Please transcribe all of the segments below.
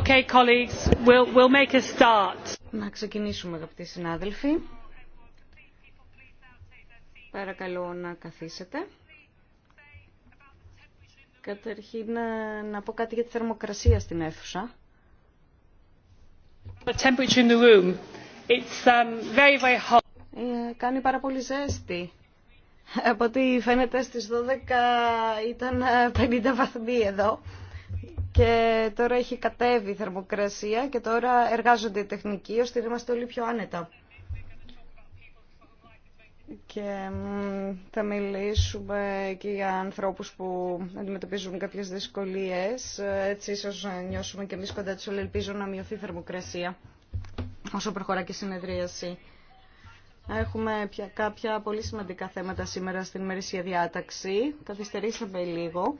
Okay, colleagues. We'll, we'll make a start. Να ξεκινήσουμε, αγαπητοί συνάδελφοι. Παρακαλώ να καθίσετε. Καταρχήν, να, να πω κάτι για τη θερμοκρασία στην αίθουσα. The temperature in the room. It's um, very, very hot. Ε, κάνει πάρα πολύ ζέστη. Από ό,τι φαίνεται στις 12 ήταν 50 ε, βαθμοί εδώ και τώρα έχει κατέβει η θερμοκρασία και τώρα εργάζονται οι τεχνικοί ώστε να είμαστε όλοι πιο άνετα. Και θα μιλήσουμε και για ανθρώπους που αντιμετωπίζουν κάποιες δυσκολίες. Έτσι ίσως νιώσουμε και εμείς κοντά τους όλοι ελπίζω να μειωθεί η θερμοκρασία όσο προχωρά και η συνεδρίαση. Έχουμε πια κάποια πολύ σημαντικά θέματα σήμερα στην ημερήσια διάταξη. Καθυστερήσαμε λίγο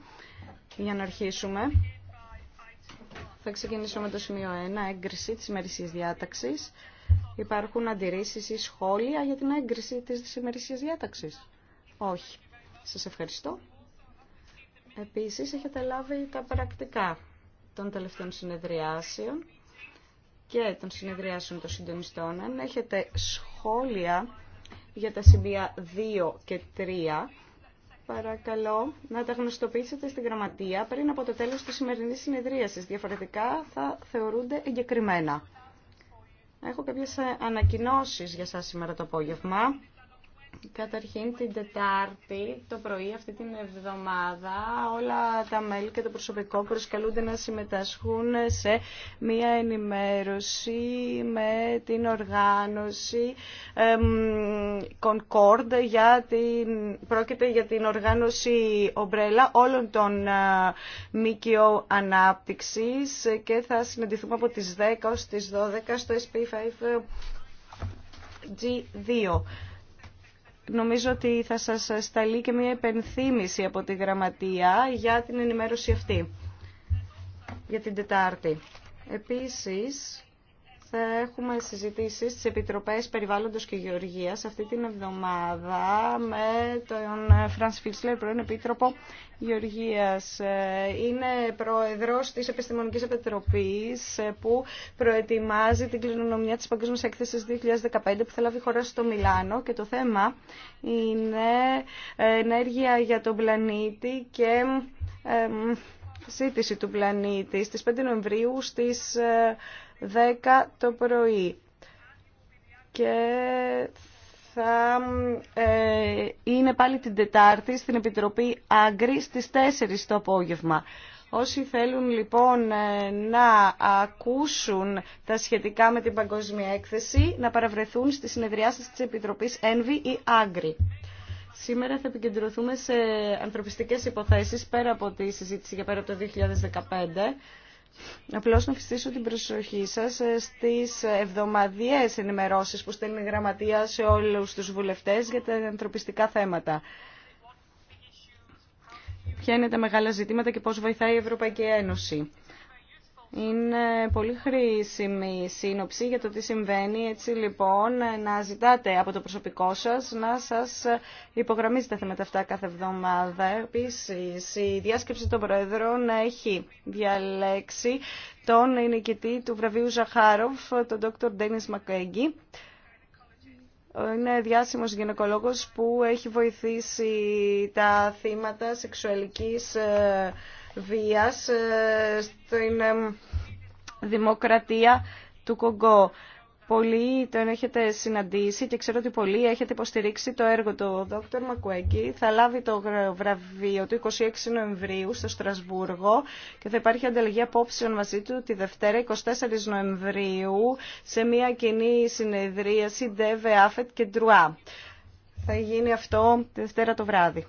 για να αρχίσουμε. Θα ξεκινήσω με το σημείο 1, έγκριση της ημερησίας διάταξης. Υπάρχουν αντιρρήσεις ή σχόλια για την έγκριση της ημερησίας διάταξης. Όχι. Σας ευχαριστώ. Επίσης, έχετε λάβει τα πρακτικά των τελευταίων συνεδριάσεων και των συνεδριάσεων των συντονιστών. έχετε σχόλια για τα σημεία 2 και 3, παρακαλώ να τα γνωστοποιήσετε στην γραμματεία πριν από το τέλος της σημερινής συνεδρίασης. Διαφορετικά θα θεωρούνται εγκεκριμένα. Έχω κάποιες ανακοινώσεις για σας σήμερα το απόγευμα. Καταρχήν την Τετάρτη το πρωί αυτή την εβδομάδα όλα τα μέλη και το προσωπικό προσκαλούνται να συμμετασχούν σε μία ενημέρωση με την οργάνωση Concord για την, πρόκειται για την οργάνωση ομπρέλα όλων των ε, ΜΚΟ ανάπτυξης και θα συναντηθούμε από τις 10 ως τις 12 στο SP5G2. Νομίζω ότι θα σας σταλεί και μια επενθύμηση από τη Γραμματεία για την ενημέρωση αυτή, για την Τετάρτη. Επίσης, θα έχουμε συζητήσει στις Επιτροπές Περιβάλλοντος και Γεωργίας αυτή την εβδομάδα με τον Φρανς Φίλσλερ, πρώην Επίτροπο Γεωργίας. Είναι πρόεδρος της Επιστημονικής Επιτροπής που προετοιμάζει την κληρονομιά της Παγκόσμιας Έκθεσης 2015 που θα λάβει χώρα στο Μιλάνο και το θέμα είναι ενέργεια για τον πλανήτη και σύντηση του πλανήτη στις 5 Νοεμβρίου στις ε, 10 το πρωί. Και θα ε, είναι πάλι την Τετάρτη στην Επιτροπή Άγκρη στις 4 το απόγευμα. Όσοι θέλουν λοιπόν ε, να ακούσουν τα σχετικά με την παγκόσμια έκθεση, να παραβρεθούν στη συνεδριάσεις της Επιτροπής Ένβη ή Άγκρη. Σήμερα θα επικεντρωθούμε σε ανθρωπιστικές υποθέσεις πέρα από τη συζήτηση για πέρα από το 2015 Απλώς να φυστήσω την προσοχή σας ε, στις εβδομαδιαίες ενημερώσεις που στέλνει η Γραμματεία σε όλους τους βουλευτές για τα ανθρωπιστικά θέματα. Ποια είναι τα μεγάλα ζητήματα και πώς βοηθάει η Ευρωπαϊκή Ένωση. Είναι πολύ χρήσιμη σύνοψη για το τι συμβαίνει. Έτσι λοιπόν να ζητάτε από το προσωπικό σας να σας υπογραμμίζετε τα θέματα αυτά κάθε εβδομάδα. Επίση η διάσκεψη των Προεδρών έχει διαλέξει τον νικητή του βραβείου Ζαχάροφ, τον Dr. Ντένις Μακέγγι. Είναι διάσημος γυναικολόγος που έχει βοηθήσει τα θύματα σεξουαλικής ε, βίας ε, στην δημοκρατία του Κογκό. Πολλοί τον έχετε συναντήσει και ξέρω ότι πολλοί έχετε υποστηρίξει το έργο του Δόκτωρ Μακουέγγι. Θα λάβει το βραβείο του 26 Νοεμβρίου στο Στρασβούργο και θα υπάρχει ανταλλαγή απόψεων μαζί του τη Δευτέρα 24 Νοεμβρίου σε μια κοινή συνεδρίαση ΔΕΒΕ, ΑΦΕΤ και Ντρουά. Θα γίνει αυτό τη Δευτέρα το βράδυ.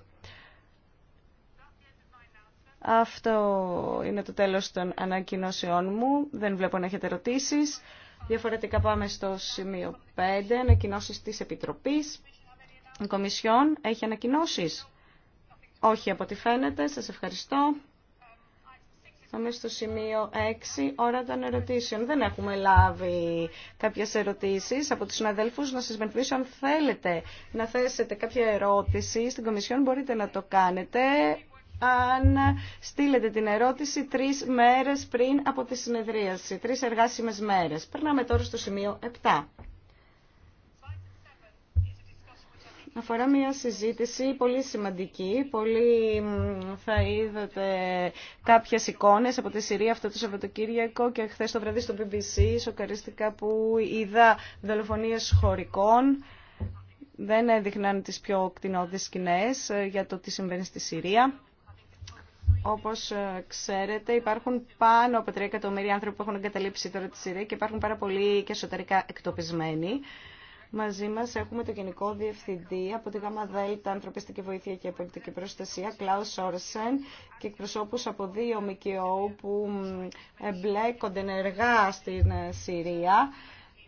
Αυτό είναι το τέλος των ανακοινώσεών μου. Δεν βλέπω να έχετε ερωτήσεις. Διαφορετικά πάμε στο σημείο 5, ανακοινώσεις της Επιτροπής. Η Κομισιόν έχει ανακοινώσεις. Όχι από ό,τι φαίνεται. Σας ευχαριστώ. Πάμε στο σημείο 6, ώρα των ερωτήσεων. Δεν έχουμε λάβει κάποιες ερωτήσεις από τους συναδέλφους. Να σας μεθυμίσω αν θέλετε να θέσετε κάποια ερώτηση στην Κομισιόν μπορείτε να το κάνετε αν στείλετε την ερώτηση τρει μέρες πριν από τη συνεδρίαση, τρει εργάσιμες μέρες. Περνάμε τώρα στο σημείο 7. Αφορά μια συζήτηση πολύ σημαντική, πολύ θα είδατε κάποιες εικόνες από τη Συρία αυτό το Σαββατοκύριακο και χθε το βράδυ στο BBC σοκαρίστηκα που είδα δολοφονίες χωρικών. Δεν έδειχναν τις πιο κτηνώδεις σκηνές ε, για το τι συμβαίνει στη Συρία. Όπως ε, ξέρετε υπάρχουν πάνω από 3 εκατομμύρια άνθρωποι που έχουν εγκαταλείψει τώρα τη Συρία και υπάρχουν πάρα πολλοί και εσωτερικά εκτοπισμένοι. Μαζί μας έχουμε το Γενικό Διευθυντή από τη ΓΑΜΑ ΔΕΛΤΑ Ανθρωπιστική Βοήθεια και Πολιτική Προστασία, Κλάου Σόρσεν, και εκπροσώπους από δύο ΜΚΟ που εμπλέκονται ενεργά στην ε, Συρία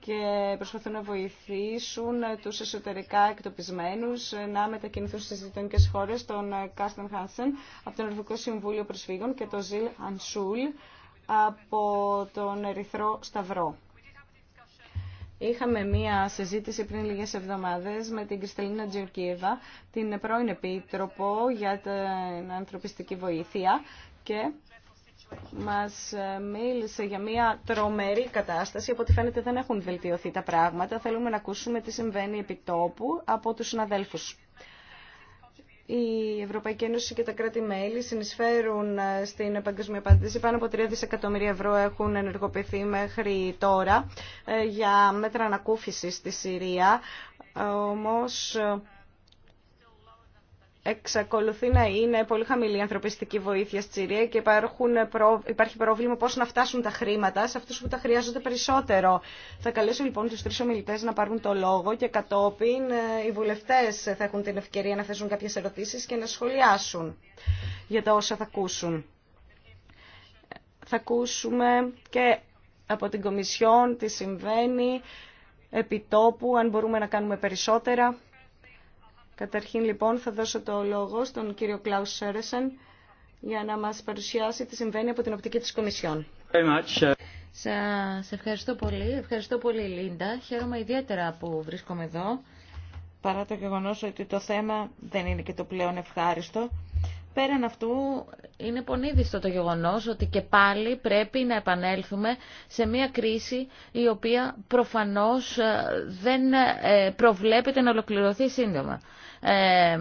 και προσπαθούν να βοηθήσουν του εσωτερικά εκτοπισμένου να μετακινηθούν στι γειτονικέ χώρε τον Κάστεν Χάνσεν από το Ευρωπαϊκό Συμβούλιο Προσφύγων και τον Ζιλ Ανσούλ από τον Ερυθρό Σταυρό. Είχαμε μία συζήτηση πριν λίγες εβδομάδες με την Κρυσταλίνα Τζιουρκίεβα, την πρώην Επίτροπο για την ανθρωπιστική βοήθεια και μας ε, μίλησε για μια τρομερή κατάσταση. Από ό,τι φαίνεται δεν έχουν βελτιωθεί τα πράγματα. Θέλουμε να ακούσουμε τι συμβαίνει επί τόπου από τους συναδέλφους. Η Ευρωπαϊκή Ένωση και τα κράτη-μέλη συνεισφέρουν ε, στην παγκοσμία απάντηση. Πάνω από 3 δισεκατομμύρια ευρώ έχουν ενεργοποιηθεί μέχρι τώρα ε, για μέτρα ανακούφισης στη Συρία. Όμως εξακολουθεί να είναι πολύ χαμηλή η ανθρωπιστική βοήθεια στη Συρία και υπάρχουν, υπάρχει πρόβλημα πώς να φτάσουν τα χρήματα σε αυτούς που τα χρειάζονται περισσότερο. Θα καλέσω λοιπόν τους τρεις ομιλητές να πάρουν το λόγο και κατόπιν ε, οι βουλευτές θα έχουν την ευκαιρία να θέσουν κάποιες ερωτήσεις και να σχολιάσουν για τα όσα θα ακούσουν. Θα ακούσουμε και από την Κομισιόν τι συμβαίνει, επιτόπου, αν μπορούμε να κάνουμε περισσότερα Καταρχήν λοιπόν θα δώσω το λόγο στον κύριο Κλάους Σέρεσεν για να μας παρουσιάσει τι συμβαίνει από την οπτική της Κομισιόν. Uh, Σα ευχαριστώ πολύ. Ευχαριστώ πολύ Λίντα. Χαίρομαι ιδιαίτερα που βρίσκομαι εδώ παρά το γεγονό ότι το θέμα δεν είναι και το πλέον ευχάριστο. Πέραν αυτού, είναι πονίδιστο το γεγονός ότι και πάλι πρέπει να επανέλθουμε σε μια κρίση η οποία προφανώς ε, δεν ε, προβλέπεται να ολοκληρωθεί σύντομα ε,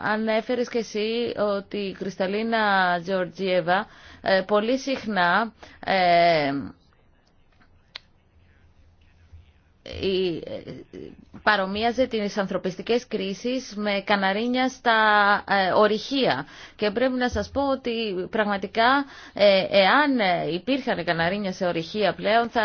ανέφερες και εσύ ότι η Κρυσταλίνα Τζορτζιέβα ε, πολύ συχνά ε, ε, παρομοίαζε τις ανθρωπιστικές κρίσεις με καναρίνια στα ε, ορυχεία. Και πρέπει να σας πω ότι πραγματικά ε, εάν υπήρχαν καναρίνια σε ορυχεία πλέον θα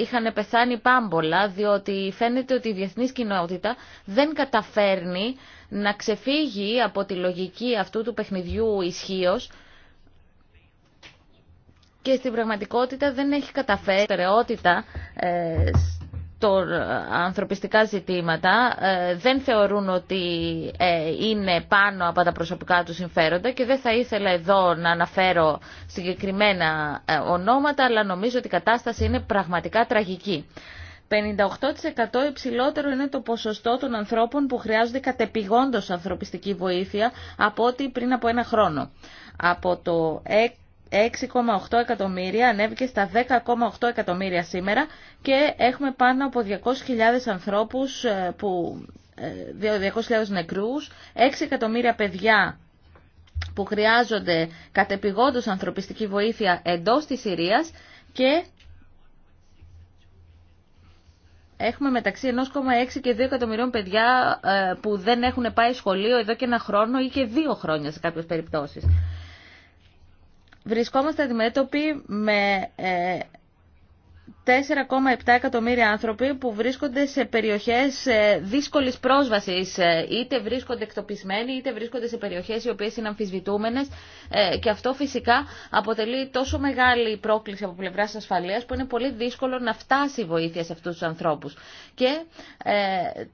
είχαν πεθάνει πάμπολα διότι φαίνεται ότι η διεθνής κοινότητα δεν καταφέρνει να ξεφύγει από τη λογική αυτού του παιχνιδιού ισχύω και στην πραγματικότητα δεν έχει καταφέρει στερεότητα των ανθρωπιστικά ζητήματα ε, δεν θεωρούν ότι ε, είναι πάνω από τα προσωπικά του συμφέροντα και δεν θα ήθελα εδώ να αναφέρω συγκεκριμένα ε, ονόματα, αλλά νομίζω ότι η κατάσταση είναι πραγματικά τραγική. 58% υψηλότερο είναι το ποσοστό των ανθρώπων που χρειάζονται κατεπηγόντως ανθρωπιστική βοήθεια από ό,τι πριν από ένα χρόνο. Από το 6,8 εκατομμύρια ανέβηκε στα 10,8 εκατομμύρια σήμερα και έχουμε πάνω από 200.000 ανθρώπους ε, που 200.000 ε, νεκρούς, 6 εκατομμύρια παιδιά που χρειάζονται κατεπηγόντως ανθρωπιστική βοήθεια εντός της Συρίας και Έχουμε μεταξύ 1,6 και 2 εκατομμυρίων παιδιά ε, που δεν έχουν πάει σχολείο εδώ και ένα χρόνο ή και δύο χρόνια σε κάποιες περιπτώσεις βρισκόμαστε αντιμέτωποι με 4,7 ε, εκατομμύρια άνθρωποι που βρίσκονται σε περιοχές ε, δύσκολης πρόσβασης, ε, είτε βρίσκονται εκτοπισμένοι, είτε βρίσκονται σε περιοχές οι οποίες είναι αμφισβητούμενες και αυτό φυσικά αποτελεί τόσο μεγάλη πρόκληση από πλευράς ασφαλείας που είναι πολύ δύσκολο να φτάσει η βοήθεια σε αυτούς τους ανθρώπους. Και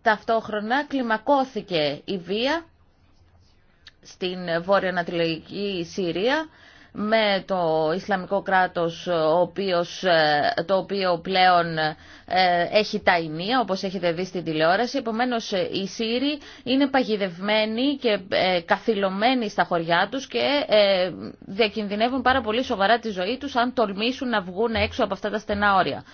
ταυτόχρονα κλιμακώθηκε η βία στην βόρεια-ανατολική Συρία με το Ισλαμικό κράτος ε, το οποίο πλέον ε, έχει τα όπως έχετε δει στην τηλεόραση. Επομένως ε, οι Σύριοι είναι παγιδευμένοι και καθυλωμένοι στα χωριά τους και διακινδυνεύουν πάρα πολύ σοβαρά τη ζωή τους αν τολμήσουν να βγουν έξω από αυτά τα στενά όρια.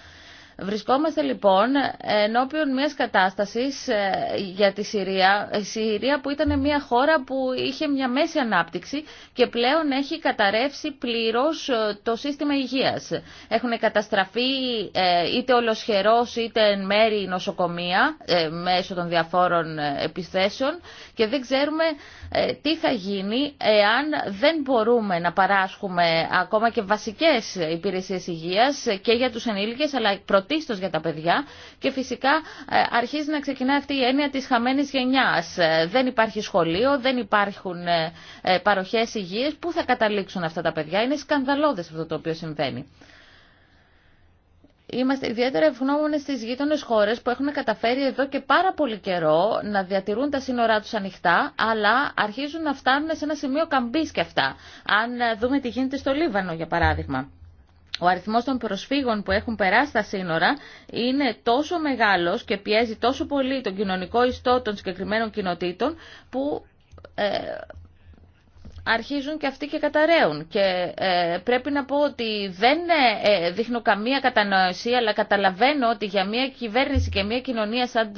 Βρισκόμαστε λοιπόν ενώπιον μιας κατάστασης ε, για τη Συρία, Συρία που ήταν μια χώρα που είχε μια μέση ανάπτυξη και πλέον έχει καταρρεύσει πλήρως ε, το σύστημα υγείας. Έχουν καταστραφεί ε, είτε ολοσχερός είτε εν μέρη νοσοκομεία μέσω των διαφόρων επιθέσεων και δεν ξέρουμε τι θα γίνει εάν δεν μπορούμε να παράσχουμε ακόμα και βασικές υπηρεσίες υγείας και για τους ενήλικες αλλά πρωτίστω για τα παιδιά και φυσικά ε, αρχίζει να ξεκινά αυτή η έννοια της χαμένης γενιάς. Ε, δεν υπάρχει σχολείο, δεν υπάρχουν ε, παροχές υγείας. Πού θα καταλήξουν αυτά παροχέ συμβαίνει. Είμαστε ιδιαίτερα ευγνώμονες στις γείτονες χώρες που έχουν καταφέρει εδώ και πάρα πολύ καιρό να διατηρούν τα σύνορά σκανδαλώδε αυτο ανοιχτά, αλλά αρχίζουν να στι γείτονε χώρε ένα σημείο καμπής και παρα πολυ καιρο να διατηρουν τα συνορα του ανοιχτα αλλα αρχιζουν να φτανουν σε ενα σημειο καμπή και αυτα Αν δούμε τι γίνεται στο Λίβανο, για παράδειγμα ο αριθμός των προσφύγων που έχουν περάσει τα σύνορα είναι τόσο μεγάλος και πιέζει τόσο πολύ τον κοινωνικό ιστό των συγκεκριμένων κοινοτήτων που ε, αρχίζουν και αυτοί και καταραίουν. Και ε, πρέπει να πω ότι δεν ε, ε δείχνω καμία κατανοησία, αλλά καταλαβαίνω ότι για μια κυβέρνηση και μια κοινωνία σαν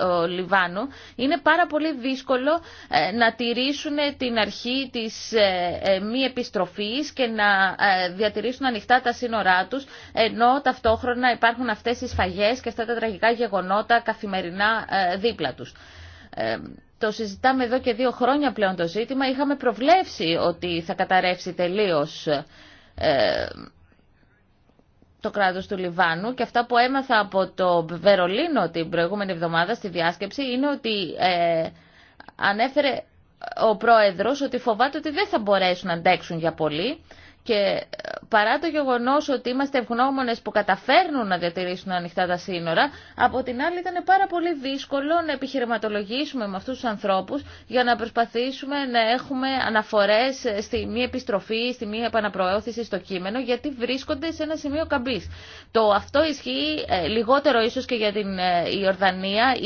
το Λιβάνο είναι πάρα πολύ δύσκολο ε, να τηρήσουν την αρχή της μη επιστροφής και να διατηρήσουν ανοιχτά τα σύνορά τους, ενώ ταυτόχρονα υπάρχουν αυτές οι σφαγές και αυτά τα τραγικά γεγονότα καθημερινά δίπλα τους το συζητάμε εδώ και δύο χρόνια πλέον το ζήτημα. Είχαμε προβλέψει ότι θα καταρρεύσει τελείως ε, το κράτος του Λιβάνου και αυτά που έμαθα από το Βερολίνο την προηγούμενη εβδομάδα στη διάσκεψη είναι ότι ε, ανέφερε ο πρόεδρος ότι φοβάται ότι δεν θα μπορέσουν να αντέξουν για πολύ και ε, παρά το γεγονό ότι είμαστε ευγνώμονε που καταφέρνουν να διατηρήσουν ανοιχτά τα σύνορα, από την άλλη ήταν πάρα πολύ δύσκολο να επιχειρηματολογήσουμε με αυτού του ανθρώπου για να προσπαθήσουμε να έχουμε αναφορέ στη μη επιστροφή, στη μη επαναπροώθηση στο κείμενο, γιατί βρίσκονται σε ένα σημείο καμπή. Το αυτό ισχύει ε, λιγότερο ίσω και για την ε, Ιορδανία,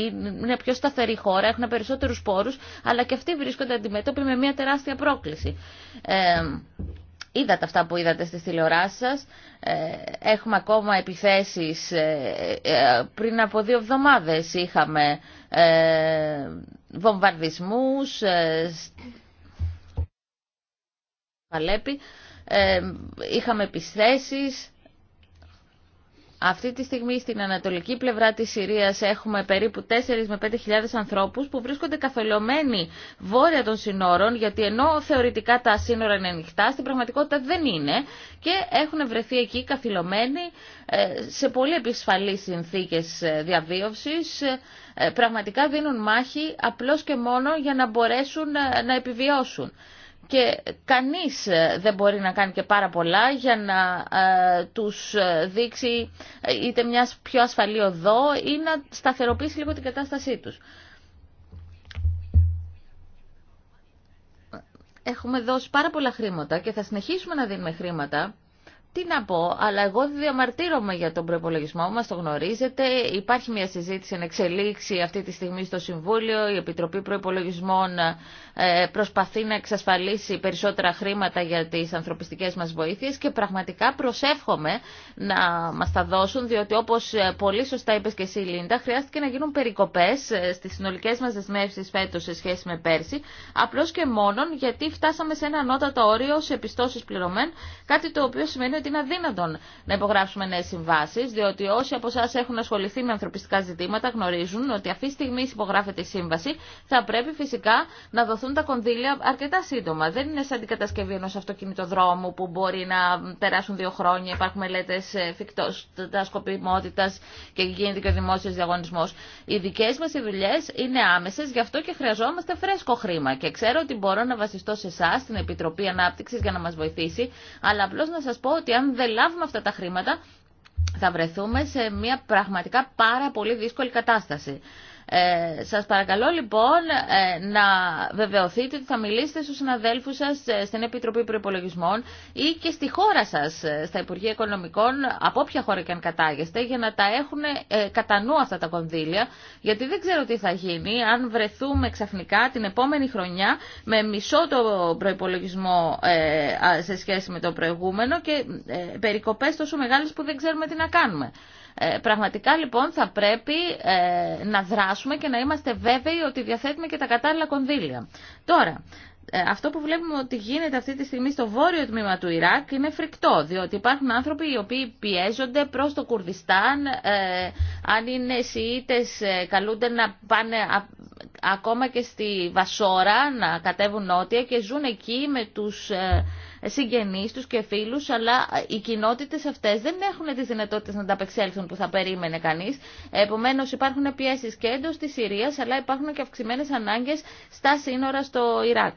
είναι πιο σταθερή χώρα, έχουν περισσότερου πόρου, αλλά και αυτοί βρίσκονται αντιμέτωποι με μια τεράστια πρόκληση είδατε αυτά που είδατε στη τηλεοράσεις σας. Ε, έχουμε ακόμα επιθέσεις. Ε, ε, πριν από δύο εβδομάδες είχαμε βομβαρδισμούς. Είχαμε επιθέσεις. Αυτή τη στιγμή στην ανατολική πλευρά της Συρίας έχουμε περίπου 4 με 5.000 ανθρώπους που βρίσκονται καθολωμένοι βόρεια των συνόρων γιατί ενώ θεωρητικά τα σύνορα είναι ανοιχτά, στην πραγματικότητα δεν είναι και έχουν βρεθεί εκεί καθυλωμένοι ε, σε πολύ επισφαλείς συνθήκες ε, διαβίωσης ε, πραγματικά δίνουν μάχη απλώς και μόνο για να μπορέσουν να επιβιώσουν και κανείς ε, δεν μπορεί να κάνει και πάρα πολλά για να ε, τους ε, δείξει είτε μια πιο ασφαλή οδό ή να σταθεροποιήσει λίγο την κατάστασή τους. Έχουμε δώσει πάρα πολλά χρήματα και θα συνεχίσουμε να δίνουμε χρήματα τι να πω, αλλά εγώ διαμαρτύρομαι για τον προπολογισμό μα, το γνωρίζετε. Υπάρχει μια συζήτηση εν εξελίξη αυτή τη στιγμή στο Συμβούλιο. Η Επιτροπή Προπολογισμών ε, προσπαθεί να εξασφαλίσει περισσότερα χρήματα για τι ανθρωπιστικέ μα βοήθειε και πραγματικά προσεύχομαι να μα τα δώσουν, διότι όπω ε, πολύ σωστά είπε και εσύ, Λίντα, χρειάστηκε να γίνουν περικοπέ ε, στι συνολικέ μα δεσμεύσει φέτο σε σχέση με πέρσι, απλώ και μόνον γιατί φτάσαμε σε ένα ανώτατο όριο σε πιστώσει πληρωμέν, κάτι το οποίο σημαίνει ότι είναι αδύνατον να υπογράψουμε νέε συμβάσει, διότι όσοι από εσά έχουν ασχοληθεί με ανθρωπιστικά ζητήματα γνωρίζουν ότι αυτή τη στιγμή υπογράφεται η σύμβαση, θα πρέπει φυσικά να δοθούν τα κονδύλια αρκετά σύντομα. Δεν είναι σαν την κατασκευή ενό αυτοκινητοδρόμου που μπορεί να περάσουν δύο χρόνια, υπάρχουν μελέτε φυκτό, σκοπιμότητα και γίνεται και ο δημόσιο διαγωνισμό. Οι δικέ μα δουλειέ είναι άμεσε, γι' αυτό και χρειαζόμαστε φρέσκο χρήμα. Και ξέρω ότι μπορώ να βασιστώ σε εσά, στην Επιτροπή Ανάπτυξη, για να μα βοηθήσει, αλλά απλώ να σα πω ότι αν δεν λάβουμε αυτά τα χρήματα θα βρεθούμε σε μια πραγματικά πάρα πολύ δύσκολη κατάσταση. Ε, σας παρακαλώ λοιπόν ε, να βεβαιωθείτε ότι θα μιλήσετε στους συναδέλφους σας ε, στην Επιτροπή Προπολογισμών ή και στη χώρα σας, ε, στα Υπουργεία Οικονομικών, από όποια χώρα και αν κατάγεστε, για να τα έχουν κατά νου αυτά τα κονδύλια, γιατί δεν ξέρω τι θα γίνει αν βρεθούμε ξαφνικά την επόμενη χρονιά με μισό το προπολογισμό σε σχέση με το προηγούμενο και περικοπές τόσο μεγάλες που δεν ξέρουμε τι να κάνουμε. Ε, πραγματικά λοιπόν θα πρέπει ε, να δράσουμε και να είμαστε βέβαιοι ότι διαθέτουμε και τα κατάλληλα κονδύλια. Τώρα, ε, αυτό που βλέπουμε ότι γίνεται αυτή τη στιγμή στο βόρειο τμήμα του Ιράκ είναι φρικτό, διότι υπάρχουν άνθρωποι οι οποίοι πιέζονται προς το Κουρδιστάν, ε, αν είναι Σιήτες καλούνται να πάνε ακόμα και στη Βασόρα, να κατέβουν νότια και ζουν εκεί με τους συγγενείς τους και φίλους, αλλά οι κοινότητες αυτές δεν έχουν τις δυνατότητες να τα απεξέλθουν που θα περίμενε κανείς. Επομένως υπάρχουν πιέσεις και εντός της Συρίας, αλλά υπάρχουν και αυξημένες ανάγκες στα σύνορα στο Ιράκ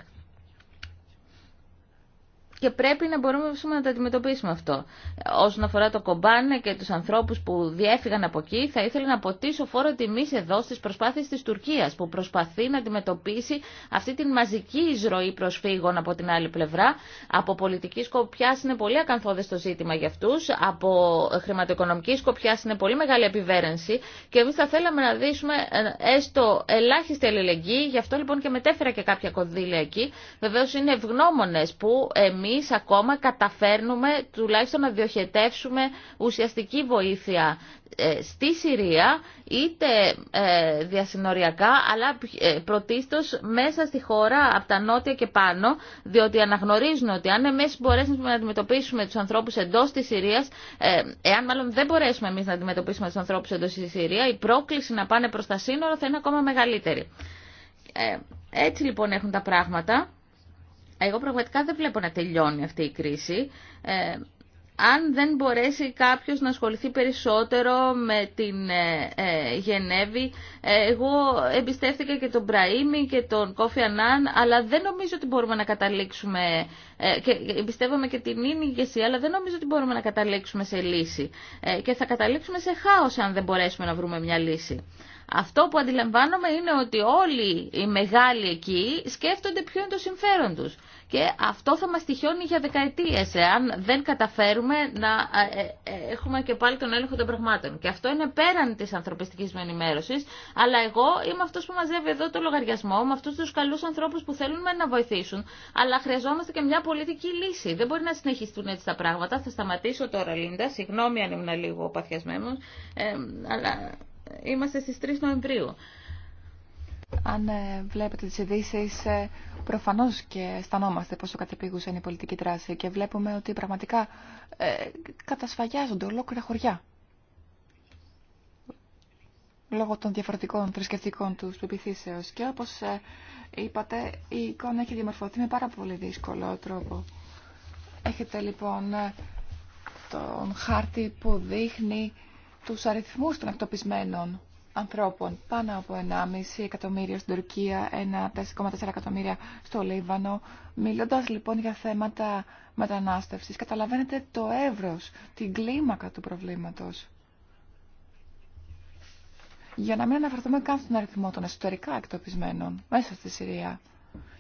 και πρέπει να μπορούμε πούμε, να τα αντιμετωπίσουμε αυτό. Όσον αφορά το κομπάνε και του ανθρώπου που διέφυγαν από εκεί, θα ήθελα να αποτίσω φόρο τιμή εδώ στις προσπάθειε τη Τουρκία που προσπαθεί να αντιμετωπίσει αυτή την μαζική εισρωή προσφύγων από την άλλη πλευρά. Από πολιτική σκοπιά είναι πολύ ακαθόδε το ζήτημα για αυτού. από χρηματοοικονομική σκοπιά είναι πολύ μεγάλη επιβέρενση και εμεί θα θέλαμε να δείσουμε ε, έστω ελάχιστη αλληλεγγύη, γι' αυτό λοιπόν και μετέφερα και κάποια κονδύλια εκεί. Βεβαίω είναι ευγνώμονε που εμεί εμείς ακόμα καταφέρνουμε τουλάχιστον να διοχετεύσουμε ουσιαστική βοήθεια ε, στη Συρία είτε ε, διασυνοριακά αλλά ε, πρωτίστως μέσα στη χώρα από τα νότια και πάνω διότι αναγνωρίζουν ότι αν εμείς μπορέσουμε να αντιμετωπίσουμε τους ανθρώπους εντός της Συρίας εάν μάλλον δεν μπορέσουμε εμείς να αντιμετωπίσουμε τους ανθρώπους εντός της Συρία η πρόκληση να πάνε προς τα σύνορα θα είναι ακόμα μεγαλύτερη. Έτσι λοιπόν έχουν τα πράγματα. Εγώ πραγματικά δεν βλέπω να τελειώνει αυτή η κρίση. Ε, αν δεν μπορέσει κάποιος να ασχοληθεί περισσότερο με την ε, ε Γενέβη, ε, εγώ εμπιστεύτηκα και τον Μπραήμι και τον Κόφι Ανάν, αλλά δεν νομίζω ότι μπορούμε να καταλήξουμε, ε, και εμπιστεύομαι και την ίνη αλλά δεν νομίζω ότι μπορούμε να καταλήξουμε σε λύση. και θα καταλήξουμε σε χάος αν δεν μπορέσουμε να βρούμε μια λύση. Αυτό που αντιλαμβάνομαι είναι ότι όλοι οι μεγάλοι εκεί σκέφτονται ποιο είναι το συμφέρον τους. Και αυτό θα μας τυχιώνει για δεκαετίες, εάν δεν καταφέρουμε να ε, ε, ε, έχουμε και πάλι τον έλεγχο των πραγμάτων. Και αυτό είναι πέραν της ανθρωπιστικής με αλλά εγώ είμαι αυτός που μαζεύει εδώ το λογαριασμό, με αυτούς τους καλούς ανθρώπους που θέλουν να βοηθήσουν, αλλά χρειαζόμαστε και μια πολιτική λύση. Δεν μπορεί να συνεχιστούν έτσι τα πράγματα. Θα σταματήσω τώρα, Λίντα. Συγγνώμη αν ήμουν λίγο παθιασμένος, ε, αλλά είμαστε στις 3 Νοεμβρίου. Αν ε, βλέπετε τις ειδήσει, ε, προφανώς και αισθανόμαστε πόσο κατεπίγουσα είναι η πολιτική τράση και βλέπουμε ότι πραγματικά ε, κατασφαγιάζονται ολόκληρα χωριά λόγω των διαφορετικών θρησκευτικών του πεπιθήσεως. Και όπως είπατε, η εικόνα έχει διαμορφωθεί με πάρα πολύ δύσκολο τρόπο. Έχετε λοιπόν τον χάρτη που δείχνει τους αριθμούς των εκτοπισμένων ανθρώπων. Πάνω από 1,5 εκατομμύριο στην Τουρκία, 1,4 εκατομμύρια στο Λίβανο. Μιλώντας λοιπόν για θέματα μετανάστευσης, καταλαβαίνετε το εύρος, την κλίμακα του προβλήματος. Για να μην αναφερθούμε καν στον αριθμό των εσωτερικά εκτοπισμένων μέσα στη Συρία.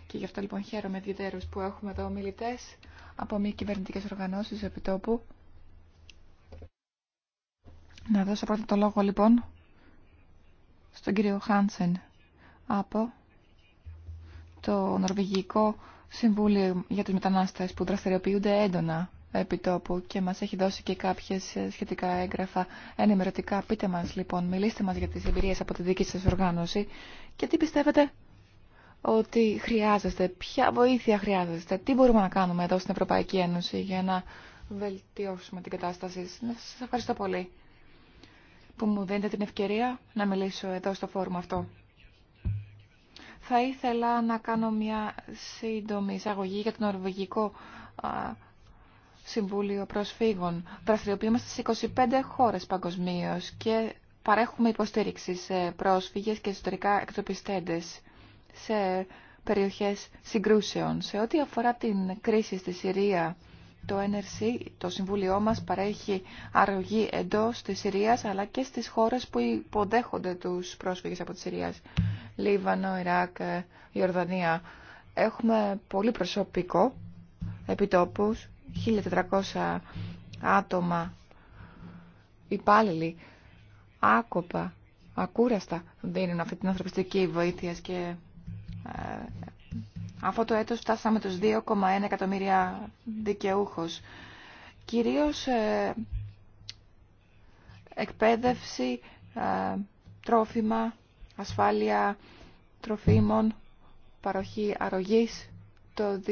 Και γι' αυτό λοιπόν χαίρομαι ιδιαίτερως που έχουμε εδώ μιλητές από μη κυβερνητικές οργανώσεις επιτόπου να δώσω πρώτα το λόγο λοιπόν στον κύριο Χάνσεν από το Νορβηγικό Συμβούλιο για τους Μετανάστες που δραστηριοποιούνται έντονα επί τόπου και μας έχει δώσει και κάποιες ε, σχετικά έγγραφα ενημερωτικά. Πείτε μας λοιπόν, μιλήστε μας για τις εμπειρίες από τη δική σας οργάνωση και τι πιστεύετε ότι χρειάζεστε, ποια βοήθεια χρειάζεστε, τι μπορούμε να κάνουμε εδώ στην Ευρωπαϊκή Ένωση για να βελτιώσουμε την κατάσταση. Σας ευχαριστώ πολύ που μου δίνετε την ευκαιρία να μιλήσω εδώ στο φόρουμ αυτό. Θα ήθελα να κάνω μια σύντομη εισαγωγή για το Νορβηγικό Συμβούλιο Προσφύγων. Δραστηριοποιούμε στις 25 χώρες παγκοσμίω και παρέχουμε υποστήριξη σε πρόσφυγες και εσωτερικά εκτροπιστέντες σε περιοχές συγκρούσεων. Σε ό,τι αφορά την κρίση στη Συρία το NRC, το Συμβούλιο μας, παρέχει αρρωγή εντός της Συρίας αλλά και στις χώρες που υποδέχονται τους πρόσφυγες από τη Συρία. Λίβανο, Ιράκ, ε, Ιορδανία. Έχουμε πολύ προσωπικό επιτόπους, 1.400 άτομα υπάλληλοι άκοπα, ακούραστα δίνουν αυτή την ανθρωπιστική βοήθεια και ε, αυτό το έτος φτάσαμε τους 2,1 εκατομμύρια δικαιούχους. Κυρίως ε, εκπαίδευση, ε, τρόφιμα, ασφάλεια τροφίμων, παροχή αρρωγής το 2014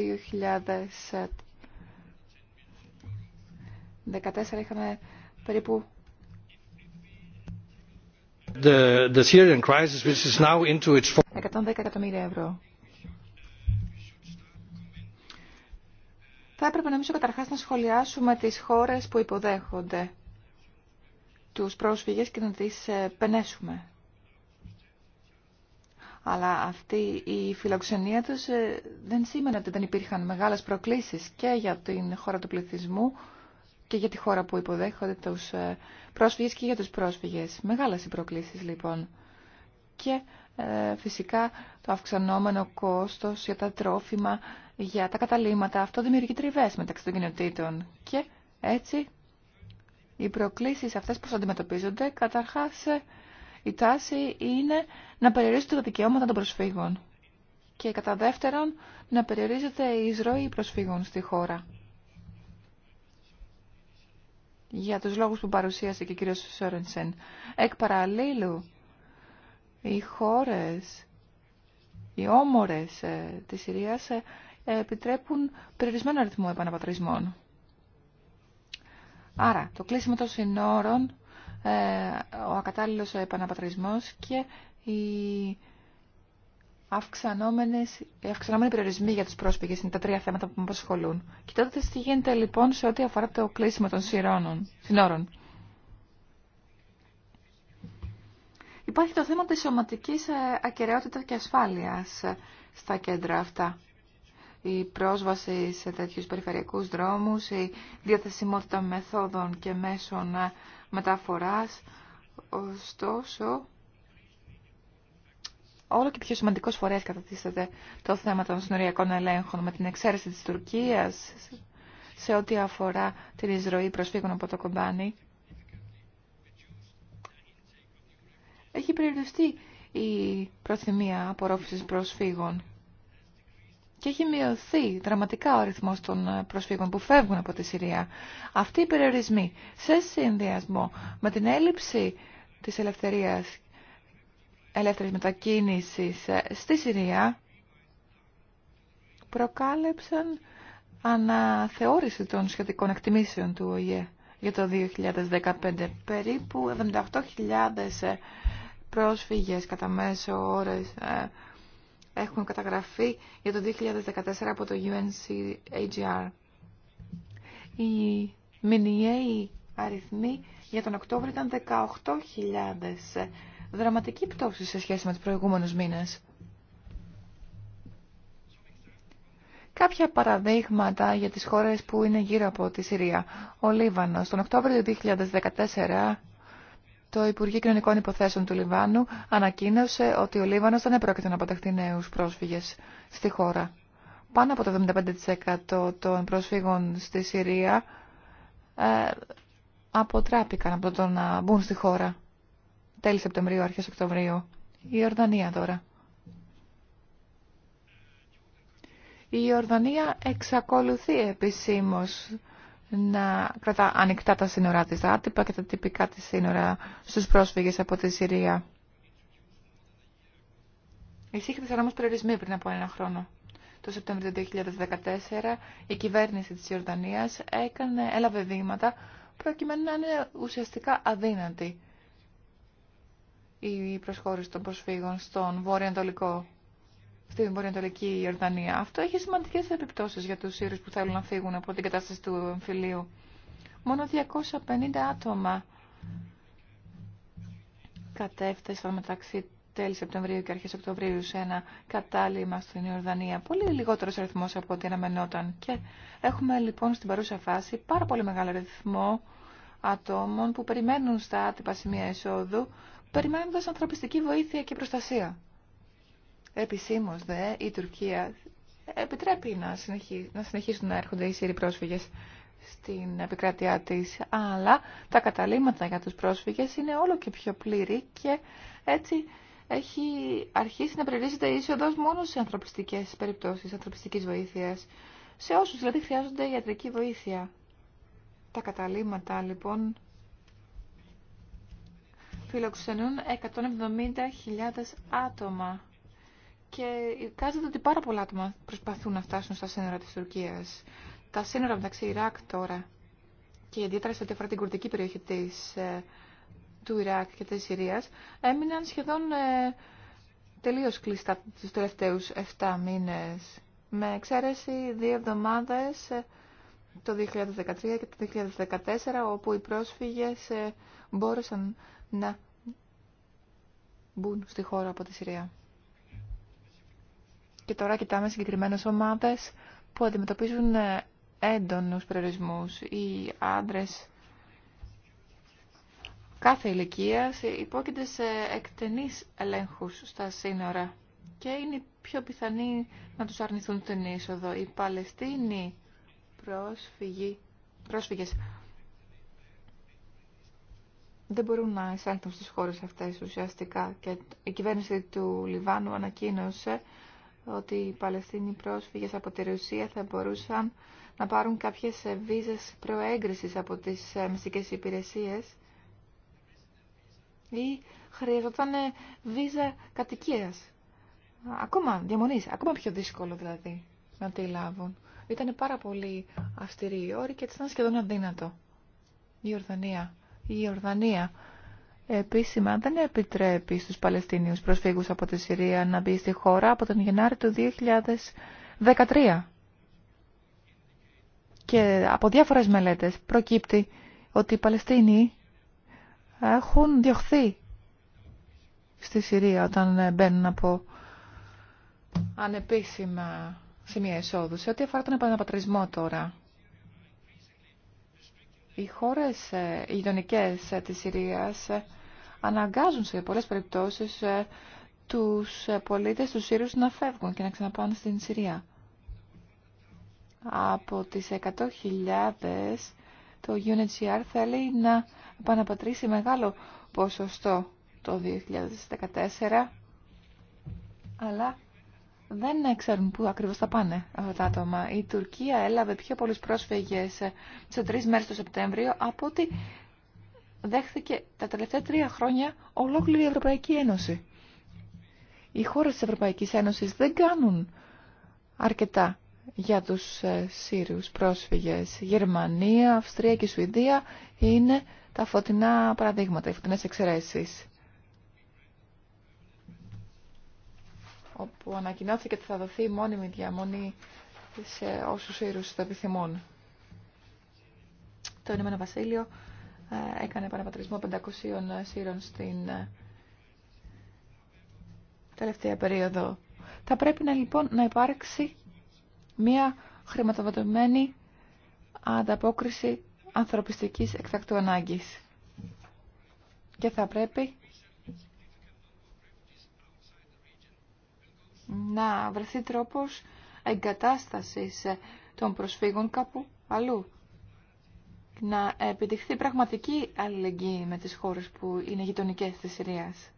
είχαμε περίπου the, the Syrian crisis, which is now into its... 110 εκατομμύρια ευρώ. Θα έπρεπε νομίζω καταρχάς να σχολιάσουμε τις χώρες που υποδέχονται τους πρόσφυγες και να τις ε, πενέσουμε. Αλλά αυτή η φιλοξενία τους ε, δεν σήμαινε ότι δεν υπήρχαν μεγάλες προκλήσεις και για την χώρα του πληθυσμού και για τη χώρα που υποδέχονται τους ε, πρόσφυγες και για τους πρόσφυγες. Μεγάλες οι προκλήσεις λοιπόν. Και φυσικά το αυξανόμενο κόστος για τα τρόφιμα για τα καταλήμματα. Αυτό δημιουργεί τριβές μεταξύ των κοινοτήτων και έτσι οι προκλήσεις αυτές που αντιμετωπίζονται καταρχάς η τάση είναι να περιορίζονται τα δικαιώματα των προσφύγων και κατά δεύτερον να περιορίζεται η εισρωή προσφύγων στη χώρα. Για τους λόγους που παρουσίασε και ο κ. Σόρενσεν, εκ παραλλήλου οι χώρες, οι όμορες ε, της Συρίας ε, επιτρέπουν περιορισμένο αριθμό επαναπατρισμών. Άρα, το κλείσιμο των συνόρων, ε, ο ακατάλληλος επαναπατρισμός και οι αυξανόμενες, αυξανόμενοι περιορισμοί για τους πρόσφυγες είναι τα τρία θέματα που με απασχολούν. Κοιτάτε τι γίνεται λοιπόν σε ό,τι αφορά το κλείσιμο των συνόρων. Υπάρχει το θέμα της σωματικής ε, ακεραιότητας και ασφάλειας ε, στα κέντρα αυτά η πρόσβαση σε τέτοιους περιφερειακούς δρόμους, η διαθεσιμότητα μεθόδων και μέσων ε, μεταφοράς. Ωστόσο, όλο και πιο σημαντικός φορέας κατατίσταται το θέμα των συνοριακών ελέγχων με την εξαίρεση της Τουρκίας σε ό,τι αφορά την εισρωή προσφύγων από το κομπάνι. Έχει περιοριστεί η προθυμία απορρόφησης προσφύγων και έχει μειωθεί δραματικά ο αριθμός των ε, προσφύγων που φεύγουν από τη Συρία. Αυτοί οι περιορισμοί σε συνδυασμό με την έλλειψη της ελευθερίας, ελεύθερης μετακίνησης ε, στη Συρία προκάλεψαν αναθεώρηση των σχετικών εκτιμήσεων του ΟΗΕ για το 2015. Περίπου 78.000 ε, πρόσφυγες κατά μέσο ώρες έχουν καταγραφεί για το 2014 από το UNCAGR. Οι μηνιαίοι αριθμοί για τον Οκτώβριο ήταν 18.000. Δραματική πτώση σε σχέση με τους προηγούμενους μήνες. Κάποια παραδείγματα για τις χώρες που είναι γύρω από τη Συρία. Ο Λίβανος, τον Οκτώβριο του 2014 το Υπουργείο Κοινωνικών Υποθέσεων του Λιβάνου ανακοίνωσε ότι ο Λίβανος δεν επρόκειται να αποτεχθεί νέους πρόσφυγες στη χώρα. Πάνω από το 75% των πρόσφυγων στη Συρία ε, αποτράπηκαν από το να μπουν στη χώρα. Τέλη Σεπτεμβρίου, αρχές Οκτωβρίου. Η Ορδανία τώρα. Η Ιορδανία εξακολουθεί επισήμως να κρατά ανοιχτά τα σύνορά της, άτυπα και τα τυπικά της σύνορα στους πρόσφυγες από τη Συρία. Εισήχθησαν όμως περιορισμοί πριν από ένα χρόνο. Το Σεπτέμβριο του 2014 η κυβέρνηση της Ιορδανίας έκανε, έλαβε βήματα προκειμένου να είναι ουσιαστικά αδύνατη η προσχώρηση των προσφύγων στον βόρειο-ανατολικό στη βορειοανατολική Ιορδανία. Αυτό έχει σημαντικέ επιπτώσει για του Σύρου που θέλουν να φύγουν από την κατάσταση του εμφυλίου. Μόνο 250 άτομα κατέφτασαν μεταξύ τέλη Σεπτεμβρίου και αρχές Οκτωβρίου σε ένα κατάλημα στην Ιορδανία. Πολύ λιγότερο αριθμό από ό,τι αναμενόταν. Και έχουμε λοιπόν στην παρούσα φάση πάρα πολύ μεγάλο αριθμό άτομων που περιμένουν στα άτυπα σημεία εισόδου, περιμένοντας ανθρωπιστική βοήθεια και προστασία. Επισήμως δε η Τουρκία επιτρέπει να, να συνεχίσουν να έρχονται οι Σύριοι πρόσφυγες στην επικράτειά της, αλλά τα καταλήμματα για τους πρόσφυγες είναι όλο και πιο πλήρη και έτσι έχει αρχίσει να περιορίζεται η είσοδος μόνο σε ανθρωπιστικές περιπτώσεις, ανθρωπιστικής βοήθειας, σε όσους δηλαδή χρειάζονται ιατρική βοήθεια. Τα καταλήμματα λοιπόν φιλοξενούν 170.000 άτομα και εικάζεται ότι πάρα πολλά άτομα προσπαθούν να φτάσουν στα σύνορα της Τουρκίας. Τα σύνορα μεταξύ Ιράκ τώρα και ιδιαίτερα σε ό,τι αφορά την κουρδική περιοχή της, ε, του Ιράκ και της Συρίας έμειναν σχεδόν ε, τελείως κλειστά τους τελευταίους 7 μήνες με εξαίρεση δύο εβδομάδες ε, το 2013 και το 2014 όπου οι πρόσφυγες ε, μπόρεσαν να μπουν στη χώρα από τη Συρία. Και τώρα κοιτάμε συγκεκριμένες ομάδες που αντιμετωπίζουν ε, έντονους περιορισμούς. Οι άντρες κάθε ηλικία υπόκειται σε εκτενείς ελέγχους στα σύνορα και είναι πιο πιθανή να τους αρνηθούν την είσοδο. Οι Παλαιστίνοι πρόσφυγοι, πρόσφυγες δεν μπορούν να εισέλθουν στις χώρες αυτές ουσιαστικά και η κυβέρνηση του Λιβάνου ανακοίνωσε ότι οι Παλαιστίνοι πρόσφυγες από τη Ρουσία θα μπορούσαν να πάρουν κάποιες βίζες προέγκρισης από τις ε, μυστικές υπηρεσίες ή χρειαζόταν ε, βίζα κατοικίας. Ακόμα διαμονής, ακόμα πιο δύσκολο δηλαδή να τη λάβουν. Ήταν πάρα πολύ αυστηρή η όρη και έτσι ήταν σχεδόν αδύνατο. Η Ορδανία. Η Ορδανία επίσημα δεν επιτρέπει στους Παλαιστίνιους προσφύγους από τη Συρία να μπει στη χώρα από τον Γενάρη του 2013. Και από διάφορες μελέτες προκύπτει ότι οι Παλαιστίνοι έχουν διωχθεί στη Συρία όταν μπαίνουν από ανεπίσημα σημεία εισόδου. Σε ό,τι αφορά τον επαναπατρισμό τώρα, οι χώρες ε, γειτονικές ε, της Συρίας ε, αναγκάζουν σε πολλές περιπτώσεις τους πολίτες, του Σύρους να φεύγουν και να ξαναπάνε στην Συρία. Από τις 100.000 το UNHCR θέλει να επαναπατρίσει μεγάλο ποσοστό το 2014 αλλά δεν ξέρουν πού ακριβώς θα πάνε αυτά τα άτομα. Η Τουρκία έλαβε πιο πολλούς πρόσφυγες σε τρει μέρε το Σεπτέμβριο από ότι δέχθηκε τα τελευταία τρία χρόνια ολόκληρη η Ευρωπαϊκή Ένωση. Οι χώρες της Ευρωπαϊκής Ένωσης δεν κάνουν αρκετά για τους ε, Σύριους πρόσφυγες. Γερμανία, Αυστρία και Σουηδία είναι τα φωτεινά παραδείγματα, οι φωτεινέ εξαιρέσει. όπου ανακοινώθηκε ότι θα δοθεί μόνιμη διαμονή σε όσους ήρους το επιθυμούν. Το Ηνωμένο Βασίλειο ε, έκανε επαναπατρισμό 500 σύρων στην ε, τελευταία περίοδο. Θα πρέπει να λοιπόν να υπάρξει μια χρηματοδοτημένη ανταπόκριση ανθρωπιστικής εκτακτού ανάγκης. Και θα πρέπει να βρεθεί τρόπος εγκατάστασης των προσφύγων κάπου αλλού. Να επιτυχθεί πραγματική αλληλεγγύη με τις χώρες που είναι γειτονικές της Συρίας.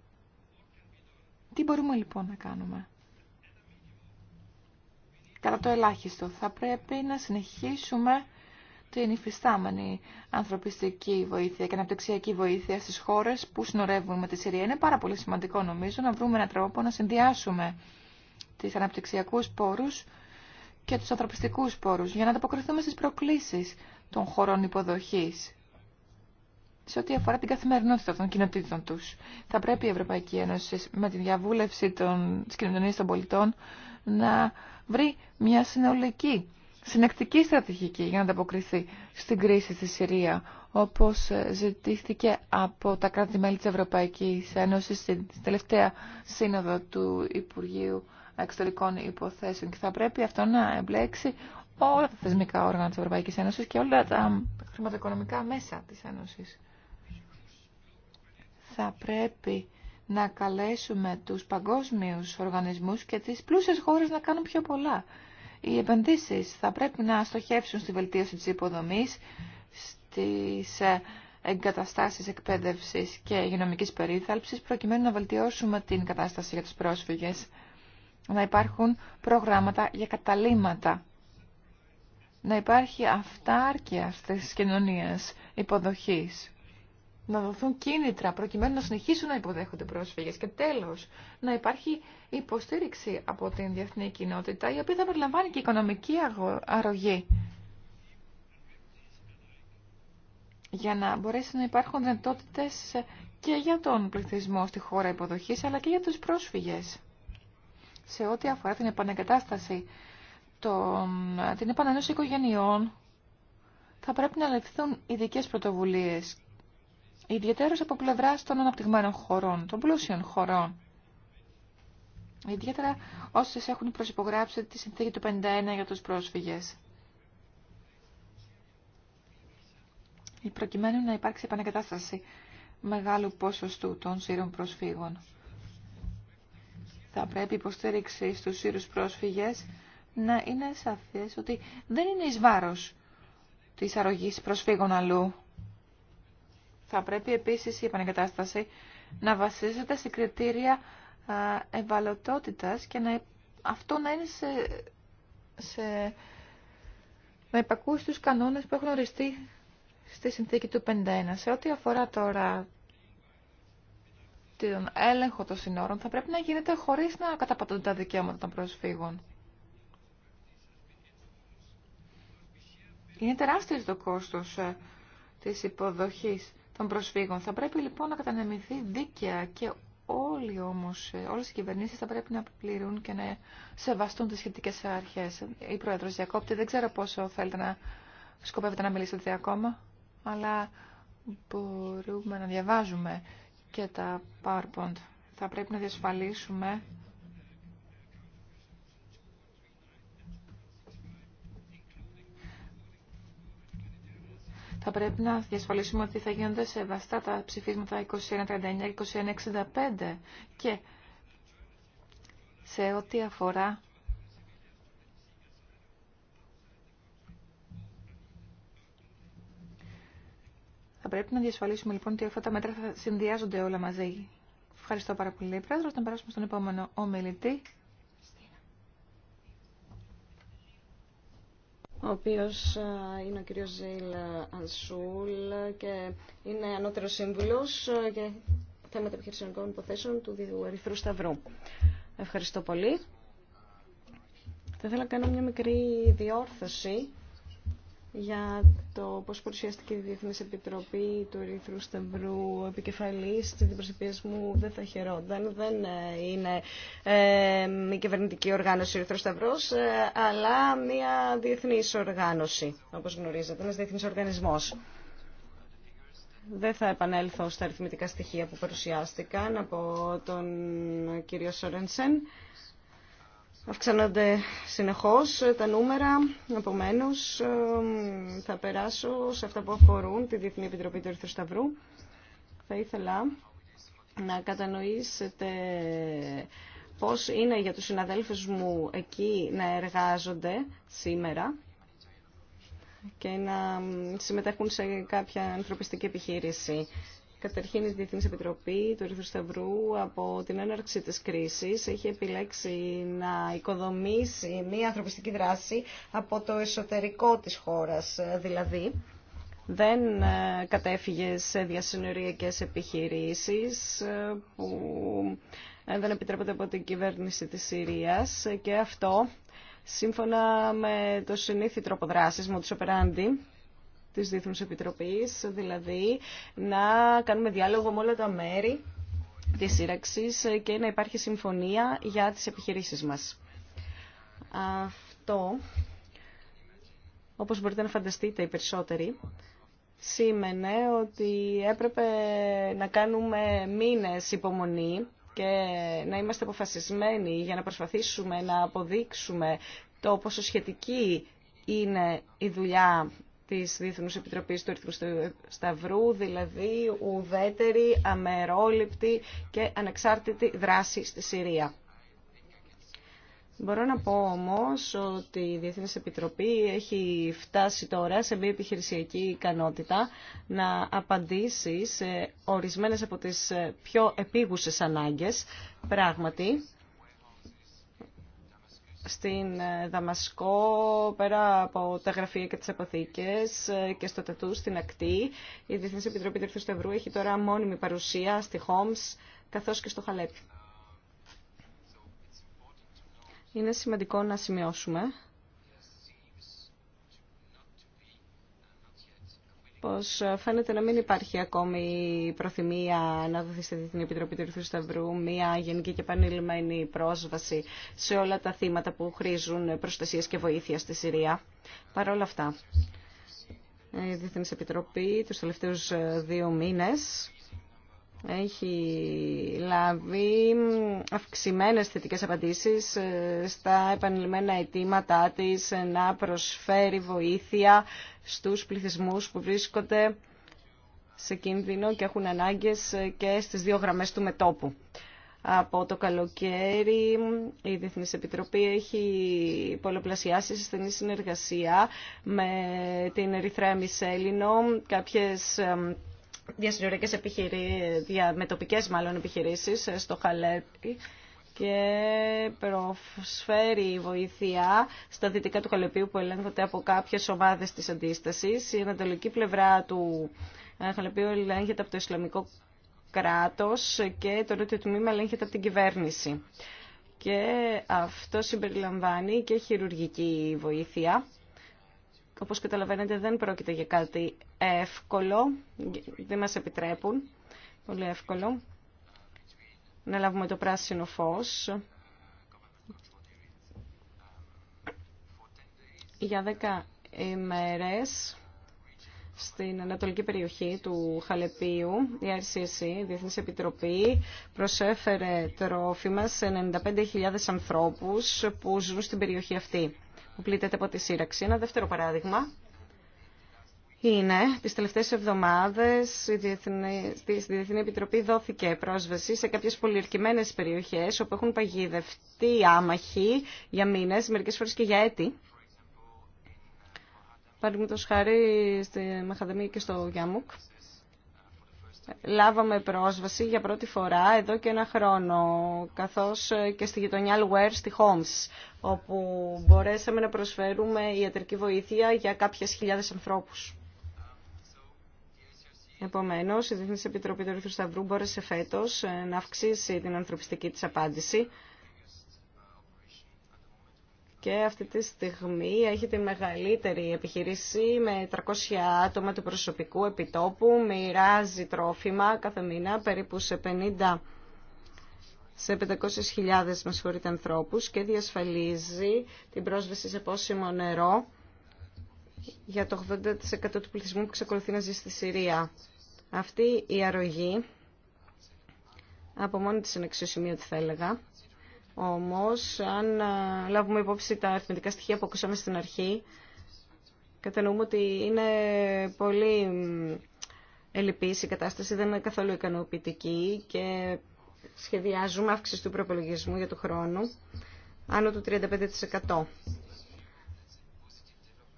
Τι μπορούμε λοιπόν να κάνουμε. Κατά το ελάχιστο θα πρέπει να συνεχίσουμε την υφιστάμενη ανθρωπιστική βοήθεια και αναπτυξιακή βοήθεια στις χώρες που συνορεύουν με τη Συρία. Είναι πάρα πολύ σημαντικό νομίζω να βρούμε έναν τρόπο να συνδυάσουμε τις αναπτυξιακούς πόρους και τους ανθρωπιστικούς πόρους για να ανταποκριθούμε στις προκλήσεις των χωρών υποδοχής σε ό,τι αφορά την καθημερινότητα των κοινοτήτων τους. Θα πρέπει η Ευρωπαϊκή Ένωση με τη διαβούλευση των, της κοινωνίας των πολιτών να βρει μια συνολική, συνεκτική στρατηγική για να ανταποκριθεί στην κρίση στη Συρία, όπως ζητήθηκε από τα κράτη-μέλη της Ευρωπαϊκής Ένωσης στην τελευταία σύνοδο του Υπουργείου εξωτερικών υποθέσεων και θα πρέπει αυτό να εμπλέξει όλα τα θεσμικά όργανα της Ευρωπαϊκής Ένωσης και όλα τα χρηματοοικονομικά μέσα της Ένωσης. Θα πρέπει να καλέσουμε τους παγκόσμιους οργανισμούς και τις πλούσιες χώρες να κάνουν πιο πολλά. Οι επενδύσεις θα πρέπει να στοχεύσουν στη βελτίωση της υποδομής, στις ε, εγκαταστάσεις εκπαίδευσης και υγειονομικής περίθαλψης, προκειμένου να βελτιώσουμε την κατάσταση για τους πρόσφυγες να υπάρχουν προγράμματα για καταλήμματα. Να υπάρχει αυτάρκεια στις κοινωνίες υποδοχής. Να δοθούν κίνητρα προκειμένου να συνεχίσουν να υποδέχονται πρόσφυγες. Και τέλος, να υπάρχει υποστήριξη από την διεθνή κοινότητα, η οποία θα περιλαμβάνει και οικονομική αρρωγή. Για να μπορέσει να υπάρχουν δυνατότητε και για τον πληθυσμό στη χώρα υποδοχής, αλλά και για τους πρόσφυγες σε ό,τι αφορά την επανεγκατάσταση των, την επανένωση οικογενειών θα πρέπει να λεφθούν ειδικέ πρωτοβουλίε, ιδιαίτερω από πλευρά των αναπτυγμένων χωρών, των πλούσιων χωρών. Ιδιαίτερα όσες έχουν προσυπογράψει τη συνθήκη του 51 για του πρόσφυγες. Προκειμένου να υπάρξει επανεκατάσταση μεγάλου ποσοστού των σύρων προσφύγων θα πρέπει η υποστήριξη στου Σύρους πρόσφυγες να είναι σαφέ ότι δεν είναι ει βάρο της αρρωγής προσφύγων αλλού. Θα πρέπει επίση η επανεγκατάσταση να βασίζεται σε κριτήρια ευαλωτότητας και να, αυτό να είναι σε, σε να υπακούει στους κανόνες που έχουν οριστεί στη συνθήκη του 51. Σε ό,τι αφορά τώρα τον έλεγχο των συνόρων θα πρέπει να γίνεται χωρίς να καταπατούν τα δικαιώματα των προσφύγων. Είναι τεράστιο το κόστος ε, της υποδοχής των προσφύγων. Θα πρέπει λοιπόν να κατανεμηθεί δίκαια και όλοι όμως, ε, όλες οι κυβερνήσεις θα πρέπει να πληρούν και να σεβαστούν τις σχετικές αρχές. Η Πρόεδρος Διακόπτη, δεν ξέρω πόσο θέλετε να σκοπεύετε να μιλήσετε ακόμα, αλλά μπορούμε να διαβάζουμε και τα PowerPoint. Θα πρέπει να διασφαλίσουμε θα πρέπει να διασφαλίσουμε ότι θα γίνονται σεβαστά τα ψηφίσματα 2139 και 2165 και σε ό,τι αφορά πρέπει να διασφαλίσουμε λοιπόν ότι αυτά τα μέτρα θα συνδυάζονται όλα μαζί. Ευχαριστώ πάρα πολύ, Πρόεδρο, Να περάσουμε στον επόμενο ομιλητή. ο οποίος είναι ο κύριος Ζήλ Ανσούλ και είναι ανώτερος σύμβουλος για θέματα επιχειρησιακών υποθέσεων του Ερυθρού Σταυρού. Ευχαριστώ πολύ. Θα ήθελα να κάνω μια μικρή διόρθωση για το πώ παρουσιάστηκε η διεθνή Επιτροπή του Ερυθρού Σταυρού επικεφαλής τη αντιπροσωπεία μου δεν θα χαιρόταν, δεν ε, είναι ε, η κυβερνητική οργάνωση ο Ερυθρός ε, αλλά μια διεθνή οργάνωση, όπως γνωρίζετε, ένας διεθνή οργανισμός. Δεν θα επανέλθω στα αριθμητικά στοιχεία που παρουσιάστηκαν από τον κύριο Σόρενσεν αυξάνονται συνεχώς τα νούμερα. Επομένως, θα περάσω σε αυτά που αφορούν τη Διεθνή Επιτροπή του Ερθρού Θα ήθελα να κατανοήσετε πώς είναι για τους συναδέλφους μου εκεί να εργάζονται σήμερα και να συμμετέχουν σε κάποια ανθρωπιστική επιχείρηση. Καταρχήν η Διεθνής Επιτροπή του Ερυθρού Σταυρού από την έναρξη της κρίσης έχει επιλέξει να οικοδομήσει μια ανθρωπιστική δράση από το εσωτερικό της χώρας δηλαδή. Δεν ε, κατέφυγε σε διασυνοριακές επιχειρήσεις ε, που ε, δεν επιτρέπεται από την κυβέρνηση της Συρίας και αυτό σύμφωνα με το συνήθι τρόπο δράσης, του operandi, της Διεθνούς Επιτροπής, δηλαδή να κάνουμε διάλογο με όλα τα μέρη της σύραξης και να υπάρχει συμφωνία για τις επιχειρήσεις μας. Αυτό, όπως μπορείτε να φανταστείτε οι περισσότεροι, σήμαινε ότι έπρεπε να κάνουμε μήνες υπομονή και να είμαστε αποφασισμένοι για να προσπαθήσουμε να αποδείξουμε το πόσο σχετική είναι η δουλειά της Διεθνούς Επιτροπής του Ερθρού Σταυρού, δηλαδή ουδέτερη, αμερόληπτη και ανεξάρτητη δράση στη Συρία. Μπορώ να πω όμως ότι η Διεθνής Επιτροπή έχει φτάσει τώρα σε μια επιχειρησιακή ικανότητα να απαντήσει σε ορισμένες από τις πιο επίγουσες ανάγκες. Πράγματι, στην ε, Δαμασκό, πέρα από τα γραφεία και τις αποθήκες ε, και στο Τατού, στην Ακτή. Η Διεθνής Επιτροπή του Σταυρού έχει τώρα μόνιμη παρουσία στη Χόμς, καθώς και στο Χαλέπι. Είναι σημαντικό να σημειώσουμε πως φαίνεται να μην υπάρχει ακόμη προθυμία να δοθεί στη Διεθνή Επιτροπή του Ρυθού Σταυρού μια γενική και επανειλημμένη πρόσβαση σε όλα τα θύματα που χρήζουν προστασίας και βοήθεια στη Συρία. Παρ' όλα αυτά, η Διεθνής Επιτροπή τους τελευταίους δύο μήνες έχει λάβει αυξημένες θετικές απαντήσεις ε, στα επανειλημμένα αιτήματά της ε, να προσφέρει βοήθεια στους πληθυσμούς που βρίσκονται σε κίνδυνο και έχουν ανάγκες ε, και στις δύο γραμμές του μετόπου. Από το καλοκαίρι η Διεθνής Επιτροπή έχει πολλαπλασιάσει σε στενή συνεργασία με την Ερυθρέα Μισέλινο κάποιες Διασυνορικές επιχειρήσει, με τοπικές μάλλον επιχειρήσεις ε, στο Χαλέπι και προσφέρει βοήθεια στα δυτικά του Χαλεπίου που ελέγχονται από κάποιες ομάδες της αντίστασης. Η ανατολική πλευρά του ε, Χαλεπίου ελέγχεται από το Ισλαμικό κράτος και το νότιο τμήμα ελέγχεται από την κυβέρνηση. Και αυτό συμπεριλαμβάνει και χειρουργική βοήθεια όπως καταλαβαίνετε δεν πρόκειται για κάτι εύκολο, δεν μας επιτρέπουν, πολύ εύκολο, να λάβουμε το πράσινο φως. Για 10 ημέρες στην ανατολική περιοχή του Χαλεπίου, η RCC, η Διεθνής Επιτροπή, προσέφερε τρόφιμα σε 95.000 ανθρώπους που ζουν στην περιοχή αυτή που πλήττεται από τη σύραξη. Ένα δεύτερο παράδειγμα είναι τις τελευταίες εβδομάδες η στη Διεθνή Επιτροπή δόθηκε πρόσβαση σε κάποιες πολιορκημένες περιοχές όπου έχουν παγιδευτεί άμαχοι για μήνες, μερικές φορές και για έτη. το χάρη στη Μαχαδεμία και στο Γιάμουκ λάβαμε πρόσβαση για πρώτη φορά εδώ και ένα χρόνο, καθώς και στη γειτονιά Λουέρ στη Χόμς, όπου μπορέσαμε να προσφέρουμε ιατρική βοήθεια για κάποιες χιλιάδες ανθρώπους. Επομένως, η Διεθνή Επιτροπή του Ρήθου Σταυρού μπόρεσε φέτος να αυξήσει την ανθρωπιστική της απάντηση και αυτή τη στιγμή έχει τη μεγαλύτερη επιχειρήση με 300 άτομα του προσωπικού επιτόπου, μοιράζει τρόφιμα κάθε μήνα περίπου σε 50 σε 500.000 μας ανθρώπους και διασφαλίζει την πρόσβαση σε πόσιμο νερό για το 80% του πληθυσμού που ξεκολουθεί να ζει στη Συρία. Αυτή η αρρωγή από μόνη της είναι αξιοσημείωτη θα έλεγα όμως, αν ε, λάβουμε υπόψη τα αριθμητικά στοιχεία που ακούσαμε στην αρχή, κατανοούμε ότι είναι πολύ ελλειπής η κατάσταση, δεν είναι καθόλου ικανοποιητική και σχεδιάζουμε αύξηση του προπολογισμού για του χρόνου άνω του 35%.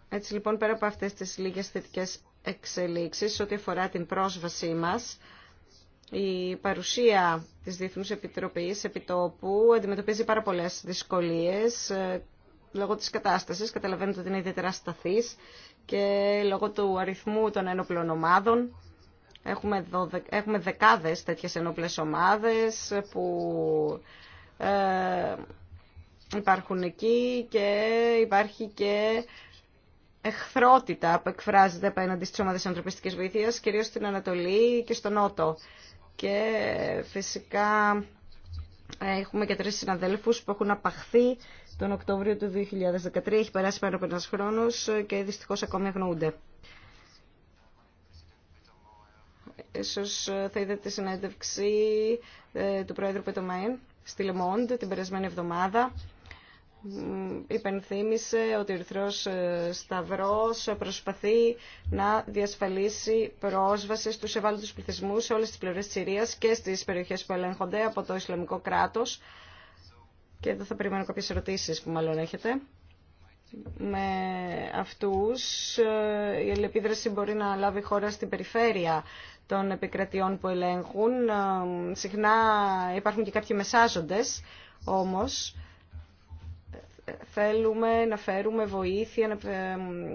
Έτσι λοιπόν πέρα από αυτές τις λίγες θετικές εξελίξεις ό,τι αφορά την πρόσβασή μας η παρουσία της Διεθνούς Επιτροπής επιτόπου αντιμετωπίζει πάρα πολλές δυσκολίες ε, λόγω της κατάστασης. Καταλαβαίνετε ότι είναι ιδιαίτερα σταθής και λόγω του αριθμού των ενόπλων ομάδων έχουμε, δω, έχουμε δεκάδες τέτοιες ενόπλες ομάδες που ε, υπάρχουν εκεί και υπάρχει και εχθρότητα που εκφράζεται απέναντι στις ομάδες ανθρωπιστικής βοήθειας, κυρίως στην Ανατολή και στον Νότο και φυσικά ε, έχουμε και τρεις συναδέλφους που έχουν απαχθεί τον Οκτώβριο του 2013. Έχει περάσει πάνω από ένας χρόνος και δυστυχώς ακόμη αγνοούνται. Ίσως ε, θα είδατε τη συνέντευξη ε, του Πρόεδρου Πετωμαΐν στη Λεμόντ την περασμένη εβδομάδα υπενθύμησε ότι ο Ερυθρός ε, Σταυρός προσπαθεί να διασφαλίσει πρόσβαση στους ευάλωτους πληθυσμούς σε όλες τις πλευρές της Συρίας και στις περιοχές που ελέγχονται από το Ισλαμικό κράτος. Και εδώ θα περιμένω κάποιες ερωτήσεις που μάλλον έχετε. Με αυτούς ε, η ελεπίδραση μπορεί να λάβει χώρα στην περιφέρεια των επικρατιών που ελέγχουν. Ε, συχνά υπάρχουν και κάποιοι μεσάζοντες όμως θέλουμε να φέρουμε βοήθεια,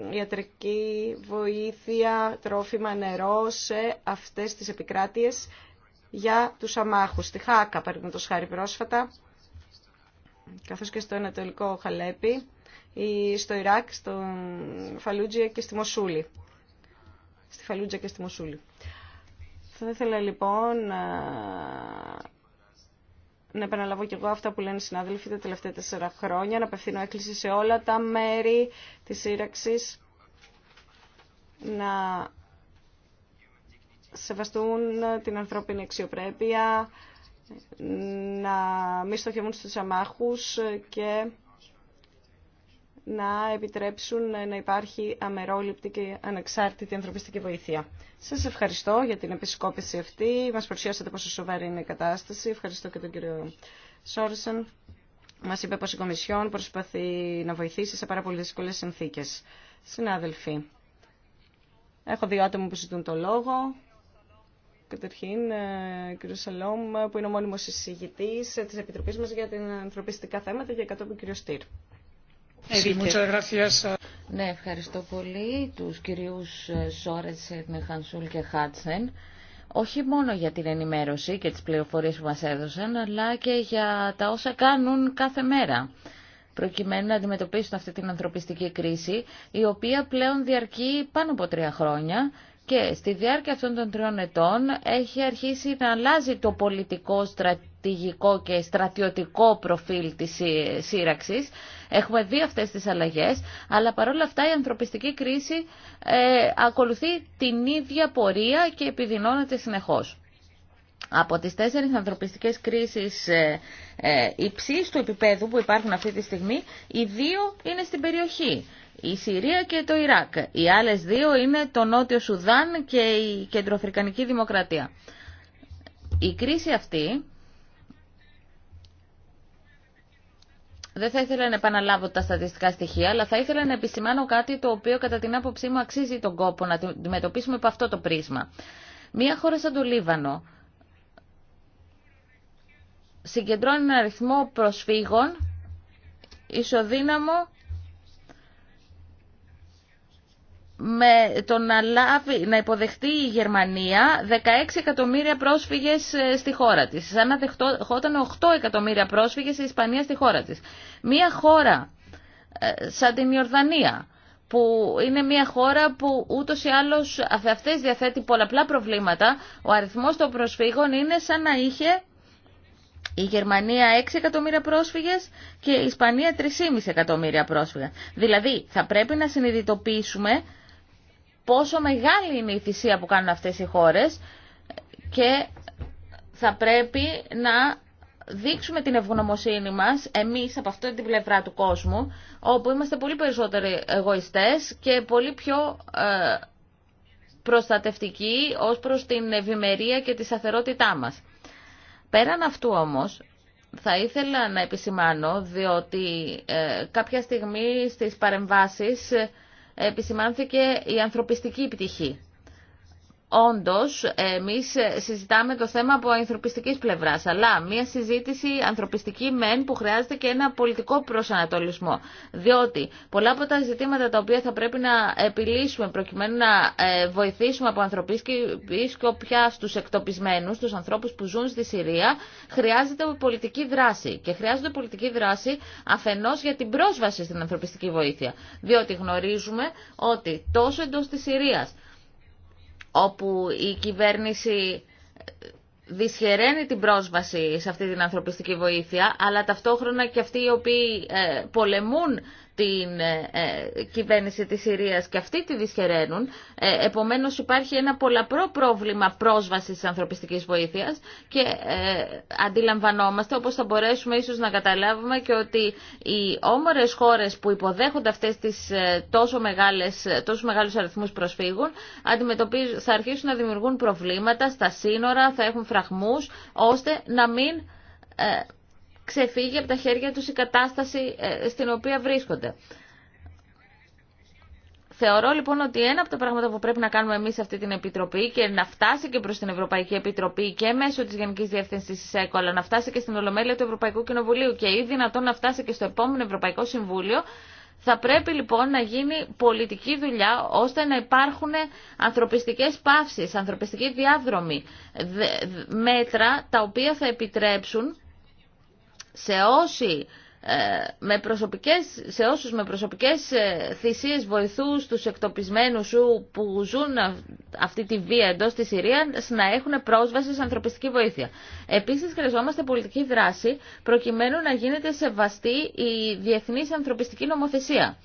ιατρική βοήθεια, τρόφιμα, νερό σε αυτές τις επικράτειες για τους αμάχους. Στη Χάκα, παραδείγματος χάρη πρόσφατα, καθώς και στο Ανατολικό Χαλέπι, στο Ιράκ, στο Φαλούτζια και στη Μοσούλη. Στη Φαλούτζια και στη Μοσούλη. Θα ήθελα λοιπόν να επαναλαβώ και εγώ αυτά που λένε οι συνάδελφοι τα τελευταία τέσσερα χρόνια, να απευθύνω έκκληση σε όλα τα μέρη της σύραξης να σεβαστούν την ανθρώπινη αξιοπρέπεια, να μη στοχεύουν στους αμάχους και να επιτρέψουν να υπάρχει αμερόληπτη και ανεξάρτητη ανθρωπιστική βοήθεια. Σα ευχαριστώ για την επισκόπηση αυτή. μα παρουσιάσατε πόσο σοβαρή είναι η κατάσταση. Ευχαριστώ και τον κύριο Σόρσεν. μα είπε πω η Κομισιόν προσπαθεί να βοηθήσει σε πάρα πολύ δύσκολε συνθήκε. Συνάδελφοι, έχω δύο άτομα που ζητούν το λόγο. Καταρχήν, ε, κύριο Σαλόμ, που είναι ο μόνιμος εισηγητής της Επιτροπής μας για την ανθρωπιστικά θέματα και κατόπιν κύριο Στήρ. Ναι, ευχαριστώ πολύ τους κυρίους ε, Σόρετς, Μιχανσούλ και Χάτσεν όχι μόνο για την ενημέρωση και τις πληροφορίες που μας έδωσαν, αλλά και για τα όσα κάνουν κάθε μέρα προκειμένου να αντιμετωπίσουν αυτή την ανθρωπιστική κρίση, η οποία πλέον διαρκεί πάνω από τρία χρόνια και στη διάρκεια αυτών των τριών ετών έχει αρχίσει να αλλάζει το πολιτικό στρατηγικό στρατηγικό και στρατιωτικό προφίλ της σύραξης. Έχουμε δει αυτές τις αλλαγές, αλλά παρόλα αυτά η ανθρωπιστική κρίση ε, ακολουθεί την ίδια πορεία και επιδεινώνεται συνεχώς. Από τις τέσσερις ανθρωπιστικές κρίσεις ε, ε, υψής του επίπεδου που υπάρχουν αυτή τη στιγμή, οι δύο είναι στην περιοχή. Η Συρία και το Ιράκ. Οι άλλες δύο είναι το Νότιο Σουδάν και η Κεντροαφρικανική Δημοκρατία. Η κρίση αυτή Δεν θα ήθελα να επαναλάβω τα στατιστικά στοιχεία, αλλά θα ήθελα να επισημάνω κάτι το οποίο κατά την άποψή μου αξίζει τον κόπο να αντιμετωπίσουμε από αυτό το πρίσμα. Μία χώρα σαν το Λίβανο συγκεντρώνει ένα αριθμό προσφύγων ισοδύναμο με το να, λάβει, να υποδεχτεί η Γερμανία 16 εκατομμύρια πρόσφυγες ε, στη χώρα της. Σαν να δεχόταν 8 εκατομμύρια πρόσφυγες η Ισπανία στη χώρα της. Μία χώρα ε, σαν την Ιορδανία που είναι μια χώρα που ούτως ή άλλως αυτές διαθέτει πολλαπλά προβλήματα, ο αριθμός των προσφύγων είναι σαν να είχε η Γερμανία 6 εκατομμύρια πρόσφυγες και η Ισπανία 3,5 εκατομμύρια πρόσφυγα. Δηλαδή θα πρέπει να συνειδητοποιήσουμε πόσο μεγάλη είναι η θυσία που κάνουν αυτές οι χώρες και θα πρέπει να δείξουμε την ευγνωμοσύνη μας εμείς από αυτή την πλευρά του κόσμου όπου είμαστε πολύ περισσότεροι εγωιστές και πολύ πιο ε, προστατευτικοί ως προς την ευημερία και τη σταθερότητά μας. Πέραν αυτού όμως θα ήθελα να επισημάνω διότι ε, κάποια στιγμή στις παρεμβάσεις επισημάνθηκε η ανθρωπιστική πτυχή. Όντω, εμεί συζητάμε το θέμα από ανθρωπιστική πλευρά, αλλά μια συζήτηση ανθρωπιστική μεν που χρειάζεται και ένα πολιτικό προσανατολισμό. Διότι πολλά από τα ζητήματα τα οποία θα πρέπει να επιλύσουμε προκειμένου να ε, βοηθήσουμε από ανθρωπιστική σκοπιά στου εκτοπισμένου, στου ανθρώπου που ζουν στη Συρία, χρειάζεται πολιτική δράση. Και χρειάζεται πολιτική δράση αφενό για την πρόσβαση στην ανθρωπιστική βοήθεια. Διότι γνωρίζουμε ότι τόσο εντό τη Συρία, όπου η κυβέρνηση δυσχεραίνει την πρόσβαση σε αυτή την ανθρωπιστική βοήθεια, αλλά ταυτόχρονα και αυτοί οι οποίοι ε, πολεμούν την ε, ε, κυβέρνηση της Συρίας και αυτοί τη δυσχεραίνουν. Ε, επομένως υπάρχει ένα πολλαπρό πρόβλημα πρόσβασης ανθρωπιστικής βοήθειας και ε, αντιλαμβανόμαστε όπως θα μπορέσουμε ίσως να καταλάβουμε και ότι οι όμορες χώρες που υποδέχονται αυτές τις ε, τόσο μεγάλες, τόσο μεγάλους αριθμούς προσφύγων θα αρχίσουν να δημιουργούν προβλήματα στα σύνορα, θα έχουν φραγμούς ώστε να μην ξεφύγει από τα χέρια τους η κατάσταση ε, στην οποία βρίσκονται. Θεωρώ λοιπόν ότι ένα από τα πράγματα που πρέπει να κάνουμε εμεί σε αυτή την Επιτροπή και να φτάσει και προ την Ευρωπαϊκή Επιτροπή και μέσω τη Γενική Διεύθυνση τη ΕΚΟ, αλλά να φτάσει και στην Ολομέλεια του Ευρωπαϊκού Κοινοβουλίου και ή δυνατόν να φτάσει και στο επόμενο Ευρωπαϊκό Συμβούλιο, θα πρέπει λοιπόν να γίνει πολιτική δουλειά ώστε να υπάρχουν ανθρωπιστικές παύσεις, ανθρωπιστική διάδρομη, μέτρα τα οποία θα επιτρέψουν σε όσοι ε, με προσωπικές, σε όσους με προσωπικές ε, θυσίες βοηθούς τους εκτοπισμένους που ζουν αυτή τη βία εντός της Συρίας να έχουν πρόσβαση σε ανθρωπιστική βοήθεια. Επίσης χρειαζόμαστε πολιτική δράση προκειμένου να γίνεται σεβαστή η διεθνής ανθρωπιστική νομοθεσία.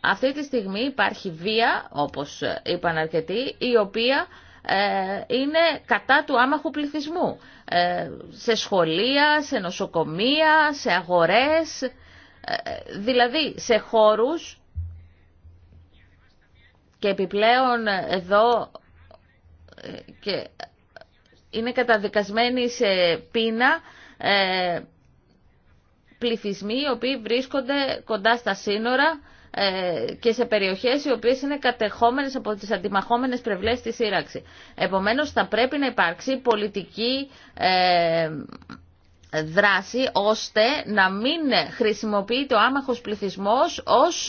Αυτή τη στιγμή υπάρχει βία, όπως είπαν αρκετοί, η οποία ε, είναι κατά του άμαχου πληθυσμού. Ε, σε σχολεία, σε νοσοκομεία, σε αγορές, ε, δηλαδή σε χώρους και επιπλέον εδώ και είναι καταδικασμένοι σε πείνα πληθυσμοί οι οποίοι βρίσκονται κοντά στα σύνορα ε, και σε περιοχές οι οποίες είναι κατεχόμενες από τις αντιμαχόμενες πρευλέ στη σύραξη. Επομένως θα πρέπει να υπάρξει πολιτική ε, δράση ώστε να μην χρησιμοποιείται ο άμαχος πληθυσμός ως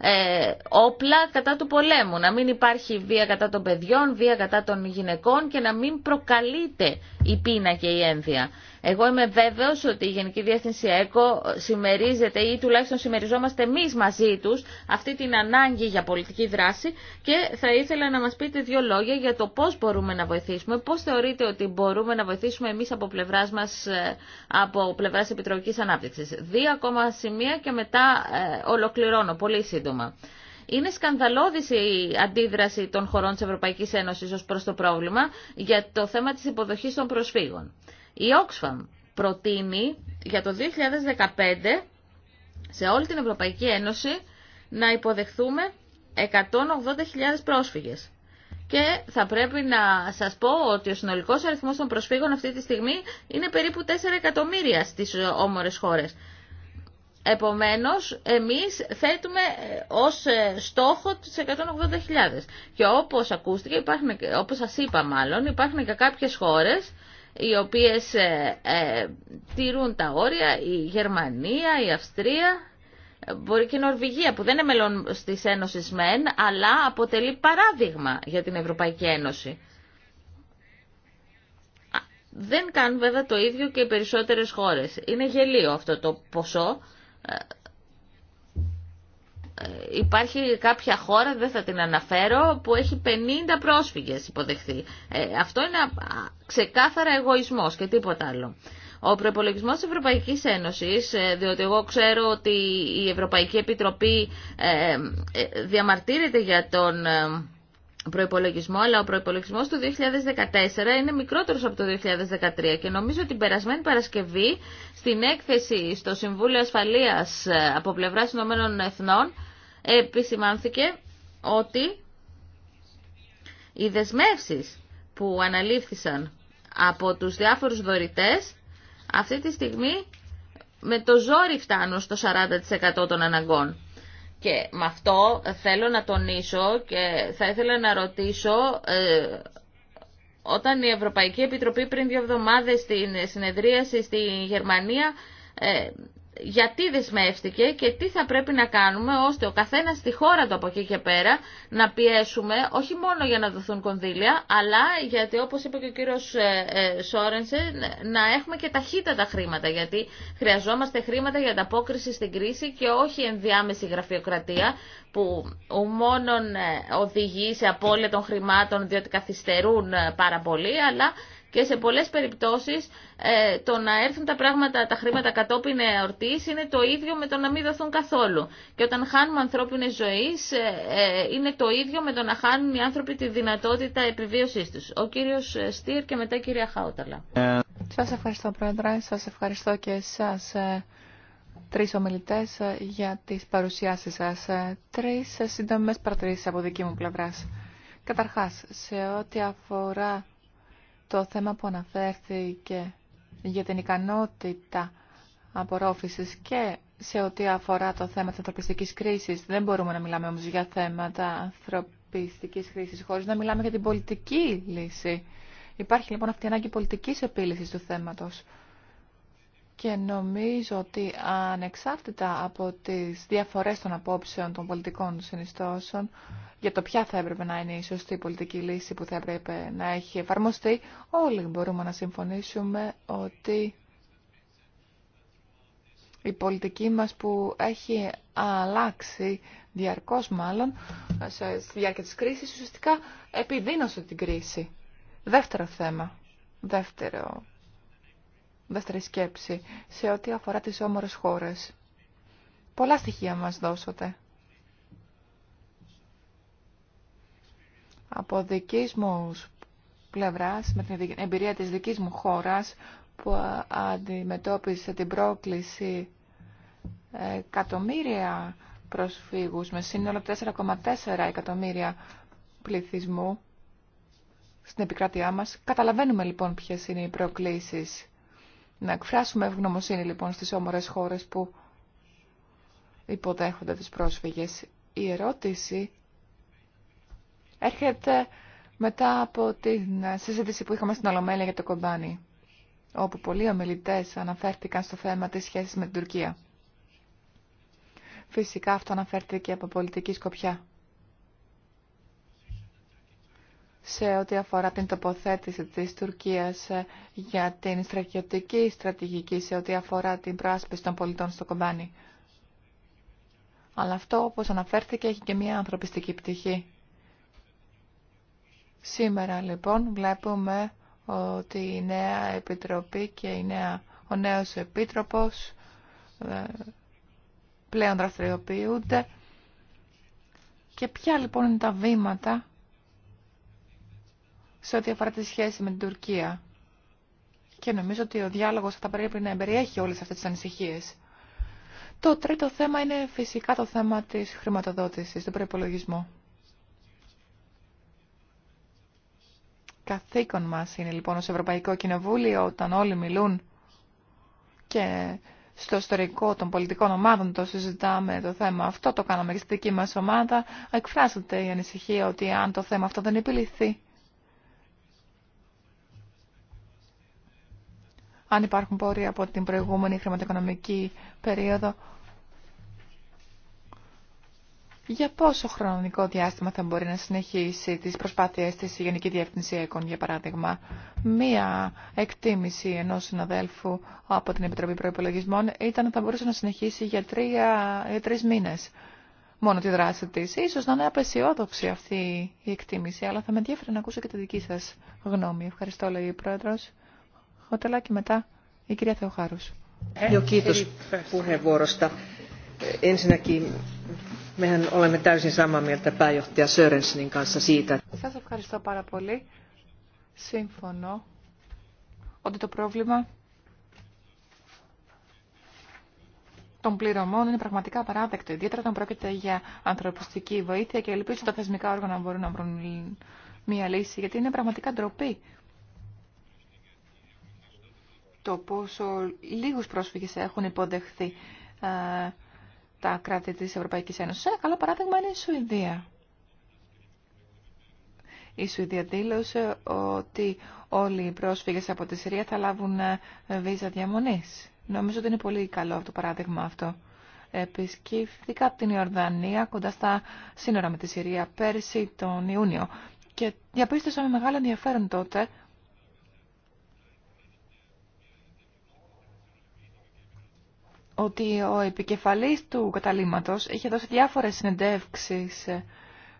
ε, όπλα κατά του πολέμου, να μην υπάρχει βία κατά των παιδιών, βία κατά των γυναικών και να μην προκαλείται η πείνα και η ένδυα. Εγώ είμαι βέβαιος ότι η Γενική Διεύθυνση ΕΚΟ συμμερίζεται ή τουλάχιστον συμμεριζόμαστε εμεί μαζί τους αυτή την ανάγκη για πολιτική δράση και θα ήθελα να μας πείτε δύο λόγια για το πώς μπορούμε να βοηθήσουμε, πώς θεωρείτε ότι μπορούμε να βοηθήσουμε εμείς από πλευράς μας, ε, από πλευράς Επιτροπικής Ανάπτυξης. Δύο ακόμα σημεία και μετά ε, ολοκληρώνω πολύ σύντομα. Είναι σκανδαλώδης η αντίδραση των χωρών τη ευρωπαϊκή ένωση ως προς το πρόβλημα για το θέμα της υποδοχής των προσφύγων. Η Oxfam προτείνει για το 2015 σε όλη την Ευρωπαϊκή Ένωση να υποδεχθούμε 180.000 πρόσφυγες. Και θα πρέπει να σας πω ότι ο συνολικός αριθμός των προσφύγων αυτή τη στιγμή είναι περίπου 4 εκατομμύρια στις όμορες χώρες. Επομένως, εμείς θέτουμε ε, ως ε, στόχο τις 180.000. Και όπως ακούστηκε, υπάρχουν, όπως σας είπα μάλλον, υπάρχουν και κάποιες χώρες οι οποίες ε, τηρούν τα όρια, η Γερμανία, η Αυστρία, μπορεί και η Νορβηγία που δεν είναι μελών της Ένωσης ΜΕΝ, αλλά αποτελεί παράδειγμα για την Ευρωπαϊκή Ένωση. Δεν κάνουν βέβαια το ίδιο και οι περισσότερες χώρες. Είναι γελίο αυτό το ποσό ε, υπάρχει κάποια χώρα, δεν θα την αναφέρω, που έχει 50 πρόσφυγες υποδεχθεί. Ε, αυτό είναι ξεκάθαρα εγωισμός και τίποτα άλλο. Ο προπολογισμό της Ευρωπαϊκής Ένωσης, ε, διότι εγώ ξέρω ότι η Ευρωπαϊκή Επιτροπή διαμαρτύρεται για τον προϋπολογισμό, αλλά ο προϋπολογισμός του 2014 είναι μικρότερος από το 2013 και νομίζω την περασμένη Παρασκευή στην έκθεση στο Συμβούλιο Ασφαλείας ε, από πλευράς Ηνωμένων Εθνών επισημάνθηκε ότι οι δεσμεύσεις που αναλήφθησαν από τους διάφορους δωρητές αυτή τη στιγμή με το ζόρι φτάνουν στο 40% των αναγκών. Και με αυτό θέλω να τονίσω και θα ήθελα να ρωτήσω ε, όταν η Ευρωπαϊκή Επιτροπή πριν δύο εβδομάδες στην συνεδρίαση στη Γερμανία ε, γιατί δεσμεύτηκε και τι θα πρέπει να κάνουμε ώστε ο καθένας στη χώρα του από εκεί και πέρα να πιέσουμε όχι μόνο για να δοθούν κονδύλια αλλά γιατί όπως είπε και ο κύριος ε, ε, Σόρενσε να έχουμε και ταχύτατα χρήματα γιατί χρειαζόμαστε χρήματα για ανταπόκριση στην κρίση και όχι ενδιάμεση γραφειοκρατία που ο μόνον ε, οδηγεί σε απώλεια των χρημάτων διότι καθυστερούν πάρα πολύ αλλά και σε πολλές περιπτώσεις ε, το να έρθουν τα πράγματα, τα χρήματα κατόπιν εορτής είναι το ίδιο με το να μην δοθούν καθόλου. Και όταν χάνουμε ανθρώπινες ζωής ε, ε, είναι το ίδιο με το να χάνουν οι άνθρωποι τη δυνατότητα επιβίωσής τους. Ο κύριος Στήρ και μετά η κυρία Χάουταλα. Σας ευχαριστώ Πρόεδρε, σας ευχαριστώ και εσάς τρεις ομιλητές για τις παρουσιάσεις σας. Τρεις σύντομες παρατηρήσεις από δική μου πλευρά. Καταρχάς, σε ό,τι αφορά το θέμα που αναφέρθηκε για την ικανότητα απορρόφησης και σε ό,τι αφορά το θέμα της ανθρωπιστικής κρίσης. Δεν μπορούμε να μιλάμε όμως για θέματα ανθρωπιστικής κρίσης χωρίς να μιλάμε για την πολιτική λύση. Υπάρχει λοιπόν αυτή η ανάγκη πολιτικής επίλυσης του θέματος. Και νομίζω ότι ανεξάρτητα από τις διαφορές των απόψεων των πολιτικών συνιστώσεων, για το ποια θα έπρεπε να είναι η σωστή πολιτική λύση που θα έπρεπε να έχει εφαρμοστεί, όλοι μπορούμε να συμφωνήσουμε ότι η πολιτική μας που έχει αλλάξει διαρκώς μάλλον στη διάρκεια της κρίσης ουσιαστικά επιδίνωσε την κρίση. Δεύτερο θέμα, δεύτερο, δεύτερη σκέψη σε ό,τι αφορά τις όμορες χώρες. Πολλά στοιχεία μας δώσατε. από δικής μου πλευράς, με την εμπειρία της δικής μου χώρας που αντιμετώπισε την πρόκληση ε, εκατομμύρια προσφύγους με σύνολο 4,4 εκατομμύρια πληθυσμού στην επικράτειά μας. Καταλαβαίνουμε λοιπόν ποιες είναι οι προκλήσεις. Να εκφράσουμε ευγνωμοσύνη λοιπόν στις όμορες χώρες που υποδέχονται τις πρόσφυγες. Η ερώτηση έρχεται μετά από την συζήτηση που είχαμε στην Ολομέλεια για το κομπάνι, όπου πολλοί ομιλητέ αναφέρθηκαν στο θέμα της σχέσης με την Τουρκία. Φυσικά αυτό αναφέρθηκε από πολιτική σκοπιά. σε ό,τι αφορά την τοποθέτηση της Τουρκίας για την στρατιωτική στρατηγική, σε ό,τι αφορά την πράσπιση των πολιτών στο κομπάνι. Αλλά αυτό, όπως αναφέρθηκε, έχει και μια ανθρωπιστική πτυχή. Σήμερα λοιπόν βλέπουμε ότι η νέα επιτροπή και η νέα, ο νέος επίτροπος ε, πλέον δραστηριοποιούνται. Και ποια λοιπόν είναι τα βήματα σε ό,τι αφορά τη σχέση με την Τουρκία. Και νομίζω ότι ο διάλογος θα πρέπει να εμπεριέχει όλες αυτές τις ανησυχίες. Το τρίτο θέμα είναι φυσικά το θέμα της χρηματοδότησης, του προπολογισμού. καθήκον μας είναι λοιπόν ως Ευρωπαϊκό Κοινοβούλιο όταν όλοι μιλούν και στο ιστορικό των πολιτικών ομάδων το συζητάμε το θέμα αυτό, το κάναμε και στη δική μας ομάδα, εκφράζεται η ανησυχία ότι αν το θέμα αυτό δεν επιληθεί, αν υπάρχουν πόροι από την προηγούμενη χρηματοοικονομική περίοδο, για πόσο χρονικό διάστημα θα μπορεί να συνεχίσει τις προσπάθειές της η Γενική Διεύθυνση ΕΚΟΝ, για παράδειγμα. Μία εκτίμηση ενός συναδέλφου από την Επιτροπή Προϋπολογισμών ήταν ότι θα μπορούσε να συνεχίσει για, τρία, για τρεις μήνες μόνο τη δράση της. Ίσως να είναι απεσιόδοξη αυτή η εκτίμηση, αλλά θα με ενδιαφέρει να ακούσω και τη δική σας γνώμη. Ευχαριστώ, λέει η Πρόεδρος. και μετά, η κυρία Θεοχάρους. Ε, ε, σας ευχαριστώ πάρα πολύ. Σύμφωνο ότι το πρόβλημα των πληρωμών είναι πραγματικά παράδεκτο, ιδιαίτερα όταν πρόκειται για ανθρωπιστική βοήθεια και ελπίζω τα θεσμικά όργανα μπορούν να βρουν μία λύση, γιατί είναι πραγματικά ντροπή το πόσο λίγους πρόσφυγες έχουν υποδεχθεί ε, τα κράτη της Ευρωπαϊκής Ένωσης. Ένα ε, καλό παράδειγμα είναι η Σουηδία. Η Σουηδία δήλωσε ότι όλοι οι πρόσφυγες από τη Συρία θα λάβουν ε, βίζα διαμονής. Νομίζω ότι είναι πολύ καλό το παράδειγμα αυτό. Επισκύφθηκα την Ιορδανία κοντά στα σύνορα με τη Συρία πέρσι τον Ιούνιο και διαπίστωσα με μεγάλο ενδιαφέρον τότε ότι ο επικεφαλής του καταλήμματος είχε δώσει διάφορες συνεντεύξεις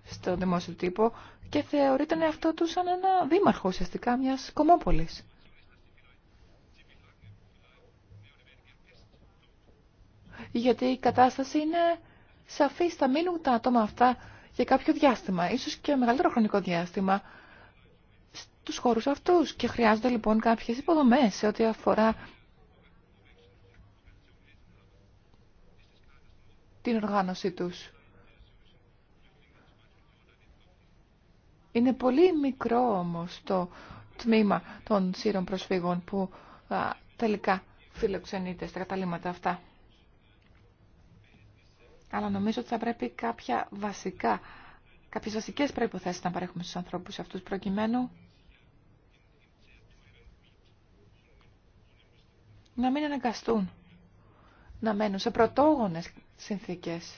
στον δημόσιο τύπο και θεωρείται αυτό του σαν ένα δήμαρχο ουσιαστικά μιας κομμόπολης. Γιατί η κατάσταση είναι σαφή, θα μείνουν τα άτομα αυτά για κάποιο διάστημα, ίσως και μεγαλύτερο χρονικό διάστημα, στους χώρους αυτούς και χρειάζονται λοιπόν κάποιες υποδομές σε ό,τι αφορά την οργάνωσή τους. Είναι πολύ μικρό όμως το τμήμα των σύρων προσφύγων που τελικά φιλοξενείται στα καταλήμματα αυτά. Αλλά νομίζω ότι θα πρέπει κάποια βασικά, κάποιες βασικές προϋποθέσεις να παρέχουμε στους ανθρώπους αυτούς προκειμένου να μην αναγκαστούν να μένουν σε πρωτόγονες συνθήκες.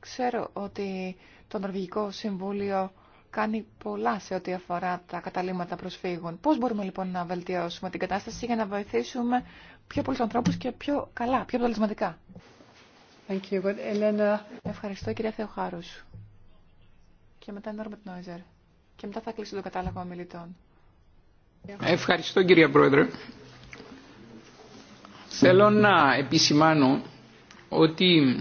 Ξέρω ότι το Νορβηγικό Συμβούλιο κάνει πολλά σε ό,τι αφορά τα καταλήμματα προσφύγων. Πώς μπορούμε λοιπόν να βελτιώσουμε την κατάσταση για να βοηθήσουμε πιο πολλούς ανθρώπους και πιο καλά, πιο αποτελεσματικά. Ευχαριστώ κυρία Θεοχάρους. Και μετά Νόρμπετ Νόιζερ. Και μετά θα κλείσω το κατάλογο ομιλητών. Ευχαριστώ κυρία Πρόεδρε. Θέλω να επισημάνω ότι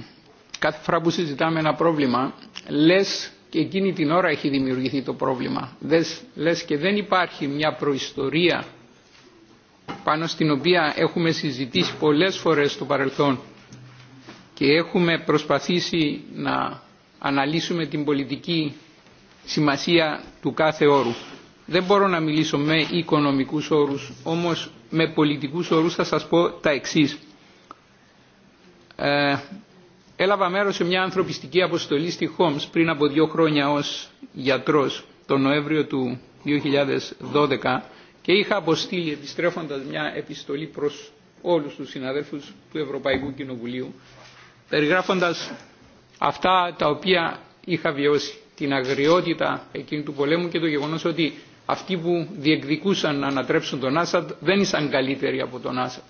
κάθε φορά που συζητάμε ένα πρόβλημα, λες και εκείνη την ώρα έχει δημιουργηθεί το πρόβλημα. Δες, λες και δεν υπάρχει μια προϊστορία πάνω στην οποία έχουμε συζητήσει πολλές φορές στο παρελθόν και έχουμε προσπαθήσει να αναλύσουμε την πολιτική σημασία του κάθε όρου. Δεν μπορώ να μιλήσω με οικονομικούς όρους, όμως με πολιτικούς ορούς θα σας πω τα εξής. Ε, έλαβα μέρος σε μια ανθρωπιστική αποστολή στη Χόμς πριν από δύο χρόνια ως γιατρός τον Νοέμβριο του 2012 και είχα αποστείλει επιστρέφοντας μια επιστολή προς όλους τους συναδέλφους του Ευρωπαϊκού Κοινοβουλίου περιγράφοντας αυτά τα οποία είχα βιώσει την αγριότητα εκείνη του πολέμου και το γεγονός ότι αυτοί που διεκδικούσαν να ανατρέψουν τον Άσαντ δεν ήσαν καλύτεροι από τον Άσαντ.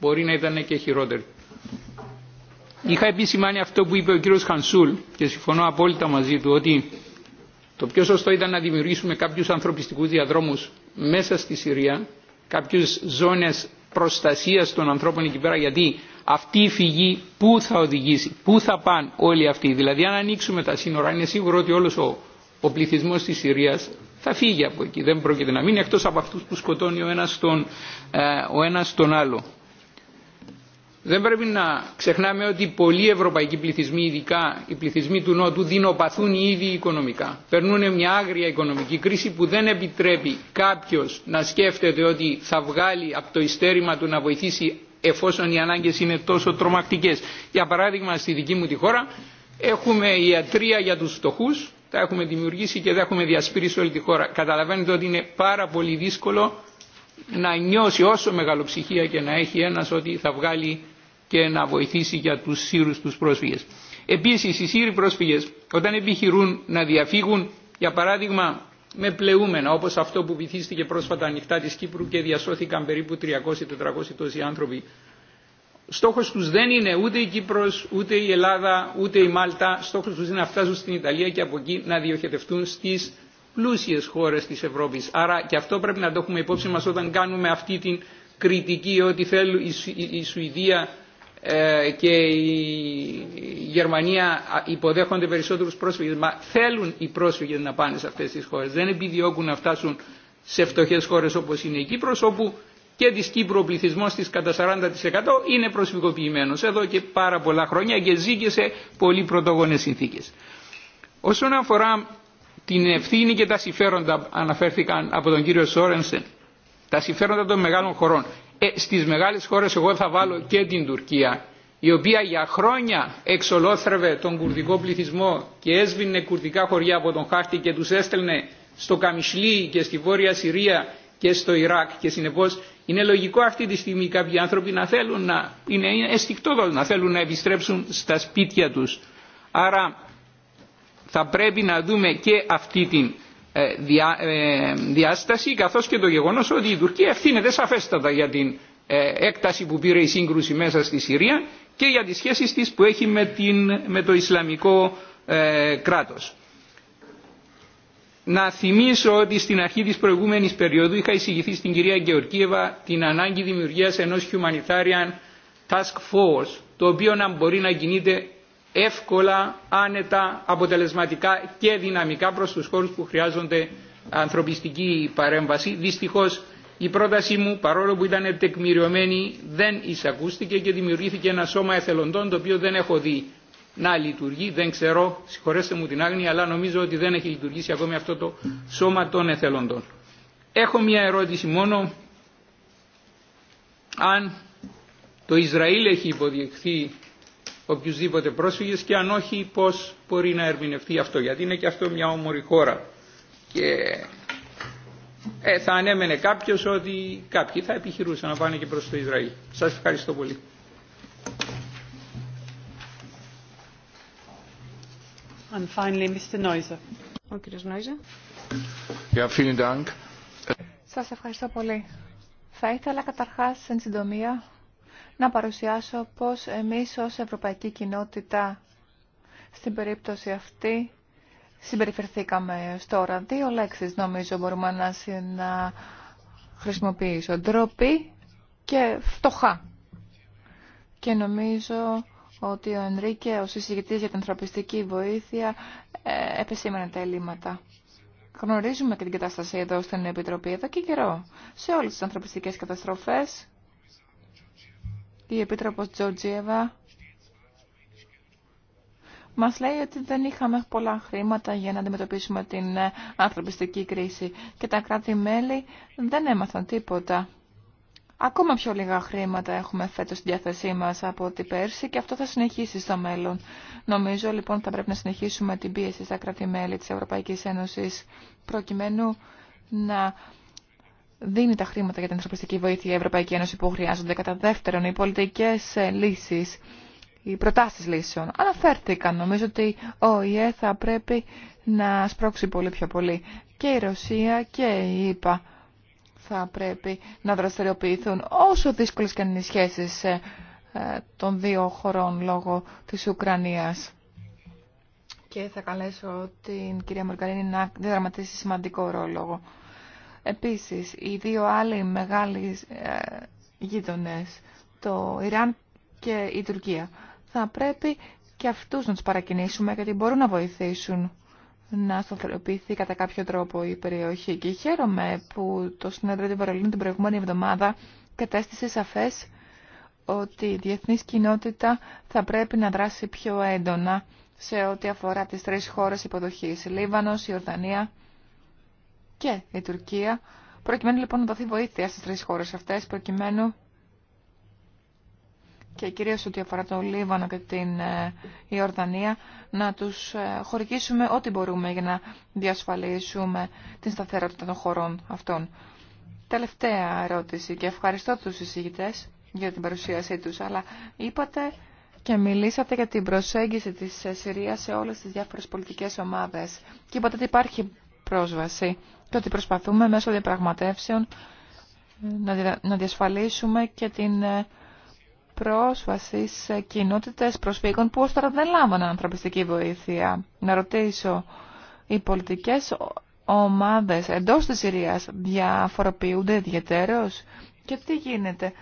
Μπορεί να ήταν και χειρότεροι. Είχα επισημάνει αυτό που είπε ο κύριος Χανσούλ και συμφωνώ απόλυτα μαζί του ότι το πιο σωστό ήταν να δημιουργήσουμε κάποιους ανθρωπιστικούς διαδρόμους μέσα στη Συρία, κάποιες ζώνες προστασίας των ανθρώπων εκεί πέρα γιατί αυτή η φυγή πού θα οδηγήσει, πού θα πάνε όλοι αυτοί. Δηλαδή αν ανοίξουμε τα σύνορα είναι σίγουρο ότι όλος ο, ο πληθυσμός της Συρίας θα φύγει από εκεί. Δεν πρόκειται να μείνει εκτός από αυτούς που σκοτώνει ο ένας τον, ε, ο ένας τον άλλο. Δεν πρέπει να ξεχνάμε ότι πολλοί ευρωπαϊκοί πληθυσμοί, ειδικά οι πληθυσμοί του Νότου, δεινοπαθούν ήδη οικονομικά. Περνούν μια άγρια οικονομική κρίση που δεν επιτρέπει κάποιο να σκέφτεται ότι θα βγάλει από το ιστέρημα του να βοηθήσει εφόσον οι ανάγκε είναι τόσο τρομακτικέ. Για παράδειγμα, στη δική μου τη χώρα έχουμε ιατρία για του φτωχού, τα έχουμε δημιουργήσει και τα έχουμε διασπείρει όλη τη χώρα. Καταλαβαίνετε ότι είναι πάρα πολύ δύσκολο να νιώσει όσο μεγαλοψυχία και να έχει ένας ότι θα βγάλει και να βοηθήσει για τους Σύρους τους πρόσφυγες. Επίσης οι Σύροι πρόσφυγες όταν επιχειρούν να διαφύγουν για παράδειγμα με πλεούμενα όπως αυτό που βυθίστηκε πρόσφατα ανοιχτά της Κύπρου και διασώθηκαν περίπου 300-400 τόσοι άνθρωποι στόχος τους δεν είναι ούτε η Κύπρος, ούτε η Ελλάδα, ούτε η Μάλτα. Στόχος τους είναι να φτάσουν στην Ιταλία και από εκεί να διοχετευτούν στις πλούσιες χώρες της Ευρώπης. Άρα και αυτό πρέπει να το έχουμε υπόψη μας όταν κάνουμε αυτή την κριτική ότι θέλουν η Σουηδία ε, και η Γερμανία υποδέχονται περισσότερους πρόσφυγες. Μα θέλουν οι πρόσφυγες να πάνε σε αυτές τις χώρες. Δεν επιδιώκουν να φτάσουν σε φτωχές χώρες όπως είναι η Κύπρος όπου και της Κύπρου ο πληθυσμός της κατά 40% είναι προσφυγοποιημένος εδώ και πάρα πολλά χρόνια και ζει σε πολύ πρωτόγονες συνθήκες. Όσον αφορά την ευθύνη και τα συμφέροντα αναφέρθηκαν από τον κύριο Σόρενσεν, τα συμφέροντα των μεγάλων χωρών. Ε, στις μεγάλες χώρες εγώ θα βάλω και την Τουρκία η οποία για χρόνια εξολόθρευε τον κουρδικό πληθυσμό και έσβηνε κουρδικά χωριά από τον χάρτη και τους έστελνε στο Καμισλή και στη Βόρεια Συρία και στο Ιράκ και συνεπώς είναι λογικό αυτή τη στιγμή κάποιοι άνθρωποι να θέλουν να είναι να θέλουν να επιστρέψουν στα σπίτια τους. Άρα θα πρέπει να δούμε και αυτή τη ε, ε, διάσταση καθώς και το γεγονός ότι η Τουρκία ευθύνεται σαφέστατα για την ε, έκταση που πήρε η σύγκρουση μέσα στη Συρία και για τις σχέσεις της που έχει με, με το Ισλαμικό κράτος να θυμίσω ότι στην αρχή της προηγούμενης περίοδου είχα εισηγηθεί στην κυρία Γεωργίευα την ανάγκη δημιουργίας ενός humanitarian task force το οποίο να μπορεί να κινείται εύκολα, άνετα, αποτελεσματικά και δυναμικά προς τους χώρους που χρειάζονται ανθρωπιστική παρέμβαση. Δυστυχώς η πρότασή μου παρόλο που ήταν τεκμηριωμένη δεν εισακούστηκε και δημιουργήθηκε ένα σώμα εθελοντών το οποίο δεν έχω δει να λειτουργεί. Δεν ξέρω, συγχωρέστε μου την άγνοια, αλλά νομίζω ότι δεν έχει λειτουργήσει ακόμη αυτό το σώμα των εθελοντών. Έχω μια ερώτηση μόνο αν το Ισραήλ έχει υποδιεχθεί οποιουσδήποτε πρόσφυγες και αν όχι πώς μπορεί να ερμηνευτεί αυτό γιατί είναι και αυτό μια όμορη χώρα και ε, θα ανέμενε κάποιος ότι κάποιοι θα επιχειρούσαν να πάνε και προς το Ισραήλ. Σας ευχαριστώ πολύ. And ευχαριστώ πολύ. Θα ήθελα καταρχάς, εν συντομία, να παρουσιάσω πώς εμείς ως Ευρωπαϊκή Κοινότητα στην περίπτωση αυτή συμπεριφερθήκαμε τώρα. Δύο λέξεις νομίζω μπορούμε να, να χρησιμοποιήσω. Ντροπή και φτωχά. Και νομίζω ότι ο Ενρίκε, ο συζητητής για την ανθρωπιστική βοήθεια, ε, επεσήμανε τα ελλείμματα. Γνωρίζουμε και την κατάσταση εδώ στην Επιτροπή εδώ και καιρό. Σε όλες τις ανθρωπιστικές καταστροφές, η Επίτροπος Τζοτζίεβα μας λέει ότι δεν είχαμε πολλά χρήματα για να αντιμετωπίσουμε την ε, ανθρωπιστική κρίση και τα κράτη-μέλη δεν έμαθαν τίποτα. Ακόμα πιο λίγα χρήματα έχουμε φέτος στη διάθεσή μας από την Πέρση και αυτό θα συνεχίσει στο μέλλον. Νομίζω λοιπόν θα πρέπει να συνεχίσουμε την πίεση στα κράτη-μέλη της Ευρωπαϊκής Ένωσης προκειμένου να δίνει τα χρήματα για την ανθρωπιστική βοήθεια η Ευρωπαϊκή Ένωση που χρειάζονται. Κατά δεύτερον, οι πολιτικές ε, λύσεις, οι προτάσεις λύσεων αναφέρθηκαν. Νομίζω ότι ο ΙΕ θα πρέπει να σπρώξει πολύ πιο πολύ και η Ρωσία και η ΙΠΑ θα πρέπει να δραστηριοποιηθούν όσο δύσκολε και είναι οι σχέσεις ε, ε, των δύο χωρών λόγω της Ουκρανίας. Και θα καλέσω την κυρία Μορκαρίνη να δραματίσει σημαντικό ρόλο. Επίσης, οι δύο άλλοι μεγάλοι ε, γείτονε, το Ιράν και η Τουρκία, θα πρέπει και αυτούς να τους παρακινήσουμε γιατί μπορούν να βοηθήσουν να σταθεροποιηθεί κατά κάποιο τρόπο η περιοχή. Και χαίρομαι που το συνέδριο του Βερολίνου την προηγούμενη εβδομάδα κατέστησε σαφές ότι η διεθνής κοινότητα θα πρέπει να δράσει πιο έντονα σε ό,τι αφορά τις τρεις χώρες υποδοχής, η Λίβανος, η Ορδανία και η Τουρκία, προκειμένου λοιπόν να δοθεί βοήθεια στις τρεις χώρες αυτές, προκειμένου και κυρίως ό,τι αφορά τον Λίβανο και την ε, Ιορδανία, να τους ε, χορηγήσουμε ό,τι μπορούμε για να διασφαλίσουμε την σταθερότητα των χωρών αυτών. Τελευταία ερώτηση και ευχαριστώ τους συζητητές για την παρουσίασή τους, αλλά είπατε και μιλήσατε για την προσέγγιση της ε, Συρίας σε όλες τις διάφορες πολιτικές ομάδες και είπατε ότι υπάρχει πρόσβαση και ότι προσπαθούμε μέσω διαπραγματεύσεων να διασφαλίσουμε και την πρόσβαση σε κοινότητε προσφύγων που ω τώρα δεν λάμβαναν ανθρωπιστική βοήθεια. Να ρωτήσω, οι πολιτικές ομάδες εντό τη Συρίας διαφοροποιούνται ιδιαίτερω και τι γίνεται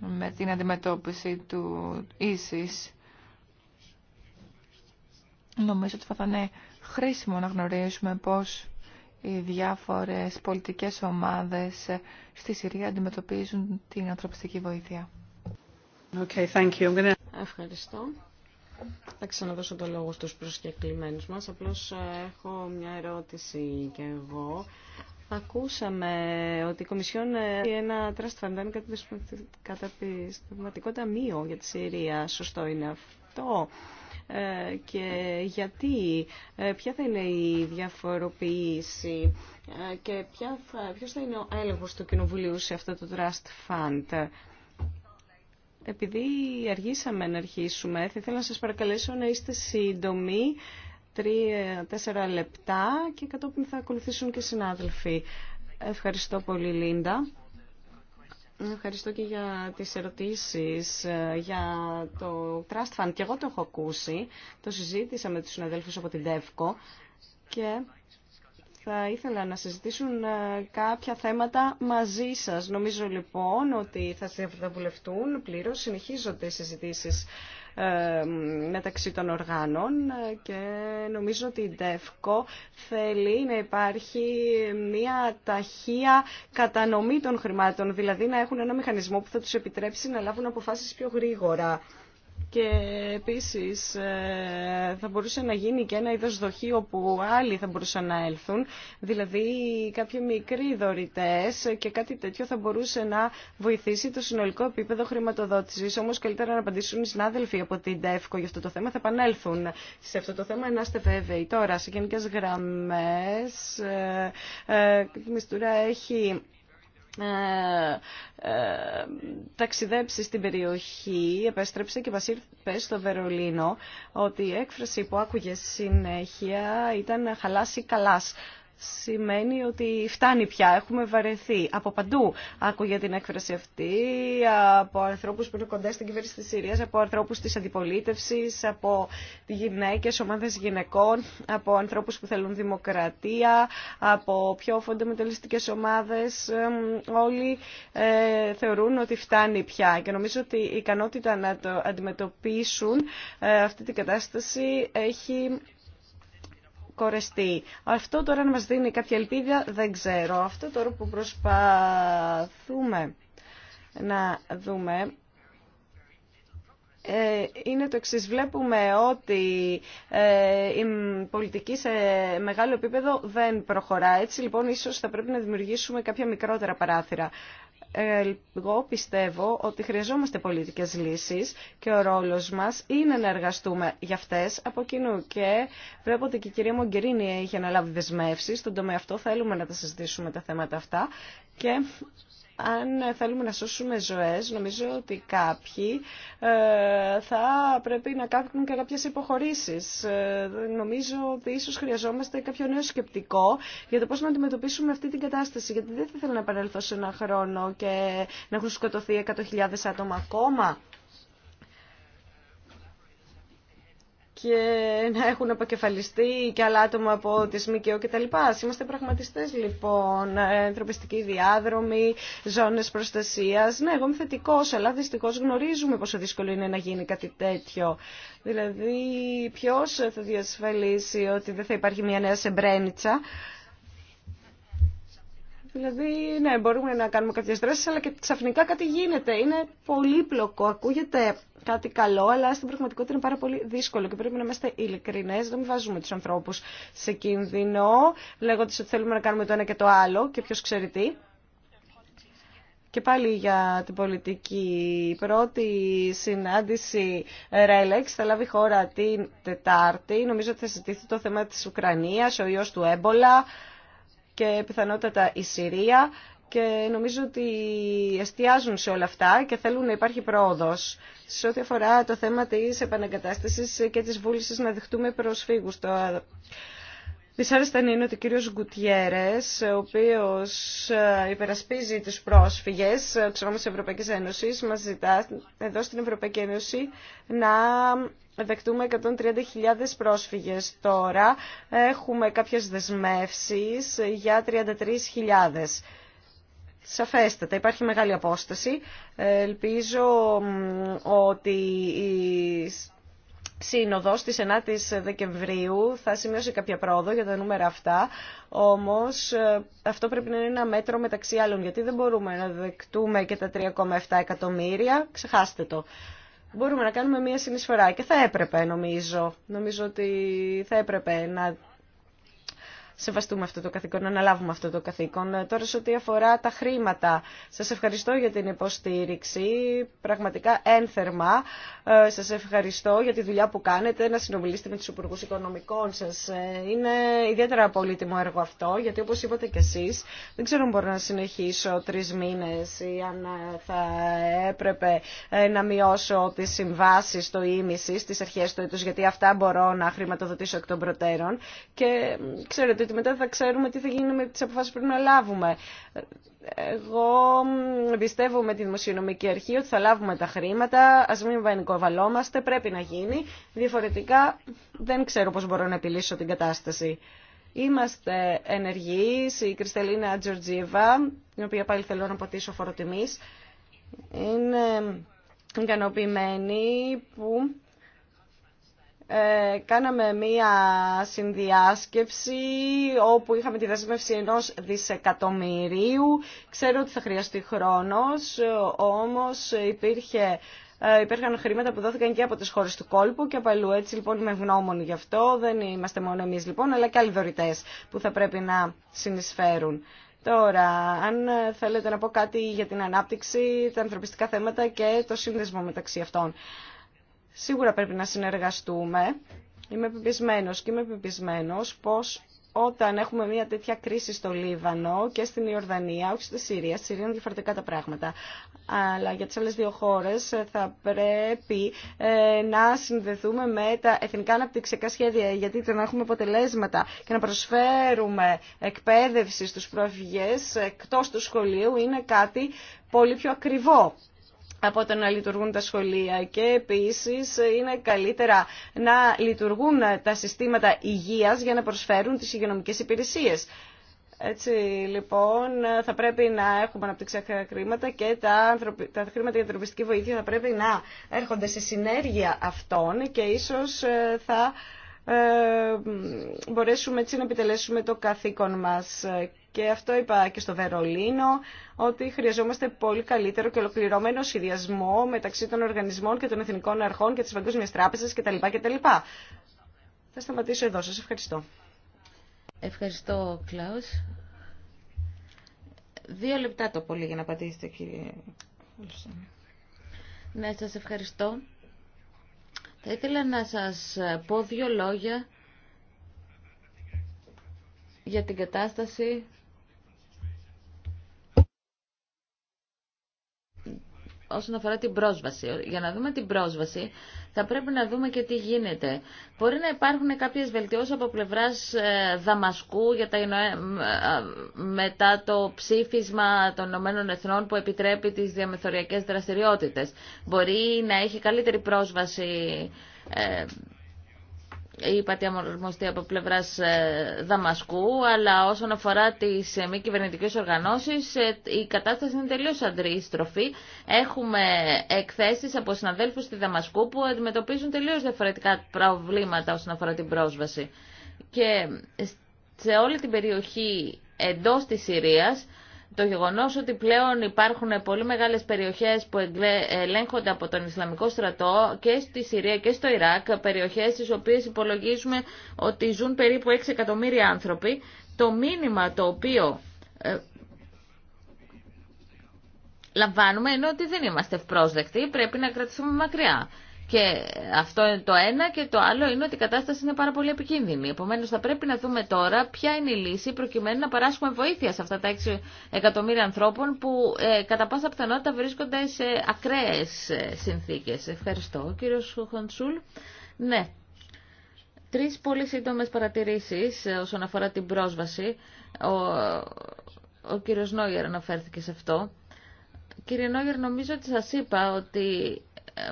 με την αντιμετώπιση του ίσης. Νομίζω ότι θα είναι χρήσιμο να γνωρίσουμε πώς οι διάφορες πολιτικές ομάδες στη Συρία αντιμετωπίζουν την ανθρωπιστική βοήθεια. Okay, thank you. I'm Ευχαριστώ. Θα ξαναδώσω το λόγο στους προσκεκλημένους μας. Απλώς ε, έχω μια ερώτηση και εγώ. Ακούσαμε ότι η Κομισιόν ε, ένα trust fund κατά τη πραγματικό ταμείο για τη Συρία. Σωστό είναι αυτό. Ε, και γιατί, ποια θα είναι η διαφοροποίηση και θα, ποιος θα είναι ο έλεγχος του Κοινοβουλίου σε αυτό το Trust Fund. Επειδή αργήσαμε να αρχίσουμε, θα ήθελα να σας παρακαλέσω να είστε σύντομοι, τρία-τέσσερα λεπτά και κατόπιν θα ακολουθήσουν και συνάδελφοι. Ευχαριστώ πολύ Λίντα. Ευχαριστώ και για τις ερωτήσεις για το Trust Fund. Και εγώ το έχω ακούσει, το συζήτησα με τους συναδέλφους από την ΤΕΦΚΟ και θα ήθελα να συζητήσουν ε, κάποια θέματα μαζί σας. Νομίζω λοιπόν ότι θα συμβουλευτούν πλήρως, συνεχίζονται οι συζητήσεις ε, μεταξύ των οργάνων ε, και νομίζω ότι η ΔΕΦΚΟ θέλει να υπάρχει μια ταχεία κατανομή των χρημάτων, δηλαδή να έχουν ένα μηχανισμό που θα τους επιτρέψει να λάβουν αποφάσεις πιο γρήγορα και επίσης ε, θα μπορούσε να γίνει και ένα είδος δοχή όπου άλλοι θα μπορούσαν να έλθουν, δηλαδή κάποιοι μικροί δωρητές και κάτι τέτοιο θα μπορούσε να βοηθήσει το συνολικό επίπεδο χρηματοδότησης. Όμως καλύτερα να απαντήσουν οι συνάδελφοι από την ΤΕΦΚΟ για αυτό το θέμα, θα επανέλθουν σε αυτό το θέμα, να είστε βέβαιοι. Τώρα, σε γενικές γραμμές, ε, ε, η μιστούρα έχει ε, ε, ταξιδέψει στην περιοχή, επέστρεψε και μας στο Βερολίνο ότι η έκφραση που άκουγε συνέχεια ήταν «χαλάσει καλάς» σημαίνει ότι φτάνει πια, έχουμε βαρεθεί. Από παντού άκουγε την έκφραση αυτή, από ανθρώπους που είναι κοντά στην κυβέρνηση της Συρίας, από ανθρώπους της αντιπολίτευσης, από γυναίκες, ομάδες γυναικών, από ανθρώπους που θέλουν δημοκρατία, από πιο φοντομεταλλιστικές ομάδες. Όλοι ε, θεωρούν ότι φτάνει πια και νομίζω ότι η ικανότητα να το αντιμετωπίσουν ε, αυτή την κατάσταση έχει κορεστεί. Αυτό τώρα να μας δίνει κάποια ελπίδα δεν ξέρω. Αυτό τώρα που προσπαθούμε να δούμε ε, είναι το εξή. Βλέπουμε ότι ε, η πολιτική σε μεγάλο επίπεδο δεν προχωρά. Έτσι λοιπόν ίσως θα πρέπει να δημιουργήσουμε κάποια μικρότερα παράθυρα εγώ πιστεύω ότι χρειαζόμαστε πολιτικές λύσεις και ο ρόλος μας είναι να εργαστούμε για αυτές από κοινού και βλέπω ότι και η κυρία Μογκερίνη έχει αναλάβει δεσμεύσεις στον τομέα αυτό θέλουμε να τα συζητήσουμε τα θέματα αυτά και αν θέλουμε να σώσουμε ζωές, νομίζω ότι κάποιοι ε, θα πρέπει να κάνουν και κάποιες υποχωρήσεις. Ε, νομίζω ότι ίσως χρειαζόμαστε κάποιο νέο σκεπτικό για το πώς να αντιμετωπίσουμε αυτή την κατάσταση. Γιατί δεν θα ήθελα να επανέλθω σε ένα χρόνο και να έχουν σκοτωθεί 100.000 άτομα ακόμα. και να έχουν αποκεφαλιστεί και άλλα άτομα από τη τα κτλ. Είμαστε πραγματιστές λοιπόν, ε, ανθρωπιστικοί διάδρομοι, ζώνε προστασίας. Ναι, εγώ είμαι θετικό, αλλά δυστυχώ γνωρίζουμε πόσο δύσκολο είναι να γίνει κάτι τέτοιο. Δηλαδή, ποιο θα διασφαλίσει ότι δεν θα υπάρχει μια νέα σεμπρένιτσα Δηλαδή, ναι, μπορούμε να κάνουμε κάποιε δράσει, αλλά και ξαφνικά κάτι γίνεται. Είναι πολύπλοκο, ακούγεται κάτι καλό, αλλά στην πραγματικότητα είναι πάρα πολύ δύσκολο και πρέπει να είμαστε ειλικρινέ, Δεν βάζουμε του ανθρώπου σε κίνδυνο, λέγοντα ότι θέλουμε να κάνουμε το ένα και το άλλο και ποιο ξέρει τι. Και πάλι για την πολιτική. Η πρώτη συνάντηση ΡΕΛΕΞ θα λάβει χώρα την Τετάρτη. Νομίζω ότι θα συζητηθεί το θέμα της Ουκρανίας, ο ιός του έμπολα και πιθανότατα η Συρία και νομίζω ότι εστιάζουν σε όλα αυτά και θέλουν να υπάρχει πρόοδος. Σε ό,τι αφορά το θέμα της επαναγκατάστασης και της βούλησης να δεχτούμε προσφύγους, το Δυσάρεστα είναι ότι ο κύριος Γκουτιέρες, ο οποίος ε, υπερασπίζει τους πρόσφυγες ξέρω ε, της Ευρωπαϊκής Ένωσης, μας ζητά εδώ στην Ευρωπαϊκή Ένωση να δεχτούμε 130.000 πρόσφυγες. Τώρα έχουμε κάποιες δεσμεύσεις για 33.000. Σαφέστατα, υπάρχει μεγάλη απόσταση. Ε, ελπίζω ότι σύνοδος τη 9 η Δεκεμβρίου θα σημειώσει κάποια πρόοδο για τα νούμερα αυτά, όμως ε, αυτό πρέπει να είναι ένα μέτρο μεταξύ άλλων, γιατί δεν μπορούμε να δεκτούμε και τα 3,7 εκατομμύρια, ξεχάστε το. Μπορούμε να κάνουμε μία συνεισφορά και θα έπρεπε νομίζω, νομίζω ότι θα έπρεπε να σεβαστούμε αυτό το καθήκον, να αναλάβουμε αυτό το καθήκον. Ε, τώρα σε ό,τι αφορά τα χρήματα, σας ευχαριστώ για την υποστήριξη, πραγματικά ένθερμα. Ε, σας ευχαριστώ για τη δουλειά που κάνετε, να συνομιλήσετε με τους υπουργούς οικονομικών σας. Ε, είναι ιδιαίτερα πολύτιμο έργο αυτό, γιατί όπως είπατε κι εσείς, δεν ξέρω αν μπορώ να συνεχίσω τρει μήνε ή αν θα έπρεπε να μειώσω τις συμβάσεις το ίμιση στις αρχές του έτους, γιατί αυτά μπορώ να χρηματοδοτήσω εκ των προτέρων. Και ξέρετε, γιατί μετά θα ξέρουμε τι θα γίνει με τις αποφάσεις που πρέπει να λάβουμε. Εγώ πιστεύω με τη Δημοσιονομική Αρχή ότι θα λάβουμε τα χρήματα, ας μην βανικοβαλόμαστε, πρέπει να γίνει. Διαφορετικά δεν ξέρω πώς μπορώ να επιλύσω την κατάσταση. Είμαστε ενεργοί, η Κρυσταλίνα Τζορτζίβα, την οποία πάλι θέλω να ποτίσω φοροτιμής, είναι ικανοποιημένη που ε, κάναμε μία συνδιάσκεψη όπου είχαμε τη δεσμεύση ενός δισεκατομμυρίου. Ξέρω ότι θα χρειαστεί χρόνος, όμως υπήρχε ε, υπήρχαν χρήματα που δόθηκαν και από τις χώρες του κόλπου και από αλλού. Έτσι λοιπόν είμαι ευγνώμων γι' αυτό. Δεν είμαστε μόνο εμείς λοιπόν, αλλά και άλλοι δωρητές που θα πρέπει να συνεισφέρουν. Τώρα, αν θέλετε να πω κάτι για την ανάπτυξη, τα ανθρωπιστικά θέματα και το σύνδεσμο μεταξύ αυτών. Σίγουρα πρέπει να συνεργαστούμε. Είμαι πεπισμένο και είμαι πεπισμένο πως όταν έχουμε μια τέτοια κρίση στο Λίβανο και στην Ιορδανία, όχι στη Συρία, στη Συρία είναι διαφορετικά τα πράγματα, αλλά για τις άλλες δύο χώρες ε, θα πρέπει ε, να συνδεθούμε με τα εθνικά αναπτυξιακά σχέδια, γιατί δεν να έχουμε αποτελέσματα και να προσφέρουμε εκπαίδευση στους πρόσφυγες ε, εκτός του σχολείου είναι κάτι πολύ πιο ακριβό από το να λειτουργούν τα σχολεία και επίσης είναι καλύτερα να λειτουργούν τα συστήματα υγείας για να προσφέρουν τις υγειονομικές υπηρεσίες. Έτσι λοιπόν θα πρέπει να έχουμε αναπτυξιακά χρήματα και τα, τα χρήματα για ανθρωπιστική βοήθεια θα πρέπει να έρχονται σε συνέργεια αυτών και ίσως ε, θα ε, μπορέσουμε έτσι να επιτελέσουμε το καθήκον μας. Και αυτό είπα και στο Βερολίνο, ότι χρειαζόμαστε πολύ καλύτερο και ολοκληρωμένο σχεδιασμό μεταξύ των οργανισμών και των εθνικών αρχών και της Παγκόσμιας Τράπεζας κτλ. κτλ. Θα σταματήσω εδώ. Σας ευχαριστώ. Ευχαριστώ, Κλάους. Δύο λεπτά το πολύ για να απαντήσετε, κύριε Ναι, σας ευχαριστώ. Θα ήθελα να σας πω δύο λόγια για την κατάσταση όσον αφορά την πρόσβαση. Για να δούμε την πρόσβαση, θα πρέπει να δούμε και τι γίνεται. Μπορεί να υπάρχουν κάποιες βελτιώσεις από πλευράς ε, Δαμασκού για τα ε, μετά το ψήφισμα των Ηνωμένων Εθνών που επιτρέπει τις διαμεθοριακές δραστηριότητες. Μπορεί να έχει καλύτερη πρόσβαση ε, είπατε αμορμοστεί από πλευράς ε, Δαμασκού, αλλά όσον αφορά τις ε, μη κυβερνητικέ οργανώσεις, ε, η κατάσταση είναι τελείως αντρίστροφη. Έχουμε εκθέσεις από συναδέλφους στη Δαμασκού που αντιμετωπίζουν τελείως διαφορετικά προβλήματα όσον αφορά την πρόσβαση. Και σε όλη την περιοχή εντός της Συρίας το γεγονός ότι πλέον υπάρχουν πολύ μεγάλες περιοχές που ελέγχονται από τον Ισλαμικό στρατό και στη Συρία και στο Ιράκ, περιοχές στις οποίες υπολογίζουμε ότι ζουν περίπου 6 εκατομμύρια άνθρωποι, το μήνυμα το οποίο ε, λαμβάνουμε είναι ότι δεν είμαστε ευπρόσδεκτοι, πρέπει να κρατηθούμε μακριά. Και αυτό είναι το ένα και το άλλο είναι ότι η κατάσταση είναι πάρα πολύ επικίνδυνη. Επομένως θα πρέπει να δούμε τώρα ποια είναι η λύση προκειμένου να παράσχουμε βοήθεια σε αυτά τα 6 εκατομμύρια ανθρώπων που ε, κατά πάσα πιθανότητα βρίσκονται σε ακραίες ε, συνθήκες. Ευχαριστώ κύριος Χοντσούλ. Ναι, τρεις πολύ σύντομες παρατηρήσεις ε, όσον αφορά την πρόσβαση. Ο, ο κύριος Νόγερ αναφέρθηκε σε αυτό. Κύριε Νόγερ, νομίζω ότι σας είπα ότι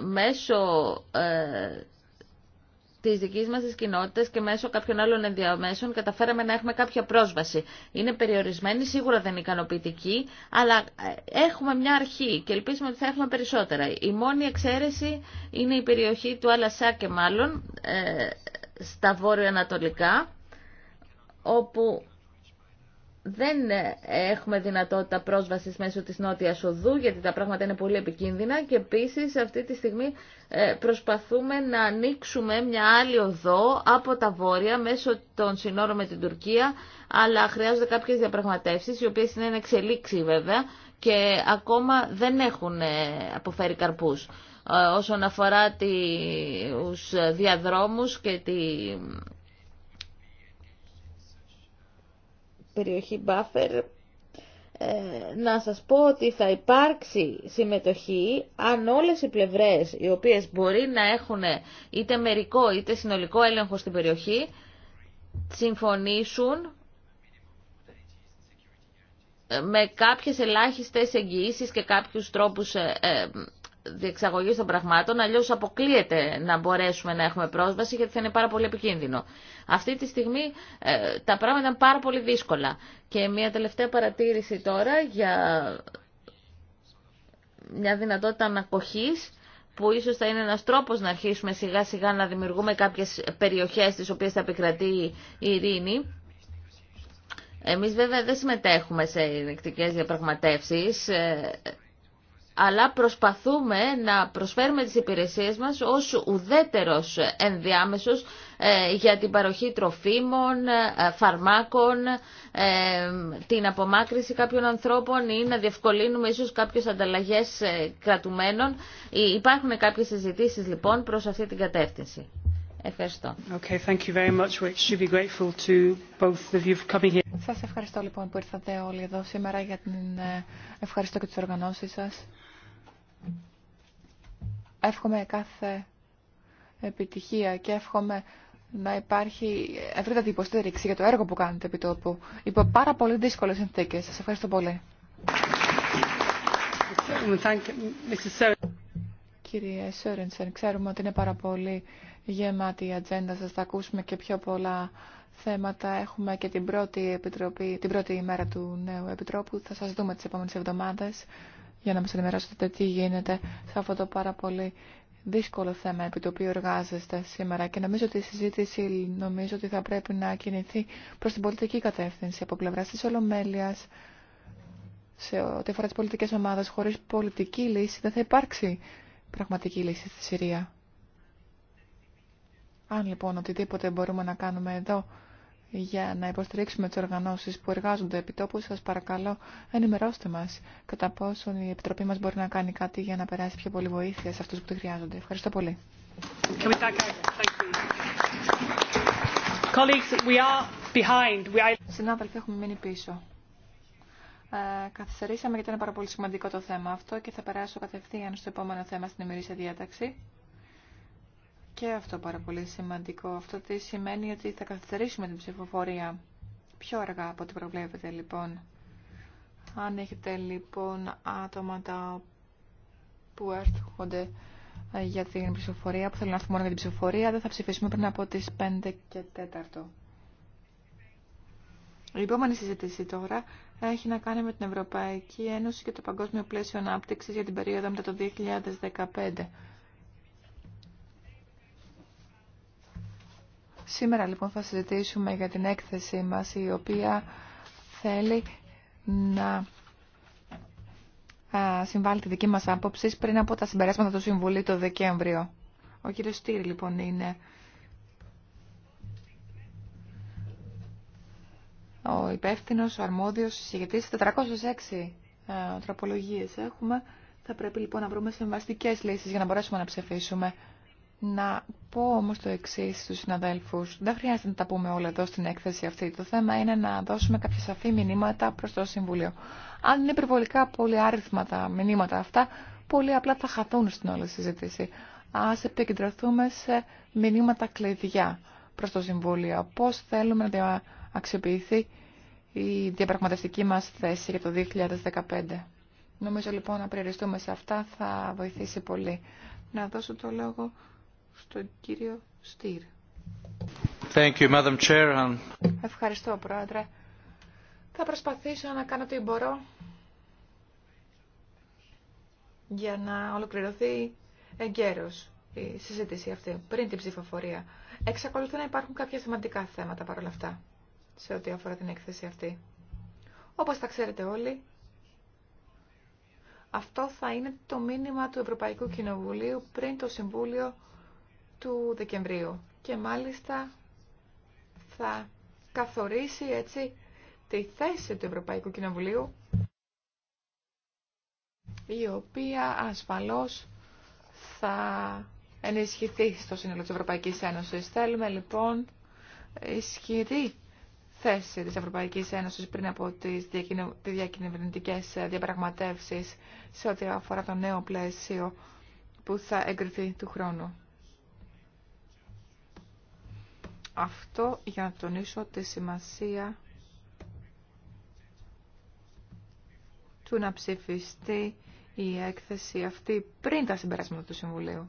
μέσω ε, της δικής μας της κοινότητας και μέσω κάποιων άλλων ενδιαμέσων καταφέραμε να έχουμε κάποια πρόσβαση. Είναι περιορισμένη, σίγουρα δεν είναι ικανοποιητική, αλλά ε, έχουμε μια αρχή και ελπίζουμε ότι θα έχουμε περισσότερα. Η μόνη εξαίρεση είναι η περιοχή του Αλασά και μάλλον ε, στα βόρειο-ανατολικά, όπου δεν ε, έχουμε δυνατότητα πρόσβασης μέσω της νότιας οδού γιατί τα πράγματα είναι πολύ επικίνδυνα και επίσης αυτή τη στιγμή ε, προσπαθούμε να ανοίξουμε μια άλλη οδό από τα βόρεια μέσω των συνόρων με την Τουρκία αλλά χρειάζονται κάποιες διαπραγματεύσεις οι οποίες είναι εξελίξει βέβαια και ακόμα δεν έχουν ε, αποφέρει καρπούς όσον αφορά τους διαδρόμους και τη περιοχή buffer, ε, να σας πω ότι θα υπάρξει συμμετοχή αν όλες οι πλευρές οι οποίες μπορεί να έχουν είτε μερικό είτε συνολικό έλεγχο στην περιοχή συμφωνήσουν ε, με κάποιες ελάχιστες εγγυήσεις και κάποιους τρόπους ε, διεξαγωγής των πραγμάτων, αλλιώς αποκλείεται να μπορέσουμε να έχουμε πρόσβαση γιατί θα είναι πάρα πολύ επικίνδυνο. Αυτή τη στιγμή ε, τα πράγματα είναι πάρα πολύ δύσκολα. Και μια τελευταία παρατήρηση τώρα για μια δυνατότητα ανακοχή που ίσως θα είναι ένας τρόπος να αρχίσουμε σιγά σιγά να δημιουργούμε κάποιες περιοχές στις οποίες θα επικρατεί η ειρήνη. Εμείς βέβαια δεν συμμετέχουμε σε ειρηνικτικές διαπραγματεύσεις. Ε, αλλά προσπαθούμε να προσφέρουμε τις υπηρεσίες μας ως ουδέτερος ενδιάμεσος ε, για την παροχή τροφίμων, ε, φαρμάκων, ε, την απομάκρυση κάποιων ανθρώπων ή να διευκολύνουμε ίσως κάποιες ανταλλαγές κρατουμένων. Υπάρχουν κάποιες συζητήσεις λοιπόν προς αυτή την κατεύθυνση. Ευχαριστώ. Okay, thank you very much. We should be grateful to both of you for coming here. Σας ευχαριστώ λοιπόν που ήρθατε όλοι εδώ σήμερα για την ευχαριστώ και τις οργανώσεις σας. Εύχομαι κάθε επιτυχία και εύχομαι να υπάρχει ευρύτατη υποστήριξη για το έργο που κάνετε επί τόπου. Υπό πάρα πολύ δύσκολες συνθήκες. Σας ευχαριστώ πολύ. Κύριε Σόρενσεν, ξέρουμε ότι είναι πάρα πολύ γεμάτη η ατζέντα σας. Θα ακούσουμε και πιο πολλά θέματα. Έχουμε και την πρώτη, επιτροπή, την πρώτη ημέρα του νέου επιτρόπου. Θα σας δούμε τις επόμενες εβδομάδες για να μας ενημερώσετε τι γίνεται σε αυτό το πάρα πολύ δύσκολο θέμα επί το οποίο εργάζεστε σήμερα και νομίζω ότι η συζήτηση νομίζω ότι θα πρέπει να κινηθεί προς την πολιτική κατεύθυνση από πλευράς της Ολομέλειας σε ό,τι αφορά τις πολιτικές ομάδες χωρίς πολιτική λύση δεν θα υπάρξει πραγματική λύση στη Συρία. Αν λοιπόν οτιδήποτε μπορούμε να κάνουμε εδώ για να υποστηρίξουμε τις οργανώσεις που εργάζονται επί τόπου, σας παρακαλώ ενημερώστε μας κατά πόσον η Επιτροπή μας μπορεί να κάνει κάτι για να περάσει πιο πολύ βοήθεια σε αυτούς που τη χρειάζονται. Ευχαριστώ πολύ. Συνάδελφοι, έχουμε μείνει πίσω. Ε, καθυστερήσαμε γιατί είναι πάρα πολύ σημαντικό το θέμα αυτό και θα περάσω κατευθείαν στο επόμενο θέμα στην ημερήσια διάταξη. Και αυτό πάρα πολύ σημαντικό. Αυτό τι σημαίνει ότι θα καθυστερήσουμε την ψηφοφορία πιο αργά από ό,τι προβλέπετε λοιπόν. Αν έχετε λοιπόν άτομα τα που έρχονται ε, για την ψηφοφορία, που θέλουν να έρθουν μόνο για την ψηφοφορία, δεν θα ψηφίσουμε πριν από τις 5 και 4. Η επόμενη συζήτηση τώρα έχει να κάνει με την Ευρωπαϊκή Ένωση και το Παγκόσμιο Πλαίσιο Ανάπτυξης για την περίοδο μετά το 2015. Σήμερα λοιπόν θα συζητήσουμε για την έκθεσή μας η οποία θέλει να συμβάλλει τη δική μας άποψη πριν από τα συμπεράσματα του Συμβουλίου το Δεκέμβριο. Ο κύριος Στήρη λοιπόν είναι ο υπεύθυνο, ο αρμόδιος συζητητής. 406 ε, τροπολογίες έχουμε. Θα πρέπει λοιπόν να βρούμε συμβαστικές λύσεις για να μπορέσουμε να ψηφίσουμε. Να πω όμως το εξή στους συναδέλφους. Δεν χρειάζεται να τα πούμε όλα εδώ στην έκθεση αυτή. Το θέμα είναι να δώσουμε κάποια σαφή μηνύματα προς το Συμβουλίο. Αν είναι υπερβολικά πολύ άριθμα τα μηνύματα αυτά, πολύ απλά θα χαθούν στην όλη συζήτηση. Ας επικεντρωθούμε σε μηνύματα κλειδιά προς το Συμβούλιο. Πώς θέλουμε να αξιοποιηθεί η διαπραγματευτική μας θέση για το 2015. Νομίζω λοιπόν να περιοριστούμε σε αυτά θα βοηθήσει πολύ. Να δώσω το λόγο στον κύριο Στήρ. Ευχαριστώ, Πρόεδρε. Θα προσπαθήσω να κάνω ό,τι μπορώ για να ολοκληρωθεί εγκαίρως η συζήτηση αυτή, πριν την ψηφοφορία. Εξακολουθούν να υπάρχουν κάποια θεματικά θέματα παρόλα αυτά, σε ό,τι αφορά την έκθεση αυτή. Όπως τα ξέρετε όλοι, αυτό θα είναι το μήνυμα του Ευρωπαϊκού Κοινοβουλίου πριν το Συμβούλιο του Δεκεμβρίου και μάλιστα θα καθορίσει έτσι τη θέση του Ευρωπαϊκού Κοινοβουλίου η οποία ασφαλώς θα ενισχυθεί στο σύνολο της Ευρωπαϊκής Ένωσης. Θέλουμε λοιπόν ισχυρή θέση της Ευρωπαϊκής Ένωσης πριν από τις διακυβερνητικές διαπραγματεύσεις σε ό,τι αφορά το νέο πλαίσιο που θα εγκριθεί του χρόνου. Αυτό για να τονίσω τη σημασία του να ψηφιστεί η έκθεση αυτή πριν τα συμπεράσματα του Συμβουλίου.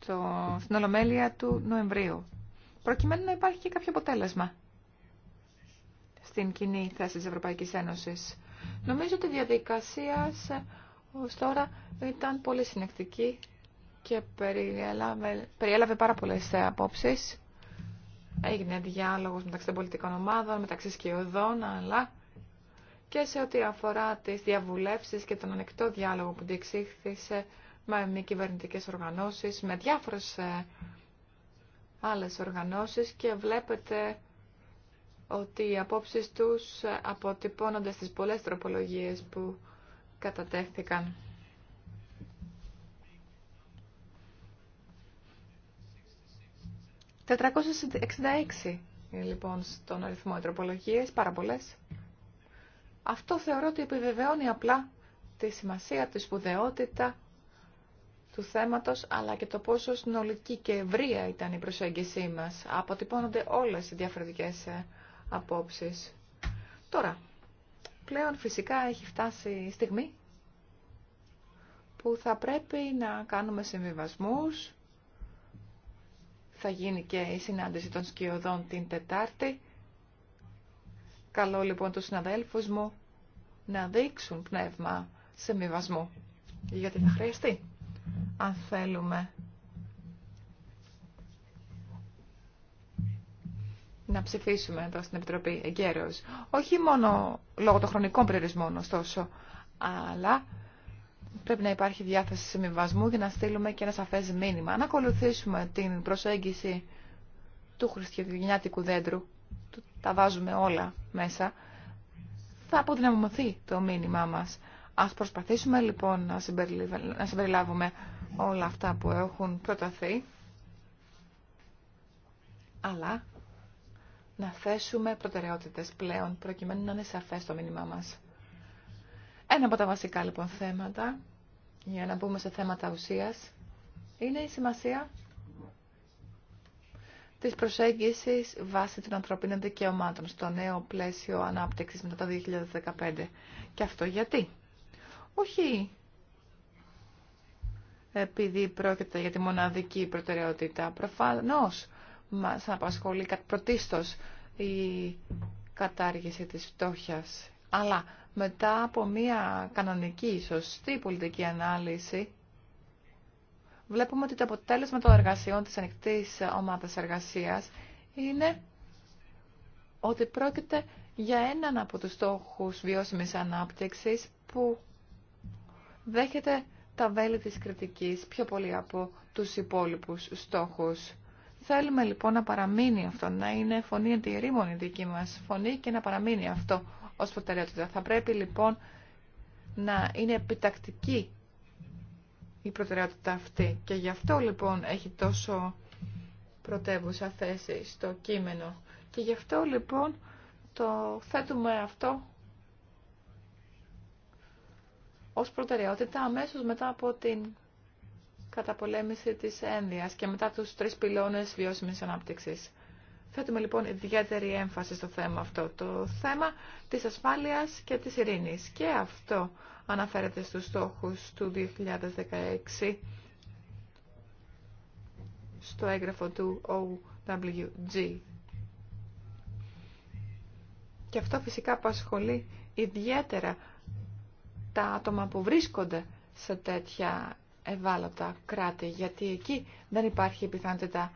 Στο, στην Ολομέλεια του Νοεμβρίου. Προκειμένου να υπάρχει και κάποιο αποτέλεσμα στην κοινή θέση της Ευρωπαϊκής Ένωσης. Νομίζω ότι η διαδικασία ως τώρα ήταν πολύ συνεκτική και περιέλαβε, περιέλαβε πάρα πολλέ απόψεις. Έγινε διάλογος μεταξύ των πολιτικών ομάδων, μεταξύ σκιωδών, αλλά και σε ό,τι αφορά τις διαβουλεύσεις και τον ανοιχτό διάλογο που διεξήχθησε με μη κυβερνητικές οργανώσεις, με διάφορες ε, άλλες οργανώσεις και βλέπετε ότι οι απόψεις τους ε, αποτυπώνονται στις πολλές τροπολογίες που κατατέχθηκαν. 466 λοιπόν στον αριθμό τροπολογίες, πάρα πολλέ. Αυτό θεωρώ ότι επιβεβαιώνει απλά τη σημασία, τη σπουδαιότητα του θέματος, αλλά και το πόσο συνολική και ευρεία ήταν η προσέγγιση μας. Αποτυπώνονται όλες οι διαφορετικές ε, απόψεις. Τώρα, πλέον φυσικά έχει φτάσει η στιγμή που θα πρέπει να κάνουμε συμβιβασμούς, θα γίνει και η συνάντηση των σκιωδών την Τετάρτη. Καλό λοιπόν τους συναδέλφους μου να δείξουν πνεύμα σε μοιβασμό, γιατί θα χρειαστεί, αν θέλουμε να ψηφίσουμε εδώ στην Επιτροπή εγκαίρως. Όχι μόνο λόγω των χρονικών περιορισμών, ωστόσο, αλλά πρέπει να υπάρχει διάθεση συμβιβασμού για να στείλουμε και ένα σαφέ μήνυμα. Αν ακολουθήσουμε την προσέγγιση του χριστιανιάτικου δέντρου, τα βάζουμε όλα μέσα, θα αποδυναμωθεί το μήνυμά μας. Α προσπαθήσουμε λοιπόν να συμπεριλάβουμε όλα αυτά που έχουν προταθεί, αλλά να θέσουμε προτεραιότητες πλέον, προκειμένου να είναι σαφές το μήνυμά μας. Ένα από τα βασικά λοιπόν θέματα, για να μπούμε σε θέματα ουσίας, είναι η σημασία της προσέγγισης βάσει των ανθρωπίνων δικαιωμάτων στο νέο πλαίσιο ανάπτυξης μετά το 2015. Και αυτό γιατί. Όχι επειδή πρόκειται για τη μοναδική προτεραιότητα. Προφανώς μας απασχολεί κατ' πρωτίστως η κατάργηση της φτώχειας. Αλλά μετά από μια κανονική, σωστή πολιτική ανάλυση, βλέπουμε ότι το αποτέλεσμα των εργασιών της ανοιχτή ομάδας εργασίας είναι ότι πρόκειται για έναν από τους στόχους βιώσιμης ανάπτυξης που δέχεται τα βέλη της κριτικής πιο πολύ από τους υπόλοιπους στόχους. Θέλουμε λοιπόν να παραμείνει αυτό, να είναι φωνή εντυρήμων δική μας φωνή και να παραμείνει αυτό ως προτεραιότητα. Θα πρέπει λοιπόν να είναι επιτακτική η προτεραιότητα αυτή και γι' αυτό λοιπόν έχει τόσο πρωτεύουσα θέση στο κείμενο. Και γι' αυτό λοιπόν το θέτουμε αυτό ως προτεραιότητα αμέσως μετά από την καταπολέμηση της ένδυας και μετά τους τρεις πυλώνες βιώσιμης ανάπτυξης. Θέτουμε λοιπόν ιδιαίτερη έμφαση στο θέμα αυτό, το θέμα της ασφάλειας και της ειρήνης. Και αυτό αναφέρεται στους στόχους του 2016 στο έγγραφο του OWG. Και αυτό φυσικά απασχολεί ιδιαίτερα τα άτομα που βρίσκονται σε τέτοια ευάλωτα κράτη, γιατί εκεί δεν υπάρχει πιθανότητα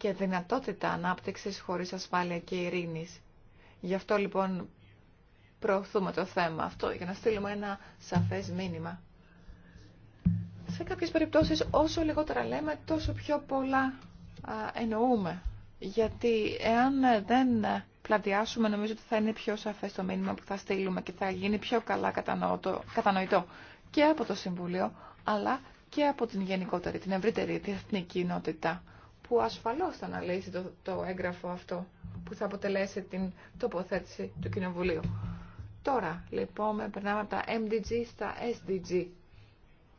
και δυνατότητα ανάπτυξης χωρίς ασφάλεια και ειρήνης. Γι' αυτό λοιπόν προωθούμε το θέμα αυτό, για να στείλουμε ένα σαφές μήνυμα. Σε κάποιες περιπτώσεις όσο λιγότερα λέμε τόσο πιο πολλά εννοούμε. Γιατί εάν δεν πλατιάσουμε νομίζω ότι θα είναι πιο σαφές το μήνυμα που θα στείλουμε και θα γίνει πιο καλά κατανοητό και από το Συμβούλιο αλλά και από την γενικότερη, την ευρύτερη, την εθνική κοινότητα που ασφαλώς θα αναλύσει το, το έγγραφο αυτό που θα αποτελέσει την τοποθέτηση του Κοινοβουλίου. Τώρα, λοιπόν, περνάμε από τα MDG στα SDG.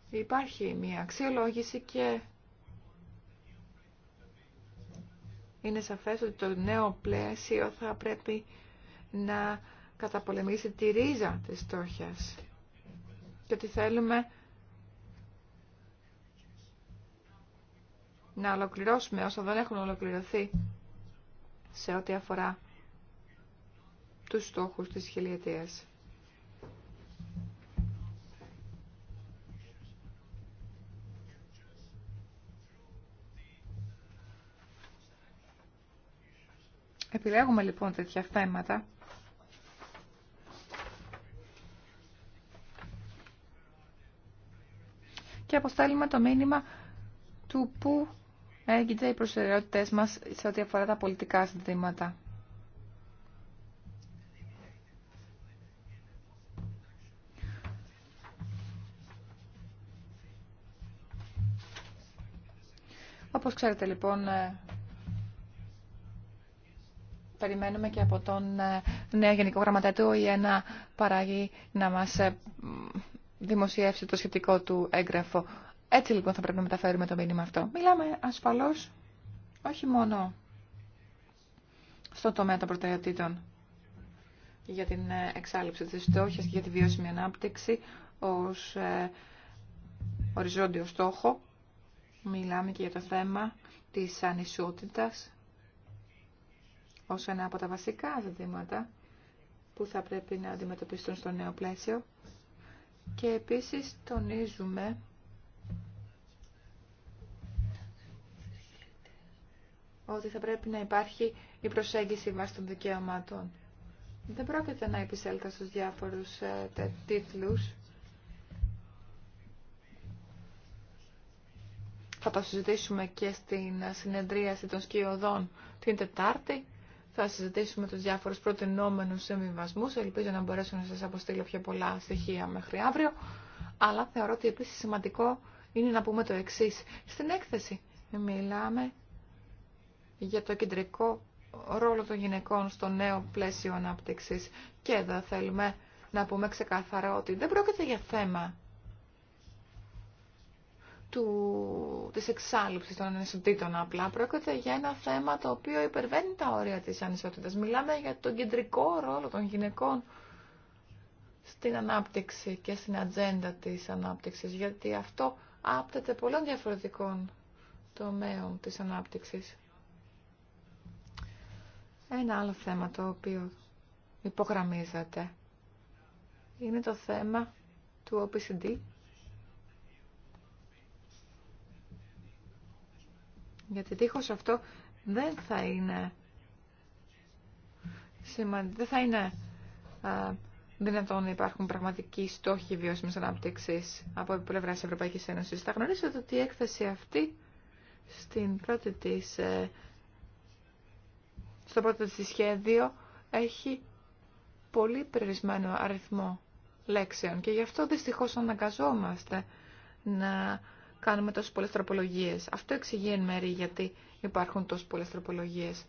Υπάρχει μια αξιολόγηση και είναι σαφές ότι το νέο πλαίσιο θα πρέπει να καταπολεμήσει τη ρίζα της στόχιας και ότι θέλουμε να ολοκληρώσουμε όσα δεν έχουν ολοκληρωθεί σε ό,τι αφορά τους στόχους της χιλιετίας. Επιλέγουμε λοιπόν τέτοια θέματα. Και αποστέλουμε το μήνυμα του που έγκυται οι προσωριότητες μας σε ό,τι αφορά τα πολιτικά συνθήματα. Όπως ξέρετε λοιπόν, ε, περιμένουμε και από τον ε, νέο Γενικό Γραμματέα του ΟΗΕ να παράγει να μας ε, δημοσιεύσει το σχετικό του έγγραφο. Έτσι λοιπόν θα πρέπει να μεταφέρουμε το μήνυμα αυτό. Μιλάμε ασφαλώς όχι μόνο στον τομέα των προτεραιοτήτων για την ε, εξάλληψη της στόχης και για τη βιώσιμη ανάπτυξη ως ε, οριζόντιο στόχο. Μιλάμε και για το θέμα της ανισότητας ως ένα από τα βασικά ζητήματα που θα πρέπει να αντιμετωπιστούν στο νέο πλαίσιο. Και επίσης τονίζουμε ότι θα πρέπει να υπάρχει η προσέγγιση βάσει των δικαιωμάτων. Δεν πρόκειται να επισέλθω στους διάφορους ε, τίτλους. Θα το συζητήσουμε και στην συνεδρίαση των σκιωδών την Τετάρτη. Θα συζητήσουμε τους διάφορους προτινόμενους εμβιβασμούς. Ελπίζω να μπορέσω να σας αποστείλω πιο πολλά στοιχεία μέχρι αύριο. Αλλά θεωρώ ότι επίσης σημαντικό είναι να πούμε το εξής. Στην έκθεση μιλάμε για το κεντρικό ρόλο των γυναικών στο νέο πλαίσιο ανάπτυξης. Και εδώ θέλουμε να πούμε ξεκάθαρα ότι δεν πρόκειται για θέμα του, της εξάλληψης των ανισοτήτων απλά. Πρόκειται για ένα θέμα το οποίο υπερβαίνει τα όρια της ανισότητας. Μιλάμε για τον κεντρικό ρόλο των γυναικών στην ανάπτυξη και στην ατζέντα της ανάπτυξης, γιατί αυτό άπτεται πολλών διαφορετικών τομέων της ανάπτυξης. Ένα άλλο θέμα το οποίο υπογραμμίζεται είναι το θέμα του OPCD γιατί δίχως αυτό δεν θα είναι δεν θα είναι δυνατόν να υπάρχουν πραγματικοί στόχοι βιώσιμης ανάπτυξης από πλευρά της Ευρωπαϊκής Ένωσης. Θα γνωρίζετε ότι η έκθεση αυτή στην πρώτη της ε, στο πρώτο της σχέδιο έχει πολύ περιορισμένο αριθμό λέξεων και γι' αυτό δυστυχώς αναγκαζόμαστε να κάνουμε τόσες πολλές τροπολογίες. Αυτό εξηγεί εν μέρη γιατί υπάρχουν τόσες πολλές τροπολογίες.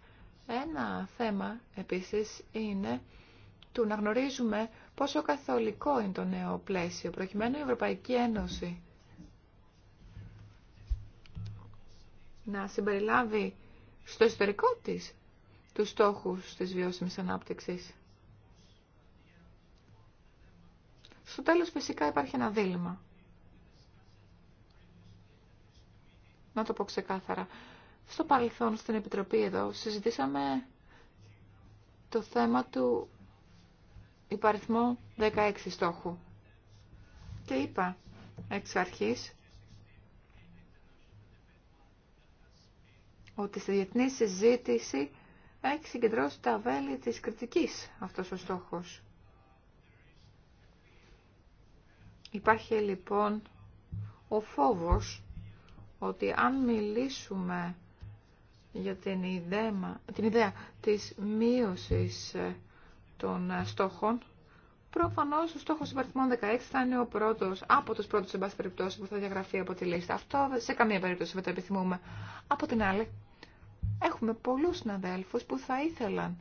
Ένα θέμα επίσης είναι του να γνωρίζουμε πόσο καθολικό είναι το νέο πλαίσιο, προκειμένου η Ευρωπαϊκή Ένωση να συμπεριλάβει στο ιστορικό της τους στόχους της βιώσιμης ανάπτυξης. Στο τέλος φυσικά υπάρχει ένα δίλημα. Να το πω ξεκάθαρα. Στο παρελθόν, στην Επιτροπή εδώ, συζητήσαμε το θέμα του υπαριθμό 16 στόχου. Και είπα εξ αρχής ότι στη διεθνή συζήτηση έχει συγκεντρώσει τα βέλη της κριτικής αυτός ο στόχος. Υπάρχει λοιπόν ο φόβος ότι αν μιλήσουμε για την ιδέα, την ιδέα της μείωσης ε, των ε, στόχων, προφανώς ο στόχος υπαριθμών 16 θα είναι ο πρώτος, από του πρώτους εν πάση περιπτώσει που θα διαγραφεί από τη λίστα. Αυτό σε καμία περίπτωση δεν το επιθυμούμε. Από την άλλη, Έχουμε πολλούς συναδέλφους που θα ήθελαν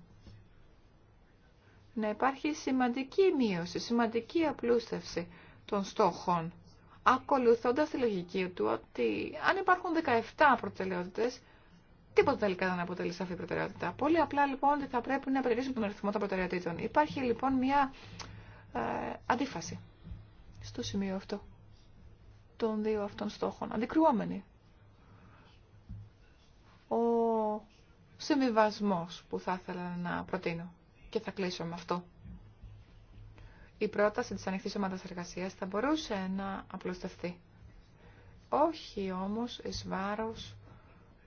να υπάρχει σημαντική μείωση, σημαντική απλούστευση των στόχων, ακολουθώντας τη λογική του ότι αν υπάρχουν 17 προτεραιότητες, τίποτα τελικά δεν αποτελεί σαφή προτεραιότητα. Πολύ απλά λοιπόν ότι θα πρέπει να περιορίσουμε τον αριθμό των προτεραιοτήτων. Υπάρχει λοιπόν μια ε, αντίφαση στο σημείο αυτό των δύο αυτών στόχων, αντικρουόμενοι ο συμβιβασμό που θα ήθελα να προτείνω. Και θα κλείσω με αυτό. Η πρόταση της ανοιχτής ομάδας εργασίας θα μπορούσε να απλουστευτεί. Όχι όμως εις βάρος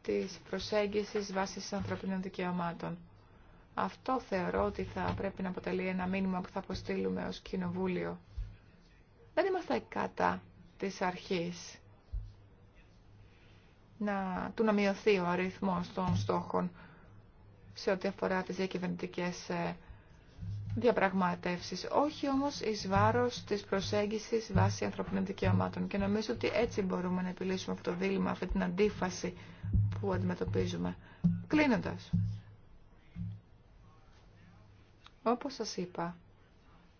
της προσέγγισης βάσης ανθρωπίνων δικαιωμάτων. Αυτό θεωρώ ότι θα πρέπει να αποτελεί ένα μήνυμα που θα αποστείλουμε ως Κοινοβούλιο. Δεν είμαστε κατά της αρχής να, του να μειωθεί ο αριθμός των στόχων σε ό,τι αφορά τις διακυβερνητικές ε, διαπραγματεύσεις. Όχι όμως εις βάρος της προσέγγισης βάσει ανθρωπινών δικαιωμάτων. Και νομίζω ότι έτσι μπορούμε να επιλύσουμε αυτό το δίλημα, αυτή την αντίφαση που αντιμετωπίζουμε. Κλείνοντας. Όπως σας είπα,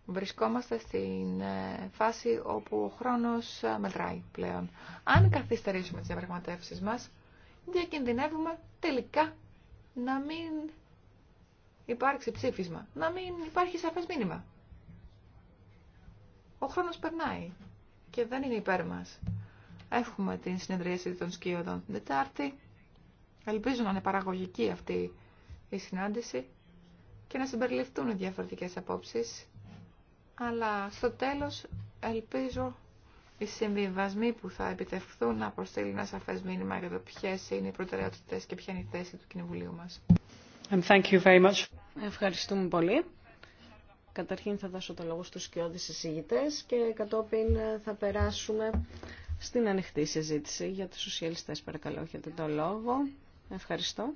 Βρισκόμαστε στην ε, φάση όπου ο χρόνος ε, μετράει πλέον. Αν καθυστερήσουμε τις διαπραγματεύσεις μας, διακινδυνεύουμε τελικά να μην υπάρξει ψήφισμα, να μην υπάρχει σαφές μήνυμα. Ο χρόνος περνάει και δεν είναι υπέρ μας. Έχουμε την συνεδρίαση των σκιωδών την Ελπίζω να είναι παραγωγική αυτή η συνάντηση και να συμπεριληφθούν οι διαφορετικές απόψεις αλλά στο τέλος ελπίζω οι συμβιβασμοί που θα επιτευχθούν να αποστείλουν ένα σαφές μήνυμα για το ποιες είναι οι προτεραιότητες και ποια είναι η θέση του Κοινοβουλίου μας. thank you very much. Ευχαριστούμε πολύ. Καταρχήν θα δώσω το λόγο στους σκιώδεις εισηγητές και κατόπιν ε, θα περάσουμε στην ανοιχτή συζήτηση για τους σοσιαλιστές. Παρακαλώ, έχετε το λόγο. Ευχαριστώ.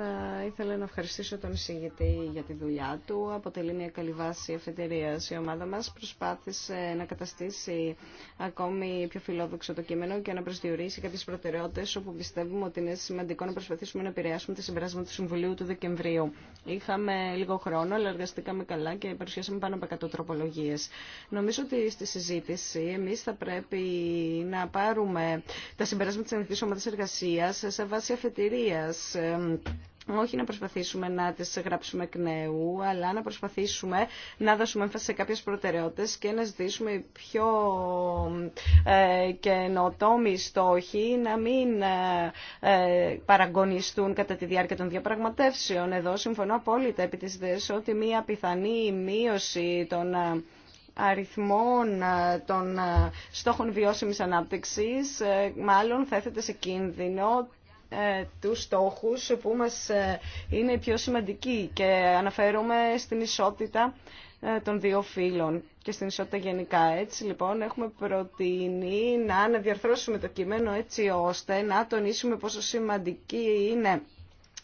Θα ήθελα να ευχαριστήσω τον εισηγητή για τη δουλειά του. Αποτελεί μια καλή βάση εφετερία. Η ομάδα μα προσπάθησε να καταστήσει ακόμη πιο φιλόδοξο το κείμενο και να προσδιορίσει κάποιε προτεραιότητε όπου πιστεύουμε ότι είναι σημαντικό να προσπαθήσουμε να επηρεάσουμε τα συμπεράσματα του Συμβουλίου του Δεκεμβρίου. Είχαμε λίγο χρόνο, αλλά εργαστήκαμε καλά και παρουσιάσαμε πάνω από 100 τροπολογίε. Νομίζω ότι στη συζήτηση εμεί θα πρέπει να πάρουμε τα συμπεράσματα τη Ανοιχτή Ομάδα Εργασία σε βάση αφετηρία όχι να προσπαθήσουμε να τι γράψουμε εκ νέου, αλλά να προσπαθήσουμε να δώσουμε έμφαση σε κάποιες προτεραιότητες και να ζητήσουμε πιο ε, καινοτόμοι στόχοι να μην ε, ε, παραγωνιστούν κατά τη διάρκεια των διαπραγματεύσεων. Εδώ συμφωνώ απόλυτα επί της ιδέας ότι μία πιθανή μείωση των ε, αριθμών ε, των στόχων βιώσιμης ανάπτυξης μάλλον θα σε κίνδυνο ε, τους στόχους που μας ε, είναι οι πιο σημαντικοί και αναφέρομαι στην ισότητα ε, των δύο φύλων και στην ισότητα γενικά. Έτσι λοιπόν έχουμε προτείνει να αναδιαρθρώσουμε το κείμενο έτσι ώστε να τονίσουμε πόσο σημαντική είναι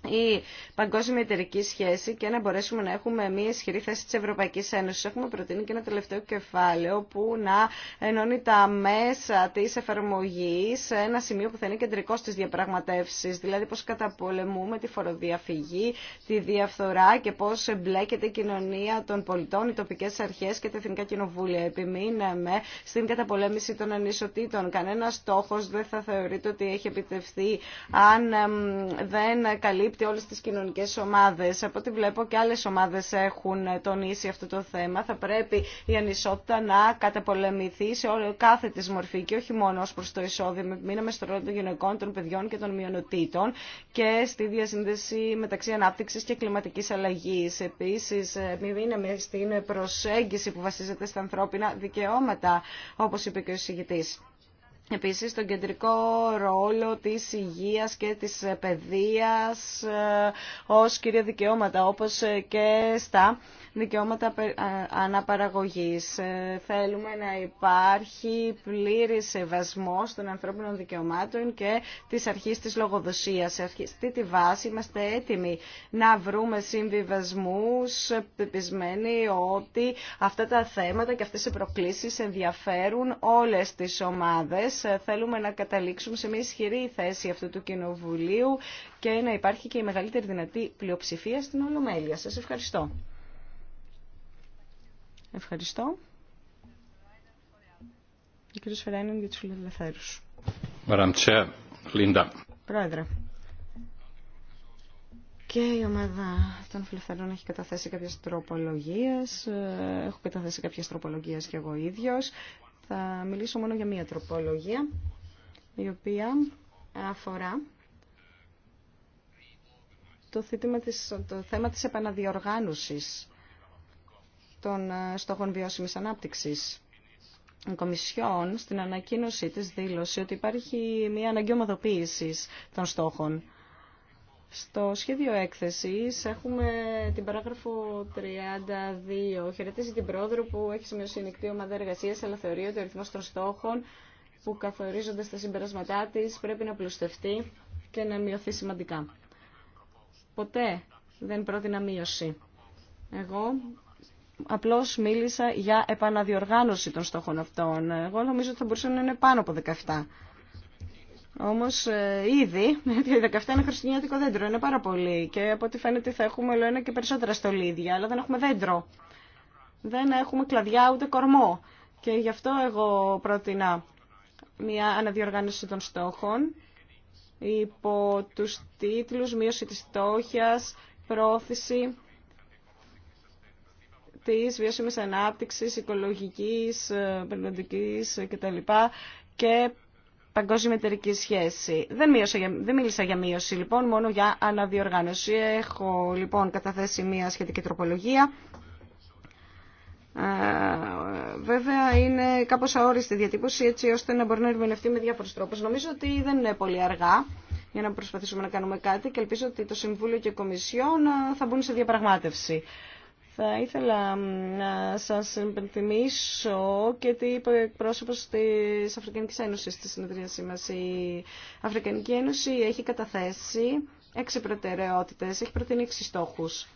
η παγκόσμια εταιρική σχέση και να μπορέσουμε να έχουμε μια ισχυρή θέση τη Ευρωπαϊκή Ένωση, Έχουμε προτείνει και ένα τελευταίο κεφάλαιο που να ενώνει τα μέσα τη εφαρμογή σε ένα σημείο που θα είναι κεντρικό στι διαπραγματεύσει, δηλαδή πώ καταπολεμούμε τη φοροδιαφυγή, τη διαφθορά και πώ εμπλέκεται η κοινωνία των πολιτών, οι τοπικέ αρχέ και τα εθνικά κοινοβούλια. Επιμείναμε στην καταπολέμηση των ανισοτήτων. Κανένα στόχο δεν θα θεωρείται ότι έχει επιτευχθεί αν δεν καλύπτει καλύπτει όλες τις κοινωνικές ομάδες. Από ό,τι βλέπω και άλλες ομάδες έχουν τονίσει αυτό το θέμα. Θα πρέπει η ανισότητα να καταπολεμηθεί σε όλη, κάθε της μορφή και όχι μόνο ως προς το εισόδημα. Μείναμε στο ρόλο των γυναικών, των παιδιών και των μειονοτήτων και στη διασύνδεση μεταξύ ανάπτυξης και κλιματικής αλλαγής. Επίσης, ε, μείναμε στην προσέγγιση που βασίζεται στα ανθρώπινα δικαιώματα, όπως είπε και ο συγητής. Επίσης, τον κεντρικό ρόλο της υγείας και της παιδείας ε, ως κυρία δικαιώματα, όπως και στα δικαιώματα αναπαραγωγής. Ε, θέλουμε να υπάρχει πλήρη σεβασμός των ανθρώπινων δικαιωμάτων και της αρχής της λογοδοσίας. Σε αυτή τη βάση είμαστε έτοιμοι να βρούμε συμβιβασμούς πεπισμένοι ότι αυτά τα θέματα και αυτές οι προκλήσεις ενδιαφέρουν όλες τις ομάδες. Ε, θέλουμε να καταλήξουμε σε μια ισχυρή θέση αυτού του Κοινοβουλίου και να υπάρχει και η μεγαλύτερη δυνατή πλειοψηφία στην Ολομέλεια. Σας ευχαριστώ. Ευχαριστώ. Ο κύριος Φεράινεν για τους φιλελευθέρους. Λίντα. Πρόεδρε. Και η ομάδα των φιλελευθερών έχει καταθέσει κάποιες τροπολογίες. Ε, έχω καταθέσει κάποιες τροπολογίες και εγώ ίδιος. Θα μιλήσω μόνο για μία τροπολογία, η οποία αφορά το, θέμα της επαναδιοργάνωσης των ε, στόχων βιώσιμης ανάπτυξης. Η Κομισιόν στην ανακοίνωσή της δήλωσε ότι υπάρχει μια αναγκή των στόχων. Στο σχέδιο έκθεσης έχουμε την παράγραφο 32. Χαιρετίζει την πρόεδρο που έχει σημειώσει η νυχτή ομάδα εργασίας, αλλά θεωρεί ότι ο ρυθμός των στόχων που καθορίζονται στα συμπερασματά πρέπει να πλουστευτεί και να μειωθεί σημαντικά. Ποτέ δεν πρότεινα μείωση. Εγώ Απλώς μίλησα για επαναδιοργάνωση των στόχων αυτών. Εγώ νομίζω ότι θα μπορούσαν να είναι πάνω από 17. Όμως ε, ήδη, γιατί 17 είναι χριστουγεννιάτικο δέντρο, είναι πάρα πολύ και από ό,τι φαίνεται θα έχουμε όλο ένα και περισσότερα στολίδια, αλλά δεν έχουμε δέντρο. Δεν έχουμε κλαδιά ούτε κορμό. Και γι' αυτό εγώ πρότεινα μια αναδιοργάνωση των στόχων υπό τους τίτλους «Μείωση της στόχιας», «Πρόθεση της βιώσιμης ανάπτυξης, οικολογικής, ε, περιβαλλοντικής ε, κτλ. και παγκόσμια εταιρική σχέση. Δεν, μίλησα για, δεν μίλησα για μείωση λοιπόν, μόνο για αναδιοργάνωση. Έχω λοιπόν καταθέσει μια σχετική τροπολογία. Ε, βέβαια είναι κάπως αόριστη διατύπωση έτσι ώστε να μπορεί να ερμηνευτεί με διάφορους τρόπους. Νομίζω ότι δεν είναι πολύ αργά για να προσπαθήσουμε να κάνουμε κάτι και ελπίζω ότι το Συμβούλιο και η Κομισιόν θα μπουν σε διαπραγμάτευση. Θα ήθελα να σας υπενθυμίσω και τι είπε ο εκπρόσωπος της Αφρικανικής Ένωσης στη συνεδρίασή μας. Η Αφρικανική Ένωση έχει καταθέσει έξι προτεραιότητες, έχει προτείνει έξι στόχους.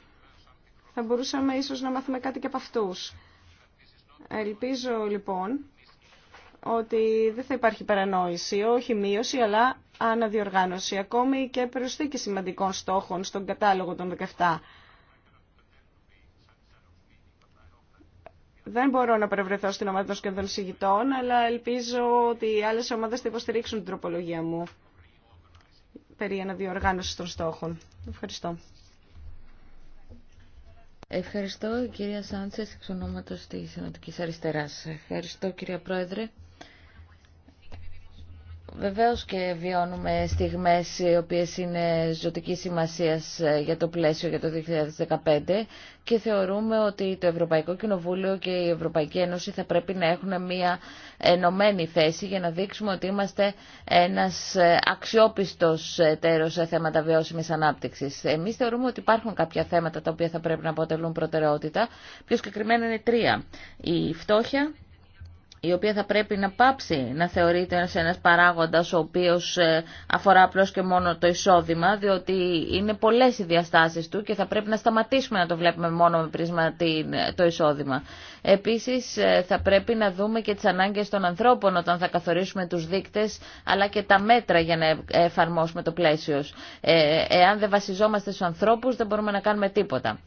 Θα μπορούσαμε ίσως να μάθουμε κάτι και από αυτούς. Ελπίζω λοιπόν ότι δεν θα υπάρχει παρανόηση, όχι μείωση, αλλά αναδιοργάνωση, ακόμη και προσθήκη σημαντικών στόχων στον κατάλογο των 17. Δεν μπορώ να παρευρεθώ στην ομάδα των σκέντων συγητών, αλλά ελπίζω ότι οι άλλες ομάδες θα υποστηρίξουν την τροπολογία μου περί αναδιοργάνωσης των στόχων. Ευχαριστώ. Ευχαριστώ κυρία Σάντσες εξ ονόματος της Ενωτικής Αριστεράς. Ευχαριστώ κυρία Πρόεδρε. Βεβαίως και βιώνουμε στιγμές οι οποίες είναι ζωτική σημασίας ε, για το πλαίσιο για το 2015 και θεωρούμε ότι το Ευρωπαϊκό Κοινοβούλιο και η Ευρωπαϊκή Ένωση θα πρέπει να έχουν μια ενωμένη θέση για να δείξουμε ότι είμαστε ένας ε, αξιόπιστος τέρος σε θέματα βιώσιμης ανάπτυξης. Εμείς θεωρούμε ότι υπάρχουν κάποια θέματα τα οποία θα πρέπει να αποτελούν προτεραιότητα. Πιο συγκεκριμένα είναι τρία. Η φτώχεια, η οποία θα πρέπει να πάψει να θεωρείται σε ένας παράγοντας ο οποίος ε, αφορά απλώ και μόνο το εισόδημα, διότι είναι πολλές οι διαστάσεις του και θα πρέπει να σταματήσουμε να το βλέπουμε μόνο με πρίσμα το εισόδημα. Επίσης ε, θα πρέπει να δούμε και τις ανάγκες των ανθρώπων όταν θα καθορίσουμε τους δείκτες, αλλά και τα μέτρα για να ε, εφαρμόσουμε το πλαίσιο. εάν δεν βασιζόμαστε στους ανθρώπους δεν μπορούμε να κάνουμε τίποτα.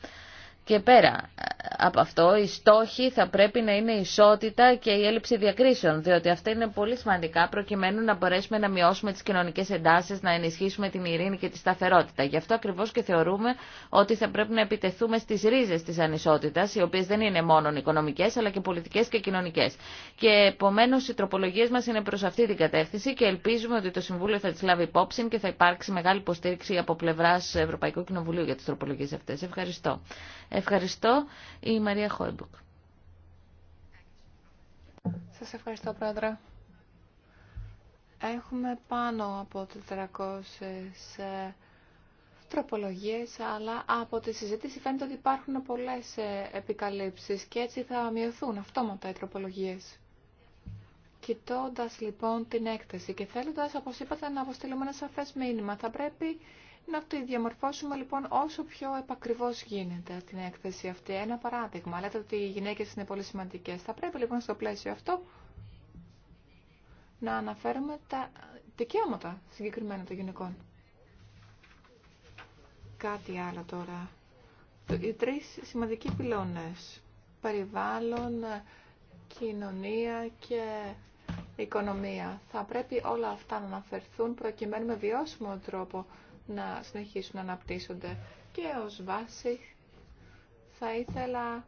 Και πέρα από αυτό, οι στόχοι θα πρέπει να είναι η ισότητα και η έλλειψη διακρίσεων, διότι αυτά είναι πολύ σημαντικά προκειμένου να μπορέσουμε να μειώσουμε τις κοινωνικές εντάσεις, να ενισχύσουμε την ειρήνη και τη σταθερότητα. Γι' αυτό ακριβώς και θεωρούμε ότι θα πρέπει να επιτεθούμε στις ρίζες της ανισότητας, οι οποίες δεν είναι μόνο οικονομικές, αλλά και πολιτικές και κοινωνικές. Και επομένω οι τροπολογίε μας είναι προς αυτή την κατεύθυνση και ελπίζουμε ότι το Συμβούλιο θα τις λάβει υπόψη και θα υπάρξει μεγάλη υποστήριξη από πλευράς Ευρωπαϊκού Κοινοβουλίου για τις τροπολογίες αυτές. Ευχαριστώ. Ευχαριστώ. Η Μαρία Χόιμπουκ. Σας ευχαριστώ, Πρόεδρε. Έχουμε πάνω από 400 ε, τροπολογίες, αλλά από τη συζήτηση φαίνεται ότι υπάρχουν πολλές ε, επικαλύψεις και έτσι θα μειωθούν αυτόματα οι τροπολογίες. Κοιτώντα λοιπόν την έκθεση και θέλοντα, όπω είπατε, να αποστείλουμε ένα σαφέ μήνυμα, θα πρέπει να τη διαμορφώσουμε λοιπόν όσο πιο επακριβώς γίνεται την έκθεση αυτή. Ένα παράδειγμα, λέτε ότι οι γυναίκες είναι πολύ σημαντικέ. Θα πρέπει λοιπόν στο πλαίσιο αυτό να αναφέρουμε τα δικαιώματα συγκεκριμένα των γυναικών. Κάτι άλλο τώρα. Οι τρεις σημαντικοί πυλώνες. Περιβάλλον, κοινωνία και οικονομία. Θα πρέπει όλα αυτά να αναφερθούν προκειμένου με βιώσιμο τρόπο να συνεχίσουν να αναπτύσσονται. Και ως βάση θα ήθελα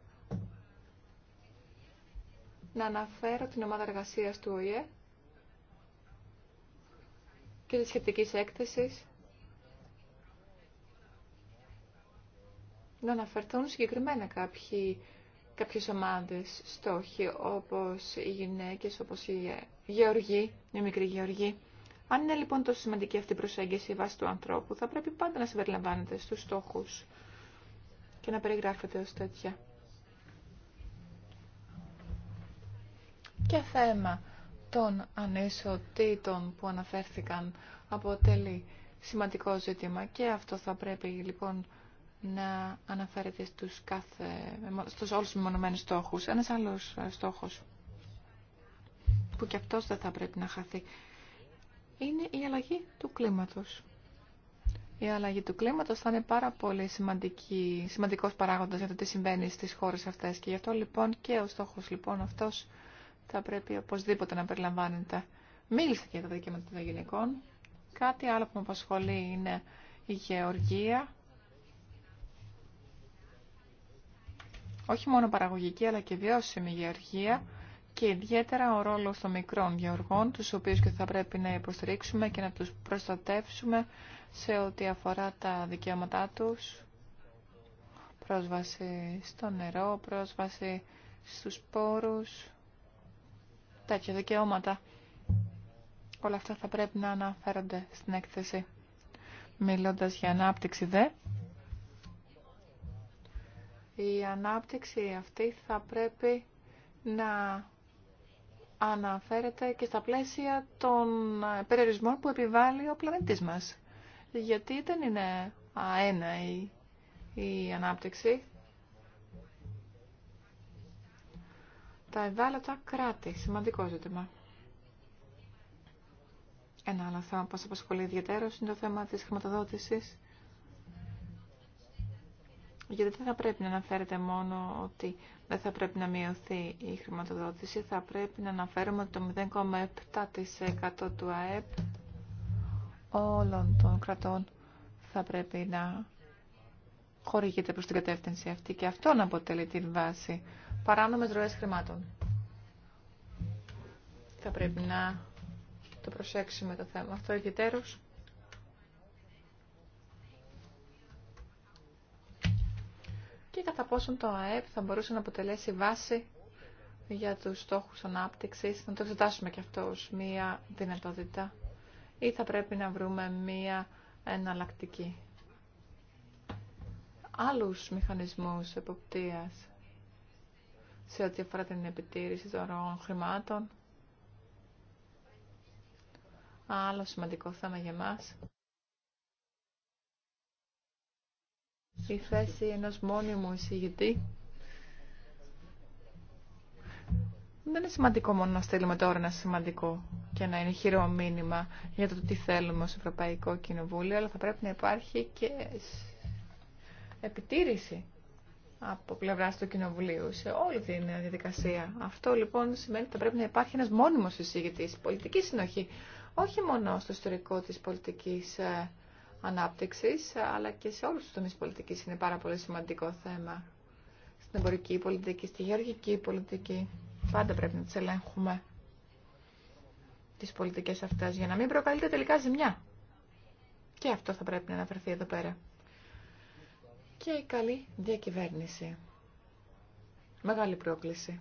να αναφέρω την ομάδα εργασίας του ΟΗΕ και τη σχετική έκθεση να αναφερθούν συγκεκριμένα κάποιοι, κάποιες ομάδες στόχοι όπως οι γυναίκες, όπως οι γεωργοί, οι μικροί γεωργοί. Αν είναι λοιπόν τόσο σημαντική αυτή η προσέγγιση βάσει του ανθρώπου, θα πρέπει πάντα να συμπεριλαμβάνεται στους στόχους και να περιγράφεται ως τέτοια. Και θέμα των ανισοτήτων που αναφέρθηκαν αποτελεί σημαντικό ζήτημα και αυτό θα πρέπει λοιπόν να αναφέρεται στους, κάθε, στους όλους τους μεμονωμένους στόχους. Ένας άλλος στόχος που και αυτός δεν θα πρέπει να χαθεί είναι η αλλαγή του κλίματος. Η αλλαγή του κλίματος θα είναι πάρα πολύ σημαντική, σημαντικός παράγοντας για το τι συμβαίνει στις χώρες αυτές και γι' αυτό λοιπόν και ο στόχος λοιπόν αυτός θα πρέπει οπωσδήποτε να περιλαμβάνεται. Μίλησα και για τα δικαιώματα των γυναικών. Κάτι άλλο που με απασχολεί είναι η γεωργία. Όχι μόνο παραγωγική αλλά και βιώσιμη γεωργία και ιδιαίτερα ο ρόλος των μικρών γεωργών, τους οποίους και θα πρέπει να υποστηρίξουμε και να τους προστατεύσουμε σε ό,τι αφορά τα δικαιώματά τους, πρόσβαση στο νερό, πρόσβαση στους πόρους, τέτοια δικαιώματα. Όλα αυτά θα πρέπει να αναφέρονται στην έκθεση. Μιλώντας για ανάπτυξη δε, η ανάπτυξη αυτή θα πρέπει να αναφέρεται και στα πλαίσια των περιορισμών που επιβάλλει ο πλανήτης μας. Γιατί δεν είναι αένα η, η ανάπτυξη. Τα ευάλωτα κράτη, σημαντικό ζήτημα. Ένα άλλο θέμα που σας απασχολεί ιδιαίτερο είναι το θέμα της χρηματοδότησης. Γιατί δεν θα πρέπει να αναφέρεται μόνο ότι δεν θα πρέπει να μειωθεί η χρηματοδότηση. Θα πρέπει να αναφέρουμε ότι το 0,7% του ΑΕΠ όλων των κρατών θα πρέπει να χορηγείται προς την κατεύθυνση αυτή και αυτό να αποτελεί την βάση παράνομες ροές χρημάτων. Θα πρέπει να το προσέξουμε το θέμα αυτό ιδιαίτερως και κατά πόσον το ΑΕΠ θα μπορούσε να αποτελέσει βάση για τους στόχους ανάπτυξης, να το εξετάσουμε και αυτό ως μία δυνατότητα ή θα πρέπει να βρούμε μία εναλλακτική. Άλλους μηχανισμούς εποπτείας σε ό,τι αφορά την επιτήρηση των ροών χρημάτων. Άλλο σημαντικό θέμα για μας η θέση ενός μόνιμου εισηγητή δεν είναι σημαντικό μόνο να στείλουμε τώρα ένα σημαντικό και να είναι χειρό μήνυμα για το τι θέλουμε ως Ευρωπαϊκό Κοινοβούλιο, αλλά θα πρέπει να υπάρχει και επιτήρηση από πλευρά του Κοινοβουλίου σε όλη την διαδικασία. Αυτό λοιπόν σημαίνει ότι θα πρέπει να υπάρχει ένας μόνιμος εισηγητής πολιτική συνοχή, όχι μόνο στο ιστορικό της πολιτικής ε, ανάπτυξης, αλλά και σε όλους τους τομείς πολιτικής είναι πάρα πολύ σημαντικό θέμα. Στην εμπορική πολιτική, στη γεωργική πολιτική, πάντα πρέπει να τι ελέγχουμε τις πολιτικές αυτές για να μην προκαλείται τελικά ζημιά. Και αυτό θα πρέπει να αναφερθεί εδώ πέρα. Και η καλή διακυβέρνηση. Μεγάλη πρόκληση.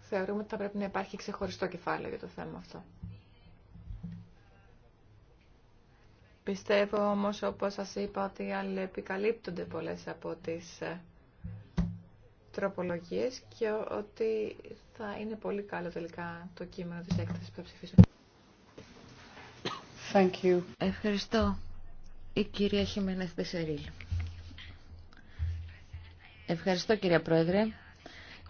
Θεωρούμε ότι θα πρέπει να υπάρχει ξεχωριστό κεφάλαιο για το θέμα αυτό. Πιστεύω όμως, όπως σας είπα, ότι αλληλεπικαλύπτονται πολλές από τις ε, τροπολογίες και ότι θα είναι πολύ καλό τελικά το κείμενο της έκθεσης που θα Thank you. Ευχαριστώ. Η κυρία Χιμένεθ Μπεσερίλ. Ευχαριστώ κυρία Πρόεδρε.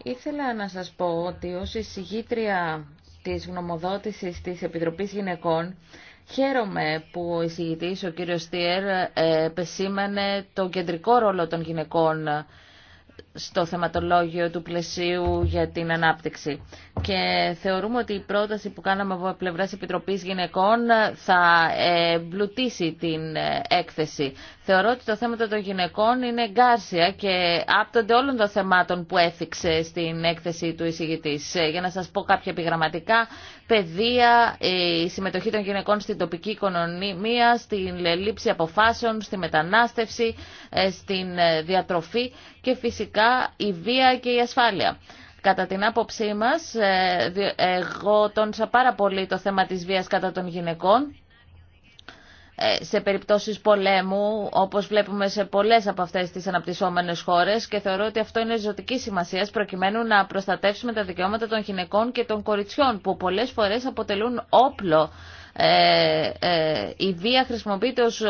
Ήθελα να σας πω ότι ως εισηγήτρια της γνωμοδότησης της Επιτροπής Γυναικών Χαίρομαι που ο εισηγητής, ο κύριος Στιέρ, ε, επεσήμανε τον κεντρικό ρόλο των γυναικών στο θεματολόγιο του πλαισίου για την ανάπτυξη. Και θεωρούμε ότι η πρόταση που κάναμε από πλευράς Επιτροπής Γυναικών θα εμπλουτίσει την έκθεση. Θεωρώ ότι το θέμα των γυναικών είναι εγκάρσια και άπτονται όλων των θεμάτων που έθιξε στην έκθεση του εισηγητής. Για να σας πω κάποια επιγραμματικά, παιδεία, η συμμετοχή των γυναικών στην τοπική οικονομία, στην λήψη αποφάσεων, στη μετανάστευση, ε, στην ε, διατροφή και φυσικά η βία και η ασφάλεια. Κατά την άποψή μας, ε, εγώ τόνισα πάρα πολύ το θέμα της βίας κατά των γυναικών ε, σε περιπτώσεις πολέμου, όπως βλέπουμε σε πολλές από αυτές τις αναπτυσσόμενες χώρες και θεωρώ ότι αυτό είναι ζωτική σημασία προκειμένου να προστατεύσουμε τα δικαιώματα των γυναικών και των κοριτσιών που πολλές φορές αποτελούν όπλο ε, ε, η βία χρησιμοποιείται ως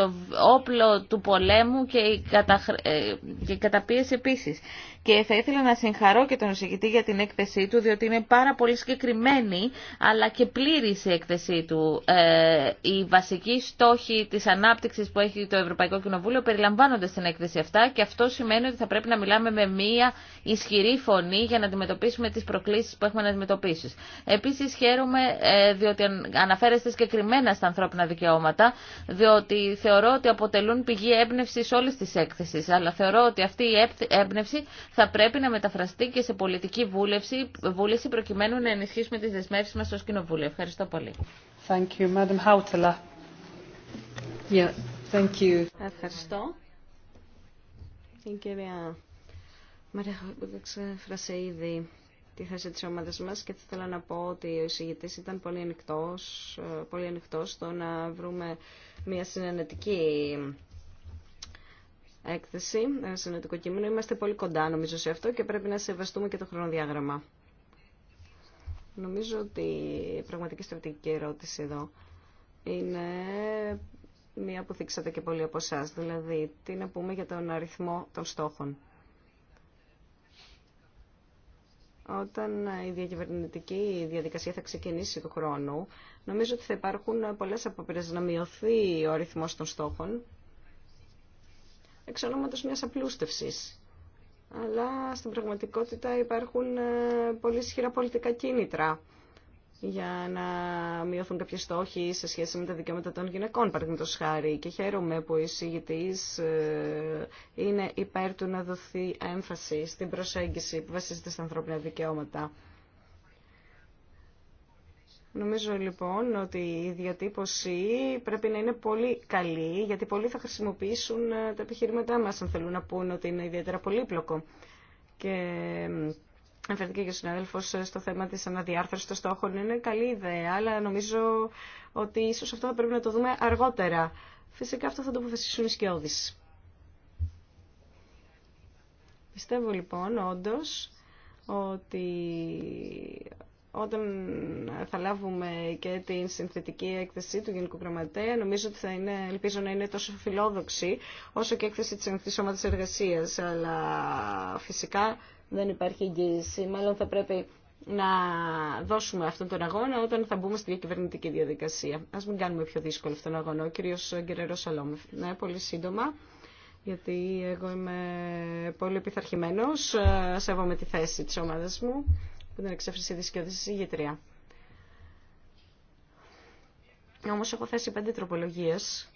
όπλο του πολέμου και η, καταχρ... Ε, και καταπίεση επίσης. Και θα ήθελα να συγχαρώ και τον εισηγητή για την έκθεσή του, διότι είναι πάρα πολύ συγκεκριμένη, αλλά και πλήρης η έκθεσή του. Ε, οι βασικοί στόχοι της ανάπτυξης που έχει το Ευρωπαϊκό Κοινοβούλιο περιλαμβάνονται στην έκθεση αυτά και αυτό σημαίνει ότι θα πρέπει να μιλάμε με μία ισχυρή φωνή για να αντιμετωπίσουμε τις προκλήσεις που έχουμε να αντιμετωπίσει. Επίσης χαίρομαι, ε, διότι αναφέρεστε και συγκεκριμένα στα ανθρώπινα δικαιώματα, διότι θεωρώ ότι αποτελούν πηγή έμπνευση όλη τη έκθεση. Αλλά θεωρώ ότι αυτή η έμπνευση θα πρέπει να μεταφραστεί και σε πολιτική βούλευση, βούληση προκειμένου να ενισχύσουμε τι δεσμεύσει μα ω Κοινοβούλιο. Ευχαριστώ πολύ. Thank you, Madam Hautala. Yeah, thank you. Ευχαριστώ. Η κυρία Μαρία Φρασείδη τη θέση της ομάδας μας και θα ήθελα να πω ότι ο εισηγητής ήταν πολύ ανοιχτός, ε, πολύ ανοιχτός στο να βρούμε μια συνενετική έκθεση, ένα συνενετικό κείμενο. Είμαστε πολύ κοντά νομίζω σε αυτό και πρέπει να σεβαστούμε και το χρονοδιάγραμμα. Νομίζω ότι η πραγματική στρατηγική ερώτηση εδώ είναι μία που θίξατε και πολλοί από εσά, δηλαδή τι να πούμε για τον αριθμό των στόχων. όταν η διακυβερνητική διαδικασία θα ξεκινήσει του χρόνου, νομίζω ότι θα υπάρχουν πολλές απόπειρε να μειωθεί ο αριθμό των στόχων εξ ονόματο μιας απλούστευσης. Αλλά στην πραγματικότητα υπάρχουν ε, πολύ ισχυρά πολιτικά κίνητρα για να μειωθούν κάποιοι στόχοι σε σχέση με τα δικαιώματα των γυναικών, παραδείγματο χάρη. Και χαίρομαι που ο εισηγητή ε, είναι υπέρ του να δοθεί έμφαση στην προσέγγιση που βασίζεται στα ανθρώπινα δικαιώματα. Νομίζω λοιπόν ότι η διατύπωση πρέπει να είναι πολύ καλή, γιατί πολλοί θα χρησιμοποιήσουν ε, τα επιχειρήματά μας αν θέλουν να πούν ότι είναι ιδιαίτερα πολύπλοκο. Και Αναφέρθηκε και ο συνάδελφο ε, στο θέμα τη αναδιάρθρωση των στόχων. Είναι καλή ιδέα, αλλά νομίζω ότι ίσω αυτό θα πρέπει να το δούμε αργότερα. Φυσικά αυτό θα το αποφασίσουν οι σκιώδει. Πιστεύω λοιπόν όντω ότι όταν θα λάβουμε και την συνθετική έκθεση του Γενικού Γραμματέα, νομίζω ότι θα είναι, ελπίζω να είναι τόσο φιλόδοξη όσο και έκθεση της Ενωτής Εργασίας. Αλλά φυσικά δεν υπάρχει εγγύηση. Μάλλον θα πρέπει να δώσουμε αυτόν τον αγώνα όταν θα μπούμε στη διακυβερνητική διαδικασία. Α μην κάνουμε πιο δύσκολο αυτόν τον αγώνα. Ο κύριο Γκερερό Σαλόμεφ. Ναι, πολύ σύντομα, γιατί εγώ είμαι πολύ επιθαρχημένο. Ε, σέβομαι τη θέση τη ομάδα μου, που είναι εξέφραση τη ηγετρία. Όμω έχω θέσει πέντε τροπολογίες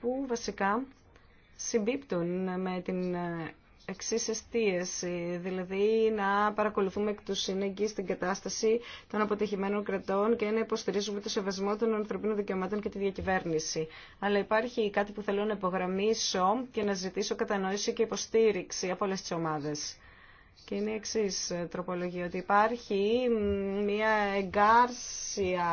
που βασικά συμπίπτουν με την εξή εστίαση, δηλαδή να παρακολουθούμε εκ του σύνεγγυ την κατάσταση των αποτυχημένων κρατών και να υποστηρίζουμε το σεβασμό των ανθρωπίνων δικαιωμάτων και τη διακυβέρνηση. Αλλά υπάρχει κάτι που θέλω να υπογραμμίσω και να ζητήσω κατανόηση και υποστήριξη από όλε τι ομάδε και είναι εξή ε, τροπολογία, ότι υπάρχει μια εγκάρσια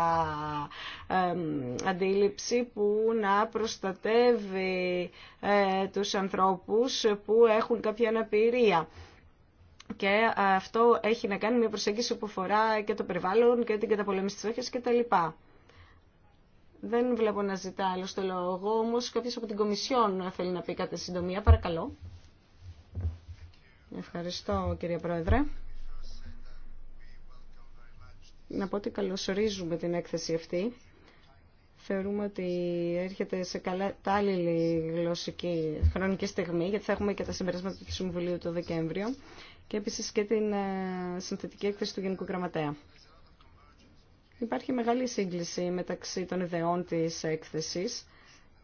αντίληψη που να προστατεύει ε, τους ανθρώπους που έχουν κάποια αναπηρία. Και αυτό έχει να κάνει μια προσέγγιση που αφορά και το περιβάλλον και την καταπολέμηση της όχιας κτλ. Δεν βλέπω να ζητά άλλο το λόγο, όμως κάποιος από την Κομισιόν θέλει να πει κάτι συντομία, παρακαλώ. Ευχαριστώ κύριε Πρόεδρε. Να πω ότι καλωσορίζουμε την έκθεση αυτή. Θεωρούμε ότι έρχεται σε καλά τάλληλη γλωσσική χρονική στιγμή, γιατί θα έχουμε και τα συμπεράσματα του Συμβουλίου το Δεκέμβριο και επίσης και την ε, συνθετική έκθεση του Γενικού Γραμματέα. Υπάρχει μεγάλη σύγκληση μεταξύ των ιδεών της έκθεσης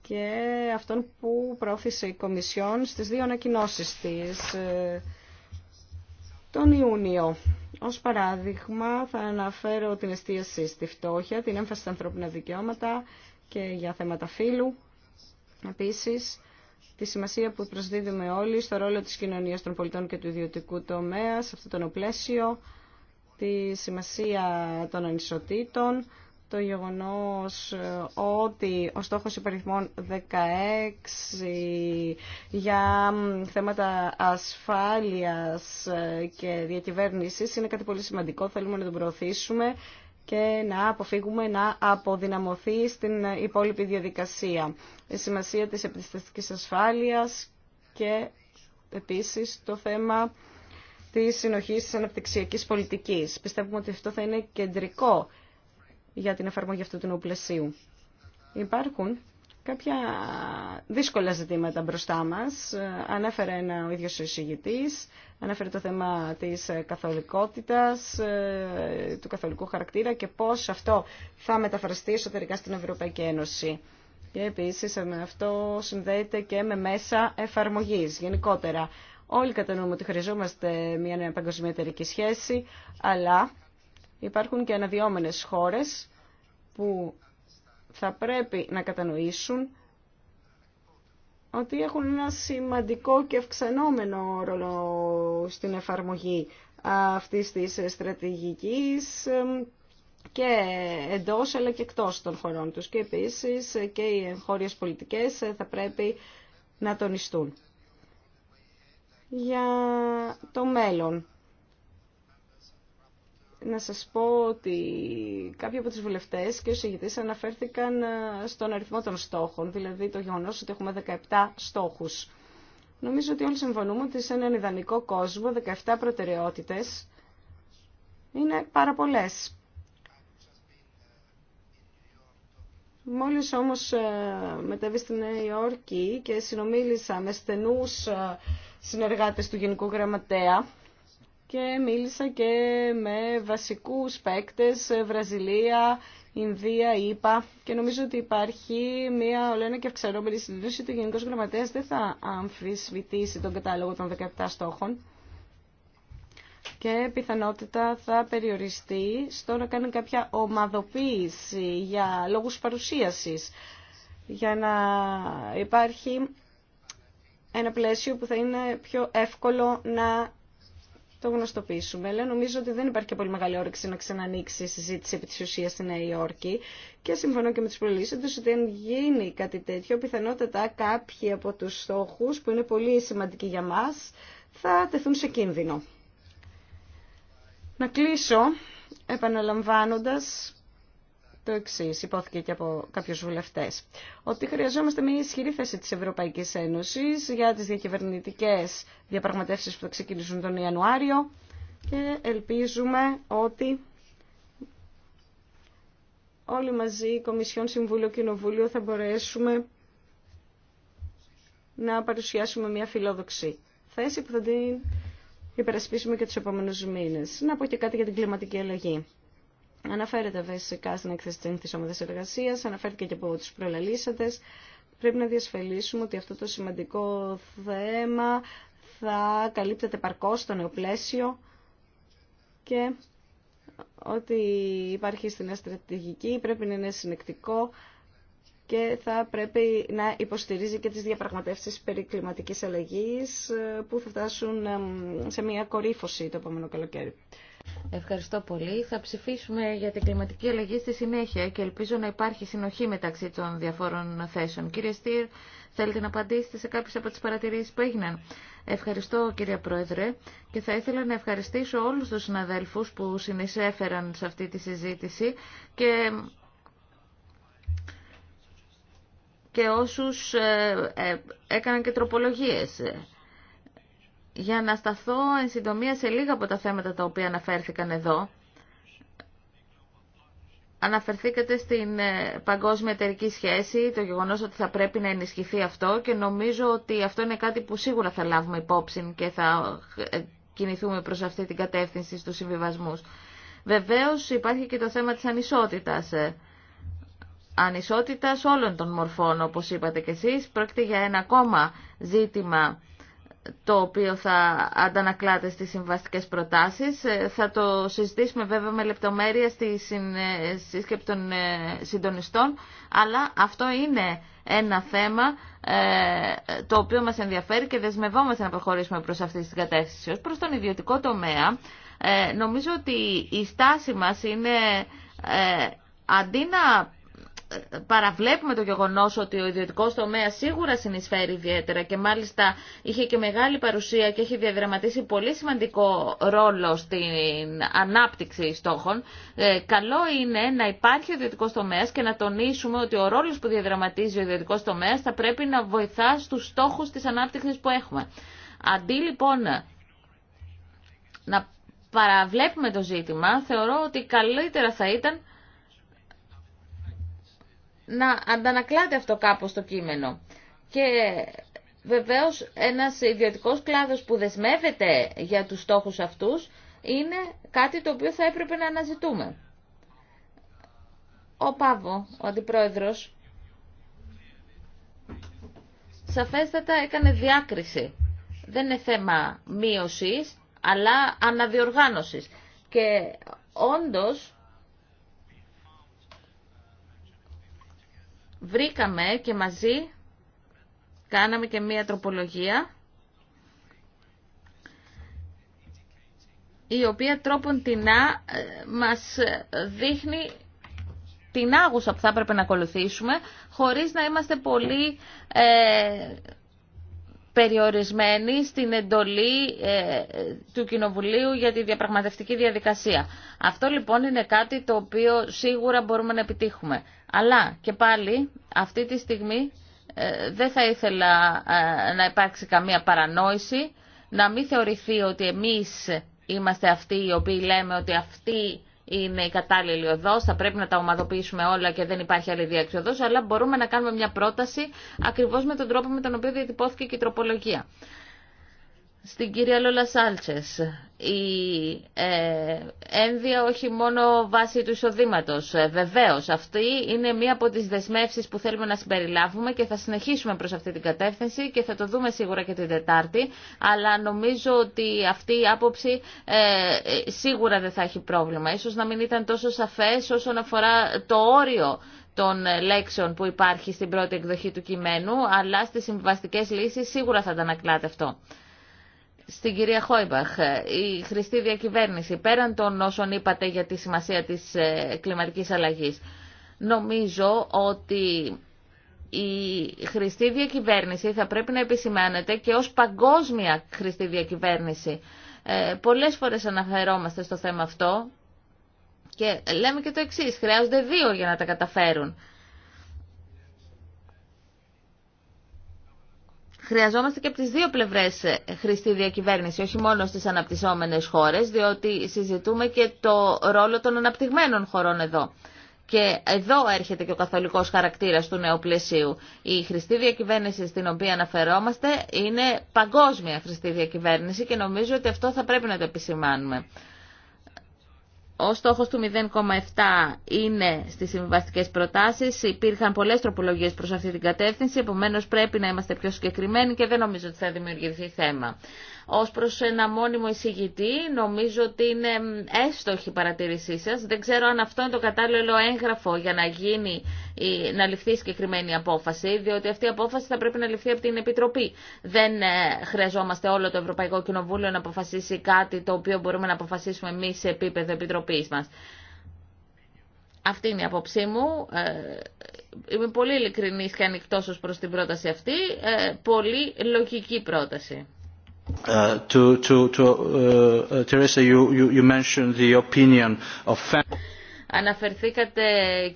και αυτών που πρόθεσε η Κομισιόν στις δύο ανακοινώσει της ε, τον Ιούνιο. Ως παράδειγμα θα αναφέρω την εστίαση στη φτώχεια, την έμφαση στα ανθρώπινα δικαιώματα και για θέματα φύλου. Επίσης, τη σημασία που προσδίδουμε όλοι στο ρόλο της κοινωνίας των πολιτών και του ιδιωτικού τομέα, σε αυτό το πλαίσιο, τη σημασία των ανισοτήτων, το γεγονός ε, ότι ο στόχος υπαριθμών 16 για θέματα ασφάλειας ε, και διακυβέρνησης είναι κάτι πολύ σημαντικό, θέλουμε να τον προωθήσουμε και να αποφύγουμε να αποδυναμωθεί στην υπόλοιπη διαδικασία. Η σημασία της επιστημιστικής ασφάλειας και επίσης το θέμα της συνοχής της αναπτυξιακής πολιτικής. Πιστεύουμε ότι αυτό θα είναι κεντρικό για την εφαρμογή αυτού του νέου Υπάρχουν κάποια δύσκολα ζητήματα μπροστά μας. Ε, ανέφερε ένα ο ίδιος ο εισηγητής, ανέφερε το θέμα της ε, καθολικότητας, ε, του καθολικού χαρακτήρα και πώς αυτό θα μεταφραστεί εσωτερικά στην Ευρωπαϊκή Ένωση. Και επίσης αυτό συνδέεται και με μέσα εφαρμογής γενικότερα. Όλοι κατανοούμε ότι χρειαζόμαστε μια νέα σχέση, αλλά υπάρχουν και αναδυόμενες χώρες που θα πρέπει να κατανοήσουν ότι έχουν ένα σημαντικό και αυξανόμενο ρόλο στην εφαρμογή αυτής της στρατηγικής και εντός αλλά και εκτός των χωρών τους. Και επίσης και οι εγχώριες πολιτικές θα πρέπει να τονιστούν. Για το μέλλον να σας πω ότι κάποιοι από τους βουλευτές και ο ηγητής αναφέρθηκαν ε, στον αριθμό των στόχων, δηλαδή το γεγονός ότι έχουμε 17 στόχους. Νομίζω ότι όλοι συμφωνούμε ότι σε έναν ιδανικό κόσμο 17 προτεραιότητες είναι πάρα πολλές. Μόλις όμως ε, μετέβη στη Νέα Υόρκη και συνομίλησα με στενούς ε, συνεργάτες του Γενικού Γραμματέα, και μίλησα και με βασικούς παίκτες, Βραζιλία, Ινδία, ΙΠΑ και νομίζω ότι υπάρχει μια ολένα και αυξανόμενη συντήρηση ότι ο Γενικός Γραμματέας δεν θα αμφισβητήσει τον κατάλογο των 17 στόχων και πιθανότητα θα περιοριστεί στο να κάνει κάποια ομαδοποίηση για λόγους παρουσίασης για να υπάρχει ένα πλαίσιο που θα είναι πιο εύκολο να το γνωστοποιήσουμε. Αλλά νομίζω ότι δεν υπάρχει και πολύ μεγάλη όρεξη να ξανανοίξει η συζήτηση επί τη ουσία στη Νέα Υόρκη. Και συμφωνώ και με του προλύσαντε ότι αν γίνει κάτι τέτοιο, πιθανότατα κάποιοι από του στόχου που είναι πολύ σημαντικοί για μα θα τεθούν σε κίνδυνο. Να κλείσω επαναλαμβάνοντας το εξή, υπόθηκε και από κάποιου βουλευτέ, ότι χρειαζόμαστε μια ισχυρή θέση τη Ευρωπαϊκή Ένωση για τι διακυβερνητικέ διαπραγματεύσει που θα ξεκινήσουν τον Ιανουάριο και ελπίζουμε ότι όλοι μαζί, η Κομισιόν, Συμβούλιο, Κοινοβούλιο, θα μπορέσουμε να παρουσιάσουμε μια φιλόδοξη θέση που θα την υπερασπίσουμε και τους επόμενους μήνες. Να πω και κάτι για την κλιματική αλλαγή. Αναφέρεται βασικά στην έκθεση τη Ομάδα Εργασία, αναφέρθηκε και από του προλαλήσαντε. Πρέπει να διασφαλίσουμε ότι αυτό το σημαντικό θέμα θα καλύπτεται παρκώ στο νέο πλαίσιο και ότι υπάρχει στην στρατηγική πρέπει να είναι συνεκτικό και θα πρέπει να υποστηρίζει και τις διαπραγματεύσεις περί κλιματικής αλλαγής ε, που θα φτάσουν ε, σε μια κορύφωση το επόμενο καλοκαίρι. Ευχαριστώ πολύ. Θα ψηφίσουμε για την κλιματική αλλαγή στη συνέχεια και ελπίζω να υπάρχει συνοχή μεταξύ των διαφόρων θέσεων. Κύριε Στήρ, θέλετε να απαντήσετε σε κάποιες από τις παρατηρήσεις που έγιναν. Ευχαριστώ κύριε Πρόεδρε και θα ήθελα να ευχαριστήσω όλους τους συναδέλφους που συνεισέφεραν σε αυτή τη συζήτηση και και όσους ε, ε, έκαναν και τροπολογίες για να σταθώ εν συντομία σε λίγα από τα θέματα τα οποία αναφέρθηκαν εδώ. Αναφερθήκατε στην ε, παγκόσμια εταιρική σχέση, το γεγονός ότι θα πρέπει να ενισχυθεί αυτό και νομίζω ότι αυτό είναι κάτι που σίγουρα θα λάβουμε υπόψη και θα ε, κινηθούμε προς αυτή την κατεύθυνση στους συμβιβασμού. Βεβαίως υπάρχει και το θέμα της ανισότητας. Ε. Ανισότητας όλων των μορφών, όπως είπατε και εσείς, πρόκειται για ένα ακόμα ζήτημα το οποίο θα αντανακλάται στις συμβαστικές προτάσεις. Ε, θα το συζητήσουμε βέβαια με λεπτομέρεια στη ε, σύσκεψη των ε, συντονιστών, αλλά αυτό είναι ένα θέμα το οποίο μας ενδιαφέρει και δεσμευόμαστε να προχωρήσουμε προς αυτή την κατεύθυνση. προς τον ιδιωτικό τομέα, νομίζω ότι η στάση μας είναι αντί να παραβλέπουμε το γεγονός ότι ο ιδιωτικός τομέας σίγουρα συνεισφέρει ιδιαίτερα και μάλιστα είχε και μεγάλη παρουσία και έχει διαδραματίσει πολύ σημαντικό ρόλο στην ανάπτυξη στόχων. Ε, καλό είναι να υπάρχει ο ιδιωτικός τομέας και να τονίσουμε ότι ο ρόλος που διαδραματίζει ο ιδιωτικός τομέας θα πρέπει να βοηθά στους στόχους της ανάπτυξης που έχουμε. Αντί λοιπόν να παραβλέπουμε το ζήτημα, θεωρώ ότι καλύτερα θα ήταν να αντανακλάται αυτό κάπως το κείμενο. Και βεβαίως ένας ιδιωτικός κλάδος που δεσμεύεται για τους στόχους αυτούς είναι κάτι το οποίο θα έπρεπε να αναζητούμε. Ο Πάβο, ο αντιπρόεδρος, σαφέστατα έκανε διάκριση. Δεν είναι θέμα μείωσης, αλλά αναδιοργάνωσης. Και όντως βρήκαμε και μαζί κάναμε και μία τροπολογία η οποία τρόπον τεινά μας δείχνει την άγουσα που θα έπρεπε να ακολουθήσουμε χωρίς να είμαστε πολύ ε, περιορισμένη στην εντολή ε, του Κοινοβουλίου για τη διαπραγματευτική διαδικασία. Αυτό λοιπόν είναι κάτι το οποίο σίγουρα μπορούμε να επιτύχουμε. Αλλά και πάλι αυτή τη στιγμή ε, δεν θα ήθελα ε, να υπάρξει καμία παρανόηση, να μην θεωρηθεί ότι εμείς είμαστε αυτοί οι οποίοι λέμε ότι αυτοί είναι η κατάλληλη οδό, θα πρέπει να τα ομαδοποιήσουμε όλα και δεν υπάρχει άλλη διέξοδο. αλλά μπορούμε να κάνουμε μια πρόταση ακριβώ με τον τρόπο με τον οποίο διατυπώθηκε και η τροπολογία στην κυρία Λόλα Σάλτσες. Η ε, ένδια όχι μόνο βάσει του εισοδήματο. Ε, Βεβαίω, αυτή είναι μία από τις δεσμεύσεις που θέλουμε να συμπεριλάβουμε και θα συνεχίσουμε προς αυτή την κατεύθυνση και θα το δούμε σίγουρα και την Τετάρτη. Αλλά νομίζω ότι αυτή η άποψη ε, σίγουρα δεν θα έχει πρόβλημα. Ίσως να μην ήταν τόσο σαφές όσον αφορά το όριο των λέξεων που υπάρχει στην πρώτη εκδοχή του κειμένου, αλλά στις συμβαστικές λύσεις σίγουρα θα τα ανακλάτε αυτό στην κυρία Χόιμπαχ, η χρηστή διακυβέρνηση, πέραν των όσων είπατε για τη σημασία της ε, κλιματικής αλλαγής, νομίζω ότι η χρηστή διακυβέρνηση θα πρέπει να επισημάνεται και ως παγκόσμια χρηστή διακυβέρνηση. Ε, πολλές φορές αναφερόμαστε στο θέμα αυτό και λέμε και το εξής, χρειάζονται δύο για να τα καταφέρουν. χρειαζόμαστε και από τις δύο πλευρές ε, χρηστή διακυβέρνηση, όχι μόνο στις αναπτυσσόμενες χώρες, διότι συζητούμε και το ρόλο των αναπτυγμένων χωρών εδώ. Και εδώ έρχεται και ο καθολικός χαρακτήρας του νέου πλαισίου. Η χρηστή διακυβέρνηση στην οποία αναφερόμαστε είναι παγκόσμια χρηστή διακυβέρνηση και νομίζω ότι αυτό θα πρέπει να το επισημάνουμε. Ο στόχο του 0,7 είναι στι συμβιβαστικές προτάσει. Υπήρχαν πολλέ τροπολογίε προ αυτή την κατεύθυνση, Επομένω πρέπει να είμαστε πιο συγκεκριμένοι και δεν νομίζω ότι θα δημιουργηθεί θέμα. Ω προ ένα μόνιμο εισηγητή, νομίζω ότι είναι έστοχη η παρατήρησή σα. Δεν ξέρω αν αυτό είναι το κατάλληλο έγγραφο για να, γίνει, να ληφθεί συγκεκριμένη απόφαση, διότι αυτή η απόφαση θα πρέπει να ληφθεί από την Επιτροπή. Δεν ε, χρειαζόμαστε όλο το Ευρωπαϊκό Κοινοβούλιο να αποφασίσει κάτι το οποίο μπορούμε να αποφασίσουμε εμεί σε επίπεδο Επιτροπή μας. Αυτή είναι η απόψή μου. Ε, είμαι πολύ ειλικρινής και ανοιχτός ως προς την πρόταση αυτή. Ε, πολύ λογική πρόταση. Αναφερθήκατε,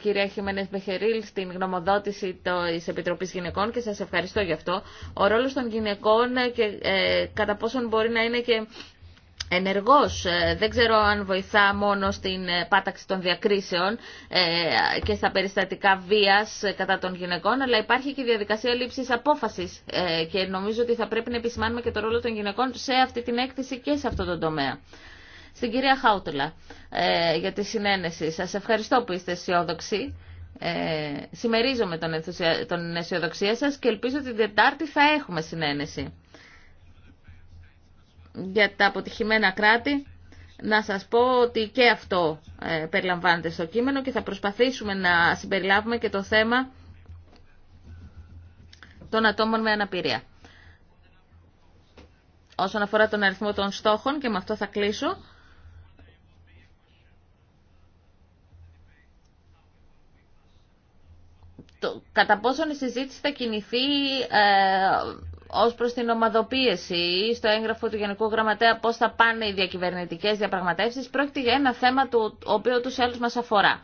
κυρία Χιμένες Μπεχερίλ, στην γνωμοδότηση τη Επιτροπής Γυναικών και σας ευχαριστώ γι' αυτό. Ο ρόλος των γυναικών και ε, κατά πόσον μπορεί να είναι και ενεργός. Ε, δεν ξέρω αν βοηθά μόνο στην ε, πάταξη των διακρίσεων ε, και στα περιστατικά βίας κατά των γυναικών, αλλά υπάρχει και η διαδικασία λήψης απόφασης και νομίζω ότι θα πρέπει να επισημάνουμε και το ρόλο των γυναικών σε αυτή την έκθεση και σε αυτό το τομέα. Στην κυρία Χάουτουλα για τη συνένεση. Σας ευχαριστώ που είστε αισιόδοξοι. Ε, τον, τον αισιοδοξία σας και ελπίζω ότι την Δετάρτη θα έχουμε συνένεση για τα αποτυχημένα κράτη, να σας πω ότι και αυτό ε, περιλαμβάνεται στο κείμενο και θα προσπαθήσουμε να συμπεριλάβουμε και το θέμα των ατόμων με αναπηρία. Όσον αφορά τον αριθμό των στόχων, και με αυτό θα κλείσω, κατά πόσον η συζήτηση θα κινηθεί ε, ως προς την ομαδοποίηση ή στο έγγραφο του Γενικού Γραμματέα πώς θα πάνε οι διακυβερνητικές διαπραγματεύσεις, πρόκειται για ένα θέμα το οποίο τους άλλους μας αφορά.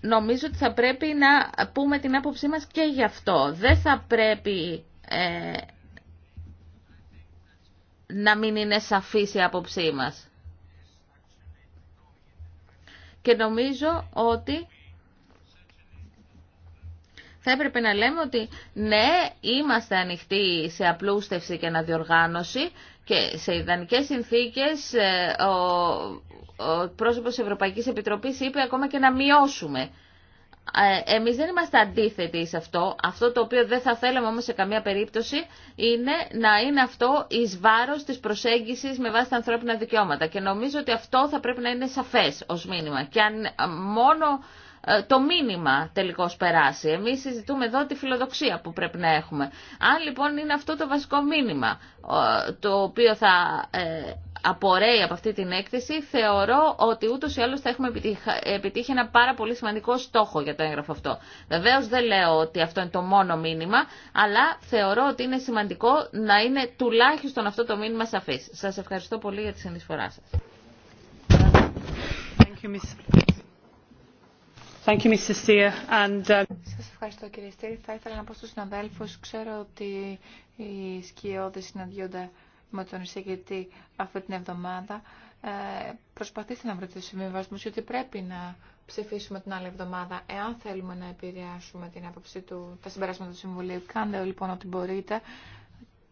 Νομίζω ότι θα πρέπει να πούμε την άποψή μας και γι' αυτό. Δεν θα πρέπει ε, να μην είναι σαφής η άποψή μας. Και νομίζω ότι θα έπρεπε να λέμε ότι ναι, είμαστε ανοιχτοί σε απλούστευση και αναδιοργάνωση και σε ιδανικές συνθήκες ε, ο, ο πρόσωπος Ευρωπαϊκής Επιτροπής είπε ακόμα και να μειώσουμε. Ε, εμείς δεν είμαστε αντίθετοι σε αυτό. Αυτό το οποίο δεν θα θέλαμε όμως σε καμία περίπτωση είναι να είναι αυτό εις βάρος της προσέγγισης με βάση τα ανθρώπινα δικαιώματα. Και νομίζω ότι αυτό θα πρέπει να είναι σαφές ως μήνυμα. Και αν μόνο ε, το μήνυμα τελικώς περάσει. Εμείς συζητούμε εδώ τη φιλοδοξία που πρέπει να έχουμε. Αν λοιπόν είναι αυτό το βασικό μήνυμα το οποίο θα ε, απορρέει από αυτή την έκθεση, θεωρώ ότι ούτω ή άλλω θα έχουμε επιτύχει ένα πάρα πολύ σημαντικό στόχο για το έγγραφο αυτό. Βεβαίω δεν λέω ότι αυτό είναι το μόνο μήνυμα, αλλά θεωρώ ότι είναι σημαντικό να είναι τουλάχιστον αυτό το μήνυμα σαφή. Σα ευχαριστώ πολύ για τη συνεισφορά σα. Uh, Σας ευχαριστώ κύριε Στήρη. Θα ήθελα να πω στους συναδέλφους, ξέρω ότι οι σκιώδες συναντιόνται με τον εισηγητή αυτή την εβδομάδα. Ε, προσπαθήστε να βρείτε συμβιβασμού γιατί πρέπει να ψηφίσουμε την άλλη εβδομάδα εάν θέλουμε να επηρεάσουμε την άποψη του, τα συμπεράσματα του Συμβουλίου. Κάντε λοιπόν ό,τι μπορείτε.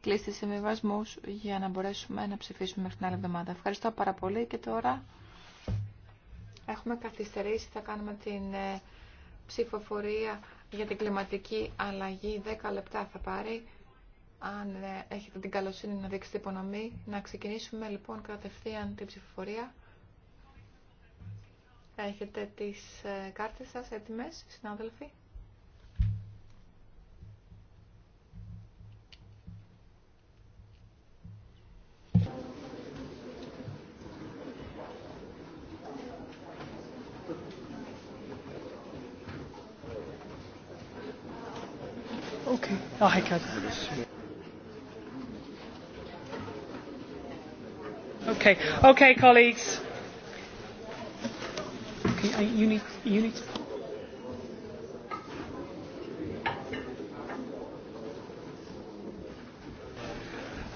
Κλείστε συμβιβασμού για να μπορέσουμε να ψηφίσουμε μέχρι την άλλη εβδομάδα. Ευχαριστώ πάρα πολύ και τώρα Έχουμε καθυστερήσει, θα κάνουμε την ε, ψηφοφορία για την κλιματική αλλαγή. 10 λεπτά θα πάρει. Αν ε, έχετε την καλοσύνη να δείξετε υπονομή, να ξεκινήσουμε λοιπόν κατευθείαν την ψηφοφορία. Έχετε τις ε, κάρτες σας έτοιμες, συνάδελφοι. Okay. Okay, colleagues. Okay, I, you need, you need to...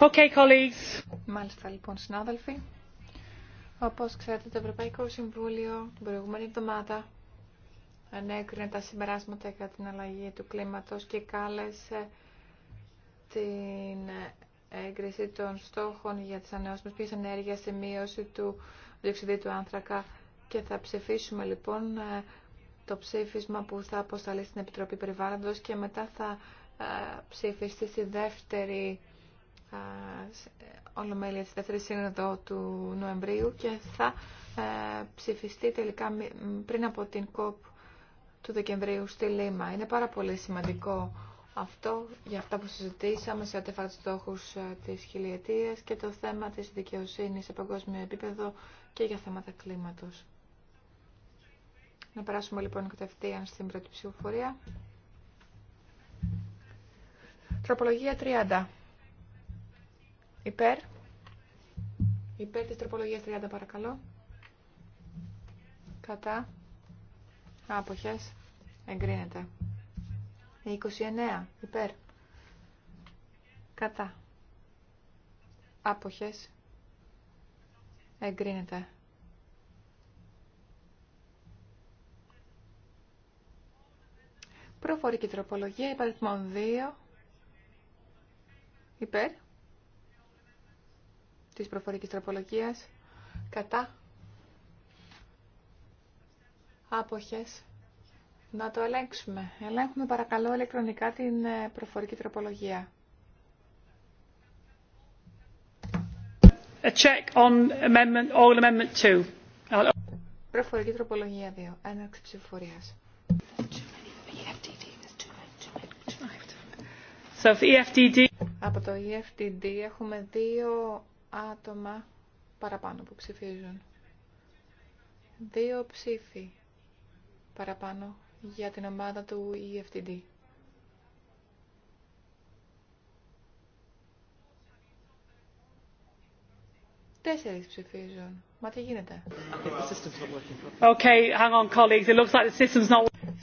Okay, colleagues. Μάλιστα λοιπόν συνάδελφοι, όπως ξέρετε το Ευρωπαϊκό Συμβούλιο την προηγούμενη εβδομάδα ανέκρινε τα συμπεράσματα για την αλλαγή του κλίματος και κάλεσε την έγκριση των στόχων για τις ανανεώσιμες πηγές ενέργειας στη μείωση του διοξιδίου του άνθρακα και θα ψηφίσουμε λοιπόν ε, το ψήφισμα που θα αποσταλεί στην Επιτροπή Περιβάλλοντος και μετά θα ε, ψηφιστεί στη δεύτερη ε, ολομέλεια της δεύτερη σύνοδο του Νοεμβρίου και θα ψηφιστεί τελικά πριν από την κόπ του Δεκεμβρίου στη Λίμα. Είναι πάρα πολύ σημαντικό αυτό για αυτά που συζητήσαμε σε ατεφάτες στόχους ε, της χιλιετίας και το θέμα της δικαιοσύνης σε παγκόσμιο επίπεδο και για θέματα κλίματος. Να περάσουμε λοιπόν κατευθείαν στην πρώτη ψηφοφορία. Τροπολογία 30. Υπέρ. Υπέρ της τροπολογίας 30 παρακαλώ. Κατά. Άποχες. Εγκρίνεται. 29. Υπέρ. Κατά. Άποχες. Εγκρίνεται. Προφορική τροπολογία υπαριθμών 2. Υπέρ. Της προφορικής τροπολογίας. Κατά. Άποχες. Να το ελέγξουμε. Ελέγχουμε παρακαλώ ηλεκτρονικά την ε, προφορική τροπολογία. A check on amendment, all amendment two. Προφορική τροπολογία 2. Έναρξη ψηφοφορία. So EFTD... Από το EFTD έχουμε δύο άτομα παραπάνω που ψηφίζουν. Δύο ψήφοι παραπάνω για την ομάδα του EFTD. Τέσσερις ψηφίζουν. Μα τι γίνεται. Okay, hang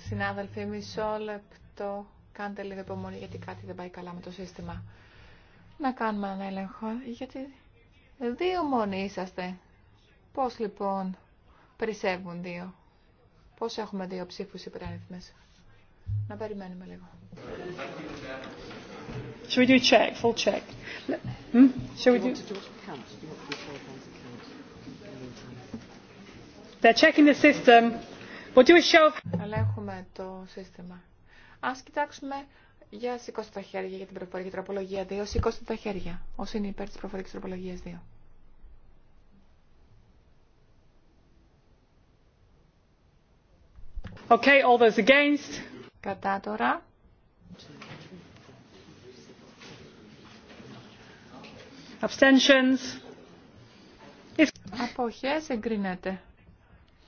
Συνάδελφοι, μισό λεπτό. Κάντε λίγο υπομονή γιατί κάτι δεν πάει καλά με το σύστημα. Να κάνουμε έναν έλεγχο, γιατί δύο μόνοι είσαστε. Πώς λοιπόν περισσεύουν δύο. Πώς έχουμε δύο ψήφους υπεράριθμες. Να περιμένουμε λίγο. Should we check, full check? Hmm? we They're checking the system. do show. Ελέγχουμε το σύστημα. Ας κοιτάξουμε για σηκώστε τα χέρια για την προφορική τροπολογία 2. Σηκώστε τα χέρια. Όσοι είναι υπέρ της προφορικής τροπολογίας 2. Okay, Κατά τώρα. Abstentions. Αποχές εγκρίνεται.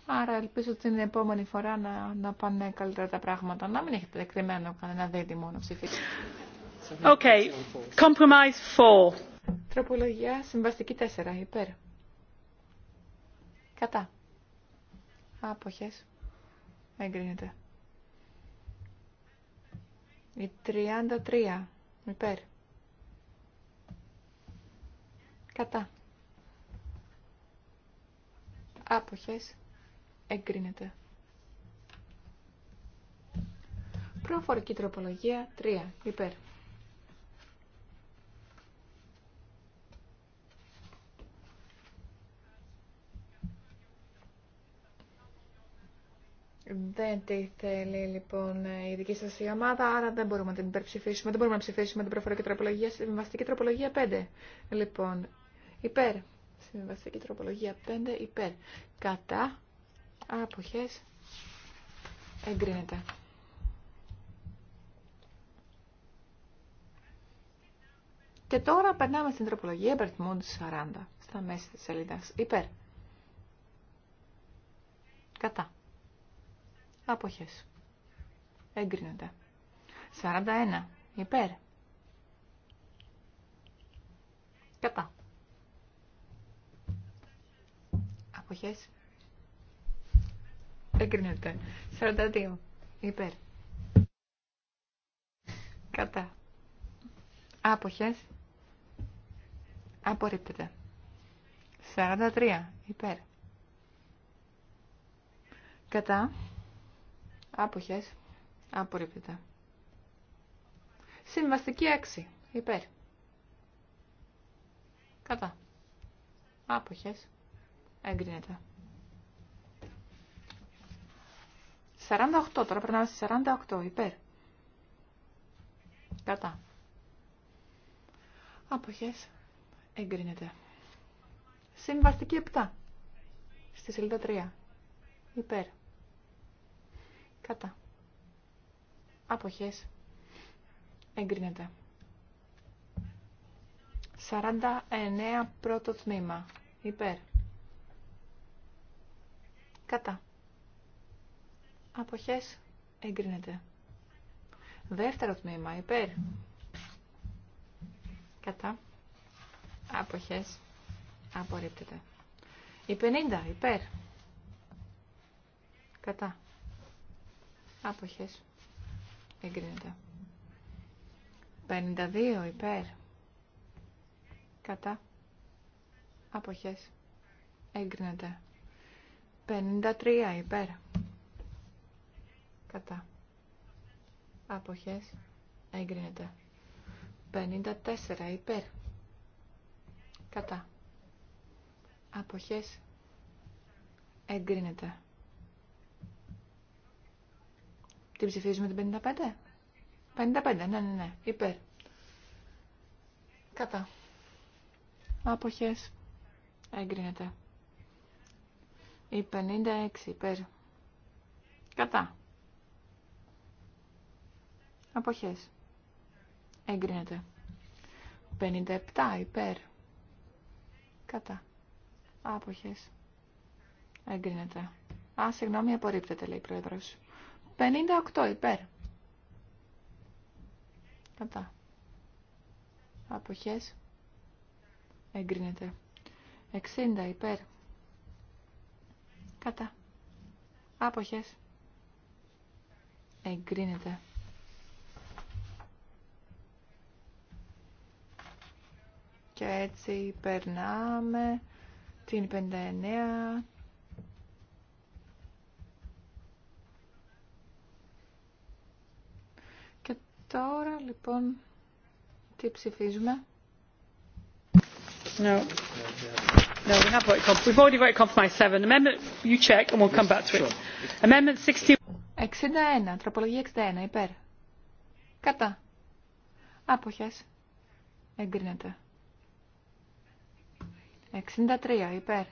Άρα ελπίζω την επόμενη φορά να, πάνε καλύτερα τα πράγματα. Να μην έχετε δεκτυμένο κανένα δίδυμο μόνο ψηφίσετε. Okay. Compromise Τροπολογία συμβαστική 4. Υπέρ. Κατά. Αποχές. Εγκρίνεται. Η 33. Υπέρ. Κατά. Άποχες. Εγκρίνεται. Προφορική τροπολογία 3. Υπέρ. Δεν τη θέλει λοιπόν η δική σα η ομάδα, άρα δεν μπορούμε να την υπερψηφίσουμε. Δεν μπορούμε να ψηφίσουμε την προφορική τροπολογία, συμβαστική τροπολογία 5. Λοιπόν, υπέρ. Συμβαστική τροπολογία 5, υπέρ. Κατά. άποχέ. Εγκρίνεται. Και τώρα περνάμε στην τροπολογία τη 40, στα μέσα της σελίδας. Υπέρ. Κατά. Αποχές. Εγκρίνεται. 41. Υπέρ. Κατά. Αποχές. Εγκρίνεται. 42. Υπέρ. Κατά. Άποχες. Απορρίπτεται. 43. Υπέρ. Κατά. Άποχες. Απορρίπτεται. Συμβαστική 6. Υπέρ. Κατά. Άποχες. Εγκρίνεται. 48. Τώρα περνάμε στη 48. Υπέρ. Κατά. Άποχες. Εγκρίνεται. Συμβαστική 7. Στη σελίδα 3. Υπέρ. Κατά. Αποχές. Εγκρίνεται. 49 πρώτο τμήμα. Υπέρ. Κατά. Αποχές. Εγκρίνεται. Δεύτερο τμήμα. Υπέρ. Κατά. Αποχές. Απορρίπτεται. Η 50. Υπέρ. Κατά. Άποχες. Εγκρίνεται. 52 υπέρ. Κατά. Άποχες. Εγκρίνεται. 53 υπέρ. Κατά. Άποχες. Εγκρίνεται. 54 υπέρ. Κατά. Αποχές εγκρίνεται. Την ψηφίζουμε την 55. 55, ναι, ναι, ναι. Υπέρ. Κατά. Άποχες. Έγκρινεται. Η 56 υπέρ. Κατά. Αποχές. Έγκρινεται. 57 υπέρ. Κατά. Άποχες. Έγκρινεται. Α, συγγνώμη, απορρίπτεται, λέει η Πρόεδρος. 58 υπέρ. Κατά. Αποχές. Εγκρίνεται. 60 υπέρ. Κατά. Άποχες. Εγκρίνεται. Και έτσι περνάμε την 59, Τώρα λοιπόν τι ψηφίζουμε. 61. 61. Τροπολογία 61. Υπέρ. Κατά. Άποχες. Εγκρίνεται. 63. Υπέρ.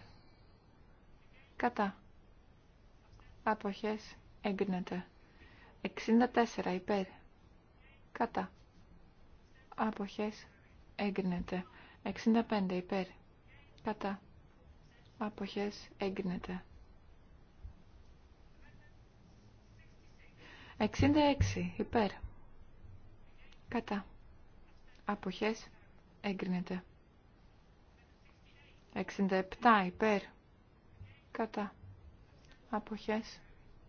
Κατά. Άποχες. Εγκρίνεται. 64. Υπέρ. Κατά. Αποχές έγκρινεται. 65 υπέρ. Κατά. Αποχές έγκρινεται. 66 υπέρ. Κατά. Αποχές έγκρινεται. 67 υπέρ. Κατά. Αποχές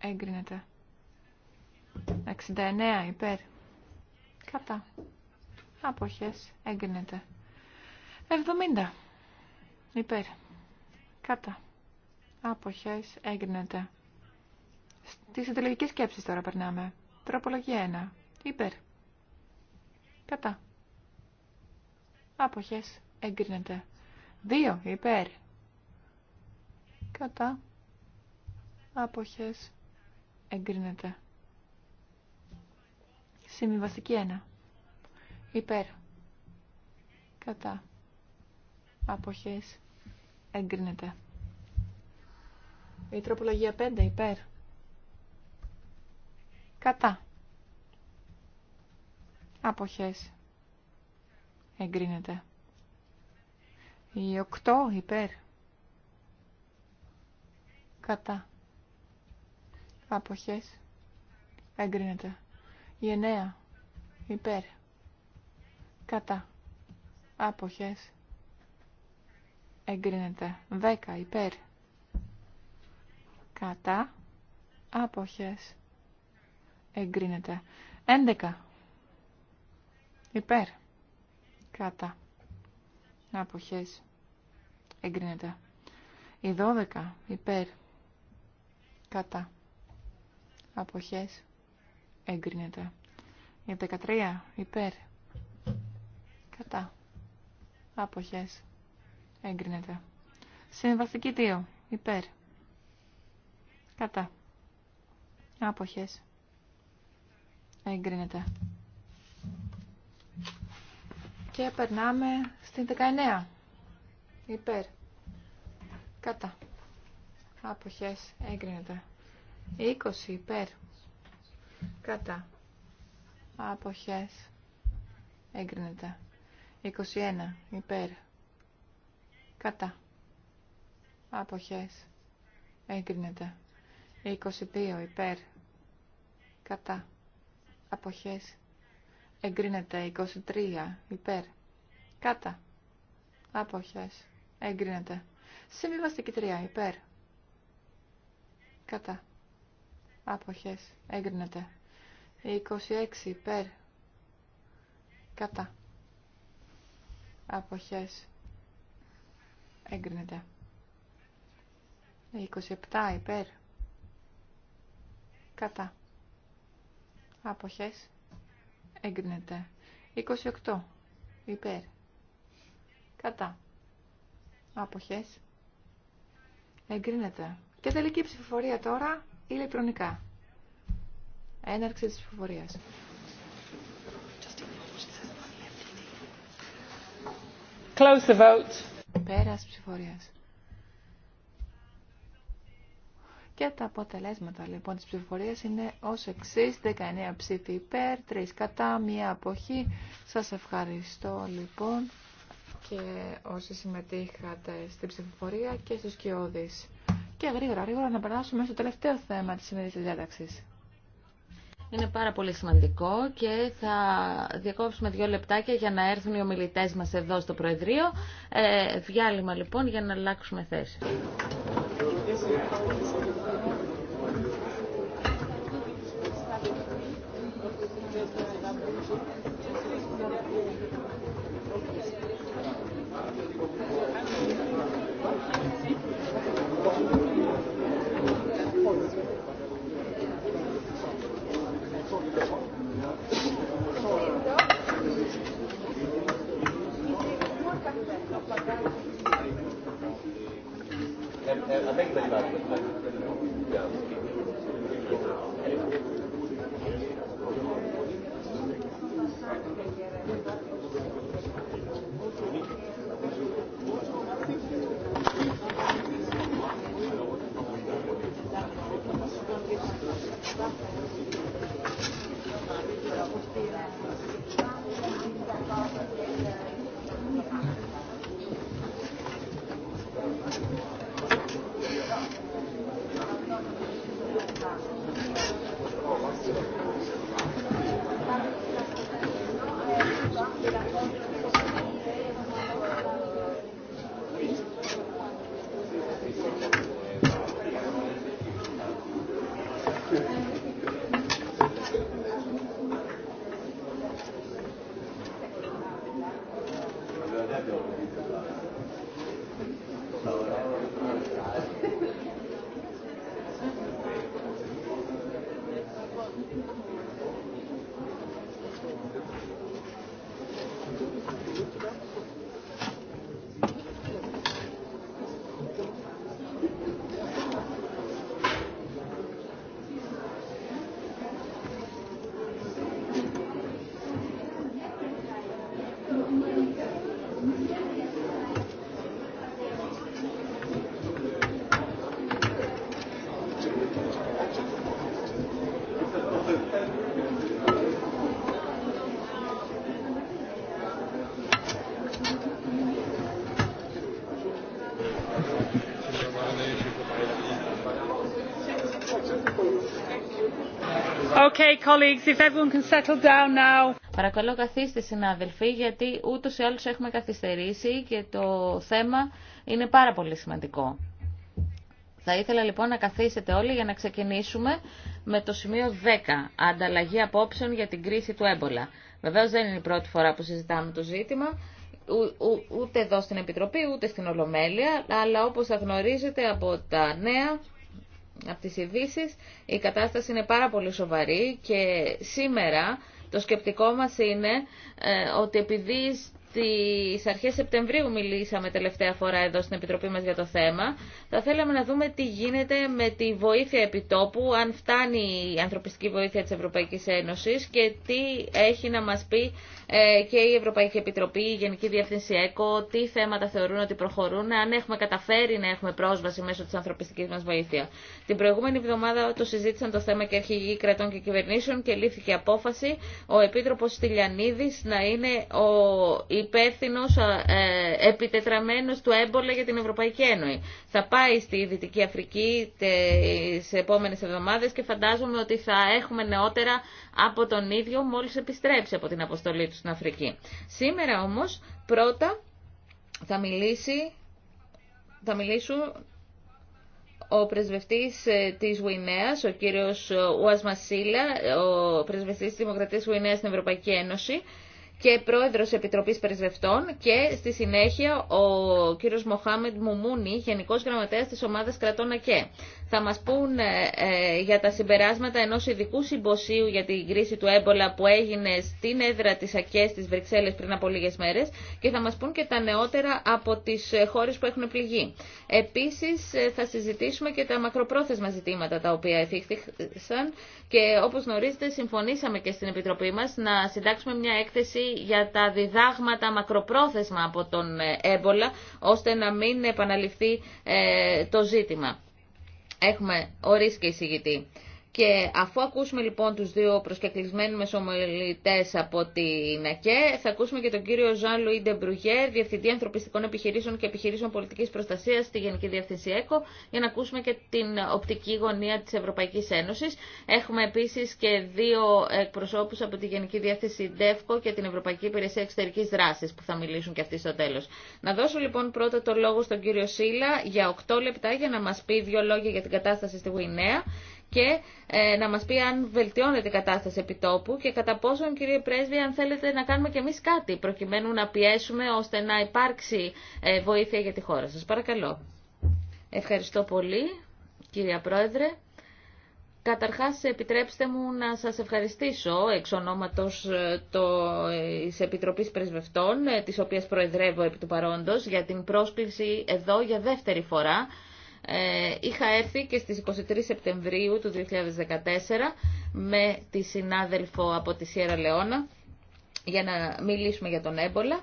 έγκρινεται. 69 υπέρ. Κατά. Αποχές. Έγκρινεται. 70. Υπέρ. Κατά. Αποχές. Έγκρινεται. Στις συντελεγικές σκέψεις τώρα περνάμε. Τροπολογία 1. Υπέρ. Κατά. Άποχες. Εγκρίνεται. 2. Υπέρ. Κατά. Άποχες. Εγκρίνεται. Συμβιβαστική 1. Υπέρ. Κατά. Αποχές. Εγκρίνεται. Η τροπολογία 5. Υπέρ. Κατά. Αποχές. Εγκρίνεται. Η 8. Υπέρ. Κατά. Αποχές. Εγκρίνεται. Η 9. Υπέρ. Κατά. Άποχες. Εγκρίνεται. 10. Υπέρ. Κατά. Άποχες. Εγκρίνεται. 11. Υπέρ. Κατά. Άποχες. Εγκρίνεται. Η 12. Υπέρ. Κατά. Αποχές εγκρίνεται. Η 13 υπέρ. Κατά. Αποχές. Εγκρίνεται. Συμβαστική 2 υπέρ. Κατά. Άποχες. Εγκρίνεται. Και περνάμε στην 19. Υπέρ. Κατά. Άποχες. Εγκρίνεται. 20. Υπέρ. Κατά. Αποχές. Έγκρινεται. 21. Υπέρ. Κατά. Αποχές. Έγκρινεται. 22. Υπέρ. Κατά. Αποχές. Εγκρίνεται. 23. Υπέρ. Κάτα. Αποχές. Εγκρίνεται. Συμβιβαστική 3. Υπέρ. Κατά. Αποχές. Έγκρινεται. 26 υπέρ. Κατά. Αποχές. Έγκρινεται. 27 υπέρ. Κατά. Αποχές. Έγκρινεται. 28 υπέρ. Κατά. Αποχές. Εγκρίνεται. Και τελική ψηφοφορία τώρα ηλεκτρονικά. Έναρξη της ψηφοφορίας. Close the vote. Πέρας ψηφοφορίας. Και τα αποτελέσματα λοιπόν της ψηφοφορίας είναι ως εξής 19 ψήφοι υπέρ, 3 κατά, μία αποχή. Σας ευχαριστώ λοιπόν και όσοι συμμετείχατε στην ψηφοφορία και στους κοιόδης. Και γρήγορα, γρήγορα να περάσουμε στο τελευταίο θέμα της σημερινής διάταξης. Είναι πάρα πολύ σημαντικό και θα διακόψουμε δύο λεπτάκια για να έρθουν οι ομιλητές μας εδώ στο Προεδρείο. Ε, διάλειμμα λοιπόν για να αλλάξουμε θέση. I make the Okay, colleagues, if everyone can settle down now. Παρακαλώ καθίστε συνάδελφοι γιατί ούτως ή άλλως έχουμε καθυστερήσει και το θέμα είναι πάρα πολύ σημαντικό. Θα ήθελα λοιπόν να καθίσετε όλοι για να ξεκινήσουμε με το σημείο 10, ανταλλαγή απόψεων για την κρίση του έμπολα. Βεβαίως δεν είναι η πρώτη φορά που συζητάμε το ζήτημα, ούτε εδώ στην Επιτροπή ούτε στην Ολομέλεια, αλλά όπως θα γνωρίζετε από τα νέα από τις ειδήσει, η κατάσταση είναι πάρα πολύ σοβαρή και σήμερα το σκεπτικό μας είναι ε, ότι επειδή Στι αρχές Σεπτεμβρίου μιλήσαμε τελευταία φορά εδώ στην Επιτροπή μας για το θέμα. Θα θέλαμε να δούμε τι γίνεται με τη βοήθεια επιτόπου, αν φτάνει η ανθρωπιστική βοήθεια της Ευρωπαϊκής Ένωσης και τι έχει να μας πει ε, και η Ευρωπαϊκή Επιτροπή, η Γενική Διεύθυνση ΕΚΟ, τι θέματα θεωρούν ότι προχωρούν, αν έχουμε καταφέρει να έχουμε πρόσβαση μέσω της ανθρωπιστικής μας βοήθεια. Την προηγούμενη εβδομάδα το συζήτησαν το θέμα και αρχηγοί κρατών και κυβερνήσεων και λήφθηκε απόφαση ο Επίτροπος Στυλιανίδης να είναι ο υπεύθυνο ε, επιτετραμένος του έμπολα για την Ευρωπαϊκή Ένωση. Θα πάει στη Δυτική Αφρική τις επόμενες εβδομάδες και φαντάζομαι ότι θα έχουμε νεότερα από τον ίδιο μόλις επιστρέψει από την αποστολή του στην Αφρική. Σήμερα όμως πρώτα θα, μιλήσει, θα μιλήσουν ο πρεσβευτής ε, της Γουινέας, ο κύριος Ουας ο πρεσβευτής της Δημοκρατίας Γουινέας στην Ευρωπαϊκή Ένωση και πρόεδρος Επιτροπής Περισβευτών και στη συνέχεια ο κύριος Μοχάμεντ Μουμούνι, Γενικός Γραμματέας της Ομάδας Κρατών ΑΚΕ. Θα μας πούν ε, για τα συμπεράσματα ενός ειδικού συμποσίου για την κρίση του έμπολα που έγινε στην έδρα της ΑΚΕ στις Βρυξέλλες πριν από λίγες μέρες και θα μας πούν και τα νεότερα από τις χώρες που έχουν πληγεί. Επίσης ε, θα συζητήσουμε και τα μακροπρόθεσμα ζητήματα τα οποία εφήχθησαν και όπως γνωρίζετε συμφωνήσαμε και στην Επιτροπή μας να συντάξουμε μια έκθεση για τα διδάγματα μακροπρόθεσμα από τον ε, έμπολα, ώστε να μην επαναληφθεί ε, το ζήτημα. Έχουμε ορίσει και εισηγητή. Και αφού ακούσουμε λοιπόν τους δύο προσκεκλισμένους μεσομελητές από την ΑΚΕ, θα ακούσουμε και τον κύριο Ζαν Λουί Ντεμπρουγέ, Διευθυντή Ανθρωπιστικών Επιχειρήσεων και Επιχειρήσεων Πολιτικής Προστασίας στη Γενική Διεύθυνση ΕΚΟ, για να ακούσουμε και την οπτική γωνία της Ευρωπαϊκής Ένωσης. Έχουμε επίσης και δύο εκπροσώπους από τη Γενική Διεύθυνση ΔΕΦΚΟ και την Ευρωπαϊκή Υπηρεσία Εξωτερικής Δράσης που θα μιλήσουν και αυτοί στο τέλος. Να δώσω λοιπόν πρώτα το λόγο στον κύριο Σίλα για 8 λεπτά για να μας πει δύο λόγια για την κατάσταση στη Γουινέα και ε, να μας πει αν βελτιώνεται η κατάσταση επιτόπου και κατά πόσον κύριε Πρέσβη αν θέλετε να κάνουμε και εμείς κάτι προκειμένου να πιέσουμε ώστε να υπάρξει ε, βοήθεια για τη χώρα σας. Παρακαλώ. Ευχαριστώ πολύ κυρία Πρόεδρε. Καταρχάς επιτρέψτε μου να σας ευχαριστήσω εξ ονόματος ε, της Επιτροπής Πρεσβευτών, της οποίας προεδρεύω επί του παρόντος, για την πρόσκληση εδώ για δεύτερη φορά ε, είχα έρθει και στις 23 Σεπτεμβρίου του 2014 με τη συνάδελφο από τη Σιέρα Λεώνα για να μιλήσουμε για τον έμπολα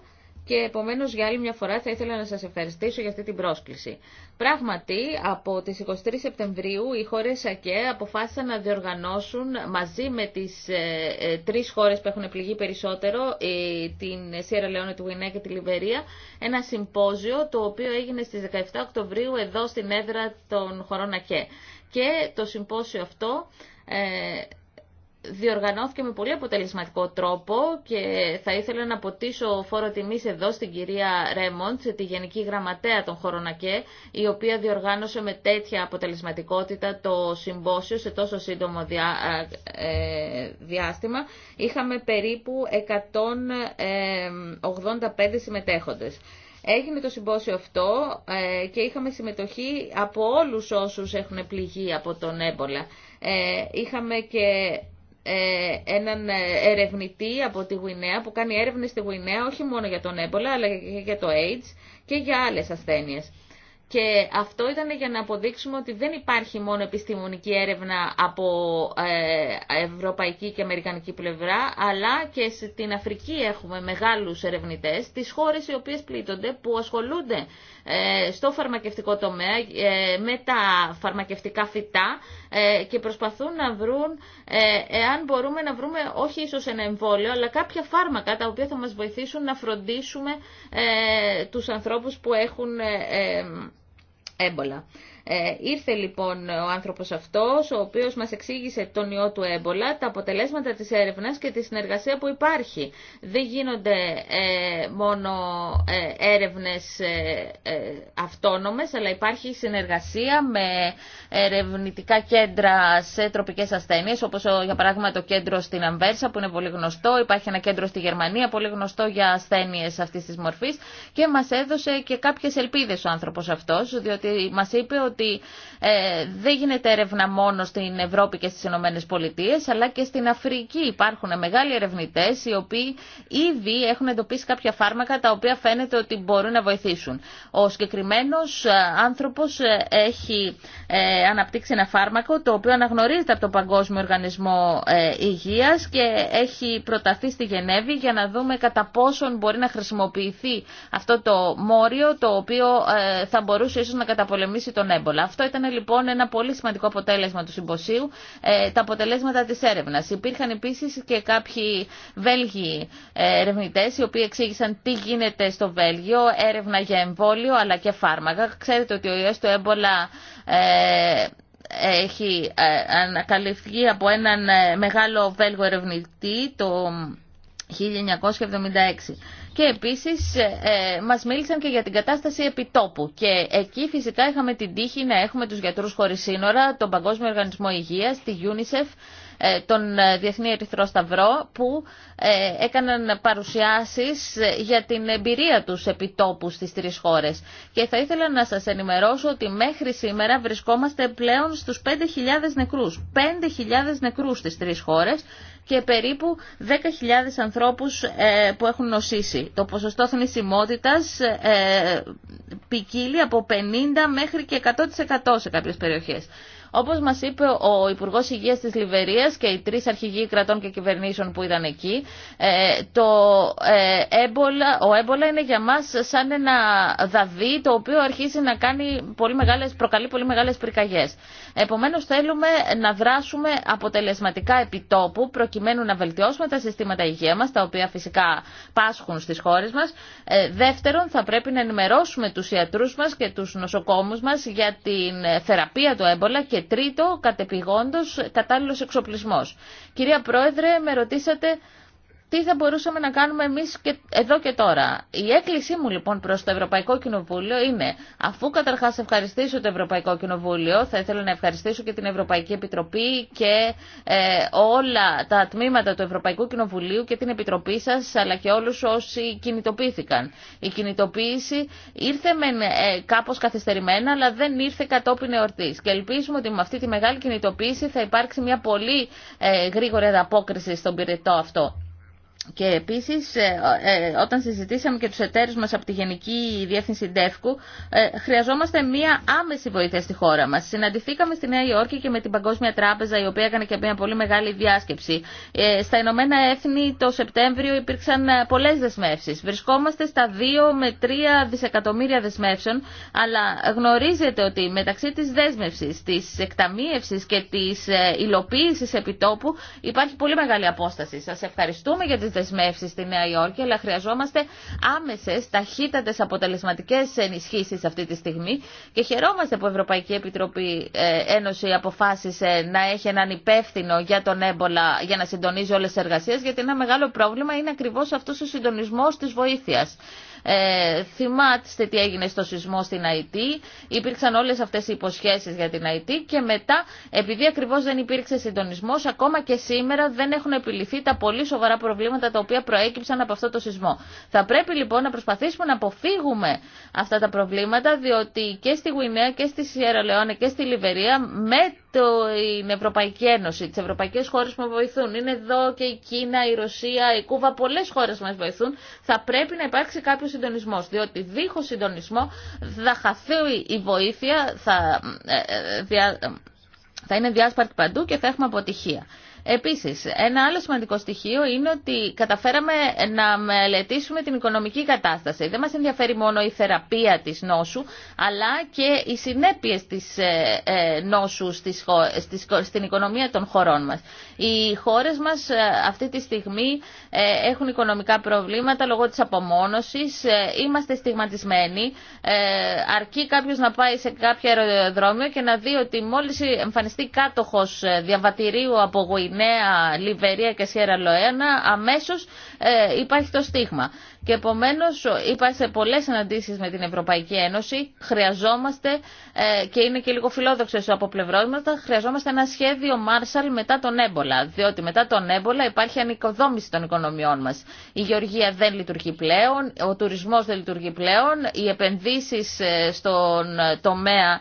και επομένω, για άλλη μια φορά θα ήθελα να σας ευχαριστήσω για αυτή την πρόσκληση. Πράγματι, από τις 23 Σεπτεμβρίου οι χώρε ΑΚΕ αποφάσισαν να διοργανώσουν μαζί με τις ε, ε, τρεις χώρες που έχουν πληγεί περισσότερο, ε, την Σιέρα Λεόνε τη Γουινέα και τη Λιβερία, ένα συμπόζιο το οποίο έγινε στις 17 Οκτωβρίου εδώ στην έδρα των χωρών ΑΚΕ. Και το συμπόσιο αυτό... Ε, διοργανώθηκε με πολύ αποτελεσματικό τρόπο και θα ήθελα να αποτίσω φόρο τιμή εδώ στην κυρία Ρέμοντ, τη Γενική Γραμματέα των Χορονακέ, η οποία διοργάνωσε με τέτοια αποτελεσματικότητα το συμπόσιο σε τόσο σύντομο διά, ε, διάστημα. Είχαμε περίπου 185 ε, συμμετέχοντες. Έγινε το συμπόσιο αυτό ε, και είχαμε συμμετοχή από όλους όσους έχουν πληγεί από τον έμπολα. Ε, είχαμε και ε, έναν ε, ερευνητή από τη Γουινέα που κάνει έρευνες στη Γουινέα όχι μόνο για τον έμπολα αλλά και για το AIDS και για άλλες ασθένειες. Και αυτό ήταν για να αποδείξουμε ότι δεν υπάρχει μόνο επιστημονική έρευνα από ε, ευρωπαϊκή και αμερικανική πλευρά, αλλά και στην Αφρική έχουμε μεγάλους ερευνητές, τις χώρες οι οποίες πλήττονται, που ασχολούνται ε, στο φαρμακευτικό τομέα ε, με τα φαρμακευτικά φυτά ε, και προσπαθούν να βρουν εάν μπορούμε να βρούμε όχι ίσως ένα εμβόλιο αλλά κάποια φάρμακα τα οποία θα μας βοηθήσουν να φροντίσουμε τους ανθρώπους που έχουν έμπολα. Ε, ήρθε λοιπόν ο άνθρωπος αυτός, ο οποίος μας εξήγησε τον ιό του έμπολα, τα αποτελέσματα της έρευνας και τη συνεργασία που υπάρχει. Δεν γίνονται ε, μόνο ε, έρευνες ε, αυτόνομες, αλλά υπάρχει συνεργασία με ερευνητικά κέντρα σε τροπικές ασθένειες, όπως για παράδειγμα το κέντρο στην Αμβέρσα που είναι πολύ γνωστό, υπάρχει ένα κέντρο στη Γερμανία πολύ γνωστό για ασθένειες αυτής της μορφής και μας έδωσε και κάποιες ελπίδες ο άνθρωπος αυτός, διότι μας είπε ότι ότι ε, δεν γίνεται έρευνα μόνο στην Ευρώπη και στις Ηνωμένες Πολιτείες, αλλά και στην Αφρική υπάρχουν μεγάλοι ερευνητές οι οποίοι ήδη έχουν εντοπίσει κάποια φάρμακα τα οποία φαίνεται ότι μπορούν να βοηθήσουν. Ο συγκεκριμένος ε, άνθρωπος ε, έχει ε, αναπτύξει ένα φάρμακο το οποίο αναγνωρίζεται από τον Παγκόσμιο Οργανισμό Υγείας και έχει προταθεί στη Γενέβη για να δούμε κατά πόσον μπορεί να χρησιμοποιηθεί αυτό το μόριο το οποίο θα μπορούσε ίσως να καταπολεμήσει τον έμπορο. Αυτό ήταν λοιπόν ένα πολύ σημαντικό αποτέλεσμα του συμποσίου, ε, τα αποτελέσματα της έρευνας. Υπήρχαν επίσης και κάποιοι Βέλγοι ε, ερευνητέ, οι οποίοι εξήγησαν τι γίνεται στο Βέλγιο, έρευνα για εμβόλιο αλλά και φάρμακα. Ξέρετε ότι ο ιός του έμπολα ε, έχει ανακαλυφθεί από έναν μεγάλο Βέλγο ερευνητή, το 1976. Και επίσης ε, ε, μας μίλησαν και για την κατάσταση επιτόπου και εκεί φυσικά είχαμε την τύχη να έχουμε τους γιατρούς χωρίς σύνορα, τον Παγκόσμιο Οργανισμό Υγείας, τη UNICEF ε, τον ε, Διεθνή Ερυθρό Σταυρό που ε, έκαναν παρουσιάσεις για την εμπειρία τους επιτόπου στις τρεις χώρες. Και θα ήθελα να σας ενημερώσω ότι μέχρι σήμερα βρισκόμαστε πλέον στους 5.000 νεκρούς. 5.000 νεκρούς στις τρεις χώρες και περίπου 10.000 ανθρώπους που έχουν νοσήσει. Το ποσοστό θνησιμότητας ποικίλει από 50 μέχρι και 100% σε κάποιες περιοχές. Όπω μα είπε ο Υπουργό Υγεία τη Λιβερίας και οι τρει αρχηγοί κρατών και κυβερνήσεων που ήταν εκεί, ε, το ε, έμπολα, ο έμπολα είναι για μα σαν ένα δαδί το οποίο αρχίζει να κάνει πολύ μεγάλες, προκαλεί πολύ μεγάλε πυρκαγιέ. Επομένω θέλουμε να δράσουμε αποτελεσματικά επιτόπου προκειμένου να βελτιώσουμε τα συστήματα υγεία μα, τα οποία φυσικά πάσχουν στις χώρες μας. Ε, δεύτερον, θα πρέπει να ενημερώσουμε του ιατρού μα και του νοσοκόμου μα για την θεραπεία του έμπολα και τρίτο, κατεπηγόντως, κατάλληλος εξοπλισμός. Κυρία Πρόεδρε, με ρωτήσατε τι θα μπορούσαμε να κάνουμε εμείς εδώ και τώρα. Η έκκλησή μου λοιπόν προς το Ευρωπαϊκό Κοινοβούλιο είναι, αφού καταρχάς ευχαριστήσω το Ευρωπαϊκό Κοινοβούλιο, θα ήθελα να ευχαριστήσω και την Ευρωπαϊκή Επιτροπή και ε, όλα τα τμήματα του Ευρωπαϊκού Κοινοβουλίου και την Επιτροπή σας, αλλά και όλους όσοι κινητοποιήθηκαν. Η κινητοποίηση ήρθε με ε, κάπως καθυστερημένα, αλλά δεν ήρθε κατόπιν εορτής. Και ελπίζουμε ότι με αυτή τη μεγάλη κινητοποίηση θα υπάρξει μια πολύ ε, γρήγορη ανταπόκριση στον πυρετό αυτό. Και επίσης ε, ε, όταν συζητήσαμε και τους εταίρους μας από τη Γενική Διεύθυνση ΔΕΦΚΟΥ ε, χρειαζόμαστε μία άμεση βοήθεια στη χώρα μας. Συναντηθήκαμε στη Νέα Υόρκη και με την Παγκόσμια Τράπεζα η οποία έκανε και μία πολύ μεγάλη διάσκεψη. Στα Ηνωμένα Έθνη το Σεπτέμβριο υπήρξαν πολλές δεσμεύσεις. Βρισκόμαστε στα 2 με 3 δισεκατομμύρια δεσμεύσεων αλλά γνωρίζετε ότι μεταξύ της δέσμευσης, της εκταμίευσης και της υλοποίησης επιτόπου υπάρχει πολύ μεγάλη απόσταση. Σας ευχαριστούμε για δεσμεύσει στη Νέα Υόρκη, αλλά χρειαζόμαστε άμεσε ταχύτατες αποτελεσματικέ ενισχύσει αυτή τη στιγμή και χαιρόμαστε που η Ευρωπαϊκή Επιτροπή ε, Ένωση αποφάσισε να έχει έναν υπεύθυνο για τον έμπολα για να συντονίζει όλε τις εργασίες, γιατί ένα μεγάλο πρόβλημα είναι ακριβώ αυτό ο συντονισμό τη βοήθεια. Ε, θυμάστε τι έγινε στο σεισμό στην ΑΕΤ. Υπήρξαν όλε αυτέ οι υποσχέσει για την ΑΕΤ και μετά, επειδή ακριβώ δεν υπήρξε συντονισμό, ακόμα και σήμερα δεν έχουν επιληθεί τα πολύ σοβαρά προβλήματα τα οποία προέκυψαν από αυτό το σεισμό. Θα πρέπει λοιπόν να προσπαθήσουμε να αποφύγουμε αυτά τα προβλήματα, διότι και στη Γουινέα και στη Σιέρα Λεόνε και στη Λιβερία με την Ευρωπαϊκή Ένωση, τις ευρωπαϊκές χώρες που μας βοηθούν. Είναι εδώ και η Κίνα, η Ρωσία, η Κούβα, πολλές χώρες μας βοηθούν. Θα πρέπει να υπάρξει κάποιο συντονισμός, διότι δίχως συντονισμό θα χαθεί η βοήθεια, θα, ε, ε, θα είναι διάσπαρτη παντού και θα έχουμε αποτυχία. Επίσης, ένα άλλο σημαντικό στοιχείο είναι ότι καταφέραμε να μελετήσουμε την οικονομική κατάσταση. Δεν μας ενδιαφέρει μόνο η θεραπεία της νόσου, αλλά και οι συνέπειες της ε, ε, νόσου στην οικονομία των χωρών μας. Οι χώρες μας ε, αυτή τη στιγμή έχουν οικονομικά προβλήματα λόγω της απομόνωσης, είμαστε στιγματισμένοι, αρκεί κάποιος να πάει σε κάποιο αεροδρόμιο και να δει ότι μόλις εμφανιστεί κάτοχος διαβατηρίου από Νέα Λιβερία και Σιέρα Λοένα, αμέσως ε, υπάρχει το στίγμα. Και επομένω, είπα σε πολλές συναντήσει με την Ευρωπαϊκή Ένωση, χρειαζόμαστε, ε, και είναι και λίγο φιλόδοξες από πλευρό μας, χρειαζόμαστε ένα σχέδιο Μάρσαλ μετά τον έμπολα. Διότι μετά τον έμπολα υπάρχει ανοικοδόμηση των οικονομιών μας. Η γεωργία δεν λειτουργεί πλέον, ο τουρισμό δεν λειτουργεί πλέον, οι επενδύσεις ε, στον τομέα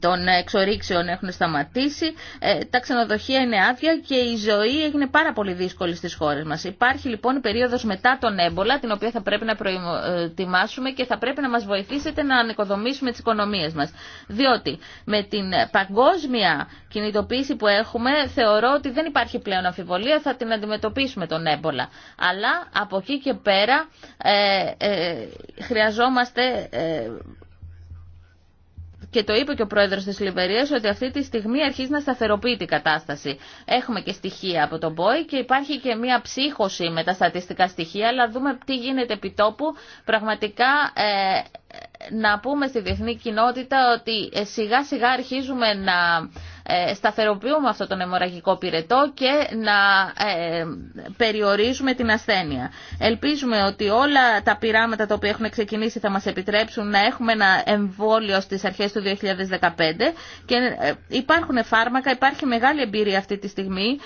των εξορίξεων έχουν σταματήσει, ε, τα ξενοδοχεία είναι άδεια και η ζωή έγινε πάρα πολύ δύσκολη στις χώρες μας. Υπάρχει λοιπόν η περίοδος μετά τον έμπολα, την οποία θα πρέπει να προετοιμάσουμε και θα πρέπει να μας βοηθήσετε να ανεκοδομήσουμε τις οικονομίες μας. Διότι με την παγκόσμια κινητοποίηση που έχουμε, θεωρώ ότι δεν υπάρχει πλέον αμφιβολία, θα την αντιμετωπίσουμε τον έμπολα. Αλλά από εκεί και πέρα ε, ε χρειαζόμαστε... Ε, και το είπε και ο πρόεδρο τη Λιβερία ότι αυτή τη στιγμή αρχίζει να σταθεροποιείται η κατάσταση. Έχουμε και στοιχεία από τον ΠΟΗ και υπάρχει και μία ψύχωση με τα στατιστικά στοιχεία, αλλά δούμε τι γίνεται επί τόπου. Πραγματικά ε, να πούμε στη διεθνή κοινότητα ότι ε, σιγά σιγά αρχίζουμε να ε, σταθεροποιούμε αυτό τον αιμορραγικό πυρετό και να ε, περιορίζουμε την ασθένεια. Ελπίζουμε ότι όλα τα πειράματα τα οποία έχουν ξεκινήσει θα μας επιτρέψουν να έχουμε ένα εμβόλιο στις αρχές του 2015 και ε, υπάρχουν φάρμακα, υπάρχει μεγάλη εμπειρία αυτή τη στιγμή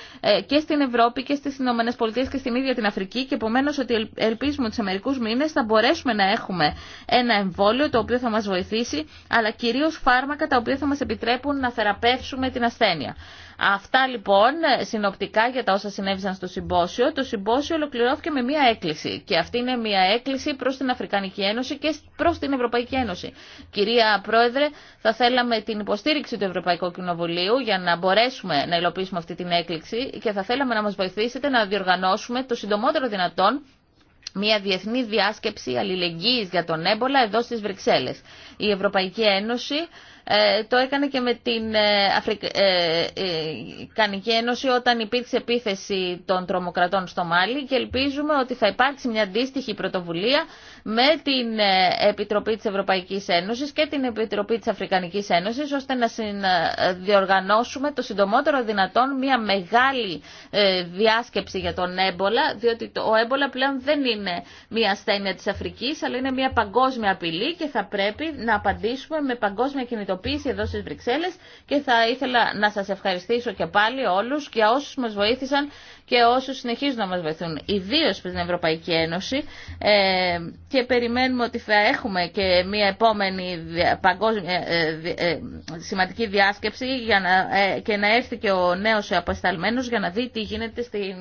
και στην Ευρώπη και στις Ηνωμένες Πολιτείες και στην ίδια την Αφρική και επομένως ότι ελπίζουμε ότι σε μερικούς μήνες θα μπορέσουμε να έχουμε ένα εμβόλιο το οποίο θα μας βοηθήσει αλλά κυρίως φάρμακα τα οποία θα μας επιτρέπουν να θεραπεύσουμε την ασθένεια. Αυτά λοιπόν συνοπτικά για τα όσα συνέβησαν στο συμπόσιο. Το συμπόσιο ολοκληρώθηκε με μία έκκληση και αυτή είναι μία έκκληση προς την Αφρικανική Ένωση και προς την Ευρωπαϊκή Ένωση. Κυρία Πρόεδρε, θα θέλαμε την υποστήριξη του Ευρωπαϊκού Κοινοβουλίου για να μπορέσουμε να υλοποιήσουμε αυτή την έκκληση και θα θέλαμε να μας βοηθήσετε να διοργανώσουμε το συντομότερο δυνατόν μια διεθνή διάσκεψη αλληλεγγύη για τον έμπολα εδώ στις Βρυξέλλες. Η Ευρωπαϊκή Ένωση ε, το έκανε και με την ε, Αφρικανική ε, Ένωση όταν υπήρξε επίθεση των τρομοκρατών στο Μάλι και ελπίζουμε ότι θα υπάρξει μια αντίστοιχη πρωτοβουλία με την ε, Επιτροπή της Ευρωπαϊκής Ένωσης και την Επιτροπή της Αφρικανικής Ένωσης ώστε να διοργανώσουμε το συντομότερο δυνατόν μια μεγάλη ε, διάσκεψη για τον έμπολα διότι ο έμπολα πλέον δεν είναι μια ασθένεια της Αφρικής αλλά είναι μια παγκόσμια απειλή και θα πρέπει να απαντήσουμε με παγκόσμια κινητοποίηση εδώ στις Βρυξέλλες και θα ήθελα να σας ευχαριστήσω και πάλι όλους και όσους μας βοήθησαν και όσους συνεχίζουν να μας βοηθούν, ιδίω την Ευρωπαϊκή Ένωση ε, και περιμένουμε ότι θα έχουμε και μια επόμενη παγκόσμια ε, ε, σημαντική διάσκεψη για να, και να έρθει και ο νέος απεσταλμένος για να δει τι γίνεται στην,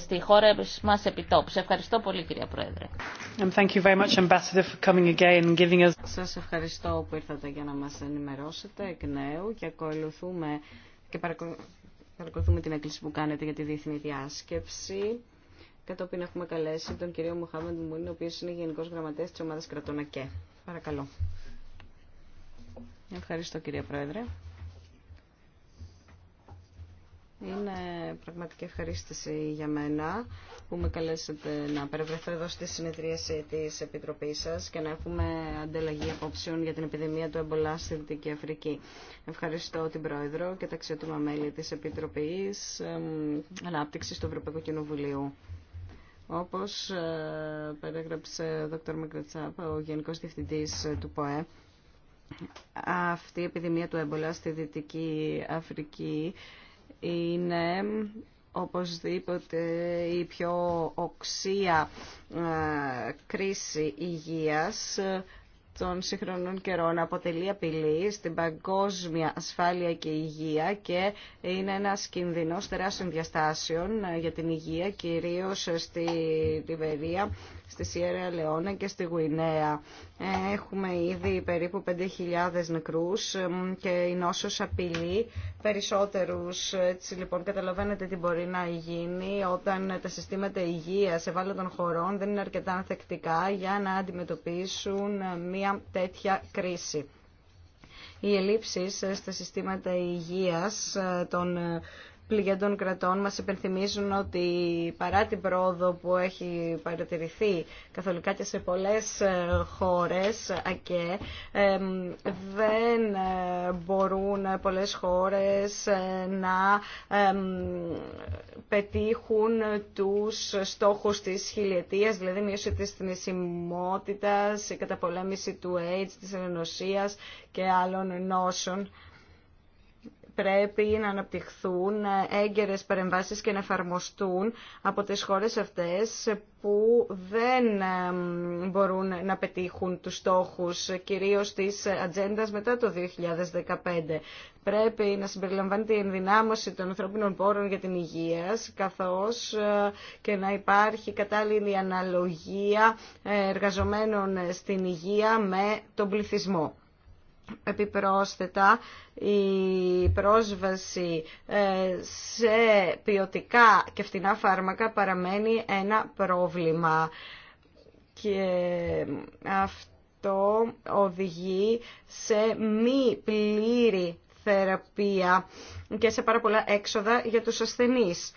στη χώρα μας επιτόπου. Σε ευχαριστώ πολύ κυρία Πρόεδρε. much, us... Σας ευχαριστώ που ήρθατε για να μας ενημερώσετε εκ νέου και ακολουθούμε και παρακολουθούμε θα την έκκληση που κάνετε για τη διεθνή διάσκεψη. Κατόπιν έχουμε καλέσει τον κύριο Μουχάμεντ Μούνι, ο οποίο είναι Γενικό Γραμματέα τη Ομάδα Κρατών ΑΚΕ. Παρακαλώ. Ευχαριστώ κύριε Πρόεδρε. Είναι πραγματική ευχαρίστηση για μένα που με καλέσατε να παρευρεθώ εδώ στη συνεδρίαση της Επιτροπής σας και να έχουμε ανταλλαγή απόψεων για την επιδημία του εμπολά στη Δυτική Αφρική. Ευχαριστώ την Πρόεδρο και τα αξιότιμα μέλη της Επιτροπής Ανάπτυξης του Ευρωπαϊκού Κοινοβουλίου. Όπως ε, περιέγραψε ο Δ. Μακρατσάπα, ο Γενικός Διευθυντής του ΠΟΕ, αυτή η επιδημία του εμπολά στη Δυτική Αφρική είναι οπωσδήποτε η πιο οξία ε, κρίση υγείας των σύγχρονων καιρών αποτελεί απειλή στην παγκόσμια ασφάλεια και υγεία και είναι ένας κινδυνός τεράστιων διαστάσεων ε, για την υγεία, κυρίως στη Λιβερία, στη Σιέρα Λεόνα και στη Γουινέα. Ε, έχουμε ήδη περίπου 5.000 νεκρούς και η νόσος απειλεί περισσότερους. Έτσι λοιπόν καταλαβαίνετε τι μπορεί να γίνει όταν τα συστήματα υγείας ευάλωτων χωρών δεν είναι αρκετά ανθεκτικά για να αντιμετωπίσουν μια τέτοια κρίση οι ελλείψεις στα συστήματα υγείας ε, των πληγέντων κρατών μας υπενθυμίζουν ότι παρά την πρόοδο που έχει παρατηρηθεί καθολικά και σε πολλές ε, χώρες ΑΚΕ ε, δεν ε, μπορούν πολλές χώρες να πετύχουν τους στόχους της χιλιετίας, δηλαδή μείωση της θνησιμότητας, η καταπολέμηση του AIDS, της ενωσίας και άλλων νόσων πρέπει να αναπτυχθούν έγκαιρες παρεμβάσεις και να εφαρμοστούν από τις χώρες αυτές που δεν μπορούν να πετύχουν τους στόχους κυρίως της ατζέντα μετά το 2015. Πρέπει να συμπεριλαμβάνεται η ενδυνάμωση των ανθρώπινων πόρων για την υγεία καθώς ε, και να υπάρχει κατάλληλη αναλογία ε, εργαζομένων στην υγεία με τον πληθυσμό. Επιπρόσθετα, η πρόσβαση ε, σε ποιοτικά και φτηνά φάρμακα παραμένει ένα πρόβλημα και ε, αυτό οδηγεί σε μη πλήρη θεραπεία και σε πάρα πολλά έξοδα για τους ασθενείς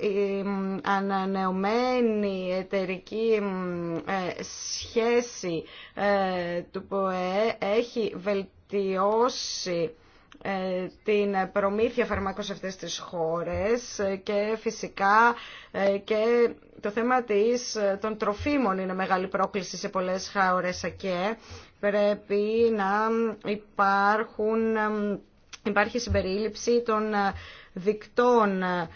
η ανανεωμένη εταιρική ε, σχέση ε, του ΠΟΕ έχει βελτιώσει ε, την προμήθεια φαρμάκων σε αυτές τις χώρες και φυσικά και το θέμα της, των τροφίμων είναι μεγάλη πρόκληση σε πολλές χώρες και πρέπει να υπάρχουν, υπάρχει συμπερίληψη των δικτών ε,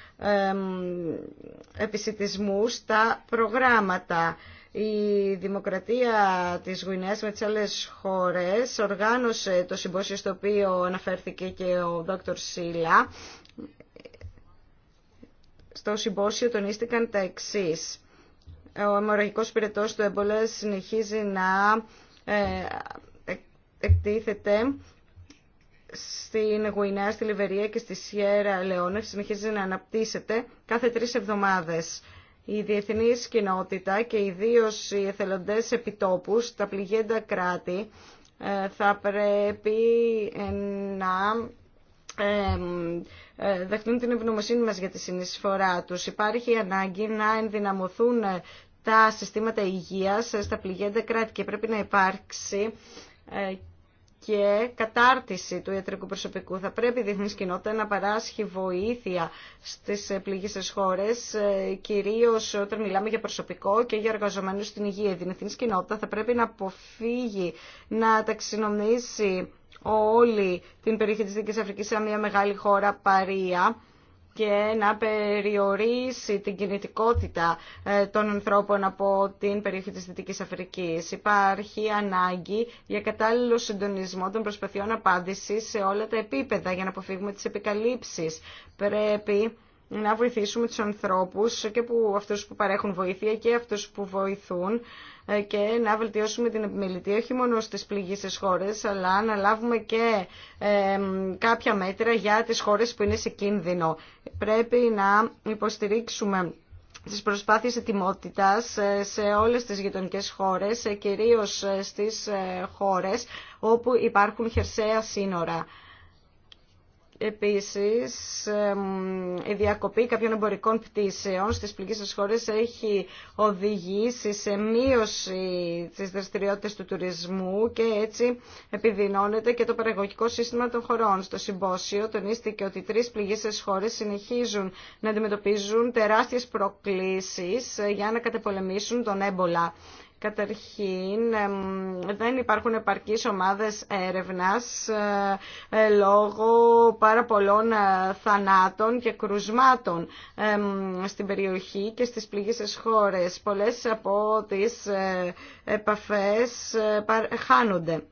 επισητισμού στα προγράμματα. Η Δημοκρατία της Γουινέας με τις άλλες χώρες οργάνωσε το συμπόσιο στο οποίο αναφέρθηκε και ο Δ. Σίλα. Στο συμπόσιο τονίστηκαν τα εξής. Ο αιμορραγικός πυρετός του έμπολα συνεχίζει να ε, εκτίθεται στην Γουινέα, στη Λιβερία και στη Σιέρα Λεόνε συνεχίζει να αναπτύσσεται κάθε τρει εβδομάδες. Η διεθνής κοινότητα και ιδίω οι εθελοντές επιτόπους, τα πληγέντα κράτη, ε, θα πρέπει ε, να ε, δεχτούν την ευγνωμοσύνη μας για τη συνεισφορά τους. Υπάρχει ανάγκη να ενδυναμωθούν τα συστήματα υγείας στα πληγέντα κράτη και πρέπει να υπάρξει και κατάρτιση του ιατρικού προσωπικού. Θα πρέπει η διεθνή κοινότητα να παράσχει βοήθεια στις πληγήσει χώρες, ε, Κυρίω όταν μιλάμε για προσωπικό και για εργαζομένου στην υγεία. Η διεθνή κοινότητα θα πρέπει να αποφύγει να ταξινομήσει όλη την περιοχή της Δικής Αφρικής σε μια μεγάλη χώρα παρία και να περιορίσει την κινητικότητα ε, των ανθρώπων από την περιοχή της Δυτικής Αφρικής. Υπάρχει ανάγκη για κατάλληλο συντονισμό των προσπαθειών απάντησης σε όλα τα επίπεδα για να αποφύγουμε τις επικαλύψεις. Πρέπει να βοηθήσουμε τους ανθρώπους και που, αυτούς που παρέχουν βοήθεια και αυτούς που βοηθούν ε, και να βελτιώσουμε την επιμελητή όχι μόνο στις πληγήσεις χώρες αλλά να λάβουμε και κάποια μέτρα για τις χώρες που είναι σε κίνδυνο. Πρέπει να υποστηρίξουμε τις προσπάθειες ετοιμότητας ε, σε όλες τις γειτονικές χώρες, ε, κυρίως στις χώρες όπου υπάρχουν χερσαία σύνορα. Επίσης, η διακοπή κάποιων εμπορικών πτήσεων στις πληγήσεις χώρες έχει οδηγήσει σε μείωση της δραστηριότητας του τουρισμού και έτσι επιδεινώνεται και το παραγωγικό σύστημα των χωρών. Στο συμπόσιο τονίστηκε ότι τρεις πληγήσεις χώρες συνεχίζουν να αντιμετωπίζουν τεράστιες προκλήσεις για να κατεπολεμήσουν τον έμπολα. Καταρχήν, δεν υπάρχουν επαρκείς ομάδες έρευνας ε, ε, λόγω πάρα πολλών ε, θανάτων και κρουσμάτων στην περιοχή και στις πληγήσεις χώρες. Πολλές από τις επαφές χάνονται.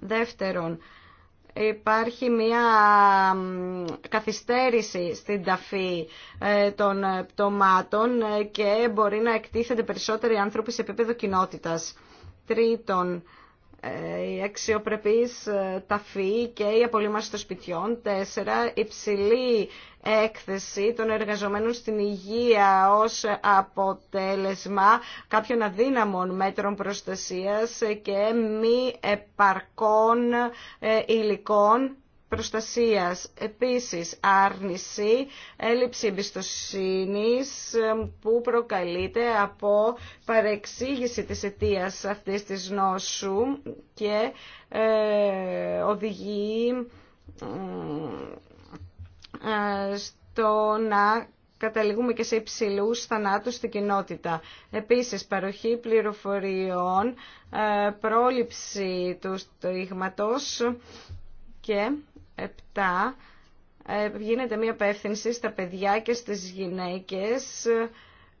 Δεύτερον, υπάρχει μια καθυστέρηση στην ταφή ε, των πτωμάτων ε, και μπορεί να εκτίθενται περισσότεροι άνθρωποι σε επίπεδο κοινότητας. Τρίτον, η ε, αξιοπρεπής ε, ταφή και η απολύμαση των σπιτιών. Τέσσερα, υψηλή έκθεση των εργαζομένων στην υγεία ως αποτέλεσμα κάποιων αδύναμων μέτρων προστασίας και μη επαρκών ε, υλικών προστασίας, επίσης άρνηση, έλλειψη εμπιστοσύνης ε, που προκαλείται από παρεξήγηση της αιτία αυτής της νόσου και ε, οδηγεί ε, στο να καταλήγουμε και σε υψηλούς θανάτους στην κοινότητα. Επίσης, παροχή πληροφοριών, πρόληψη του στοίγματος και 7 ε, γίνεται μια απεύθυνση στα παιδιά και στις γυναίκες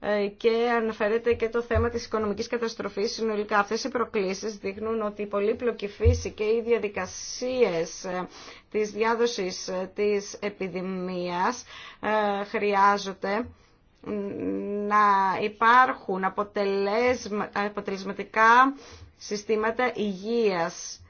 ε, και αναφέρεται και το θέμα της οικονομικής καταστροφής συνολικά. Αυτές οι προκλήσεις δείχνουν ότι η πολύπλοκη φύση και οι διαδικασίες ε, της διάδοσης της επιδημίας χρειάζονται να υπάρχουν αποτελεσματικά συστήματα υγείας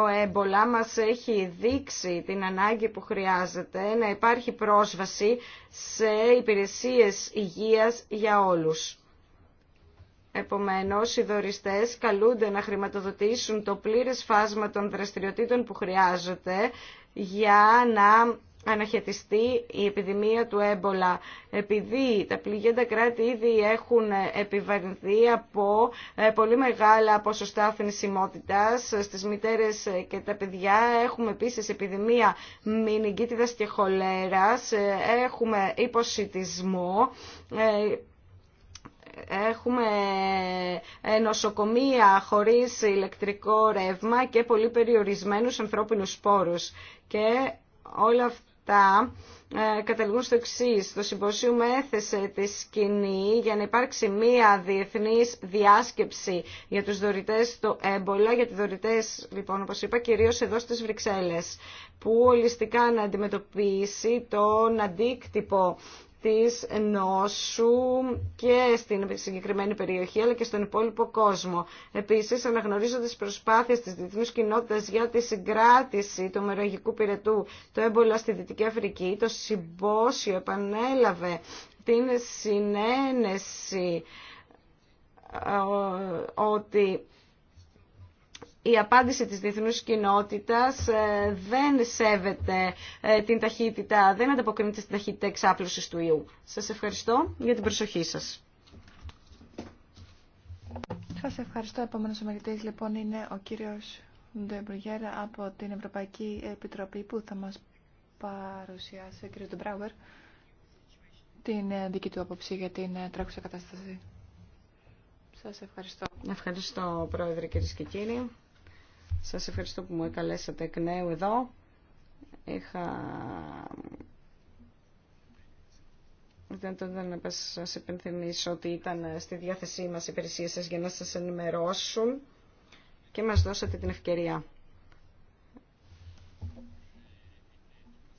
ο έμπολα μας έχει δείξει την ανάγκη που χρειάζεται να υπάρχει πρόσβαση σε υπηρεσίες υγείας για όλους. Επομένως, οι δωριστές καλούνται να χρηματοδοτήσουν το πλήρες φάσμα των δραστηριοτήτων που χρειάζεται για να αναχαιτιστεί η επιδημία του έμπολα. Επειδή τα πληγέντα κράτη ήδη έχουν επιβαρυνθεί από ε, πολύ μεγάλα ποσοστά θνησιμότητας στις μητέρες και τα παιδιά. Έχουμε επίσης επιδημία μηνυγκίτιδας και χολέρας. Ε, έχουμε υποσυτισμό ε, έχουμε νοσοκομεία χωρίς ηλεκτρικό ρεύμα και πολύ περιορισμένους ανθρώπινους σπόρους. Και όλα αυτά αυτά ε, καταλήγουν στο εξή. Το με έθεσε τη σκηνή για να υπάρξει μία διεθνής διάσκεψη για τους δωρητές του έμπολα, για τους δωρητές, λοιπόν, όπως είπα, κυρίως εδώ στις Βρυξέλλες, που ολιστικά να αντιμετωπίσει τον αντίκτυπο της νόσου και στην συγκεκριμένη περιοχή αλλά και στον υπόλοιπο κόσμο. Επίσης, αναγνωρίζοντας τις προσπάθειες της διεθνούς κοινότητας για τη συγκράτηση του μερογικού πυρετού το έμπολα στη Δυτική Αφρική, το συμπόσιο επανέλαβε την συνένεση ε, ότι η απάντηση της διεθνούς κοινότητας ε, δεν σέβεται ε, την ταχύτητα, δεν ανταποκρίνεται στην ταχύτητα εξάπλωσης του ιού. Σας ευχαριστώ για την προσοχή σας. Σας ευχαριστώ. Επόμενος ομιλητής λοιπόν είναι ο κύριος Ντεμπρουγέρα από την Ευρωπαϊκή Επιτροπή που θα μας παρουσιάσει, κύριο Ντεμπράουερ, την ε, δική του άποψη για την τρέχουσα κατάσταση. Σας ευχαριστώ. Ευχαριστώ, Πρόεδρε, κυρίε και σας ευχαριστώ που μου καλέσατε εκ νέου εδώ. Είχα... Δεν δεν να σας επενθυμίσω ότι ήταν στη διάθεσή μας οι υπηρεσίες σας για να σας ενημερώσουν και μας δώσατε την ευκαιρία.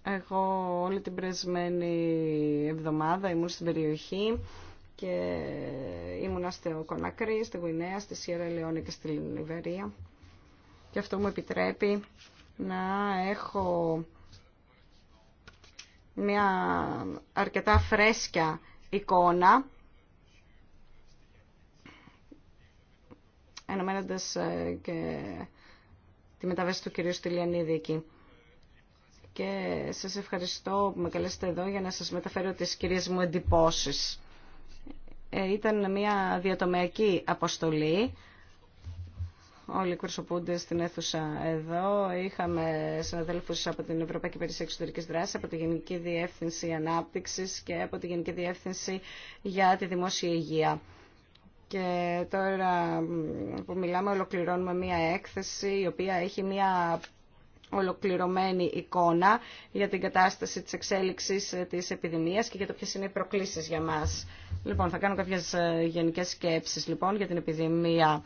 Εγώ όλη την πρεσμένη εβδομάδα ήμουν στην περιοχή και ήμουν στο Κονακρή, στη Γουινέα, στη Σιέρα Λεόνη και στη Λιβερία και αυτό μου επιτρέπει να έχω μια αρκετά φρέσκια εικόνα ενωμένοντας ε, και τη μεταβάση του κυρίου Στυλιανίδη εκεί. Και σας ευχαριστώ που με καλέσετε εδώ για να σας μεταφέρω τις κυρίες μου εντυπώσεις. Ε, ήταν μια διατομιακή αποστολή όλοι εκπροσωπούνται στην αίθουσα εδώ. Είχαμε συναδέλφου από την Ευρωπαϊκή Περισσία Εξωτερική Δράση, από τη Γενική Διεύθυνση ανάπτυξη και από τη Γενική Διεύθυνση για τη Δημόσια Υγεία. Και τώρα που μιλάμε ολοκληρώνουμε μία έκθεση η οποία έχει μία ολοκληρωμένη εικόνα για την κατάσταση της εξέλιξη της επιδημίας και για το ποιε είναι οι προκλήσεις για μας. Λοιπόν, θα κάνω κάποιες ε, γενικές σκέψεις λοιπόν για την επιδημία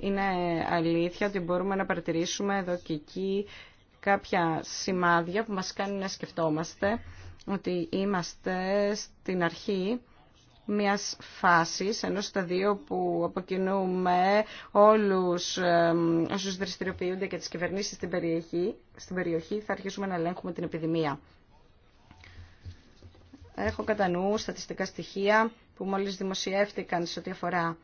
είναι αλήθεια ότι μπορούμε να παρατηρήσουμε εδώ και εκεί κάποια σημάδια που μας κάνει να σκεφτόμαστε ότι είμαστε στην αρχή μιας φάσης, ενός σταδίου που αποκοινούμε όλους ε, όσους δραστηριοποιούνται και τις κυβερνήσεις στην περιοχή, στην περιοχή θα αρχίσουμε να ελέγχουμε την επιδημία. Έχω κατά νου στατιστικά στοιχεία που μόλις δημοσιεύτηκαν σε ό,τι αφορά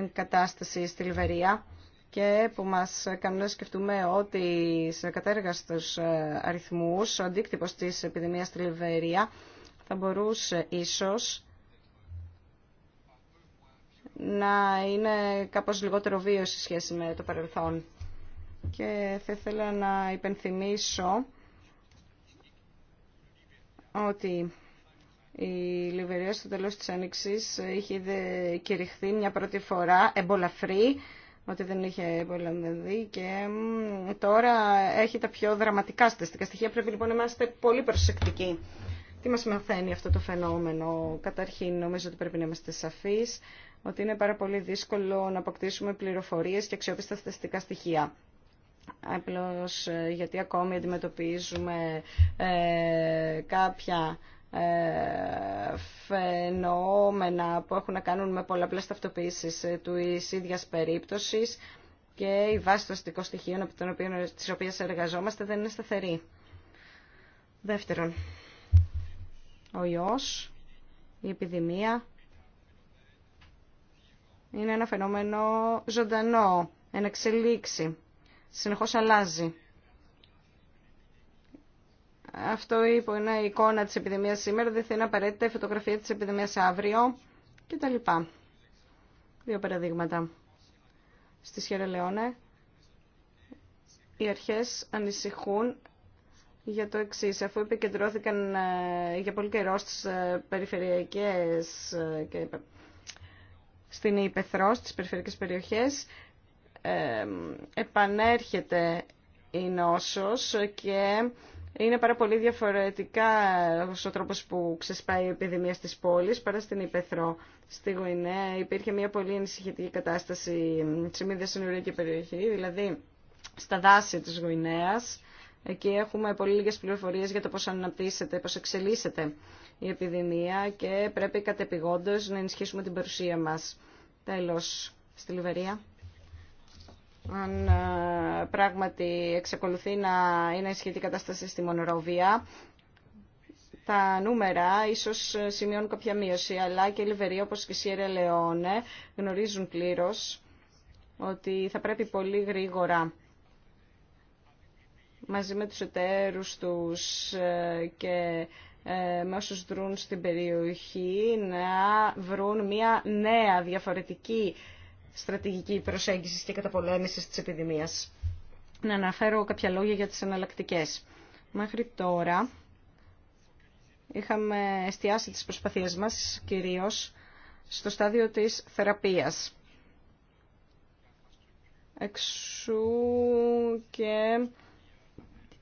την κατάσταση στη Λιβερία και που μας κάνουν να σκεφτούμε ότι σε κατέργαστος ε, αριθμούς ο αντίκτυπος της επιδημίας στη Λιβερία θα μπορούσε ίσως να είναι κάπως λιγότερο βίος σε σχέση με το παρελθόν. Και θα ήθελα να υπενθυμίσω ότι η Λιβερία στο τέλος της Άνοιξης είχε κηρυχθεί μια πρώτη φορά εμπολαφρή, ότι δεν είχε εμπολαμβανθεί και τώρα έχει τα πιο δραματικά στατιστικά στοιχεία. Πρέπει λοιπόν να είμαστε πολύ προσεκτικοί. Τι μας μαθαίνει αυτό το φαινόμενο. Καταρχήν νομίζω ότι πρέπει να είμαστε σαφείς ότι είναι πάρα πολύ δύσκολο να αποκτήσουμε πληροφορίες και αξιόπιστα στατιστικά στοιχεία. Απλώς ε, γιατί ακόμη αντιμετωπίζουμε ε, κάποια ε, φαινόμενα που έχουν να κάνουν με πολλαπλές ταυτοποίησεις ε, του ίδιας περίπτωσης και η βάση των αστικών στοιχείων από την οποία, τις οποίες εργαζόμαστε δεν είναι σταθερή. Δεύτερον, ο ιός, η επιδημία, είναι ένα φαινόμενο ζωντανό, ένα εξελίξη, συνεχώς αλλάζει. Αυτό είπε είναι η εικόνα της επιδημίας σήμερα, δεν θα είναι απαραίτητα η φωτογραφία της επιδημίας αύριο και τα λοιπά Δύο παραδείγματα. Στη Σιέρα Λεόνε οι αρχές ανησυχούν για το εξή, αφού επικεντρώθηκαν ε, για πολύ καιρό στις ε, περιφερειακές ε, και στην στις περιφερειακές περιοχές, επανέρχεται η νόσος και είναι πάρα πολύ διαφορετικά ο τρόπος που ξεσπάει η επιδημία στις πόλεις παρά στην Υπεθρό. Στη Γουινέα υπήρχε μια πολύ ενισχυτική κατάσταση σε μια και περιοχή, δηλαδή στα δάση της Γουινέας. Εκεί έχουμε πολύ λίγες πληροφορίες για το πώς αναπτύσσεται, πώς εξελίσσεται η επιδημία και πρέπει κατεπηγόντως να ενισχύσουμε την παρουσία μας. Τέλος, στη Λιβερία αν ε, πράγματι εξακολουθεί να είναι ισχυρή κατάσταση στη Μονοροβία. Τα νούμερα ίσως σημειώνουν κάποια μείωση, αλλά και η Λιβερία όπως και η Σιέρα Λεόνε γνωρίζουν πλήρως ότι θα πρέπει πολύ γρήγορα μαζί με τους εταίρους τους ε, και ε, με όσους δρούν στην περιοχή να βρουν μια νέα διαφορετική στρατηγική προσέγγισης και καταπολέμησης της επιδημίας. Να αναφέρω κάποια λόγια για τις εναλλακτικέ. Μέχρι τώρα είχαμε εστιάσει τις προσπαθίες μας κυρίως στο στάδιο της θεραπείας. Εξού και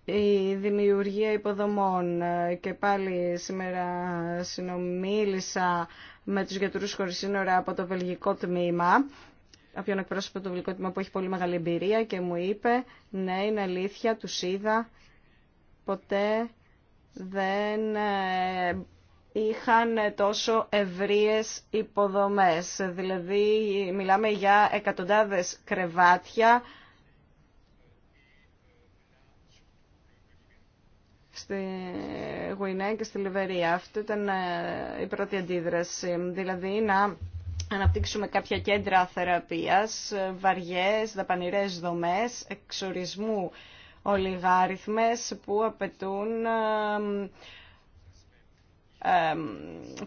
η δημιουργία υποδομών και πάλι σήμερα συνομίλησα με τους γιατρούς χωρίς σύνορα από το Βελγικό τμήμα κάποιον εκπρόσωπο του βιβλικού τμήμα που έχει πολύ μεγάλη εμπειρία και μου είπε ναι είναι αλήθεια, του είδα, ποτέ δεν ε, είχαν τόσο ευρείες υποδομές. Δηλαδή μιλάμε για εκατοντάδες κρεβάτια στη Γουινέ και στη Λιβερία. Αυτή ήταν ε, η πρώτη αντίδραση. Δηλαδή να αναπτύξουμε κάποια κέντρα θεραπείας, βαριές, δαπανηρές δομές, εξορισμού ολιγάριθμες που απαιτούν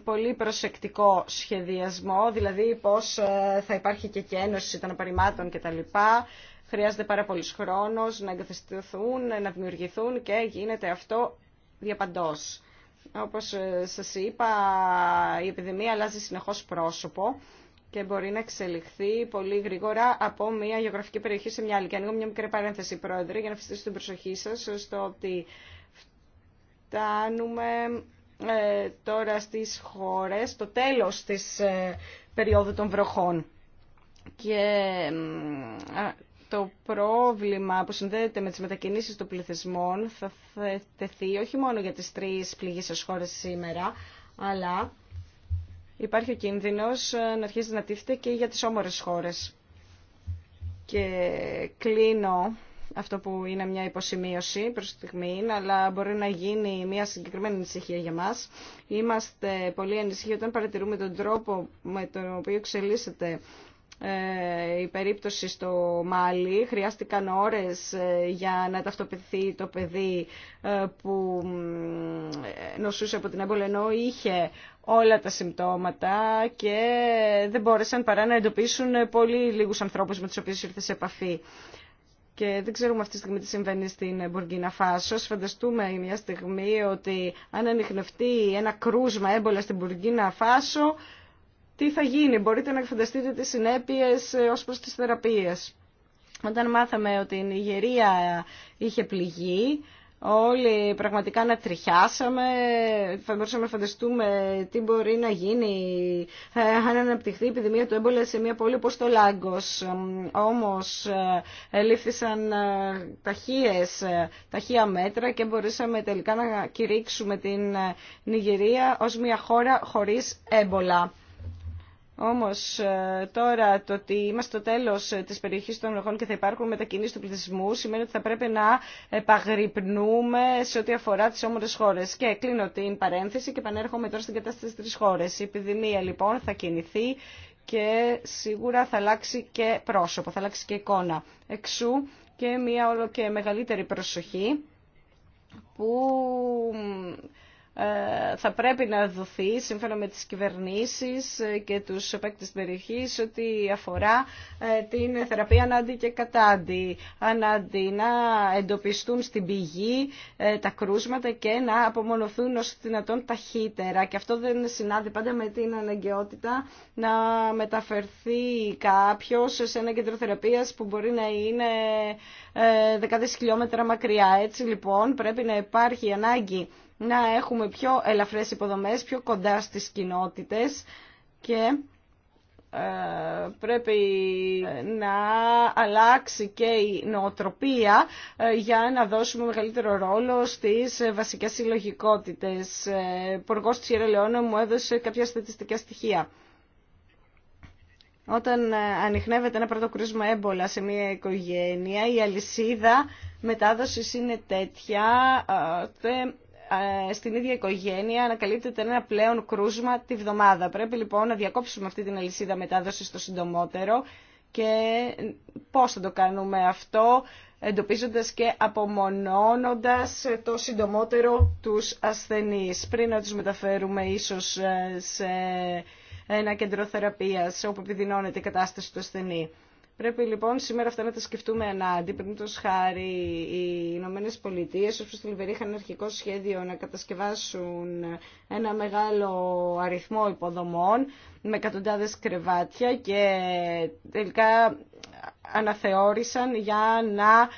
πολύ προσεκτικό σχεδιασμό, δηλαδή πώς ε, θα υπάρχει και κένωση των απαρημάτων κτλ. Χρειάζεται πάρα πολλής χρόνος να εγκαθιστηθούν, να δημιουργηθούν και γίνεται αυτό διαπαντός. Όπως ε, σας είπα, η επιδημία αλλάζει συνεχώς πρόσωπο και μπορεί να εξελιχθεί πολύ γρήγορα από μια γεωγραφική περιοχή σε μια άλλη. Και ανοίγω μια μικρή παρένθεση, Πρόεδρε, για να φυστήσω την προσοχή σας στο ότι φτάνουμε ε, τώρα στις χώρες το τέλος της ε, περίοδου των βροχών. Και το πρόβλημα που συνδέεται με τις μετακινήσεις των πληθυσμών θα θεθεί όχι μόνο για τις τρεις πληγήσεις χώρες σήμερα, αλλά υπάρχει ο κίνδυνος να αρχίσει να τίθεται και για τις όμορες χώρες. Και κλείνω αυτό που είναι μια υποσημείωση προς τη στιγμή, αλλά μπορεί να γίνει μια συγκεκριμένη ανησυχία για μας. Είμαστε πολύ ανησυχοί όταν παρατηρούμε τον τρόπο με τον οποίο εξελίσσεται ε, η περίπτωση στο Μάλι χρειάστηκαν ώρες ε, για να ταυτοποιηθεί το παιδί ε, που νοσούσε από την έμπολα ενώ είχε όλα τα συμπτώματα και δεν μπόρεσαν παρά να εντοπίσουν πολύ λίγους ανθρώπους με τους οποίους ήρθε σε επαφή. Και δεν ξέρουμε αυτή τη στιγμή τι συμβαίνει στην Μπουργκίνα Φάσο. Φανταστούμε μια στιγμή ότι αν ανοιχνευτεί ένα κρούσμα έμπολα στην Μπουργκίνα Φάσο, τι θα γίνει. Μπορείτε να φανταστείτε τις συνέπειες ε, ως προς τις θεραπείες. Όταν μάθαμε ότι η Νιγερία ε, είχε πληγεί, όλοι πραγματικά να τριχιάσαμε, θα μπορούσαμε να φανταστούμε τι μπορεί να γίνει ε, αν αναπτυχθεί η επιδημία του έμπολα σε μια πόλη όπως το Λάγκος. Όμως ελήφθησαν ταχείες, ταχεία μέτρα και μπορούσαμε τελικά να κηρύξουμε την Νιγερία ως μια χώρα χωρίς έμπολα. Όμως ε, τώρα το ότι είμαστε στο τέλος ε, της περιοχής των λογών και θα υπάρχουν μετακινήσεις του πληθυσμού σημαίνει ότι θα πρέπει να επαγρυπνούμε σε ό,τι αφορά τις όμορες χώρες. Και κλείνω την παρένθεση και επανέρχομαι τώρα στην κατάσταση της τρεις χώρες. Η επιδημία λοιπόν θα κινηθεί και σίγουρα θα αλλάξει και πρόσωπο, θα αλλάξει και εικόνα. Εξού και μια όλο και μεγαλύτερη προσοχή που ε, θα πρέπει να δοθεί σύμφωνα με τις κυβερνήσεις και τους παίκτες της περιοχής ότι αφορά ε, την θεραπεία ανάντι και κατάντι. Ανάντι να εντοπιστούν στην πηγή ε, τα κρούσματα και να απομονωθούν ως δυνατόν ταχύτερα. Και αυτό δεν συνάδει πάντα με την αναγκαιότητα να μεταφερθεί κάποιος σε ένα κέντρο που μπορεί να είναι δεκάδες χιλιόμετρα μακριά. Έτσι λοιπόν πρέπει να υπάρχει ανάγκη να έχουμε πιο ελαφρές υποδομές, πιο κοντά στις κοινότητες και ε, πρέπει να αλλάξει και η νοοτροπία ε, για να δώσουμε μεγαλύτερο ρόλο στις βασικές συλλογικότητες. Ο ε, Ποργός της μου έδωσε κάποια στατιστικά στοιχεία. Όταν ανοιχνεύεται ένα πρώτο κρούσμα έμπολα σε μια οικογένεια, η αλυσίδα μετάδοσης είναι τέτοια, ε, στην ίδια οικογένεια ανακαλύπτεται ένα πλέον κρούσμα τη βδομάδα. Πρέπει λοιπόν να διακόψουμε αυτή την αλυσίδα μετάδοση στο συντομότερο και πώς θα το κάνουμε αυτό εντοπίζοντας και απομονώνοντας το συντομότερο τους ασθενείς πριν να τους μεταφέρουμε ίσως ε, σε ένα κέντρο θεραπείας όπου επιδεινώνεται η κατάσταση του ασθενή. Πρέπει λοιπόν σήμερα αυτά να τα σκεφτούμε ανάντι. Πριν το χάρη οι Ηνωμένε Πολιτείε, ω στην τη Λιβερία, είχαν αρχικό σχέδιο να κατασκευάσουν ένα μεγάλο αριθμό υποδομών με εκατοντάδε κρεβάτια και τελικά αναθεώρησαν για να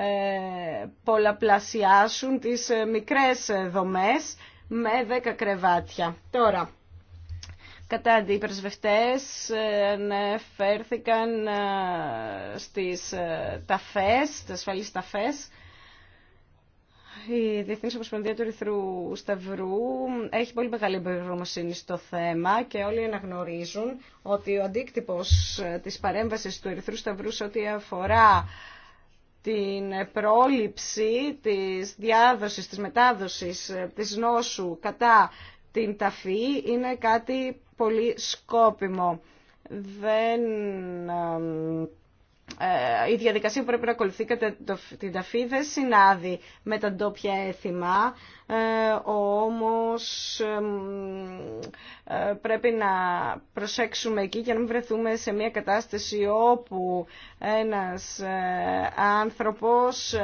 ε, πολλαπλασιάσουν τις ε, μικρές ε, δομές με 10 κρεβάτια. Τώρα, Κατά αντιπρεσβευτές ε, φέρθηκαν φέρθηκαν ε, στις ε, ταφές, στις ασφαλείς ταφές. Η Διεθνή Ομοσπονδία του Ερυθρού Σταυρού έχει πολύ μεγάλη εμπειρογνωμοσύνη στο θέμα και όλοι αναγνωρίζουν ότι ο αντίκτυπος της παρέμβασης του Ερυθρού Σταυρού σε ό,τι αφορά την πρόληψη της διάδοσης, της μετάδοσης της νόσου κατά την ταφή είναι κάτι πολύ σκόπιμο. Δεν, ε, η διαδικασία που πρέπει να ακολουθεί κατά την ταφή δεν συνάδει με τα ντόπια έθιμα, ε, όμως ε, πρέπει να προσέξουμε εκεί για να μην βρεθούμε σε μια κατάσταση όπου ένας ε, άνθρωπος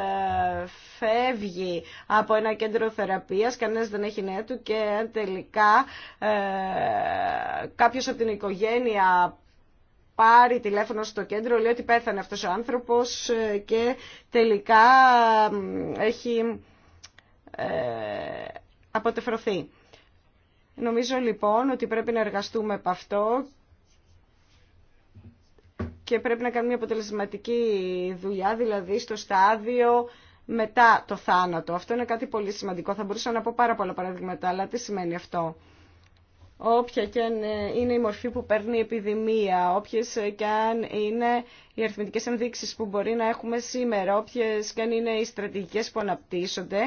φεύγει από ένα κέντρο θεραπείας, κανένας δεν έχει νέα του και αν τελικά ε, κάποιος από την οικογένεια πάρει τηλέφωνο στο κέντρο, λέει ότι πέθανε αυτός ο άνθρωπος ε, και τελικά έχει ε, αποτεφρωθεί. Νομίζω λοιπόν ότι πρέπει να εργαστούμε από αυτό και πρέπει να κάνουμε μια αποτελεσματική δουλειά, δηλαδή στο στάδιο μετά το θάνατο. Αυτό είναι κάτι πολύ σημαντικό. Θα μπορούσα να πω πάρα πολλά παραδείγματα, αλλά τι σημαίνει αυτό. Όποια και αν ε, είναι η μορφή που παίρνει η επιδημία, όποιε ε, και αν είναι οι αριθμητικέ ενδείξει που μπορεί να έχουμε σήμερα, Όποιε και αν είναι οι στρατηγικές που αναπτύσσονται,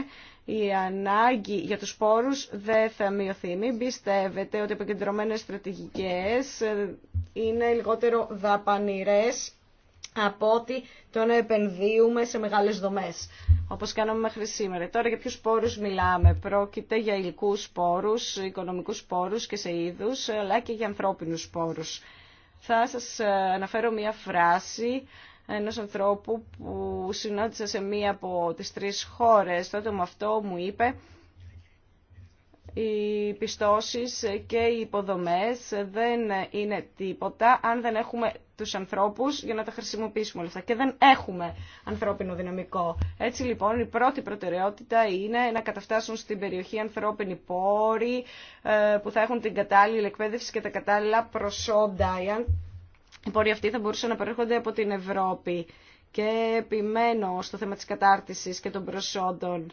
η ανάγκη για τους πόρους δεν θα μειωθεί. Μην πιστεύετε ότι οι επικεντρωμένες στρατηγικές ε, είναι λιγότερο δαπανηρές από ότι το να επενδύουμε σε μεγάλε δομέ. όπως κάναμε μέχρι σήμερα. Τώρα για ποιους πόρου μιλάμε. Πρόκειται για υλικού πόρου, οικονομικούς πόρου και σε είδου, αλλά και για ανθρώπινους πόρου. Θα σα ε, αναφέρω μία φράση ενός ανθρώπου που συνάντησα σε μία από τις τρεις χώρες. Τότε με αυτό μου είπε οι πιστώσεις και οι υποδομές δεν είναι τίποτα αν δεν έχουμε τους ανθρώπους για να τα χρησιμοποιήσουμε όλα αυτά. Και δεν έχουμε ανθρώπινο δυναμικό. Έτσι λοιπόν η πρώτη προτεραιότητα είναι να καταφτάσουν στην περιοχή ανθρώπινοι πόροι ε, που θα έχουν την κατάλληλη εκπαίδευση και τα κατάλληλα προσόντα. Οι πόροι αυτοί θα μπορούσαν να προέρχονται από την Ευρώπη. Και επιμένω στο θέμα της κατάρτισης και των προσόντων.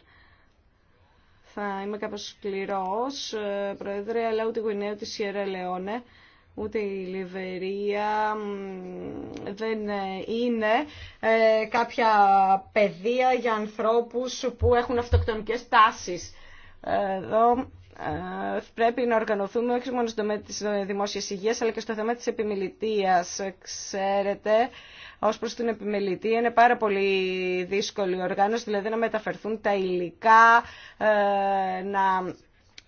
Θα είμαι κάπως σκληρός, ε, Πρόεδρε, αλλά ούτε γουινέο της Σιέρα Λεόνε ούτε η Λιβερία δεν είναι ε, κάποια παιδεία για ανθρώπους που έχουν αυτοκτονικές τάσεις. Εδώ ε, πρέπει να οργανωθούμε όχι μόνο στο θέμα της δημόσιας υγείας αλλά και στο θέμα της επιμελητίας. Ξέρετε, ως προς την επιμελητία είναι πάρα πολύ δύσκολη οργάνωση, δηλαδή να μεταφερθούν τα υλικά, ε, να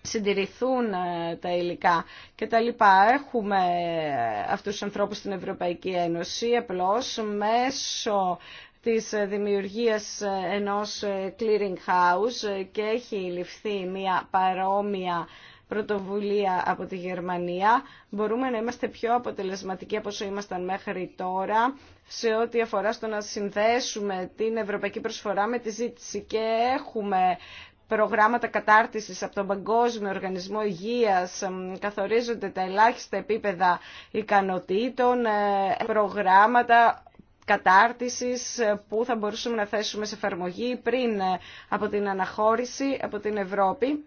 συντηρηθούν ε, τα υλικά και τα λοιπά. Έχουμε ε, αυτούς τους ανθρώπους στην Ευρωπαϊκή Ένωση απλώς μέσω της ε, δημιουργίας ενός clearing house και έχει ληφθεί μια παρόμοια πρωτοβουλία από τη Γερμανία. Μπορούμε να είμαστε πιο αποτελεσματικοί από όσο ήμασταν μέχρι τώρα σε ό,τι αφορά στο να συνδέσουμε την ευρωπαϊκή προσφορά με τη ζήτηση και έχουμε προγράμματα κατάρτισης από τον Παγκόσμιο Οργανισμό Υγείας, καθορίζονται τα ελάχιστα επίπεδα ικανοτήτων, ε, προγράμματα κατάρτισης ε, που θα μπορούσαμε να θέσουμε σε εφαρμογή πριν ε, από την αναχώρηση από την Ευρώπη.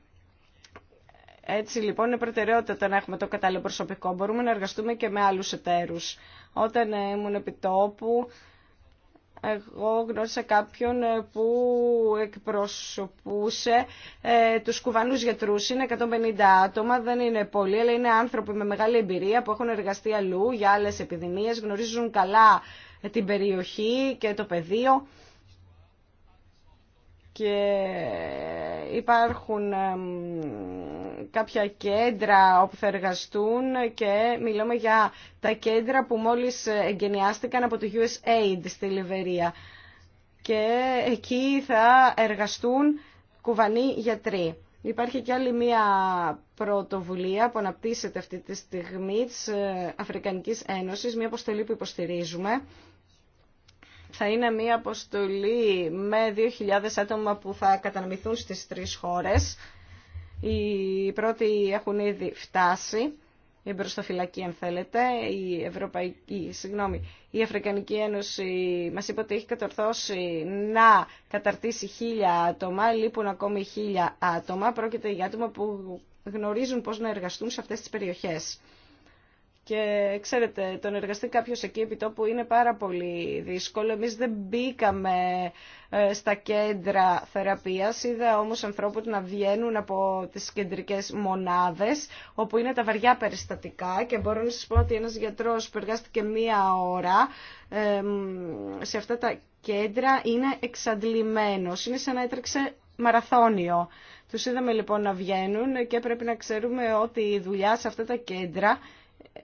Έτσι λοιπόν είναι προτεραιότητα όταν έχουμε το κατάλληλο προσωπικό. Μπορούμε να εργαστούμε και με άλλους εταίρους. Όταν ήμουν επιτόπου εγώ γνώρισα κάποιον ε, που εκπροσωπούσε ε, τους κουβανούς γιατρούς. Είναι 150 άτομα, δεν είναι πολλοί, αλλά είναι άνθρωποι με μεγάλη εμπειρία που έχουν εργαστεί αλλού για άλλες επιδημίες, γνωρίζουν καλά ε, την περιοχή και το πεδίο και υπάρχουν ε, κάποια κέντρα όπου θα εργαστούν και μιλάμε για τα κέντρα που μόλις εγκαινιάστηκαν από το USAID στη Λιβερία. Και εκεί θα εργαστούν κουβανοί γιατροί. Υπάρχει και άλλη μία πρωτοβουλία που αναπτύσσεται αυτή τη στιγμή της ε, Αφρικανική Ένωση, μία αποστολή Ένωσης, μία αποστολή που υποστηρίζουμε. Θα είναι μία αποστολή με 2.000 άτομα που θα καταναμηθούν στις τρεις χώρες οι πρώτοι έχουν ήδη φτάσει, η μπροστοφυλακή αν θέλετε, η, Ευρωπαϊκή, συγγνώμη, η Αφρικανική Ένωση μας είπε ότι έχει κατορθώσει να καταρτήσει χίλια άτομα, λείπουν ακόμη χίλια άτομα, πρόκειται για άτομα που γνωρίζουν πώς να εργαστούν σε αυτές τις περιοχές. Και ξέρετε, τον εργαστεί κάποιο εκεί επί τόπου είναι πάρα πολύ δύσκολο. Εμεί δεν μπήκαμε ε, στα κέντρα θεραπείας. Είδα όμως ανθρώπους να βγαίνουν από τις κεντρικές μονάδες, όπου είναι τα βαριά περιστατικά και μπορώ να σας πω ότι ένας γιατρός που εργάστηκε μία ώρα σε αυτά τα κέντρα είναι εξαντλημένο. Είναι σαν να έτρεξε μαραθώνιο. Του είδαμε λοιπόν να βγαίνουν και πρέπει να ξέρουμε ότι η δουλειά σε αυτά τα κέντρα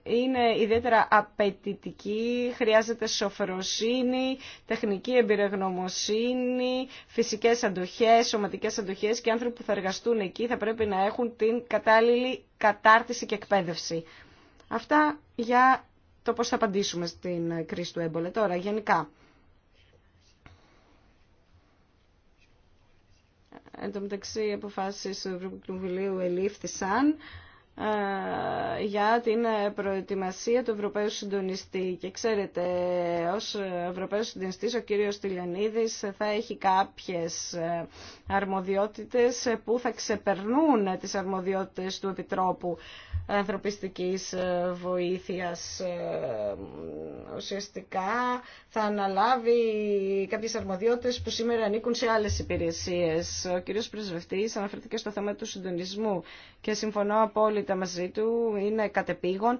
είναι ιδιαίτερα απαιτητική, χρειάζεται σοφροσύνη, τεχνική εμπειρογνωμοσύνη, φυσικές αντοχές, σωματικές αντοχές και άνθρωποι που θα εργαστούν εκεί θα πρέπει να έχουν την κατάλληλη κατάρτιση και εκπαίδευση. Αυτά για το πώς θα απαντήσουμε στην κρίση του έμπολε. Τώρα, γενικά. Εν τω μεταξύ, οι αποφάσει του Ευρωπαϊκού Κοινοβουλίου ελήφθησαν για την ε, προετοιμασία του Ευρωπαίου Συντονιστή. Και ξέρετε, ως Ευρωπαίος Συντονιστής ο κύριος Τηλιανίδης θα έχει κάποιες ε, αρμοδιότητες που θα ξεπερνούν τις αρμοδιότητες του Επιτρόπου ανθρωπιστικής ε, βοήθειας. Ε, ουσιαστικά θα αναλάβει κάποιες αρμοδιότητες που σήμερα ανήκουν σε άλλες υπηρεσίες. Ο κύριος Πρεσβευτής αναφερθήκε στο θέμα του συντονισμού και συμφωνώ απόλυτα μαζί του, είναι κατεπήγον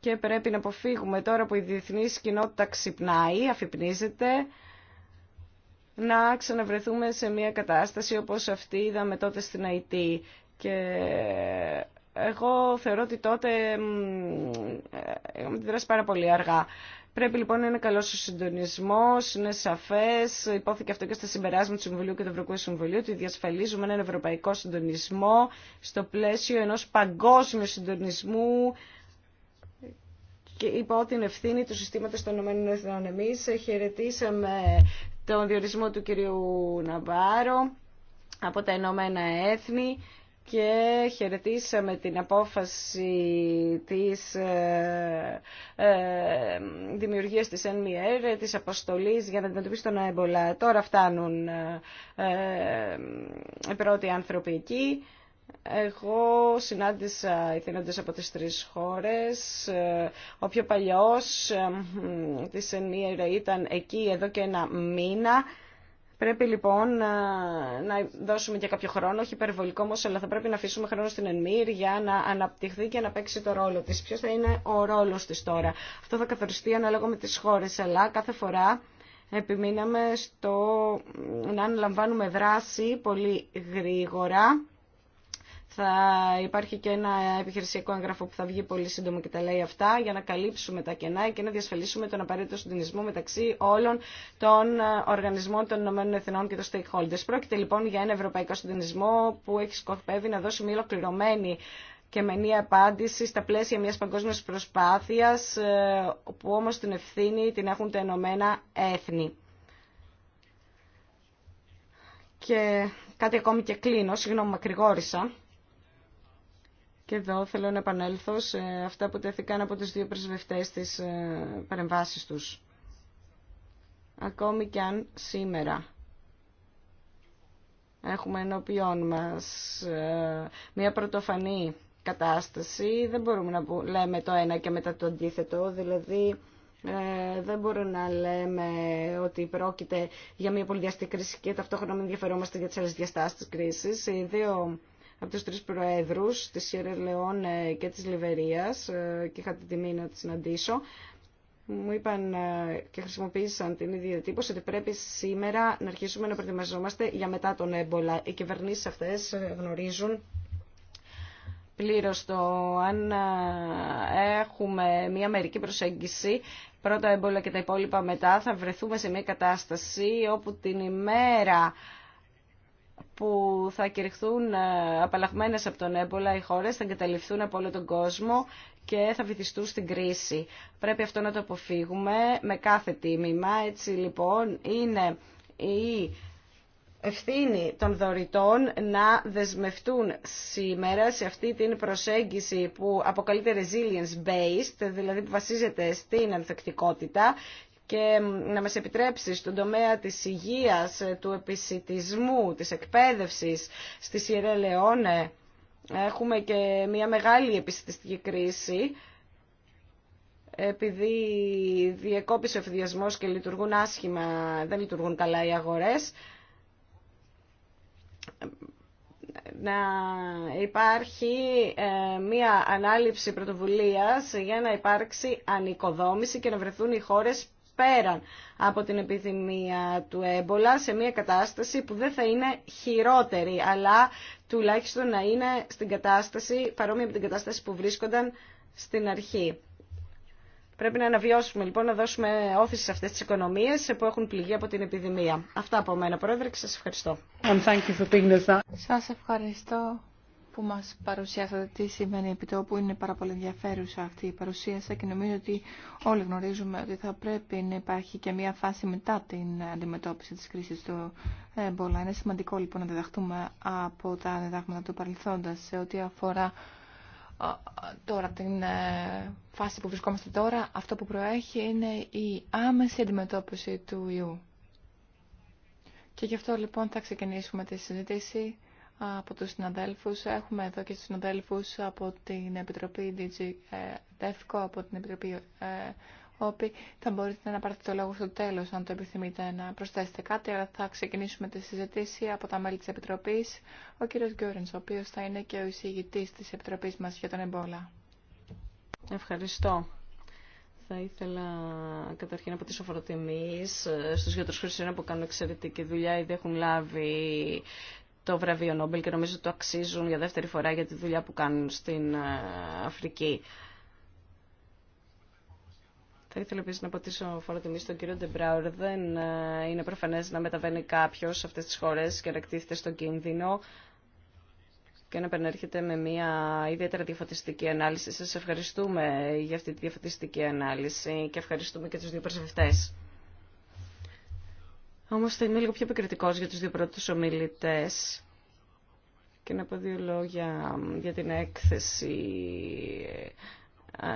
και πρέπει να αποφύγουμε τώρα που η διεθνή κοινότητα ξυπνάει, αφυπνίζεται, να ξαναβρεθούμε σε μια κατάσταση όπως αυτή είδαμε τότε στην Αιτή. Και εγώ θεωρώ ότι τότε είχαμε τη δράση πάρα πολύ αργά. Πρέπει λοιπόν να είναι καλό ο συντονισμό, είναι σαφέ. Υπόθηκε αυτό και στα συμπεράσματα του Συμβουλίου και του Ευρωπαϊκού Συμβουλίου ότι διασφαλίζουμε έναν ευρωπαϊκό συντονισμό στο πλαίσιο ενό παγκόσμιου συντονισμού και υπό την ευθύνη του συστήματο των ΗΠΑ. εμεί. χαιρετήσαμε τον διορισμό του κυρίου Ναβάρο από τα Ηνωμένα Έθνη και χαιρετήσαμε την απόφαση της ε, ε, δημιουργίας της NMR, e της αποστολής για να αντιμετωπίσει τον έμπολα. Τώρα φτάνουν οι ε, ε, πρώτοι άνθρωποι εκεί. Εγώ συνάντησα ηθήνοντες από τις τρεις χώρες. Ε, ο πιο παλιός ε, της NMR e ήταν εκεί εδώ και ένα μήνα. Πρέπει λοιπόν ε, να, δώσουμε και κάποιο χρόνο, όχι υπερβολικό όμω, αλλά θα πρέπει να αφήσουμε χρόνο στην ΕΝΜΗΡ για να αναπτυχθεί και να παίξει το ρόλο τη. Ποιο θα είναι ο ρόλο τη τώρα. Αυτό θα καθοριστεί ανάλογα με τι χώρε, αλλά κάθε φορά επιμείναμε στο να αναλαμβάνουμε δράση πολύ γρήγορα θα υπάρχει και ένα επιχειρησιακό έγγραφο που θα βγει πολύ σύντομα και τα λέει αυτά για να καλύψουμε τα κενά και να διασφαλίσουμε τον απαραίτητο συντονισμό μεταξύ όλων των ε, οργανισμών των Εθνών και των stakeholders. Πρόκειται λοιπόν για ένα ευρωπαϊκό συντονισμό που έχει σκοπεύει να δώσει μια ολοκληρωμένη και με μία απάντηση στα πλαίσια μιας παγκόσμιας προσπάθειας ε, που όμως την ευθύνη την έχουν τα Ενωμένα Έθνη. Και κάτι ακόμη και κλείνω, συγγνώμη μακρηγόρησα. Και εδώ θέλω να επανέλθω σε αυτά που τέθηκαν από τις δύο πρεσβευτές της ε, παρεμβάσεις τους. Ακόμη κι αν σήμερα έχουμε ενώπιόν μας ε, μια πρωτοφανή κατάσταση, δεν μπορούμε να λέμε το ένα και μετά το αντίθετο, δηλαδή ε, δεν μπορούμε να λέμε ότι πρόκειται για μια πολυδιαστή κρίση και ταυτόχρονα μην ενδιαφερόμαστε για τις άλλες διαστάσεις της κρίσης. Οι από τους τρεις προέδρους της Σιέρα Λεόν και της Λιβερίας ε, και είχα την τιμή να τη συναντήσω μου είπαν ε, και χρησιμοποίησαν την ίδια διατύπωση ότι πρέπει σήμερα να αρχίσουμε να προετοιμαζόμαστε για μετά τον έμπολα. Οι κυβερνήσει αυτές ε, γνωρίζουν πλήρως το αν έχουμε μια μερική προσέγγιση πρώτα έμπολα και τα υπόλοιπα μετά θα βρεθούμε σε μια κατάσταση όπου την ημέρα που θα κηρυχθούν ε, απαλλαγμένες από τον έμπολα οι χώρες, θα εγκαταλειφθούν από όλο τον κόσμο και θα βυθιστούν στην κρίση. Πρέπει αυτό να το αποφύγουμε με κάθε τίμημα. Έτσι λοιπόν είναι η ευθύνη των δωρητών να δεσμευτούν σήμερα σε αυτή την προσέγγιση που αποκαλείται resilience based, δηλαδή που βασίζεται στην ανθεκτικότητα και να μας επιτρέψει στον τομέα της υγείας, ε, του επισητισμού, της εκπαίδευσης στη Σιερέ Λεόνε. Έχουμε και μια μεγάλη επισητιστική κρίση επειδή διεκόπησε ο εφηδιασμός και λειτουργούν άσχημα, δεν λειτουργούν καλά οι αγορές, να υπάρχει ε, μία ανάληψη πρωτοβουλίας για να υπάρξει ανοικοδόμηση και να βρεθούν οι χώρες πέραν από την επιδημία του έμπολα σε μια κατάσταση που δεν θα είναι χειρότερη, αλλά τουλάχιστον να είναι στην κατάσταση παρόμοια με την κατάσταση που βρίσκονταν στην αρχή. Πρέπει να αναβιώσουμε λοιπόν, να δώσουμε όθηση σε αυτές τις οικονομίες που έχουν πληγεί από την επιδημία. Αυτά από μένα, Πρόεδρε, και σας ευχαριστώ. Σας ευχαριστώ που μας παρουσιάσατε τι σημαίνει επί Είναι πάρα πολύ ενδιαφέρουσα αυτή η παρουσίαση και νομίζω ότι όλοι γνωρίζουμε ότι θα πρέπει να υπάρχει και μια φάση μετά την αντιμετώπιση της κρίσης του έμπολα. Είναι σημαντικό λοιπόν να διδαχτούμε από τα διδάγματα του παρελθόντας σε ό,τι αφορά τώρα την ε, φάση που βρισκόμαστε τώρα. Αυτό που προέχει είναι η άμεση αντιμετώπιση του ιού. Και γι' αυτό λοιπόν θα ξεκινήσουμε τη συζήτηση από τους συναδέλφους. Έχουμε εδώ και τους συναδέλφους από την Επιτροπή DG ε, DEFCO, από την Επιτροπή ε, ΟΠΗ. Θα μπορείτε να πάρετε το λόγο στο τέλος, αν το επιθυμείτε να προσθέσετε κάτι, αλλά θα ξεκινήσουμε τη συζήτηση από τα μέλη της Επιτροπής, ο κύριος Γκιόρενς, ο οποίος θα είναι και ο εισηγητής της Επιτροπής μας για τον εμπόλα. Ευχαριστώ. Θα ήθελα καταρχήν να πατήσω φοροτιμή ε, στους γιατρούς χριστιανών που κάνουν εξαιρετική δουλειά. Ήδη έχουν λάβει το βραβείο Νόμπελ και νομίζω το αξίζουν για δεύτερη φορά για τη δουλειά που κάνουν στην ε, Αφρική. Θα ήθελα επίση να αποτύσσω φορά τιμή στον κύριο Ντεμπράουρ. Δεν ε, είναι προφανέ να μεταβαίνει κάποιο σε αυτέ τι χώρε και να εκτίθεται στον κίνδυνο και να επανέρχεται με μια ιδιαίτερα διαφωτιστική ανάλυση. Σα ευχαριστούμε για αυτή τη διαφωτιστική ανάλυση και ευχαριστούμε και του δύο προσευχητές. Όμως θα είμαι λίγο πιο επικριτικός για τους δύο πρώτους ομιλητές και να πω δύο λόγια για την έκθεση.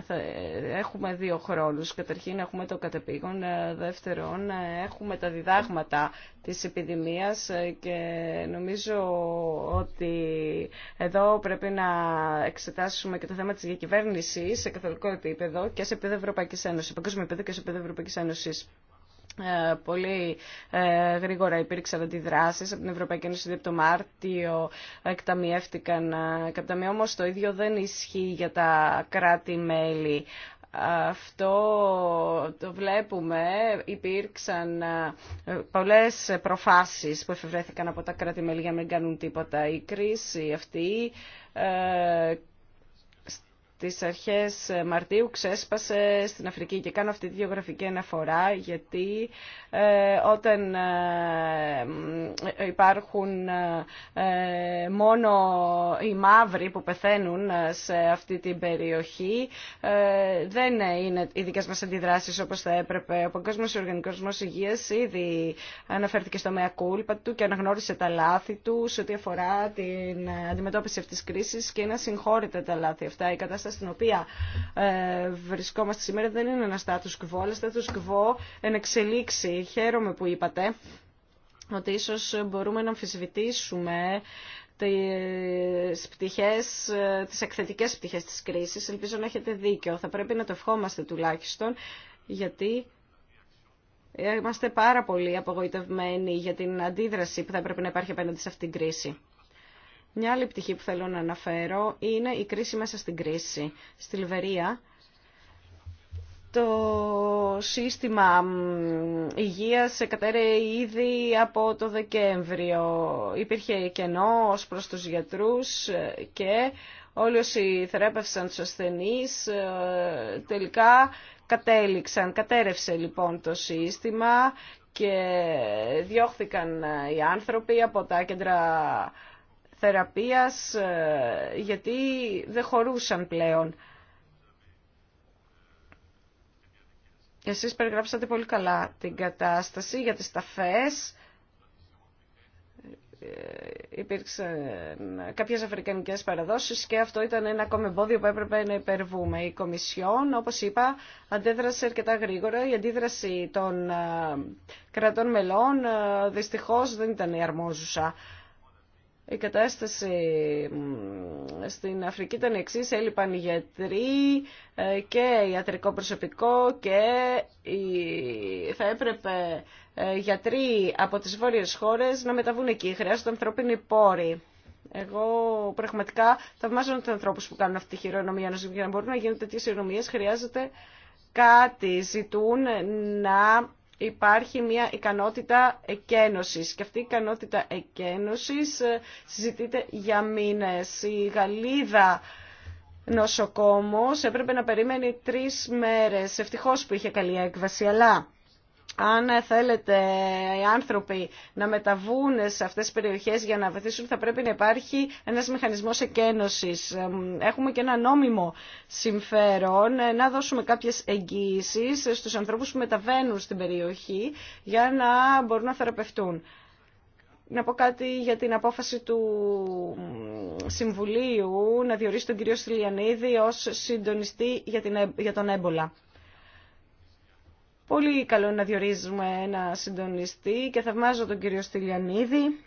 Ε, ε, έχουμε δύο χρόνους. Καταρχήν έχουμε το κατεπήγον, ε, δεύτερον έχουμε τα διδάγματα της επιδημίας και νομίζω ότι εδώ πρέπει να εξετάσουμε και το θέμα της διακυβέρνησης σε καθολικό επίπεδο και σε επίπεδο Ευρωπαϊκής Ένωσης, επίπεδο και σε επίπεδο Ευρωπαϊκής Ένωσης. Ε, πολύ ε, γρήγορα υπήρξαν αντιδράσεις από την Ευρωπαϊκή Ένωση από το Μάρτιο εκταμιεύτηκαν ε, καταμία. όμως το ίδιο δεν ισχύει για τα κράτη-μέλη αυτό το βλέπουμε. Υπήρξαν πολλές προφάσεις που εφευρέθηκαν από τα κράτη-μέλη για να μην κάνουν τίποτα. Η κρίση αυτή στις αρχές Μαρτίου ξέσπασε στην Αφρική και κάνω αυτή τη γεωγραφική αναφορά γιατί ε, όταν ε, υπάρχουν ε, μόνο οι μαύροι που πεθαίνουν ε, σε αυτή την περιοχή ε, δεν είναι οι δικές μας αντιδράσεις όπως θα έπρεπε. Ο Παγκόσμιος Οργανικό Υγείας ήδη αναφέρθηκε στο μέα κούλπα του και αναγνώρισε τα λάθη του σε ό,τι αφορά την αντιμετώπιση αυτής της κρίσης και είναι συγχώρητα τα λάθη αυτά. Η κατάσταση στην οποία ε, βρισκόμαστε σήμερα δεν είναι ένα status quo, αλλά status quo ενεξελίξει. Χαίρομαι που είπατε ότι ίσως μπορούμε να αμφισβητήσουμε τις πτυχές, τις εκθετικές πτυχές της κρίσης. Ελπίζω να έχετε δίκιο. Θα πρέπει να το ευχόμαστε τουλάχιστον, γιατί είμαστε πάρα πολύ απογοητευμένοι για την αντίδραση που θα έπρεπε να υπάρχει απέναντι σε αυτήν την κρίση. Μια άλλη πτυχή που θέλω να αναφέρω είναι η κρίση μέσα στην κρίση. Στη Λιβερία το σύστημα υγείας κατέρεε ήδη από το Δεκέμβριο. Υπήρχε κενό ως προς τους γιατρούς και όλοι όσοι θρέπευσαν τους ασθενείς ε, τελικά κατέληξαν. Κατέρευσε λοιπόν το σύστημα και διώχθηκαν ε, οι άνθρωποι από τα κέντρα θεραπείας ε, γιατί δεν χωρούσαν πλέον. Εσείς περιγράψατε πολύ καλά την κατάσταση για τις ταφές. Ε, υπήρξαν κάποιες αφρικανικές παραδόσεις και αυτό ήταν ένα ακόμα εμπόδιο που έπρεπε να υπερβούμε. Η Κομισιόν, όπως είπα, αντέδρασε αρκετά γρήγορα. Η αντίδραση των ε, κρατών μελών δυστυχώς δεν ήταν η αρμόζουσα η κατάσταση στην Αφρική ήταν εξή. Έλειπαν οι γιατροί ε, και ιατρικό προσωπικό και θα έπρεπε ε, γιατροί από τις βόρειες χώρες να μεταβούν εκεί. Χρειάζονται ανθρώπινοι πόροι. Εγώ πραγματικά θαυμάζω του ανθρώπου που κάνουν αυτή τη χειρονομία. Για να μπορούν να γίνουν τέτοιε χειρονομίε χρειάζεται κάτι. Ζητούν να υπάρχει μια ικανότητα εκένωσης και αυτή η ικανότητα εκένωσης ε, συζητείται για μήνες. Η Γαλλίδα νοσοκόμος έπρεπε να περιμένει τρεις μέρες. Ευτυχώς που είχε καλή έκβαση, αλλά αν θέλετε οι άνθρωποι να μεταβούν σε αυτές τις περιοχές για να βοηθήσουν θα πρέπει να υπάρχει ένας μηχανισμός εκένωσης. Έχουμε και ένα νόμιμο συμφέρον ε, να δώσουμε κάποιες εγγύησεις στους ανθρώπους που μεταβαίνουν στην περιοχή για να μπορούν να θεραπευτούν. Να πω κάτι για την απόφαση του Συμβουλίου να διορίσει τον κύριο Στυλιανίδη ως συντονιστή για ε, τον έμπολα. Πολύ καλό είναι να διορίζουμε ένα συντονιστή και θαυμάζω τον κύριο Στυλιανίδη,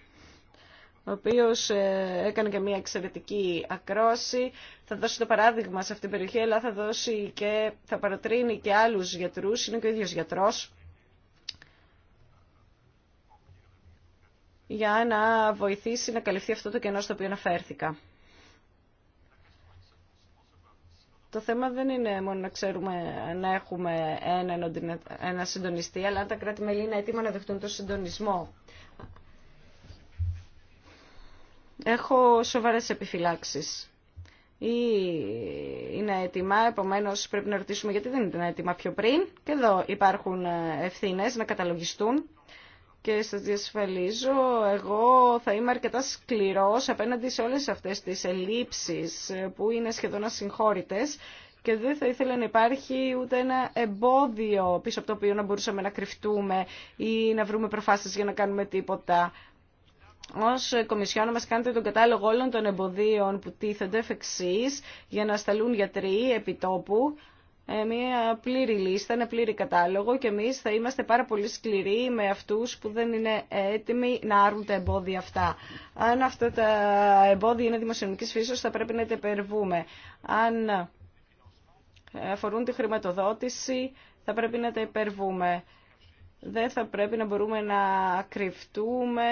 ο οποίος ε, έκανε και μια εξαιρετική ακρόση. Θα δώσει το παράδειγμα σε αυτήν την περιοχή, αλλά θα δώσει και, θα παροτρύνει και άλλους γιατρούς, είναι και ο ίδιος γιατρός. για να βοηθήσει να καλυφθεί αυτό το κενό στο οποίο αναφέρθηκα. Το θέμα δεν είναι μόνο να ξέρουμε να έχουμε ένα, ένα συντονιστή, αλλά αν τα κράτη-μέλη είναι έτοιμα να δεχτούν τον συντονισμό. Έχω σοβαρές επιφυλάξεις. Ή είναι έτοιμα, επομένως πρέπει να ρωτήσουμε γιατί δεν ήταν έτοιμα πιο πριν. Και εδώ υπάρχουν ευθύνες να καταλογιστούν και σας διασφαλίζω, εγώ θα είμαι αρκετά σκληρός απέναντι σε όλες αυτές τις ελλείψεις που είναι σχεδόν ασυγχώρητες και δεν θα ήθελα να υπάρχει ούτε ένα εμπόδιο πίσω από το οποίο να μπορούσαμε να κρυφτούμε ή να βρούμε προφάσεις για να κάνουμε τίποτα. Ω Κομισιόν, μα κάνετε τον κατάλογο όλων των εμποδίων που τίθενται εφ' για να σταλούν γιατροί επιτόπου ε, μια πλήρη λίστα, ένα πλήρη κατάλογο και εμείς θα είμαστε πάρα πολύ σκληροί με αυτούς που δεν είναι έτοιμοι να άρουν τα εμπόδια αυτά. Αν αυτά τα εμπόδια είναι δημοσιονομικής φύσης θα πρέπει να τα υπερβούμε. Αν αφορούν τη χρηματοδότηση θα πρέπει να τα υπερβούμε. Δεν θα πρέπει να μπορούμε να κρυφτούμε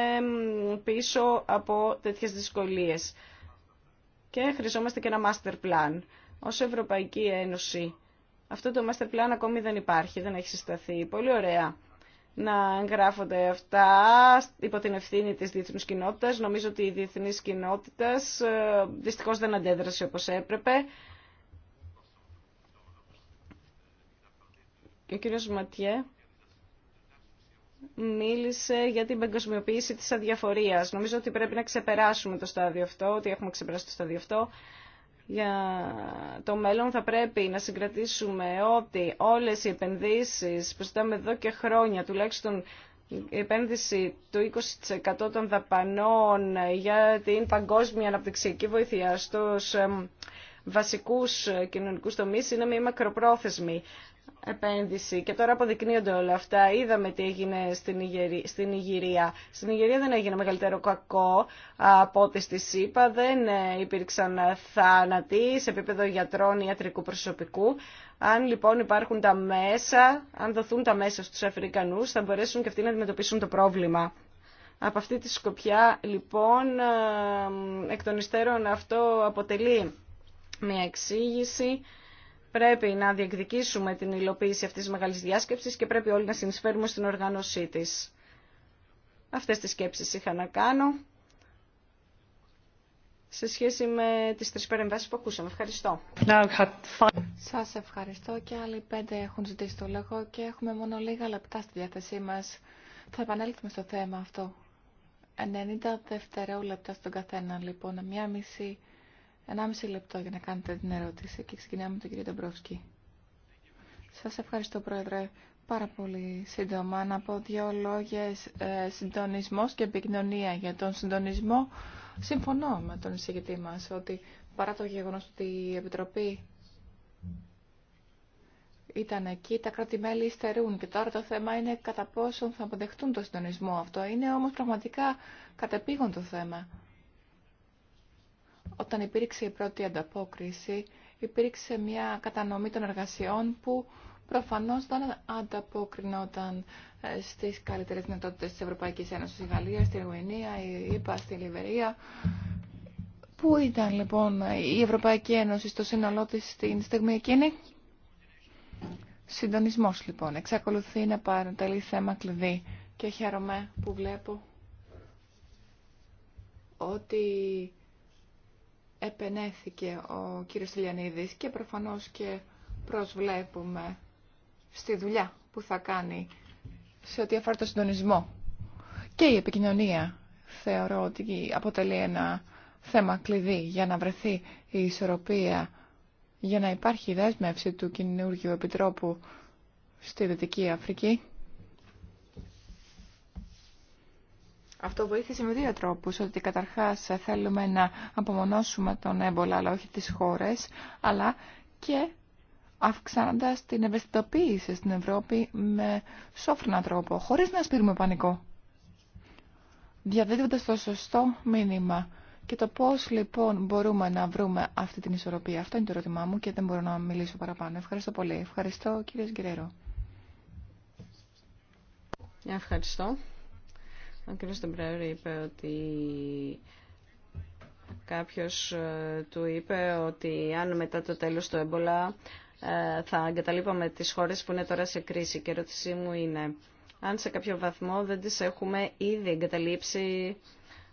πίσω από τέτοιες δυσκολίες. Και χρειαζόμαστε και ένα master plan. Ως Ευρωπαϊκή Ένωση αυτό το master plan ακόμη δεν υπάρχει, δεν έχει συσταθεί. Πολύ ωραία να εγγράφονται αυτά υπό την ευθύνη της διεθνούς κοινότητας. Νομίζω ότι η διεθνή κοινότητα ε, δυστυχώς δεν αντέδρασε όπως έπρεπε. Ο κύριος Ματιέ μίλησε για την παγκοσμιοποίηση της αδιαφορίας. Νομίζω ότι πρέπει να ξεπεράσουμε το στάδιο αυτό, ότι έχουμε ξεπεράσει το στάδιο αυτό για το μέλλον θα πρέπει να συγκρατήσουμε ότι όλες οι επενδύσεις που ζητάμε εδώ και χρόνια, τουλάχιστον η επένδυση του 20% των δαπανών για την παγκόσμια αναπτυξιακή βοήθεια στους βασικούς κοινωνικούς τομείς είναι μια μακροπρόθεσμη επένδυση. Και τώρα αποδεικνύονται όλα αυτά. Είδαμε τι έγινε στην, στην Ιγυρία. Στην Ιγυρία δεν έγινε μεγαλύτερο κακό από ό,τι στη ΣΥΠΑ. Δεν ε, υπήρξαν ε, θάνατοι σε επίπεδο γιατρών ή ιατρικού προσωπικού. Αν λοιπόν υπάρχουν τα μέσα, αν δοθούν τα μέσα στους Αφρικανούς, θα μπορέσουν και αυτοί να αντιμετωπίσουν το πρόβλημα. Από αυτή τη σκοπιά, λοιπόν, ε, εκ των υστέρων αυτό αποτελεί μια εξήγηση Πρέπει να διεκδικήσουμε την υλοποίηση αυτής της μεγάλης διάσκεψης και πρέπει όλοι να συνεισφέρουμε στην οργάνωσή της. Αυτές τις σκέψεις είχα να κάνω σε σχέση με τις τρεις παρεμβάσεις που ακούσαμε. Ευχαριστώ. Σας ευχαριστώ και άλλοι πέντε έχουν ζητήσει το λόγο και έχουμε μόνο λίγα λεπτά στη διάθεσή μας. Θα επανέλθουμε στο θέμα αυτό. 90 λεπτά στον καθένα, λοιπόν, μια μισή 1,5 λεπτό για να κάνετε την ερώτηση και ξεκινάμε με τον κύριο Ντομπρόφσκι. Σας ευχαριστώ Πρόεδρε. Πάρα πολύ σύντομα να πω δύο λόγια ε, συντονισμός και επικοινωνία. Για τον συντονισμό συμφωνώ με τον εισηγητή μας ότι παρά το γεγονός ότι η Επιτροπή ήταν εκεί, τα κράτη-μέλη υστερούν και τώρα το θέμα είναι κατά πόσον θα αποδεχτούν τον συντονισμό αυτό. Είναι όμως πραγματικά κατεπήγον το θέμα. Όταν υπήρξε η πρώτη ανταπόκριση, υπήρξε μια κατανομή των εργασιών που προφανώς δεν ανταποκρινόταν ε, στις καλύτερες δυνατότητες της Ευρωπαϊκής Ένωσης. Η Γαλλία, στη Ρουμανία, η ΕΠΑ, στη Λιβερία. Πού ήταν λοιπόν η Ευρωπαϊκή Ένωση στο σύνολό της στην στιγμή εκείνη. Συντονισμός λοιπόν. Εξακολουθεί να παρατελεί θέμα κλειδί. Και χαίρομαι που βλέπω ότι επενέθηκε ο κύριος Τηλιανίδης και προφανώς και προσβλέπουμε στη δουλειά που θα κάνει σε ό,τι αφορά το συντονισμό. Και η επικοινωνία θεωρώ ότι αποτελεί ένα θέμα κλειδί για να βρεθεί η ισορροπία, για να υπάρχει η δέσμευση του Κοινούργιου Επιτρόπου στη Δυτική Αφρική Αυτό βοήθησε με δύο τρόπους, ότι καταρχάς θέλουμε να απομονώσουμε τον έμπολα, αλλά όχι τις χώρες, αλλά και αυξάνοντας την ευαισθητοποίηση στην Ευρώπη με σόφρονα τρόπο, χωρίς να σπείρουμε πανικό. Διαδίδοντας το σωστό μήνυμα και το πώς λοιπόν μπορούμε να βρούμε αυτή την ισορροπία. Αυτό είναι το ερώτημά μου και δεν μπορώ να μιλήσω παραπάνω. Ευχαριστώ πολύ. Ευχαριστώ κύριε Σγκυρέρο. Ευχαριστώ. Ο κ. είπε ότι κάποιος ε, του είπε ότι αν μετά το τέλος του έμπολα ε, θα εγκαταλείπαμε τις χώρες που είναι τώρα σε κρίση. Και η ερώτησή μου είναι αν σε κάποιο βαθμό δεν τις έχουμε ήδη εγκαταλείψει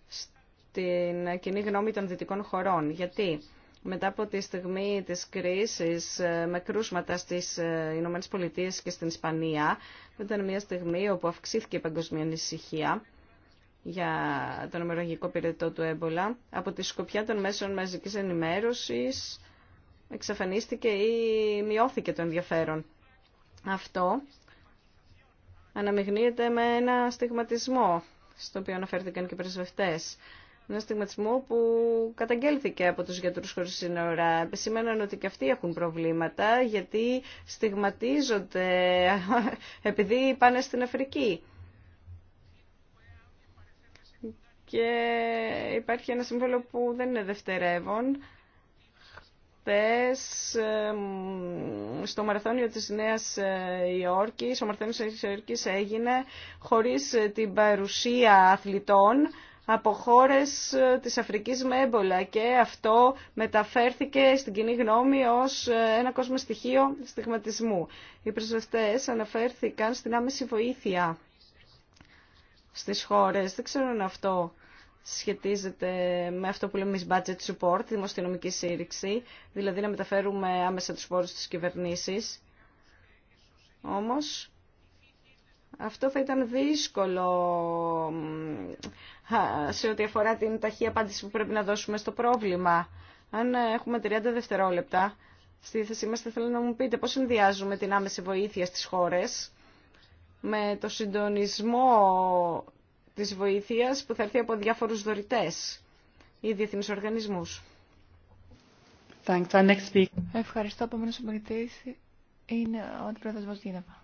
στην κοινή γνώμη των δυτικών χωρών. Γιατί μετά από τη στιγμή της κρίσης ε, με κρούσματα στις Ηνωμένες και στην Ισπανία, ήταν μια στιγμή όπου αυξήθηκε η παγκοσμία ανησυχία για τον ομολογικό πυρετό του έμπολα. Από τη σκοπιά των μέσων μαζικής ενημέρωσης εξαφανίστηκε ή μειώθηκε το ενδιαφέρον. Αυτό αναμειγνύεται με ένα στιγματισμό, στο οποίο αναφέρθηκαν και οι πρεσβευτές. Ένα στιγματισμό που καταγγέλθηκε από τους γιατρούς χωρίς σύνορα. Επισήμεναν ότι και αυτοί έχουν προβλήματα, γιατί στιγματίζονται επειδή πάνε στην Αφρική. και υπάρχει ένα σύμβολο που δεν είναι δευτερεύον. Χθες στο μαραθώνιο της Νέας ε, Υόρκης, ο μαραθώνιος της Υόρκης έγινε χωρίς ε, την παρουσία αθλητών από χώρες ε, της Αφρικής με έμπολα και αυτό μεταφέρθηκε στην κοινή γνώμη ως ένα κόσμο στοιχείο στιγματισμού. Οι προσβευτές αναφέρθηκαν στην άμεση βοήθεια στις χώρες. Δεν ξέρω αυτό σχετίζεται με αυτό που λέμε budget support, δημοσιονομική σύρρηξη, δηλαδή να μεταφέρουμε άμεσα τους φόρους στις κυβερνήσεις. Όμως, αυτό θα ήταν δύσκολο σε ό,τι αφορά την ταχεία απάντηση που πρέπει να δώσουμε στο πρόβλημα. Αν έχουμε 30 δευτερόλεπτα στη θέση μας, θα θέλω να μου πείτε πώς συνδυάζουμε την άμεση βοήθεια στις χώρες με το συντονισμό της βοήθειας που θα έρθει από διάφορους δωρητές ή διεθνείς οργανισμούς. Ευχαριστώ. Ο ο είναι ο Αντιπρόεδρος Βοσγίνεβα.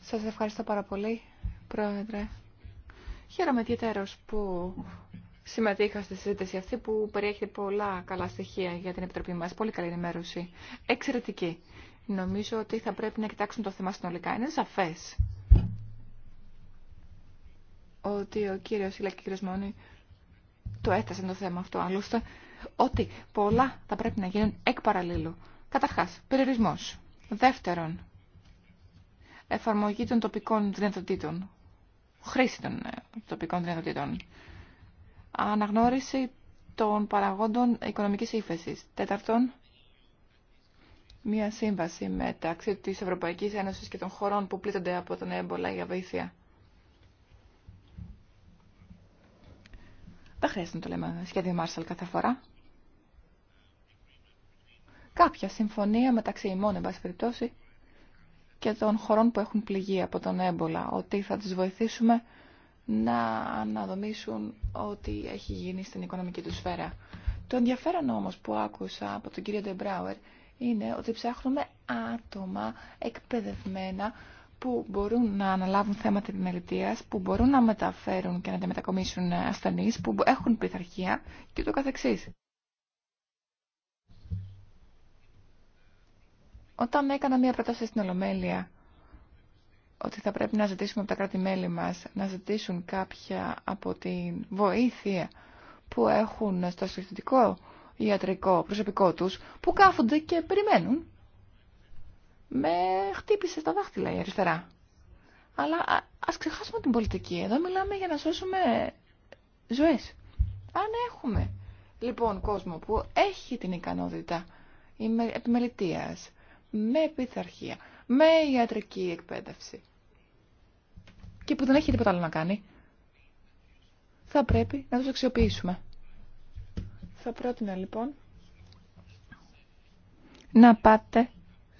Σας ευχαριστώ πάρα πολύ, Πρόεδρε. Χαίρομαι ιδιαίτερως που συμμετείχα στη συζήτηση αυτή που περιέχει πολλά καλά στοιχεία για την Επιτροπή μας. Πολύ καλή ενημέρωση. Εξαιρετική. Νομίζω ότι θα πρέπει να κοιτάξουν το θέμα συνολικά. Είναι σαφές ότι ο κύριος Ήλα και το έθεσαν το θέμα αυτό άλλωστε, ότι πολλά θα πρέπει να γίνουν εκ παραλλήλου. Καταρχάς, περιορισμός. Δεύτερον, εφαρμογή των τοπικών δυνατοτήτων, χρήση των ε, τοπικών δυνατοτήτων, αναγνώριση των παραγόντων οικονομικής ύφεση. Τέταρτον, μία σύμβαση μεταξύ της Ευρωπαϊκής Ένωσης και των χωρών που πλήττονται από τον έμπολα για βοήθεια. Δεν χρειάζεται να το λέμε σχέδιο Μάρσαλ κάθε φορά. Κάποια συμφωνία μεταξύ ημών, εν και των χωρών που έχουν πληγεί από τον έμπολα, ότι θα τις βοηθήσουμε να αναδομήσουν ό,τι έχει γίνει στην οικονομική του σφαίρα. Το ενδιαφέρον όμως που άκουσα από τον κύριο Ντεμπράουερ είναι ότι ψάχνουμε άτομα εκπαιδευμένα που μπορούν να αναλάβουν θέματα επιμελητίας, που μπορούν να μεταφέρουν και να τα μετακομίσουν ασθενείς, που έχουν πειθαρχία και το καθεξής. Όταν έκανα μία πρόταση στην Ολομέλεια ότι θα πρέπει να ζητήσουμε από τα κράτη-μέλη μας να ζητήσουν κάποια από τη βοήθεια που έχουν στο συστητικό ιατρικό προσωπικό τους που κάθονται και περιμένουν με χτύπησε στα δάχτυλα η αριστερά. Αλλά ας ξεχάσουμε την πολιτική. Εδώ μιλάμε για να σώσουμε ζωές. Αν έχουμε λοιπόν κόσμο που έχει την ικανότητα επιμελητίας, με πειθαρχία, με ιατρική εκπαίδευση και που δεν έχει τίποτα άλλο να κάνει, θα πρέπει να τους αξιοποιήσουμε. Θα πρότεινα λοιπόν να πάτε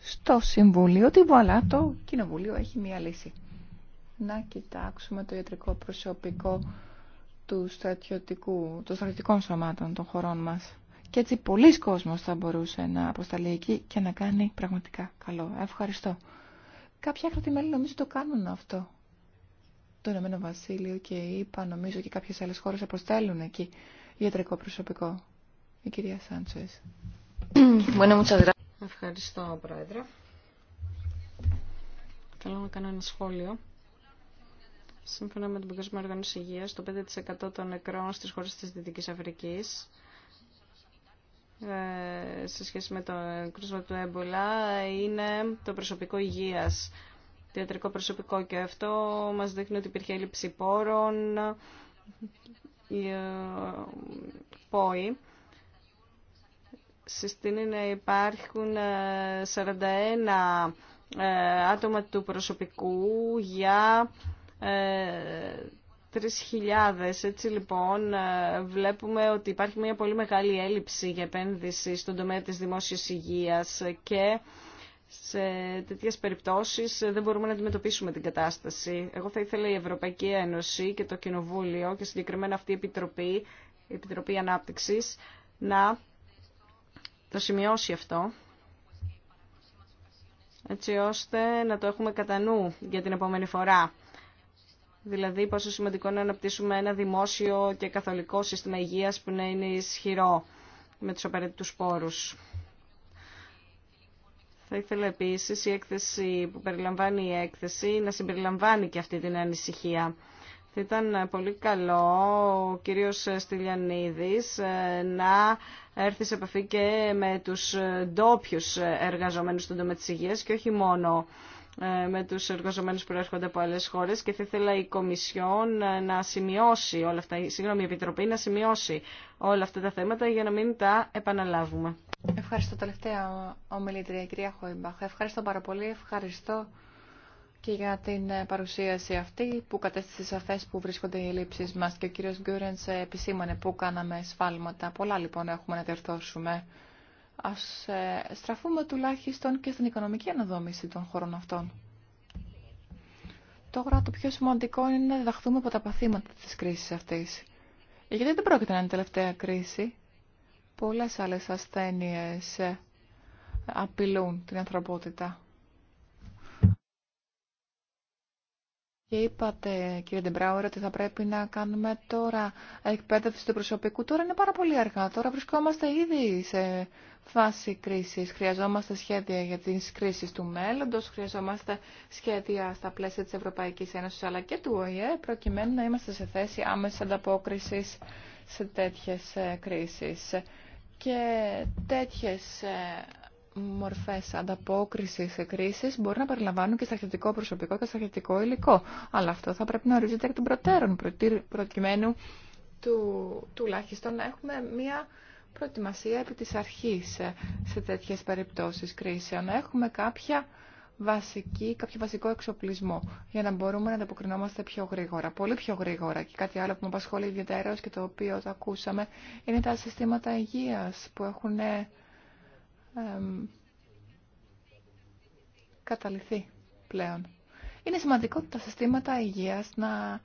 στο Συμβούλιο ότι βουαλά το Κοινοβούλιο έχει μία λύση. Να κοιτάξουμε το ιατρικό προσωπικό του στρατιωτικού, των στρατιωτικών σωμάτων των χωρών μας. Και έτσι πολλοί κόσμος θα μπορούσε να αποσταλεί εκεί και να κάνει πραγματικά καλό. Ευχαριστώ. Κάποια κρατημέλη νομίζω το κάνουν αυτό. Το Ηνωμένο Βασίλειο και είπα, ΕΕ, νομίζω και κάποιες άλλες χώρες αποστέλουν εκεί ιατρικό προσωπικό. Η κυρία Σάντσες. Ευχαριστώ, Πρόεδρε. Θέλω να κάνω ένα σχόλιο. Σύμφωνα με την Παγκόσμια Οργάνωση Υγεία, το 5% των νεκρών στι χώρε τη Δυτική Αφρική ε, σε σχέση με το κρούσμα του έμπολα είναι το προσωπικό υγεία, το ιατρικό προσωπικό και αυτό μα δείχνει ότι υπήρχε έλλειψη πόρων, ε, πόη συστήνει να υπάρχουν 41 ε, ε, άτομα του προσωπικού για 3.000. Ε, Έτσι λοιπόν βλέπουμε ότι υπάρχει μια πολύ μεγάλη έλλειψη για επένδυση στον τομέα της δημόσιας υγείας και σε τέτοιες περιπτώσεις δεν μπορούμε να αντιμετωπίσουμε την κατάσταση. Εγώ θα ήθελα η Ευρωπαϊκή Ένωση και το Κοινοβούλιο και συγκεκριμένα αυτή η Επιτροπή, η Επιτροπή Ανάπτυξης, να το σημειώσει αυτό, έτσι ώστε να το έχουμε κατά νου για την επόμενη φορά. Δηλαδή πόσο σημαντικό είναι να αναπτύσσουμε ένα δημόσιο και καθολικό σύστημα υγείας που να είναι ισχυρό με τους απαραίτητους πόρους. Θα ήθελα επίσης η έκθεση που περιλαμβάνει η έκθεση να συμπεριλαμβάνει και αυτή την ανησυχία θα ήταν πολύ καλό ο κύριος Στυλιανίδης ε, να έρθει σε επαφή και με τους ντόπιου εργαζομένους στον τομέα της υγείας και όχι μόνο ε, με τους εργαζομένους που έρχονται από άλλες χώρες και θα ήθελα η Κομισιόν ε, να σημειώσει όλα αυτά, συγγνώμη, Επιτροπή να σημειώσει όλα αυτά τα θέματα για να μην τα επαναλάβουμε. Ευχαριστώ τελευταία ομιλήτρια, κυρία Χόιμπαχ. Ευχαριστώ πάρα πολύ. Ευχαριστώ και για την ε, παρουσίαση αυτή που κατέστησε σαφέ που βρίσκονται οι ελλείψεις μα και ο κύριος Γκούρεν ε, επισήμανε που κάναμε σφάλματα. Πολλά λοιπόν έχουμε να διορθώσουμε. Ας ε, στραφούμε τουλάχιστον και στην οικονομική αναδόμηση των χωρών αυτών. Τώρα το πιο σημαντικό είναι να διδαχθούμε από τα παθήματα τη κρίση αυτή. Γιατί δεν πρόκειται να είναι η τελευταία κρίση. Πολλέ άλλε ασθένειε απειλούν την ανθρωπότητα. Και είπατε, κύριε Ντεμπράουερ, ότι θα πρέπει να κάνουμε τώρα εκπαίδευση του προσωπικού. Τώρα είναι πάρα πολύ αργά. Τώρα βρισκόμαστε ήδη σε φάση κρίσης. Χρειαζόμαστε σχέδια για τις κρίσεις του μέλλοντος, χρειαζόμαστε σχέδια στα πλαίσια της Ευρωπαϊκής Ένωσης αλλά και του ΟΗΕ, προκειμένου να είμαστε σε θέση άμεσης ανταπόκρισης σε τέτοιες ε, κρίσεις. Και τέτοιες ε, Μορφέ ανταπόκριση σε κρίσει μπορεί να περιλαμβάνουν και στρατιωτικό προσωπικό και στρατιωτικό υλικό. Αλλά αυτό θα πρέπει να ορίζεται εκ των προτέρων, προκειμένου του, τουλάχιστον να έχουμε μία προετοιμασία επί της αρχής σε τέτοιες περιπτώσεις κρίσεων. Να έχουμε κάποια βασική, κάποιο βασικό εξοπλισμό για να μπορούμε να ανταποκρινόμαστε πιο γρήγορα, πολύ πιο γρήγορα. Και κάτι άλλο που με απασχολεί ιδιαίτερα και το οποίο το ακούσαμε είναι τα συστήματα υγεία που έχουν καταληθεί πλέον. Είναι σημαντικό τα συστήματα υγείας να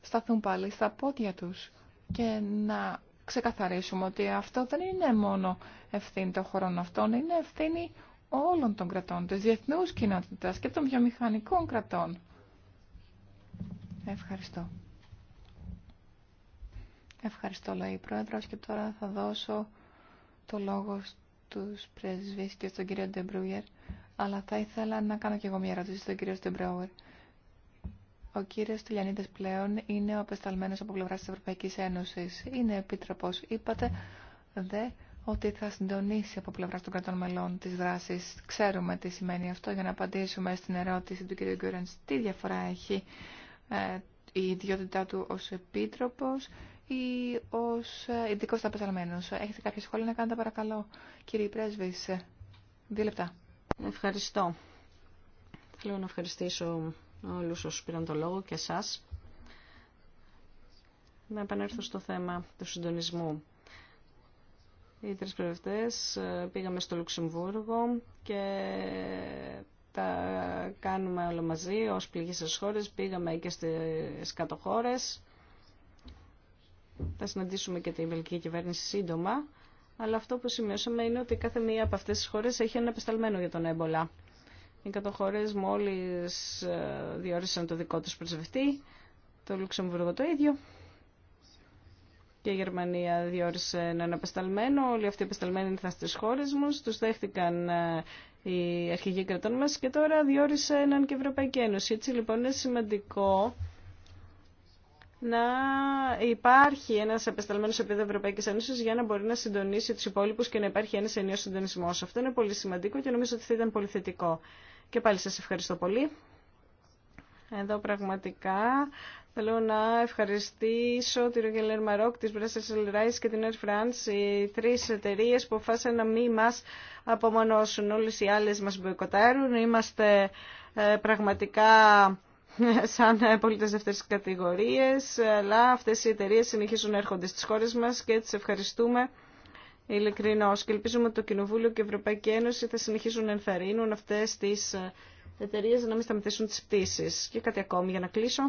σταθούν πάλι στα πόδια τους και να ξεκαθαρίσουμε ότι αυτό δεν είναι μόνο ευθύνη των χωρών αυτών, είναι ευθύνη όλων των κρατών, της διεθνούς κοινότητας και των βιομηχανικών κρατών. Ευχαριστώ. Ευχαριστώ, λέει η Πρόεδρος, και τώρα θα δώσω το λόγο στους πρεσβείς και στον κύριο Ντεμπρούγερ, αλλά θα ήθελα να κάνω και εγώ μια ερώτηση στον κύριο Ντεμπρούγερ. Ο κύριο Τουλιανίδη πλέον είναι ο απεσταλμένο από πλευρά τη Ευρωπαϊκή Ένωση. Είναι επίτροπο. Είπατε δε ότι θα συντονίσει από πλευρά των κρατών μελών τι δράσει. Ξέρουμε τι σημαίνει αυτό για να απαντήσουμε στην ερώτηση του κύριου Γκούρεντ. Τι διαφορά έχει ε, η ιδιότητά του ω επίτροπο ή ως ε, ειδικός ταπεζαλμένος. Έχετε κάποια σχόλια να κάνετε παρακαλώ, κύριε Πρέσβη. Ε, δύο λεπτά. Ευχαριστώ. Θέλω να ευχαριστήσω όλους όσου πήραν το λόγο και εσά Να επανέλθω στο θέμα του συντονισμού. Οι τρεις προεδρευτές ε, πήγαμε στο Λουξεμβούργο και τα κάνουμε όλα μαζί ως πληγήσεις χώρες. Πήγαμε και στις κατοχώρες θα συναντήσουμε και την Βελγική κυβέρνηση σύντομα. Αλλά αυτό που σημειώσαμε είναι ότι κάθε μία από αυτές τις χώρες έχει ένα απεσταλμένο για τον έμπολα. Οι χώρε μόλις ε, διόρισαν το δικό τους πρεσβευτή, το Λουξεμβούργο το ίδιο. Και η Γερμανία διόρισε έναν απεσταλμένο. Όλοι αυτοί οι απεσταλμένοι ήρθαν στι χώρε μου, του δέχτηκαν ε, οι αρχηγοί κρατών μα και τώρα διόρισε έναν και Ευρωπαϊκή Ένωση. Έτσι λοιπόν είναι σημαντικό να υπάρχει ένα απεσταλμένο επίπεδο Ευρωπαϊκή Ένωση για να μπορεί να συντονίσει του υπόλοιπου και να υπάρχει ένα ενίο συντονισμό. Αυτό είναι πολύ σημαντικό και νομίζω ότι θα ήταν πολύ θετικό. Και πάλι σα ευχαριστώ πολύ. Εδώ πραγματικά θέλω να ευχαριστήσω τη Ρογγελέρ Μαρόκ, τη Brussels Rice και την Air France, οι τρει εταιρείε που αποφάσισαν να μην μα απομονώσουν. Όλε οι άλλε μα μποϊκοτάρουν. Είμαστε ε, πραγματικά σαν ε, πολίτες δεύτερη κατηγορίες, αλλά αυτές οι εταιρείες συνεχίζουν να έρχονται στις χώρες μας και τις ευχαριστούμε ειλικρινώς και ελπίζουμε ότι το Κοινοβούλιο και η Ευρωπαϊκή Ένωση θα συνεχίσουν να ενθαρρύνουν αυτές τις ε, εταιρείε να μην σταματήσουν τις πτήσεις. Και κάτι ακόμη για να κλείσω,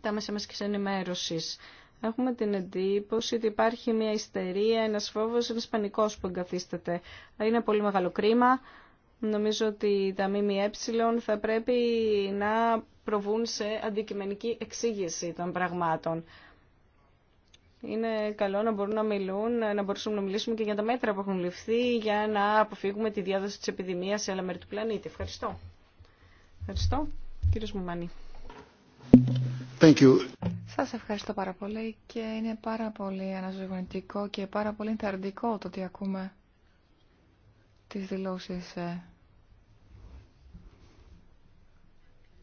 τα μέσα μας και σε Έχουμε την εντύπωση ότι υπάρχει μια ιστερία, ένας φόβος, ένας πανικός που εγκαθίσταται. Είναι πολύ μεγάλο κρίμα. Νομίζω ότι τα ΜΜΕ θα πρέπει να προβούν σε αντικειμενική εξήγηση των πραγμάτων. Είναι καλό να μπορούν να μιλούν, να μπορούσαμε να μιλήσουμε και για τα μέτρα που έχουν ληφθεί για να αποφύγουμε τη διάδοση της επιδημίας σε άλλα μέρη του πλανήτη. Ευχαριστώ. Ευχαριστώ. Κύριος Μουμάνη. Thank Σας ευχαριστώ πάρα πολύ και είναι πάρα πολύ αναζωογονητικό και πάρα πολύ ενθαρρυντικό το ότι ακούμε τις δηλώσεις ε,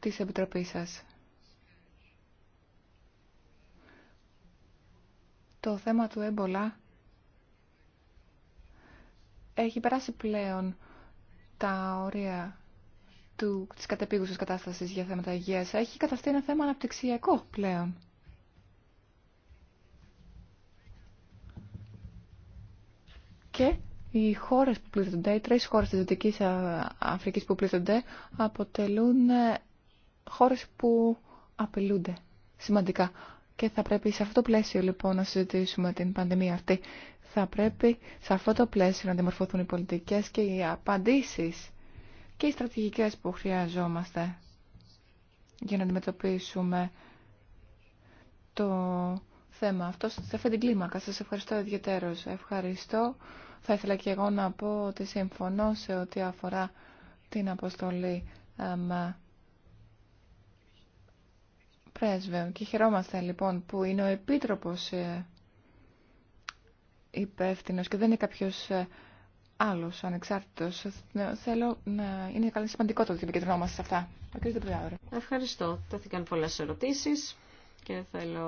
της Επιτροπής σας. Το θέμα του έμπολα έχει περάσει πλέον τα όρια του, της κατεπίγουσας κατάστασης για θέματα υγείας. Έχει καταστεί ένα θέμα αναπτυξιακό πλέον. Και οι χώρες που πλήττονται, οι τρεις χώρες της Δυτικής Αφρικής που πλήττονται, αποτελούν ε, χώρες που απειλούνται σημαντικά. Και θα πρέπει σε αυτό το πλαίσιο λοιπόν να συζητήσουμε την πανδημία αυτή. Θα πρέπει σε αυτό το πλαίσιο να δημορφωθούν οι πολιτικές και οι απαντήσεις και οι στρατηγικές που χρειαζόμαστε για να αντιμετωπίσουμε το θέμα αυτό σε αυτή την κλίμακα. Σας ευχαριστώ ιδιαίτερως. Ευχαριστώ. Θα ήθελα και εγώ να πω ότι συμφωνώ σε ό,τι αφορά την αποστολή πρέσβεων. Και χαιρόμαστε λοιπόν που είναι ο Επίτροπος ε, υπεύθυνο και δεν είναι κάποιος ε, άλλος ανεξάρτητος. Θέλω να είναι καλά σημαντικό το ότι επικεντρωνόμαστε σε αυτά. Ευχαριστώ. Τέθηκαν πολλές ερωτήσεις και θέλω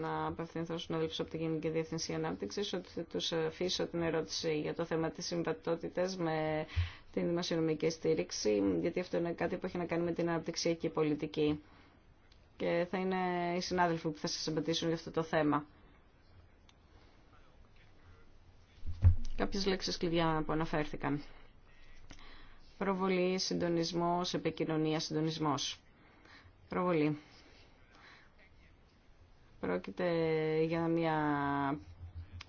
να απευθυνθώ στον αδελφό από την Γενική Διευθυνσία Ανάπτυξη ότι θα του αφήσω την ερώτηση για το θέμα τη συμβατότητα με την δημοσιονομική στήριξη, γιατί αυτό είναι κάτι που έχει να κάνει με την αναπτυξιακή πολιτική και θα είναι οι συνάδελφοι που θα σας απαντήσουν για αυτό το θέμα. Κάποιες λέξεις κλειδιά που αναφέρθηκαν. Προβολή, συντονισμός, επικοινωνία, συντονισμός. Προβολή. Πρόκειται για μια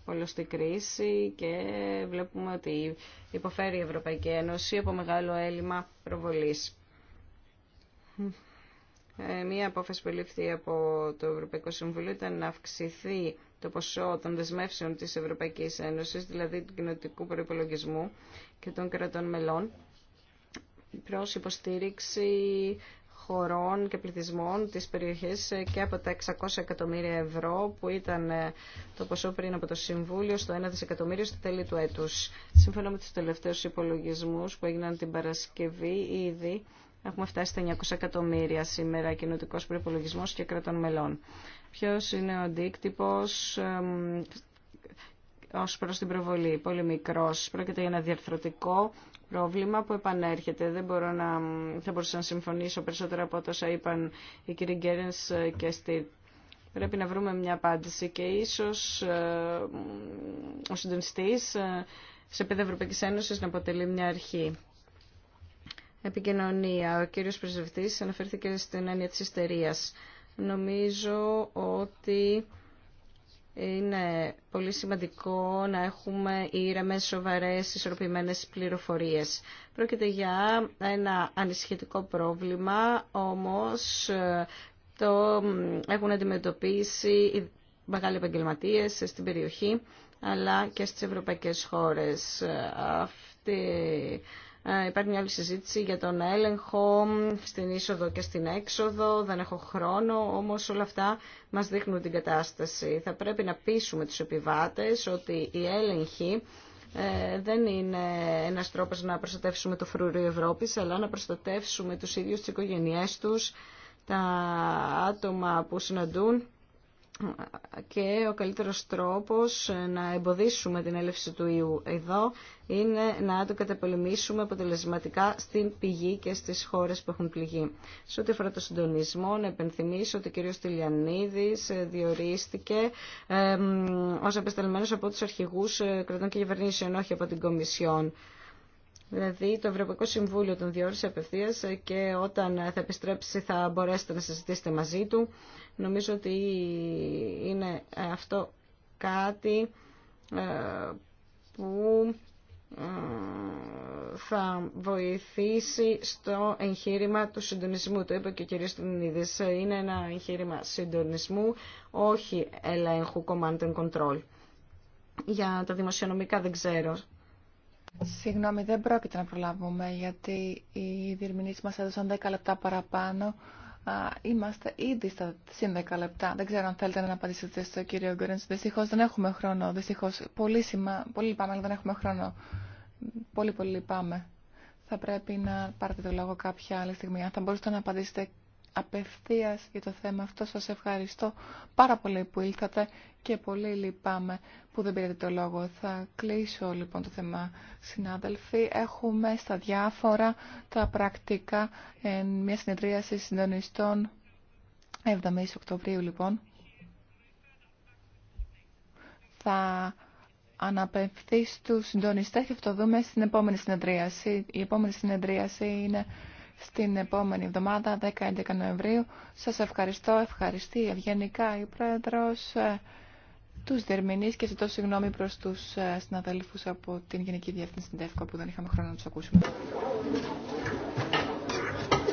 πολλωστή κρίση και βλέπουμε ότι υποφέρει η Ευρωπαϊκή Ένωση από μεγάλο έλλειμμα προβολής. Ε, μία απόφαση που λήφθη από το Ευρωπαϊκό Συμβουλίο ήταν να αυξηθεί το ποσό των δεσμεύσεων της Ευρωπαϊκής Ένωσης, δηλαδή του κοινοτικού προϋπολογισμού και των κρατών μελών, προς υποστήριξη χωρών και πληθυσμών της περιοχής και από τα 600 εκατομμύρια ευρώ που ήταν ε, το ποσό πριν από το Συμβούλιο στο 1 δισεκατομμύριο στο τέλη του έτους. Σύμφωνα με τους τελευταίους υπολογισμούς που έγιναν την Παρασκευή ήδη Έχουμε φτάσει στα 900 εκατομμύρια σήμερα κοινοτικός προπολογισμό και κρατών μελών. Ποιος είναι ο αντίκτυπος ως προς την προβολή, πολύ μικρός. Πρόκειται για ένα διαρθρωτικό πρόβλημα που επανέρχεται. Δεν μπορώ να, θα μπορούσα να συμφωνήσω περισσότερα από όσα είπαν οι κύριοι Γκέρενς και στη Πρέπει να βρούμε μια απάντηση και ίσως ο συντονιστής ε, σε επίπεδο Ευρωπαϊκής Ένωσης να αποτελεί μια αρχή επικοινωνία. Ο κύριος Πρεσβευτής αναφέρθηκε στην έννοια της ιστερίας. Νομίζω ότι είναι πολύ σημαντικό να έχουμε ήρεμες, σοβαρές, ισορροπημένες πληροφορίες. Πρόκειται για ένα ανησυχητικό πρόβλημα, όμως ε, το έχουν αντιμετωπίσει οι μεγάλοι επαγγελματίε στην περιοχή αλλά και στις ευρωπαϊκές χώρες. Ε, αυτή ε, υπάρχει μια άλλη συζήτηση για τον έλεγχο στην είσοδο και στην έξοδο. Δεν έχω χρόνο, όμως όλα αυτά μας δείχνουν την κατάσταση. Θα πρέπει να πείσουμε τους επιβάτες ότι η έλεγχη ε, δεν είναι ένας τρόπος να προστατεύσουμε το φρούριο Ευρώπης, αλλά να προστατεύσουμε τους ίδιους τις οικογένειές τους, τα άτομα που συναντούν και ο καλύτερος τρόπος να εμποδίσουμε την έλευση του ιού εδώ είναι να το καταπολεμήσουμε αποτελεσματικά στην πηγή και στις χώρες που έχουν πληγεί. Σε ό,τι αφορά το συντονισμό, να επενθυμίσω ότι ο κ. Τηλιανίδης διορίστηκε ε, ως απεσταλμένος από τους αρχηγούς ε, κρατών και κυβερνήσεων, όχι από την Κομισιόν. Δηλαδή το Ευρωπαϊκό Συμβούλιο τον διόρισε απευθεία και όταν θα επιστρέψει θα μπορέσετε να συζητήσετε μαζί του. Νομίζω ότι είναι αυτό κάτι ε, που ε, θα βοηθήσει στο εγχείρημα του συντονισμού. Το είπε και ο κ. Στυνίδης. Είναι ένα εγχείρημα συντονισμού, όχι ελέγχου command and control. Για τα δημοσιονομικά δεν ξέρω Συγγνώμη, δεν πρόκειται να προλάβουμε, γιατί οι διερμηνείς μας έδωσαν 10 λεπτά παραπάνω. Είμαστε ήδη στα 10 λεπτά. Δεν ξέρω αν θέλετε να απαντήσετε στο κύριο Γκρέντς. Δυστυχώς δεν έχουμε χρόνο. Δυστυχώς, πολύ, πολύ λυπάμαι, αλλά δεν έχουμε χρόνο. Πολύ, πολύ λυπάμαι. Θα πρέπει να πάρετε το λόγο κάποια άλλη στιγμή. Αν θα μπορούσατε να απαντήσετε απευθεία για το θέμα αυτό, Σα ευχαριστώ πάρα πολύ που ήλθατε και πολύ λυπάμαι που δεν πήρατε το λόγο. Θα κλείσω λοιπόν το θέμα, συνάδελφοι. Έχουμε στα διάφορα τα πρακτικά μια συνεδρίαση συντονιστών 7 Οκτωβρίου λοιπόν. Θα αναπευθεί στους συντονιστές και αυτό δούμε στην επόμενη συνεδρίαση. Η επόμενη συνεδρίαση είναι στην επόμενη εβδομάδα, 10-11 Νοεμβρίου. Σας ευχαριστώ, ευχαριστή ευγενικά η Πρόεδρος τους δερμηνείς και ζητώ συγγνώμη προς τους ε, συναδέλφους από την Γενική Διεύθυνση ΤΕΦΚΟ που δεν είχαμε χρόνο να τους ακούσουμε.